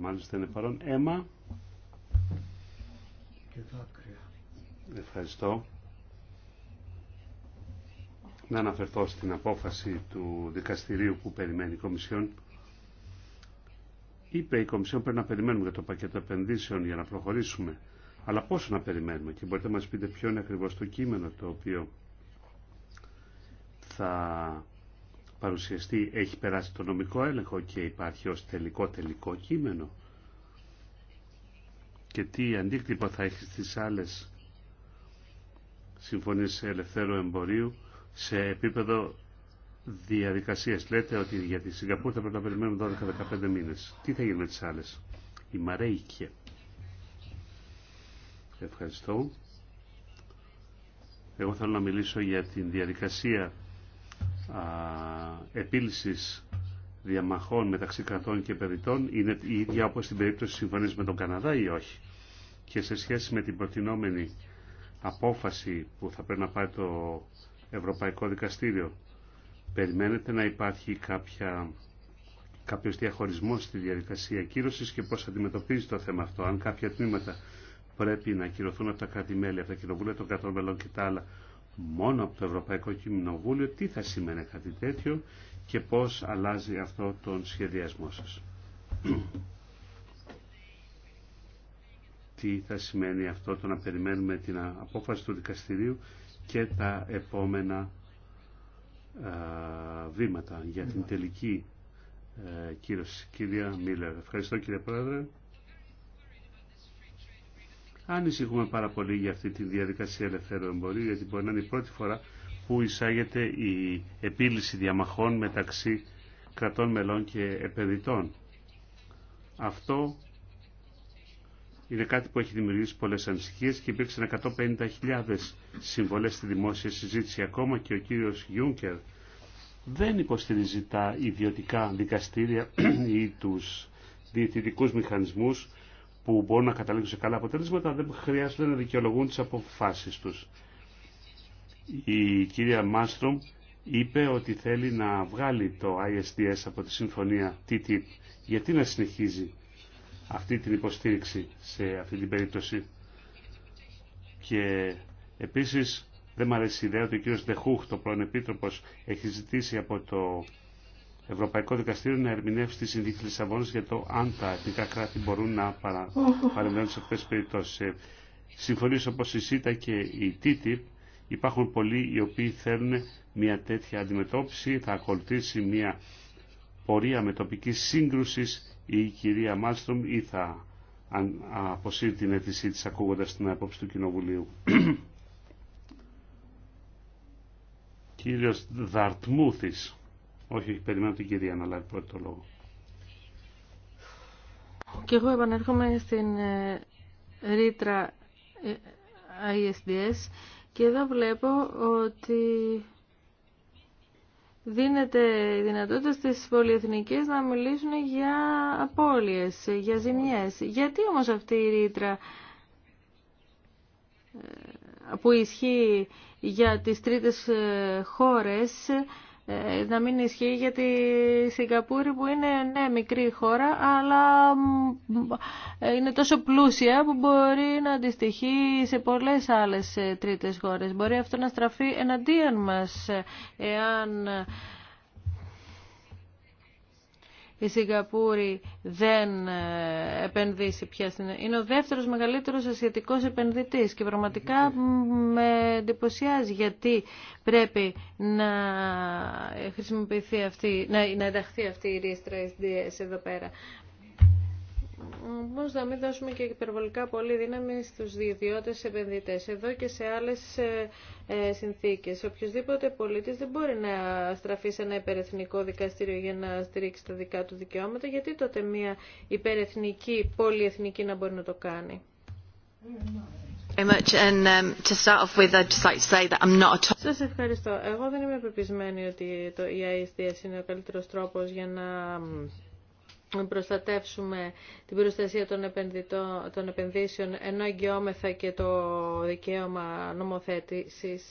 Μάλιστα είναι παρόν. Έμα. Και δάκρυα. Ευχαριστώ. Να αναφερθώ στην απόφαση του δικαστηρίου που περιμένει η Κομισιόν. Είπε η Κομισιόν πρέπει να περιμένουμε για το πακέτο επενδύσεων για να προχωρήσουμε. Αλλά πόσο να περιμένουμε και μπορείτε να μας πείτε ποιο είναι ακριβώς το κείμενο το οποίο θα παρουσιαστεί έχει περάσει το νομικό έλεγχο και υπάρχει ως τελικό τελικό κείμενο και τι αντίκτυπο θα έχει στις άλλες συμφωνίες ελευθέρου εμπορίου σε επίπεδο διαδικασίας. Λέτε ότι για τη Σιγκαπούρ θα πρέπει να περιμένουμε 12-15 μήνες. Τι θα γίνει με τις άλλες. Η Μαρέικε. Ευχαριστώ. Εγώ θέλω να μιλήσω για την διαδικασία επίλυσης διαμαχών μεταξύ κρατών και περιττών είναι η ίδια όπως στην περίπτωση συμφωνής με τον Καναδά ή όχι. Και σε σχέση με την προτινόμενη απόφαση που θα πρέπει να πάρει το Ευρωπαϊκό Δικαστήριο, περιμένετε να υπάρχει κάποια, κάποιος διαχωρισμός στη διαδικασία κύρωσης και πώς αντιμετωπίζει το θέμα αυτό. Αν κάποια τμήματα πρέπει να κυρωθούν από τα κράτη-μέλη, από τα κοινοβούλια των κρατών μελών και τα άλλα, μόνο από το Ευρωπαϊκό Κοινοβούλιο τι θα σημαίνει κάτι τέτοιο και πώς αλλάζει αυτό τον σχεδιασμό σας. τι θα σημαίνει αυτό το να περιμένουμε την απόφαση του δικαστηρίου και τα επόμενα ε, βήματα για την τελική ε, κύρωση. Κυρία Μίλλερ, ευχαριστώ κύριε Πρόεδρε. Ανησυχούμε πάρα πολύ για αυτή τη διαδικασία ελευθερών εμπορίου, γιατί μπορεί να είναι η πρώτη φορά που εισάγεται η επίλυση διαμαχών μεταξύ κρατών μελών και επενδυτών. Αυτό είναι κάτι που έχει δημιουργήσει πολλές ανησυχίες και υπήρξαν 150.000 συμβολές στη δημόσια συζήτηση. Ακόμα και ο κύριος Γιούνκερ δεν υποστηρίζει τα ιδιωτικά δικαστήρια *clears throat* ή τους διαιτητικούς μηχανισμούς που μπορούν να καταλήξουν σε καλά αποτελέσματα δεν χρειάζεται να δικαιολογούν τις αποφάσεις τους. Η κυρία Μάστρομ είπε ότι θέλει να βγάλει το ISDS από τη συμφωνία TTIP. Γιατί να συνεχίζει αυτή την υποστήριξη σε αυτή την περίπτωση. Και επίσης δεν μου αρέσει η ιδέα ότι ο κύριος Δεχούχ, το πρώην επίτροπος, έχει ζητήσει από το Ευρωπαϊκό Δικαστήριο να ερμηνεύσει τη συνδίκη Λισαβόνα για το αν τα εθνικά κράτη μπορούν να παρα... παρεμβαίνουν σε αυτέ τι περιπτώσει. Ε, Συμφωνίε όπω η ΣΥΤΑ και η Τίτιπ, υπάρχουν πολλοί οι οποίοι θέλουν μια τέτοια αντιμετώπιση. Θα ακολουθήσει μια πορεία με τοπική σύγκρουση η κυρία Μάλστρομ ή θα αποσύρει την αίτησή τη ακούγοντα την άποψη του Κοινοβουλίου. *clears throat* Κύριος Δαρτμούθης. Όχι, περιμένω την κυρία να λάβει πρώτο το λόγο. Και εγώ επανέρχομαι στην ε, ρήτρα ε, ISDS και εδώ βλέπω ότι δίνεται η δυνατότητα στις πολυεθνικές να μιλήσουν για απώλειες, για ζημιές. Γιατί όμως αυτή η ρήτρα ε, που ισχύει για τις τρίτες χώρες ε, να μην ισχύει για τη Σιγκαπούρη που είναι ναι μικρή χώρα αλλά ε, είναι τόσο πλούσια που μπορεί να αντιστοιχεί σε πολλές άλλες ε, τρίτες χώρες. Μπορεί αυτό να στραφεί εναντίον μας εάν η Σιγκαπούρη δεν ε, επενδύσει πια στην... Είναι ο δεύτερος μεγαλύτερος ασιατικός επενδυτής και πραγματικά με εντυπωσιάζει γιατί πρέπει να χρησιμοποιηθεί αυτή, να, να ενταχθεί αυτή η ρίστρα SDS εδώ πέρα. Όμω να μην δώσουμε και υπερβολικά πολύ δύναμη στους ιδιώτες επενδυτέ, εδώ και σε άλλες ε, ε, συνθήκες. Οποιοδήποτε πολίτης δεν μπορεί να στραφεί σε ένα υπερεθνικό δικαστήριο για να στηρίξει τα δικά του δικαιώματα, γιατί τότε μια υπερεθνική, πολυεθνική να μπορεί να το κάνει. Um, Σα ευχαριστώ. Εγώ δεν είμαι πεπισμένη ότι το EISDS είναι ο καλύτερος τρόπος για να προστατεύσουμε την προστασία των, επενδύσεων ενώ εγγυόμεθα και το δικαίωμα νομοθέτησης.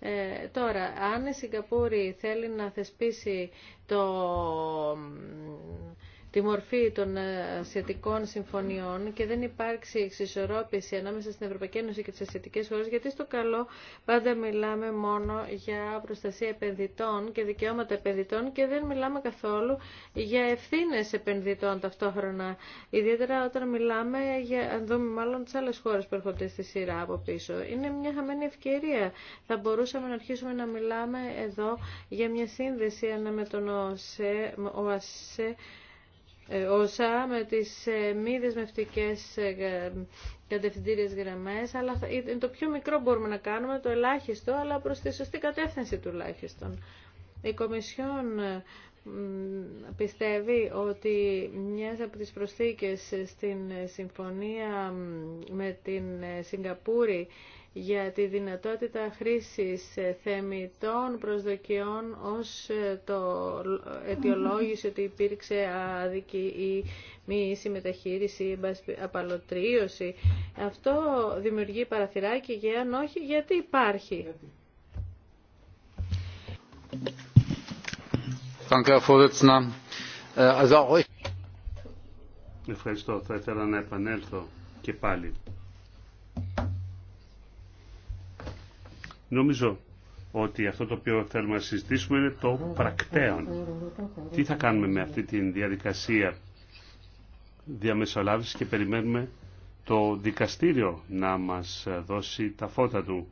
Ε, τώρα, αν η Σιγκαπούρη θέλει να θεσπίσει το τη μορφή των ε, ασιατικών συμφωνιών και δεν υπάρξει εξισορρόπηση ανάμεσα στην Ευρωπαϊκή Ένωση και τις ασιατικές χώρες, γιατί στο καλό πάντα μιλάμε μόνο για προστασία επενδυτών και δικαιώματα επενδυτών και δεν μιλάμε καθόλου για ευθύνε επενδυτών ταυτόχρονα. Ιδιαίτερα όταν μιλάμε για, αν δούμε μάλλον τι άλλε χώρε που έρχονται στη σειρά από πίσω. Είναι μια χαμένη ευκαιρία. Θα μπορούσαμε να αρχίσουμε να μιλάμε εδώ για μια σύνδεση με τον ΟΑΣΕ, ΩΣΑ ε, με τις ε, μη δεσμευτικέ ε, κατευθυντήριες γραμμές, αλλά είναι το πιο μικρό μπορούμε να κάνουμε, το ελάχιστο, αλλά προς τη σωστή κατεύθυνση τουλάχιστον. Η Κομισιόν πιστεύει ότι μια από τις προσθήκες στην συμφωνία με την Σιγκαπούρη για τη δυνατότητα χρήσης ε, θεμητών προσδοκιών ως ε, το αιτιολόγηση ότι υπήρξε άδικη ή μη συμμεταχείριση ή απαλωτρίωση. Αυτό δημιουργεί παραθυράκι για αν όχι γιατί υπάρχει. Äh, Ευχαριστώ. Θα ήθελα να επανέλθω και πάλι Νομίζω ότι αυτό το οποίο θέλουμε να συζητήσουμε είναι το πρακτέον. Τι θα κάνουμε με αυτή τη διαδικασία διαμεσολάβησης και περιμένουμε το δικαστήριο να μας δώσει τα φώτα του.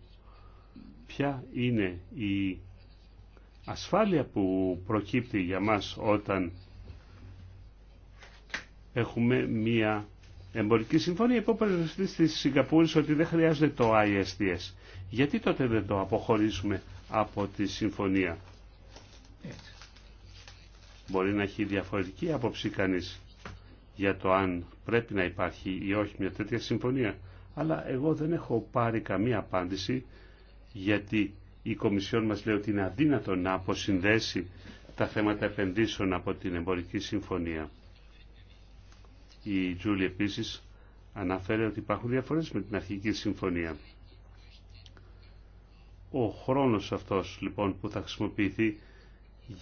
Ποια είναι η ασφάλεια που προκύπτει για μας όταν έχουμε μία εμπορική συμφωνία υπόπερνευστή της Σιγκαπούρης ότι δεν χρειάζεται το ISDS γιατί τότε δεν το αποχωρήσουμε από τη συμφωνία. Μπορεί να έχει διαφορετική άποψη κανείς για το αν πρέπει να υπάρχει ή όχι μια τέτοια συμφωνία. Αλλά εγώ δεν έχω πάρει καμία απάντηση γιατί η Κομισιόν μας λέει ότι είναι αδύνατο να αποσυνδέσει τα θέματα επενδύσεων από την εμπορική συμφωνία. Η Τζούλη επίσης αναφέρει ότι υπάρχουν διαφορές με την αρχική συμφωνία. Ο χρόνος αυτός λοιπόν που θα χρησιμοποιηθεί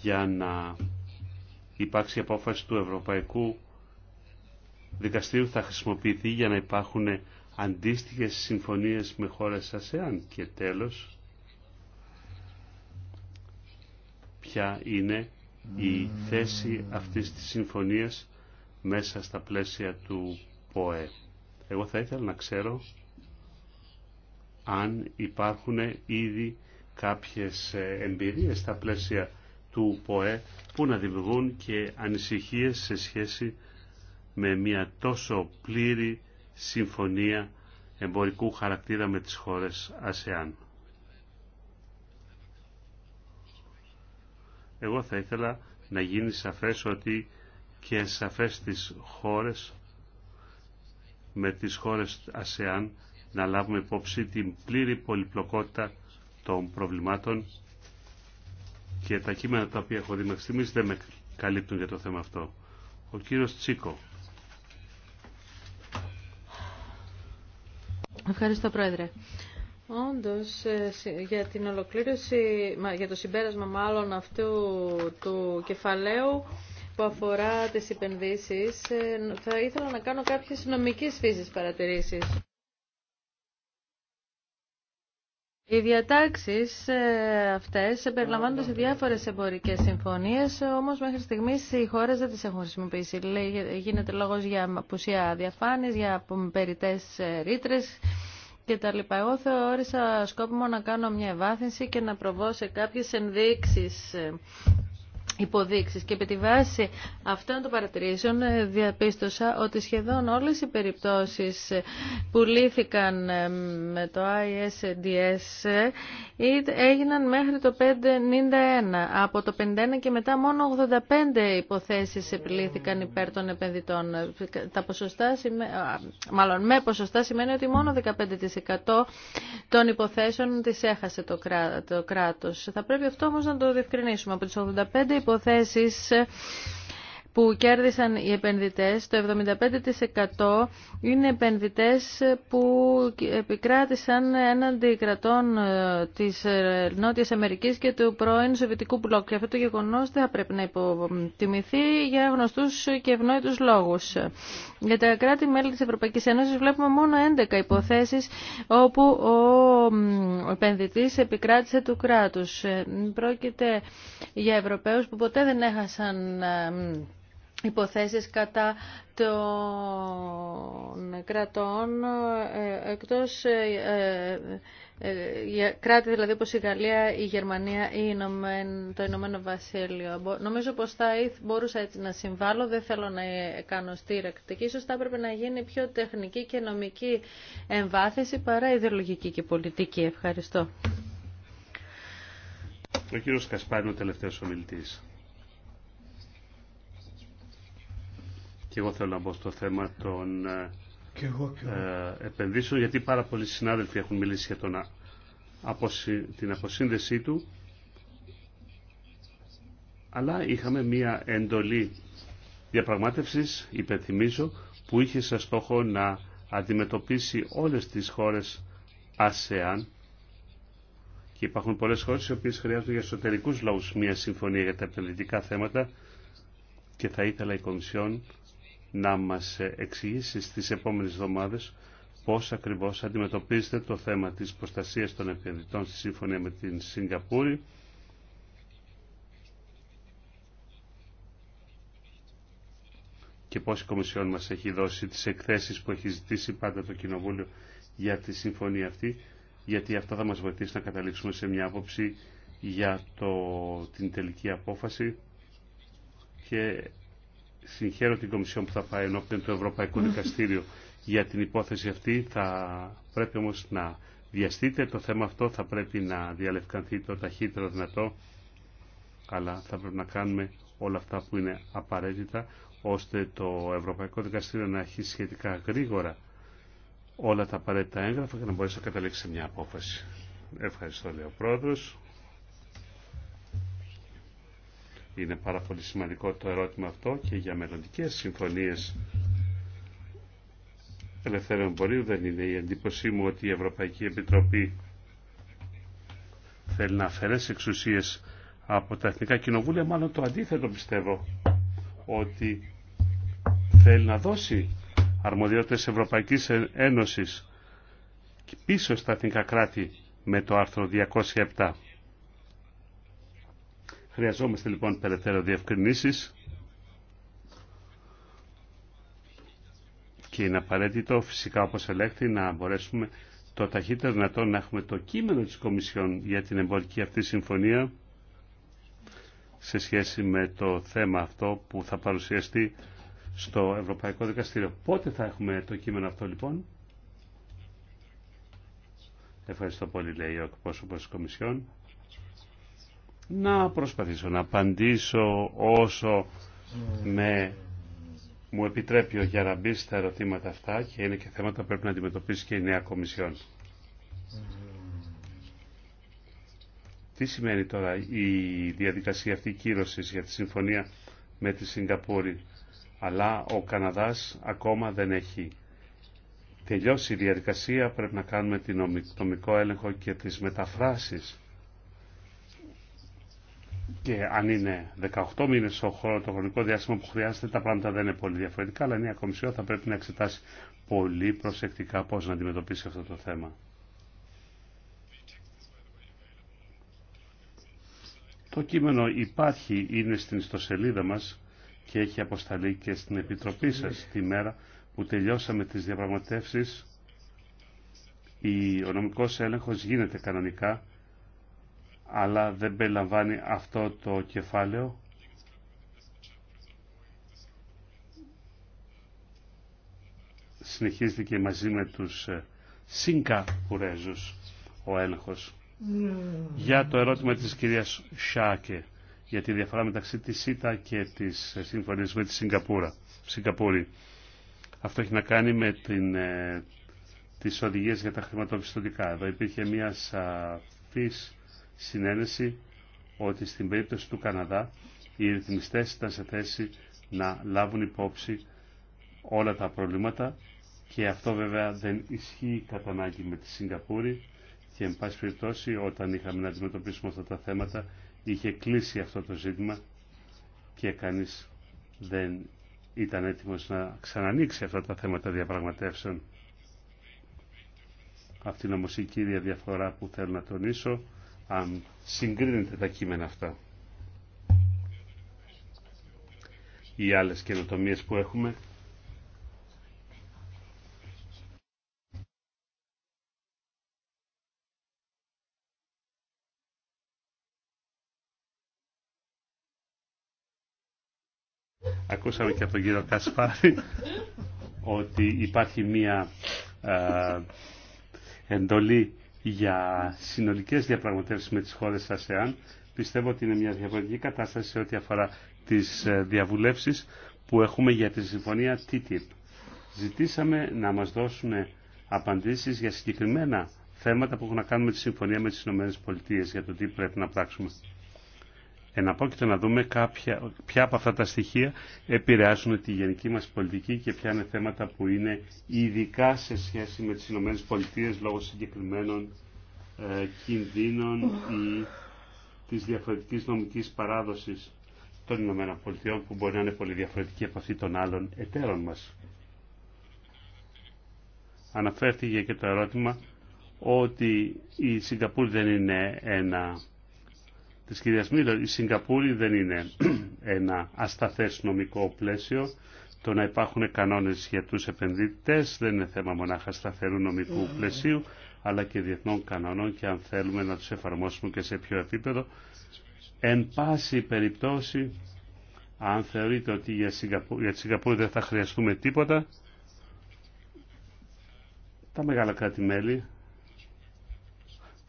για να υπάρξει απόφαση του Ευρωπαϊκού Δικαστήριου θα χρησιμοποιηθεί για να υπάρχουν αντίστοιχες συμφωνίες με χώρες ΑΣΕΑΝ. Και τέλος, ποια είναι η θέση αυτής της συμφωνίας μέσα στα πλαίσια του ΠΟΕ. Εγώ θα ήθελα να ξέρω αν υπάρχουν ήδη κάποιες ε, εμπειρίες στα πλαίσια του ΠΟΕ που να δημιουργούν και ανησυχίες σε σχέση με μια τόσο πλήρη συμφωνία εμπορικού χαρακτήρα με τις χώρες ΑΣΕΑΝ. Εγώ θα ήθελα να γίνει σαφές ότι και σαφές τις χώρες με τις χώρες ΑΣΕΑΝ να λάβουμε υπόψη την πλήρη πολυπλοκότητα των προβλημάτων και τα κείμενα τα οποία έχω δει μέχρι στιγμής δεν με καλύπτουν για το θέμα αυτό. Ο κύριος Τσίκο. Ευχαριστώ Πρόεδρε. Όντως, ε, για την ολοκλήρωση, για το συμπέρασμα μάλλον αυτού του κεφαλαίου που αφορά τις επενδύσεις, ε, θα ήθελα να κάνω κάποιες νομικές φύσης παρατηρήσεις. Οι διατάξεις ε, αυτές περιλαμβάνονται σε διάφορες εμπορικές συμφωνίες, όμως μέχρι στιγμής οι χώρες δεν τις έχουν χρησιμοποιήσει. Γίνεται λόγος για απουσία διαφάνειας, για περιτές ε, ρήτρε κτλ. Εγώ θεώρησα σκόπιμο να κάνω μια ευάθυνση και να προβώ σε κάποιες ενδείξεις ε, υποδείξεις και επί τη βάση αυτών των παρατηρήσεων ε, διαπίστωσα ότι σχεδόν όλες οι περιπτώσεις ε, που λύθηκαν ε, με το ISDS έγιναν μέχρι το 591. Από το 51 και μετά μόνο 85 υποθέσεις επιλήθηκαν υπέρ των επενδυτών. Τα ποσοστά, μάλλον με ποσοστά σημαίνει ότι μόνο 15% των υποθέσεων τις έχασε το κράτος. Θα πρέπει αυτό όμως να το διευκρινίσουμε. Από τις 85 υποθέσεις προϋποθέσεις που κέρδισαν οι επενδυτές, το 75% είναι επενδυτές που επικράτησαν έναντι κρατών ε, της ε, Νότιας Αμερικής και του πρώην Σοβιετικού Μπλοκ. Και αυτό το γεγονός δεν θα πρέπει να υποτιμηθεί για γνωστούς και ευνόητους λόγους. Για τα κράτη-μέλη της Ευρωπαϊκής Ένωσης βλέπουμε μόνο 11 υποθέσεις όπου ο επενδυτής επικράτησε του κράτους. Ε, πρόκειται για Ευρωπαίους που ποτέ δεν έχασαν υποθέσεις κατά των κρατών ε, εκτός ε, ε, κράτη δηλαδή όπως η Γαλλία, η Γερμανία ή το Ηνωμένο Βασίλειο. Νομίζω πως θα μπορούσα έτσι να συμβάλλω, δεν θέλω να κάνω στήρακτη και ίσως θα έπρεπε να γίνει πιο τεχνική και νομική εμβάθυνση παρά ιδεολογική και πολιτική. Ευχαριστώ. Ο κύριος Κασπάρη ο τελευταίος ομιλητής. Και εγώ θέλω να μπω στο θέμα των ε, και Ε, επενδύσεων, γιατί πάρα πολλοί συνάδελφοι έχουν μιλήσει για τον, την αποσύνδεσή του. Αλλά είχαμε μία εντολή διαπραγμάτευσης, υπενθυμίζω, που είχε σε στόχο να αντιμετωπίσει όλες τις χώρες ΑΣΕΑΝ και υπάρχουν πολλές χώρες οι οποίες χρειάζονται για εσωτερικούς λόγους μια συμφωνία για τα επενδυτικά θέματα και θα ήθελα η Κομισιόν να μας εξηγήσει στις επόμενες εβδομάδες πώς ακριβώς αντιμετωπίζετε το θέμα της προστασίας των επενδυτών στη σύμφωνία με την Σιγκαπούρη. και πώς η Κομισιόν μας έχει δώσει τις εκθέσεις που έχει ζητήσει πάντα το Κοινοβούλιο για τη συμφωνία αυτή, γιατί αυτό θα μας βοηθήσει να καταλήξουμε σε μια άποψη για το, την τελική απόφαση και συγχαίρω την Κομισιόν που θα πάει ενώπιον το Ευρωπαϊκό Δικαστήριου για την υπόθεση αυτή. Θα πρέπει όμως να βιαστείτε. Το θέμα αυτό θα πρέπει να διαλευκανθεί το ταχύτερο δυνατό. Αλλά θα πρέπει να κάνουμε όλα αυτά που είναι απαραίτητα ώστε το Ευρωπαϊκό Δικαστήριο να έχει σχετικά γρήγορα όλα τα απαραίτητα έγγραφα και να μπορέσει να καταλήξει σε μια απόφαση. Ευχαριστώ, λέει ο Πρόεδρος. Είναι πάρα πολύ σημαντικό το ερώτημα αυτό και για μελλοντικέ συμφωνίες ελευθερών εμπορίου δεν είναι η εντύπωσή μου ότι η Ευρωπαϊκή Επιτροπή θέλει να αφαιρέσει εξουσίες από τα Εθνικά Κοινοβούλια, μάλλον το αντίθετο πιστεύω ότι θέλει να δώσει αρμοδιότητες Ευρωπαϊκής Ένωσης πίσω στα εθνικά κράτη με το άρθρο 207. Χρειαζόμαστε λοιπόν περαιτέρω διευκρινήσει. και είναι απαραίτητο φυσικά όπως ελέγχθη να μπορέσουμε το ταχύτερο δυνατόν να έχουμε το κείμενο της Κομισιόν για την εμπορική αυτή συμφωνία σε σχέση με το θέμα αυτό που θα παρουσιαστεί στο Ευρωπαϊκό Δικαστήριο. Πότε θα έχουμε το κείμενο αυτό λοιπόν? Ευχαριστώ πολύ λέει ο εκπρόσωπος της Κομισιόν να προσπαθήσω να απαντήσω όσο με, μου επιτρέπει ο Γιαραμπής στα ερωτήματα αυτά και είναι και θέματα που πρέπει να αντιμετωπίσει και η νέα Κομισιόν. Τι σημαίνει τώρα η διαδικασία αυτή κύρωσης για τη συμφωνία με τη Σιγκαπούρη. Αλλά ο Καναδάς ακόμα δεν έχει τελειώσει η διαδικασία. Πρέπει να κάνουμε την νομικό έλεγχο και τις μεταφράσεις και αν είναι 18 μήνες το χρονικό διάστημα που χρειάζεται τα πράγματα δεν είναι πολύ διαφορετικά αλλά η Νέα Κομισιό θα πρέπει να εξετάσει πολύ προσεκτικά πώς να αντιμετωπίσει αυτό το θέμα. Το κείμενο υπάρχει, είναι στην ιστοσελίδα μας και έχει αποσταλεί και στην Επιτροπή σας τη μέρα που τελειώσαμε τις διαπραγματεύσεις. Ο νομικός έλεγχος γίνεται κανονικά αλλά δεν περιλαμβάνει αυτό το κεφάλαιο. Συνεχίζεται μαζί με τους ε, Σίνκα Πουρέζους ο έλεγχος. Mm. Για το ερώτημα της κυρίας Σάκε για τη διαφορά μεταξύ της ΣΥΤΑ και της ε, συμφωνίας με τη Σιγκαπούρα. Σιγκαπούρη. Αυτό έχει να κάνει με την, ε, τις οδηγίες για τα χρηματοπιστωτικά. Εδώ υπήρχε μια σαφής συνένεση ότι στην περίπτωση του Καναδά οι ρυθμιστές ήταν σε θέση να λάβουν υπόψη όλα τα προβλήματα και αυτό βέβαια δεν ισχύει κατά ανάγκη με τη Σιγκαπούρη και εν πάση περιπτώσει όταν είχαμε να αντιμετωπίσουμε αυτά τα θέματα είχε κλείσει αυτό το ζήτημα και κανείς δεν ήταν έτοιμος να ξανανοίξει αυτά τα θέματα διαπραγματεύσεων. Αυτή είναι όμως η κύρια διαφορά που θέλω να τονίσω αν συγκρίνεται τα κείμενα αυτά. Οι άλλες καινοτομίε που έχουμε ακούσαμε και από τον κύριο Κασπάρη ότι υπάρχει μία ε, εντολή για συνολικές διαπραγματεύσεις με τις χώρες ΑΣΕΑΝ. Πιστεύω ότι είναι μια διαφορετική κατάσταση σε ό,τι αφορά τις ε, διαβουλεύσεις που έχουμε για τη συμφωνία TTIP. Ζητήσαμε να μας δώσουν απαντήσεις για συγκεκριμένα θέματα που έχουν να κάνουν με τη συμφωνία με τις ΗΠΑ για το τι πρέπει να πράξουμε εναπόκειται να δούμε κάποια, ποια από αυτά τα στοιχεία επηρεάζουν τη γενική μας πολιτική και ποια είναι θέματα που είναι ειδικά σε σχέση με τις Ηνωμένες Πολιτείες λόγω συγκεκριμένων ε, κινδύνων ή της διαφορετικής νομικής παράδοσης των Ηνωμένων Πολιτείων που μπορεί να είναι πολύ διαφορετική από αυτή των άλλων εταίρων μας. Αναφέρθηκε και το ερώτημα ότι η Σιγκαπούρη δεν είναι ένα της κυρίας Μίλλερ, η Σιγκαπούρη δεν είναι *clears throat* ένα ασταθές νομικό πλαίσιο. Το να υπάρχουν κανόνες για τους επενδυτές δεν είναι θέμα μονάχα σταθερού νομικού mm. πλαισίου, αλλά και διεθνών κανόνων και αν θέλουμε να τους εφαρμόσουμε και σε ποιο επίπεδο. Εν πάση περιπτώσει, αν θεωρείτε ότι για, τη Σιγκαπούρη δεν θα χρειαστούμε τίποτα, τα μεγάλα κράτη-μέλη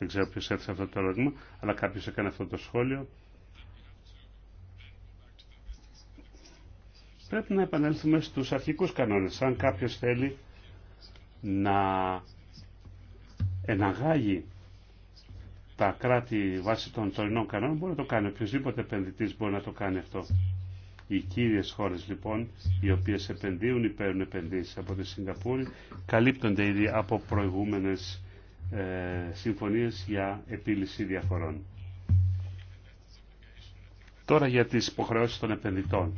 δεν ξέρω ποιος έθεσε αυτό το ερώτημα, αλλά κάποιος έκανε αυτό το σχόλιο. Πρέπει να επανέλθουμε στους αρχικούς κανόνες. Αν κάποιος θέλει να εναγάγει τα κράτη βάσει των τωρινών κανόνων μπορεί να το κάνει. Οποιοδήποτε επενδυτή μπορεί να το κάνει αυτό. Οι κύριες χώρες λοιπόν, οι οποίες επενδύουν ή παίρνουν επενδύσει από τη Σιγκαπούρη, καλύπτονται ήδη από προηγούμενε ε, συμφωνίες για επίλυση διαφορών. Τώρα για τις υποχρεώσεις των επενδυτών.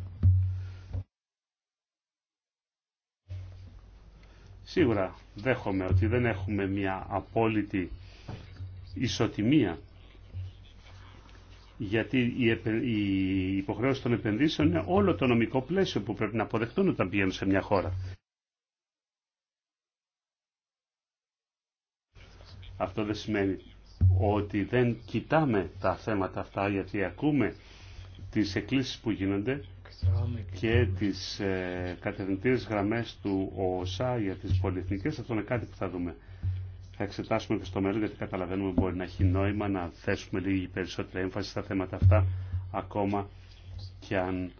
Σίγουρα δέχομαι ότι δεν έχουμε μια απόλυτη ισοτιμία γιατί οι υποχρεώσεις των επενδύσεων είναι όλο το νομικό πλαίσιο που πρέπει να αποδεχτούν όταν πηγαίνουν σε μια χώρα. Αυτό δεν σημαίνει ότι δεν κοιτάμε τα θέματα αυτά γιατί ακούμε τις εκκλήσεις που γίνονται και τις ε, κατευθυντήρες γραμμές του ΟΣΑ για τις πολυεθνικές. Αυτό είναι κάτι που θα δούμε. Θα εξετάσουμε και στο μέλλον γιατί καταλαβαίνουμε μπορεί να έχει νόημα να θέσουμε λίγη περισσότερη έμφαση στα θέματα αυτά ακόμα και αν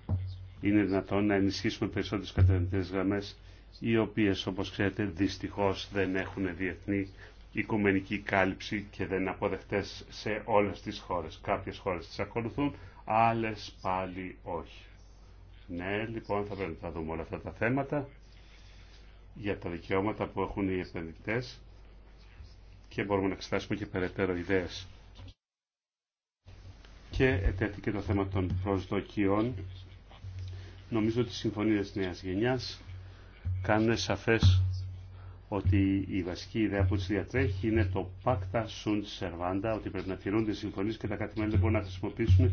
είναι δυνατόν να ενισχύσουμε περισσότερες κατευθυντήρες γραμμές οι οποίες όπως ξέρετε δυστυχώς δεν έχουν διεθνή οικουμενική κάλυψη και δεν είναι σε όλες τις χώρες. Κάποιες χώρες τις ακολουθούν, άλλες πάλι όχι. Ναι, λοιπόν, θα πρέπει να δούμε όλα αυτά τα θέματα για τα δικαιώματα που έχουν οι επενδυτέ και μπορούμε να εξετάσουμε και περαιτέρω ιδέες. Και ετέθηκε το θέμα των προσδοκιών. Νομίζω ότι οι συμφωνίες νέας γενιάς κάνουν σαφές ότι η βασική ιδέα που τη διατρέχει είναι το pacta sunt servanda, ότι πρέπει να τηρούνται συμφωνίε και τα κάτι μελη δεν μπορούν να χρησιμοποιήσουν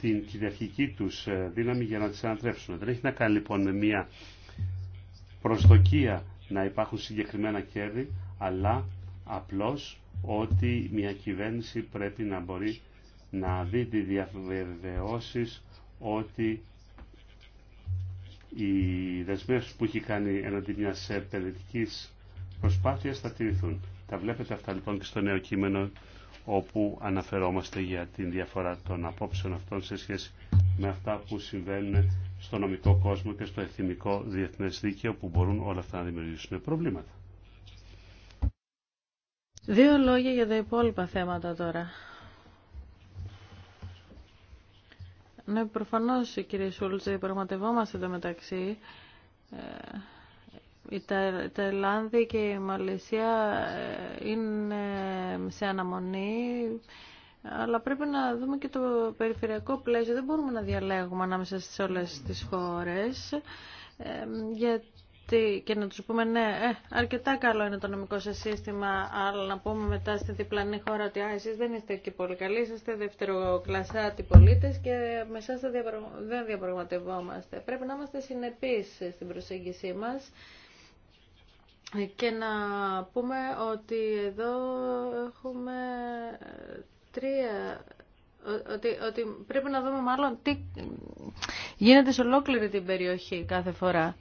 την κυριαρχική του ε, δύναμη για να τι ανατρέψουν. Δεν έχει να κάνει λοιπόν με μια προσδοκία να υπάρχουν συγκεκριμένα κέρδη, αλλά απλώ ότι μια κυβέρνηση πρέπει να μπορεί να δει τη διαβεβαιώσει ότι οι δεσμεύσει που έχει κάνει εναντί μια επενδυτική προσπάθειες θα τηρηθούν. Τα βλέπετε αυτά λοιπόν και στο νέο κείμενο όπου αναφερόμαστε για την διαφορά των απόψεων αυτών σε σχέση με αυτά που συμβαίνουν στο νομικό κόσμο και στο εθνικό διεθνές δίκαιο που μπορούν όλα αυτά να δημιουργήσουν προβλήματα. Δύο λόγια για τα υπόλοιπα θέματα τώρα. Ναι, προφανώς κύριε Σούλτζε, πραγματευόμαστε το μεταξύ. Ε, η Ταϊλάνδη και η Μαλαισία ε, είναι σε αναμονή, αλλά πρέπει να δούμε και το περιφερειακό πλαίσιο. Δεν μπορούμε να διαλέγουμε ανάμεσα στις όλες τις χώρες, γιατί και να τους πούμε ναι, ε, αρκετά καλό είναι το νομικό σας σύστημα, αλλά να πούμε μετά στην διπλανή χώρα ότι α, εσείς δεν είστε και πολύ καλοί, είστε δευτεροκλασσάτοι πολίτες και με εσάς δεν διαπραγματευόμαστε. Πρέπει να είμαστε συνεπείς στην προσέγγισή μας και να πούμε ότι εδώ έχουμε ε, τρία ότι, ότι πρέπει να δούμε μάλλον τι ε, γίνεται σε ολόκληρη την περιοχή κάθε φορά.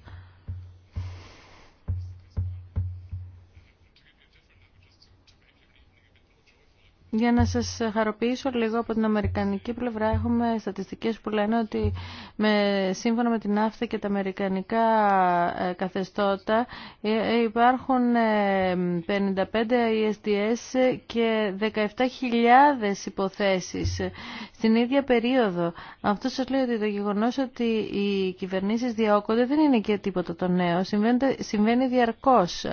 Για να σας χαροποιήσω λίγο από την αμερικανική πλευρά έχουμε στατιστικές που λένε ότι με, σύμφωνα με την ΑΦΤΑ και τα αμερικανικά ε, καθεστώτα ε, υπάρχουν 55 ε, ISDS και 17.000 υποθέσεις στην ίδια περίοδο. Αυτό σας λέει ότι το γεγονός ότι οι κυβερνήσεις διώκονται δεν είναι και τίποτα το νέο. Συμβαίνει διαρκώς.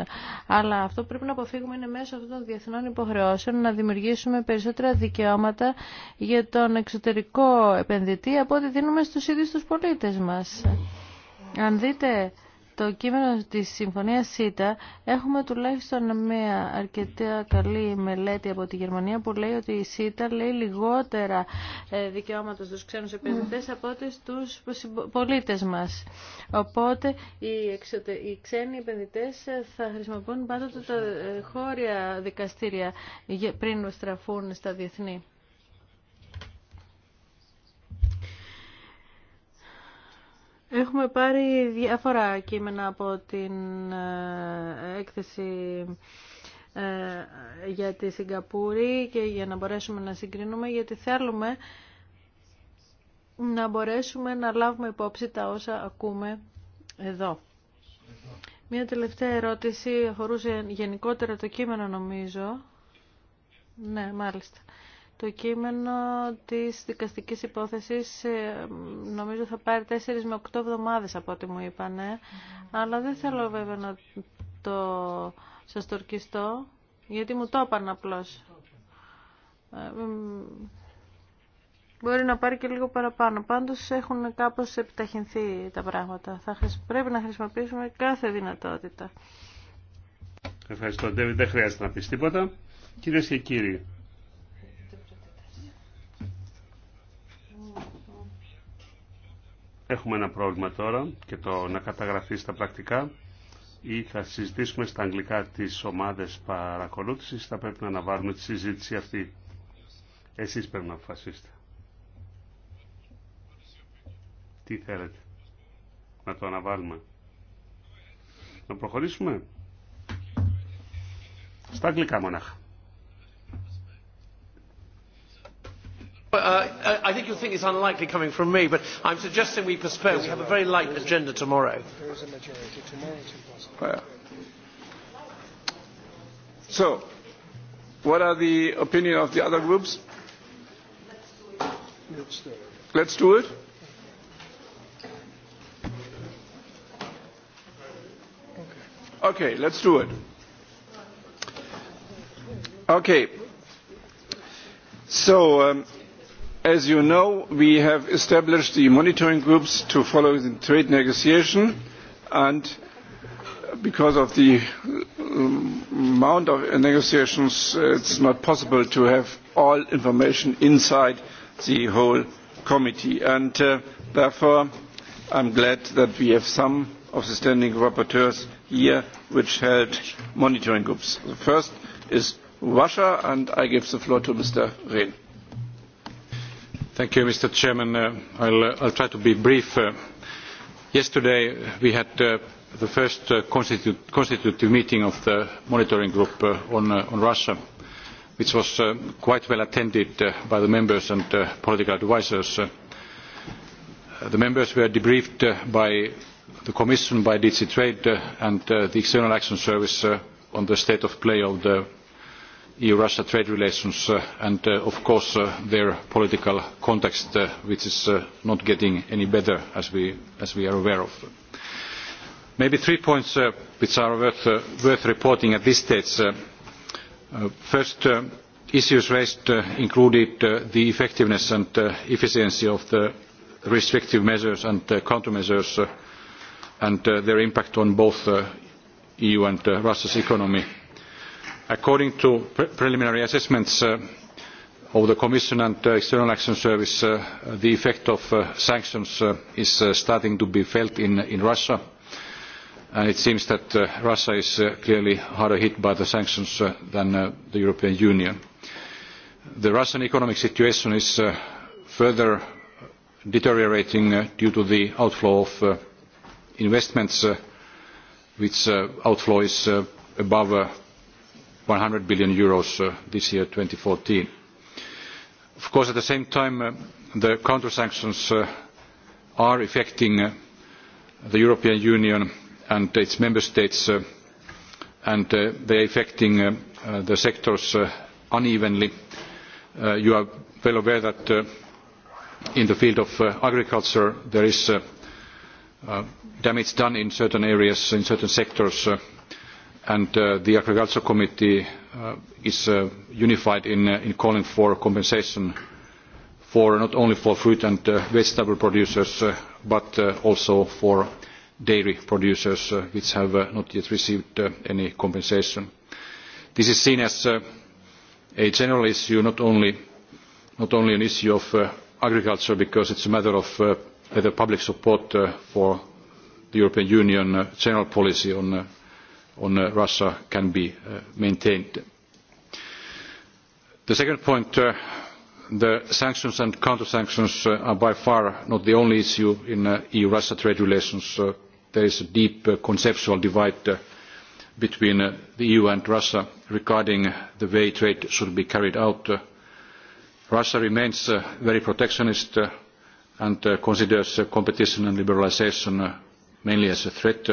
Αλλά αυτό που πρέπει να αποφύγουμε είναι μέσω αυτών των διεθνών υποχρεώσεων να δημιουργήσουμε περισσότερα δικαιώματα για τον εξωτερικό επενδυτή από ό,τι δίνουμε στους ίδιους τους πολίτες μας. Αν δείτε το κείμενο της Συμφωνίας ΣΥΤΑ έχουμε τουλάχιστον μια αρκετά καλή μελέτη από τη Γερμανία που λέει ότι η ΣΥΤΑ λέει λιγότερα ε, δικαιώματα στους ξένους επενδυτές από ότι στους πολίτες μας. Οπότε οι ξένοι επενδυτές ε, θα χρησιμοποιούν πάντοτε τα ε, χώρια δικαστήρια πριν στραφούν στα διεθνή. Έχουμε πάρει διάφορα κείμενα από την ε, έκθεση ε, για τη Σιγκαπούρη και για να μπορέσουμε να συγκρίνουμε γιατί θέλουμε να μπορέσουμε να λάβουμε υπόψη τα όσα ακούμε εδώ. Μία τελευταία ερώτηση αφορούσε γενικότερα το κείμενο νομίζω. Ναι, μάλιστα το κείμενο της δικαστικής υπόθεσης ε, νομίζω θα πάρει 4 με 8 εβδομάδες από ό,τι μου είπανε. Αλλά δεν θέλω βέβαια να το σας τορκιστώ, γιατί μου το είπαν απλώς. Ε, μπορεί να πάρει και λίγο παραπάνω. Πάντως έχουν κάπως επιταχυνθεί τα πράγματα. Θα πρέπει να χρησιμοποιήσουμε κάθε δυνατότητα. Ευχαριστώ, Ντέβιν. Δεν χρειάζεται να πεις τίποτα. Κυρίες και κύριοι, Έχουμε ένα πρόβλημα τώρα και το να καταγραφεί στα πρακτικά ή θα συζητήσουμε στα αγγλικά τις ομάδες παρακολούθησης, θα πρέπει να αναβάλουμε τη συζήτηση αυτή. Εσείς πρέπει να αποφασίσετε. Τι θέλετε, να το αναβάλουμε. Να προχωρήσουμε. Στα αγγλικά μονάχα. I think you think it's unlikely coming from me, but I'm suggesting we postpone. We have a very light agenda tomorrow. There is a majority. Tomorrow So, what are the opinion of the other groups? Let's do it. Okay, let's do it. Okay. So. As you know, we have established the monitoring groups to follow the trade negotiation, and because of the amount of negotiations, it's not possible to have all information inside the whole committee. And therefore, I'm glad that we have some of the standing rapporteurs here which held monitoring groups. The first is Russia, and I give the floor to Mr. Rehn. Thank you, Mr. Chairman. I'll try to be brief. Yesterday we had the first constitutive meeting of the monitoring group on Russia, which was quite well attended by the members and political advisers. The members were debriefed by the Commission, by DG Trade and the External Action Service on the state of play of the eu russia trade relations and of course their political context which is not getting any better as we are aware of. maybe three points which are worth reporting at this stage. first issues raised included the effectiveness and efficiency of the restrictive measures and countermeasures and their impact on both the eu and russia's economy According to preliminary assessments of the Commission and the External Action Service, the effect of sanctions is starting to be felt in Russia, and it seems that Russia is clearly harder hit by the sanctions than the European Union. The Russian economic situation is further deteriorating due to the outflow of investments, which outflow is above 100 billion this year 2014 of course at the same time the counter sanctions are affecting the european union and its member states and they are affecting the sectors unevenly you are well aware that in the field of agriculture there is damage done in certain areas in certain sectors and the agriculture committee is unified in calling for compensation not only for fruit and vegetable producers but also for dairy producers which have not yet received any compensation. This is seen as a general issue, not only an issue of agriculture because it's a matter of public support for the European Union general policy on on Russia can be maintained. The second point, the sanctions and counter-sanctions are by far not the only issue in EU-Russia trade relations. There is a deep conceptual divide between the EU and Russia regarding the way trade should be carried out. Russia remains very protectionist and considers competition and liberalisation mainly as a threat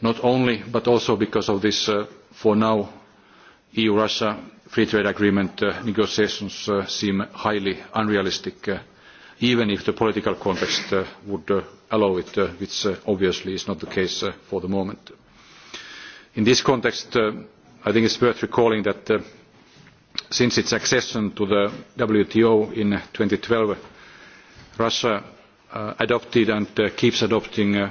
not only but also because of this for now eu russia free trade agreement negotiations seem highly unrealistic even if the political context would allow it which obviously is not the case for the moment. in this context i think it is worth recalling that since its accession to the wto in 2012, russia adopted and keeps adopting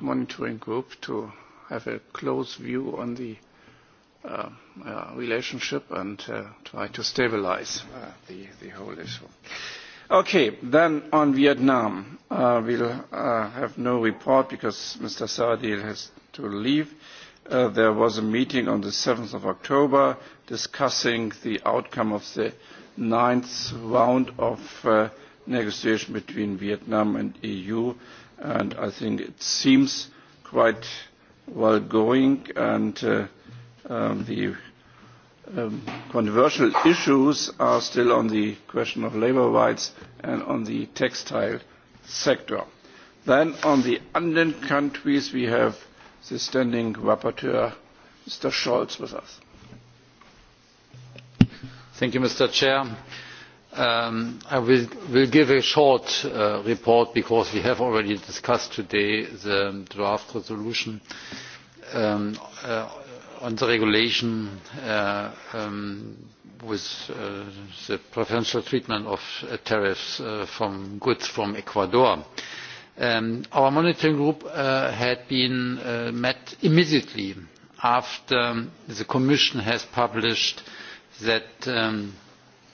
monitoring group to have a close view on the relationship and try to stabilize the, the whole issue. Okay, then on Vietnam, We we'll have no report because Mr. Saadil has to leave. there was a meeting on the 7th of October discussing the outcome of the ninth round of negotiation between Vietnam and EU and I think it seems quite well going and the controversial issues are still on the question of labour rights and on the textile sector. Then on the Anden countries we have the standing rapporteur Mr. Scholz with us. Thank you, Mr. Chair. I will give a short report because we have already discussed today the draft resolution on the regulation with the preferential treatment of tariffs from goods from Ecuador. Our monitoring group had been met immediately after the Commission has published that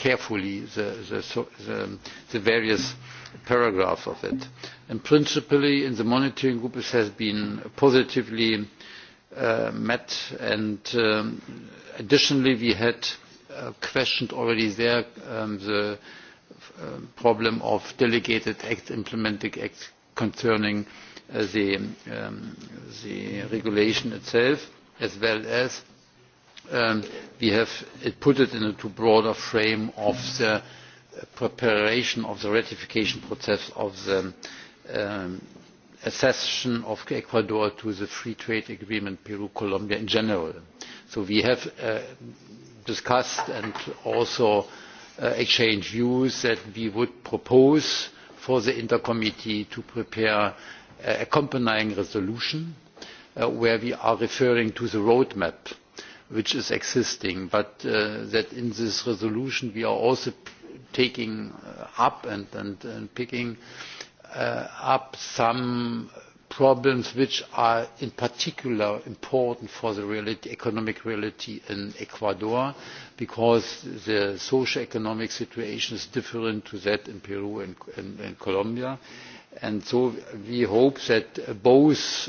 carefully the various paragraphs of it. And principally in the monitoring group it has been positively met and additionally we had questioned already there the problem of delegated acts, implementing acts concerning the regulation itself as well as we have put it in a too frame of the preparation of the ratification process of the accession of Ecuador to the free trade agreement Peru-Colombia in general. So we have discussed and also exchanged views that we would propose for the intercommittee to prepare accompanying resolution where we are referring to the roadmap which is existing, but that in this resolution we are also taking up and picking up some problems which are in particular important for the economic reality in Ecuador because the socio-economic situation is different to that in Peru and Colombia. And so we hope that both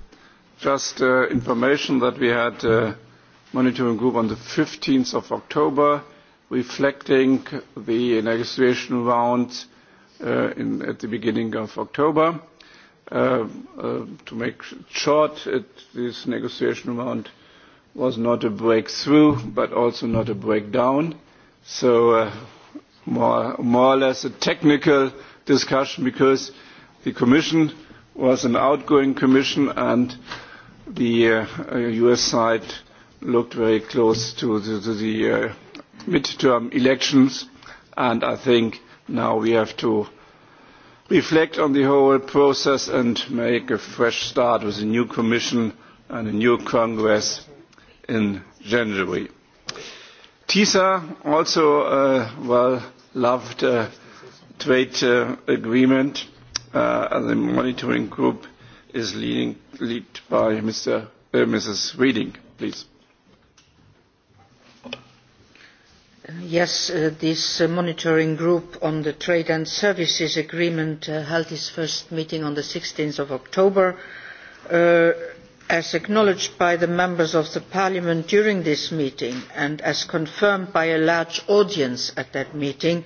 Just information that we had a monitoring group on the 15th of October reflecting the negotiation round at the beginning of October. To make it short, this negotiation round was not a breakthrough, but also not a breakdown. So more or less a technical discussion because the Commission was an outgoing Commission and the US side looked very close to the midterm elections, and I think now we have to reflect on the whole process and make a fresh start with a new Commission and a new Congress in January. TISA, also a well-loved trade agreement, the monitoring group is led by Mrs. Reading, please. Yes, this monitoring group on the Trade and Services Agreement held its first meeting on the 16th of October. As acknowledged by the members of the Parliament during this meeting and as confirmed by a large audience at that meeting,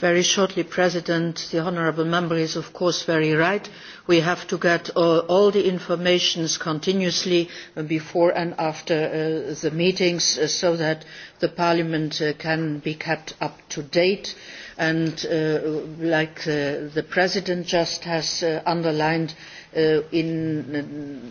Very shortly, President, the honourable member is of course very right. We have to get all the information continuously before and after the meetings so that Parliament can be kept up to date. And like the President just has underlined in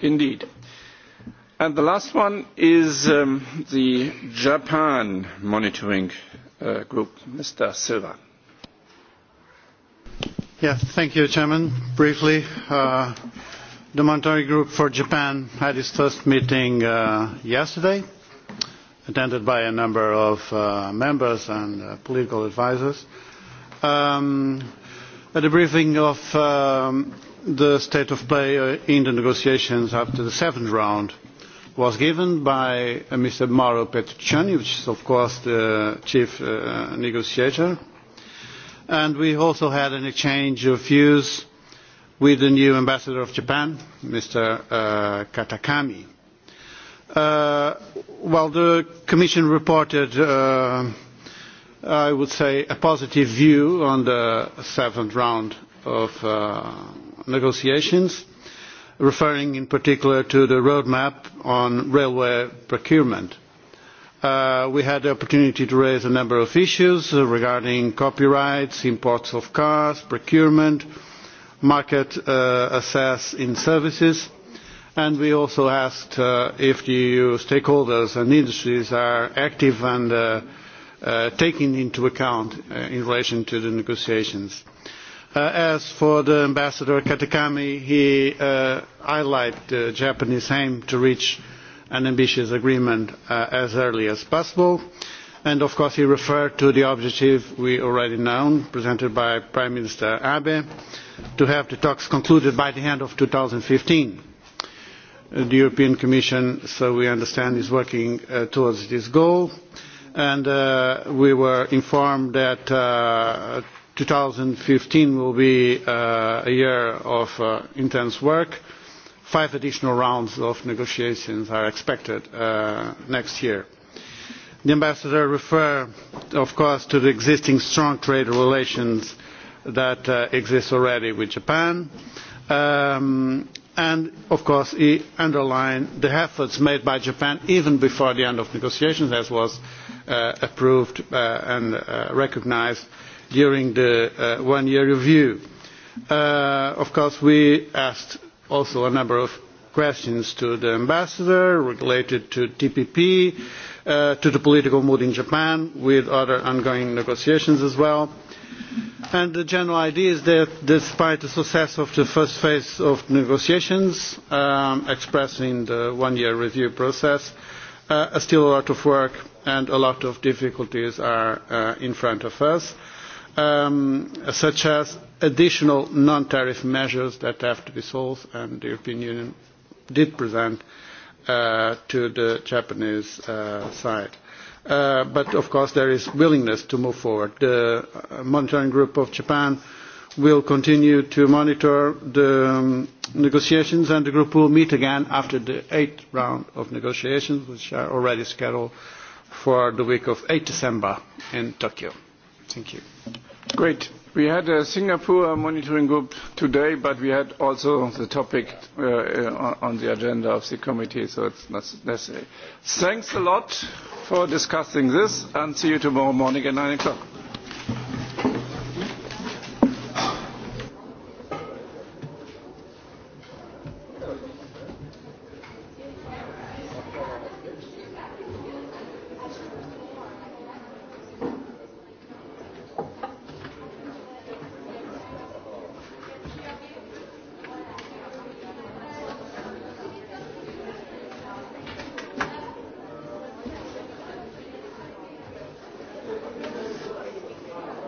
Indeed. And the last one is the Japan Monitoring Group, Mr. Silva. Thank you, Chairman. Briefly, the Monitoring Group for Japan had its first meeting yesterday, attended by a number of members and political advisers. At the briefing of the state of play in the negotiations after the seventh round was given by Mr. Mauro Petrucciani, which is of course the chief negotiator. And we also had an exchange of views with the new ambassador of Japan, Mr. Katakami. While the Commission reported, I would say, a positive view on the seventh round of negotiations, referring in particular to the roadmap on railway procurement. We had the opportunity to raise a number of issues regarding copyrights, imports of cars, procurement, market access in services, and we also asked if the EU stakeholders and industries are active and taken into account in relation to the negotiations. As for the Ambassador Katakami, he highlighted the Japanese aim to reach an ambitious agreement as early as possible, and of course he referred to the objective we already know, presented by Prime Minister Abe, to have the talks concluded by the end of 2015. The European Commission, so we understand, is working towards this goal, and we were informed that 2015 will be a year of intense work. Five additional rounds of negotiations are expected next year. The Ambassador referred, of course, to the existing strong trade relations that exist already with Japan and of course he underlined the efforts made by japan even before the end of negotiations as was approved and recognised during the one year review. Of course, we asked also a number of questions to the ambassador related to TPP, to the political mood in Japan, with other ongoing negotiations as well. And the general idea is that despite the success of the first phase of negotiations expressed in the one year review process, still a lot of work and a lot of difficulties are in front of us such as additional non tariff measures that have to be solved and the European Union did present to the Japanese side. But of course there is willingness to move forward. The monitoring group of Japan will continue to monitor the negotiations and the group will meet again after the eighth round of negotiations which are already scheduled for the week of 8 December in Tokyo. Thank you. Great. We had a Singapore monitoring group today, but we had also the topic on the agenda of the committee, so it's not necessary. Thanks a lot for discussing this, and see you tomorrow morning at 9 o'clock.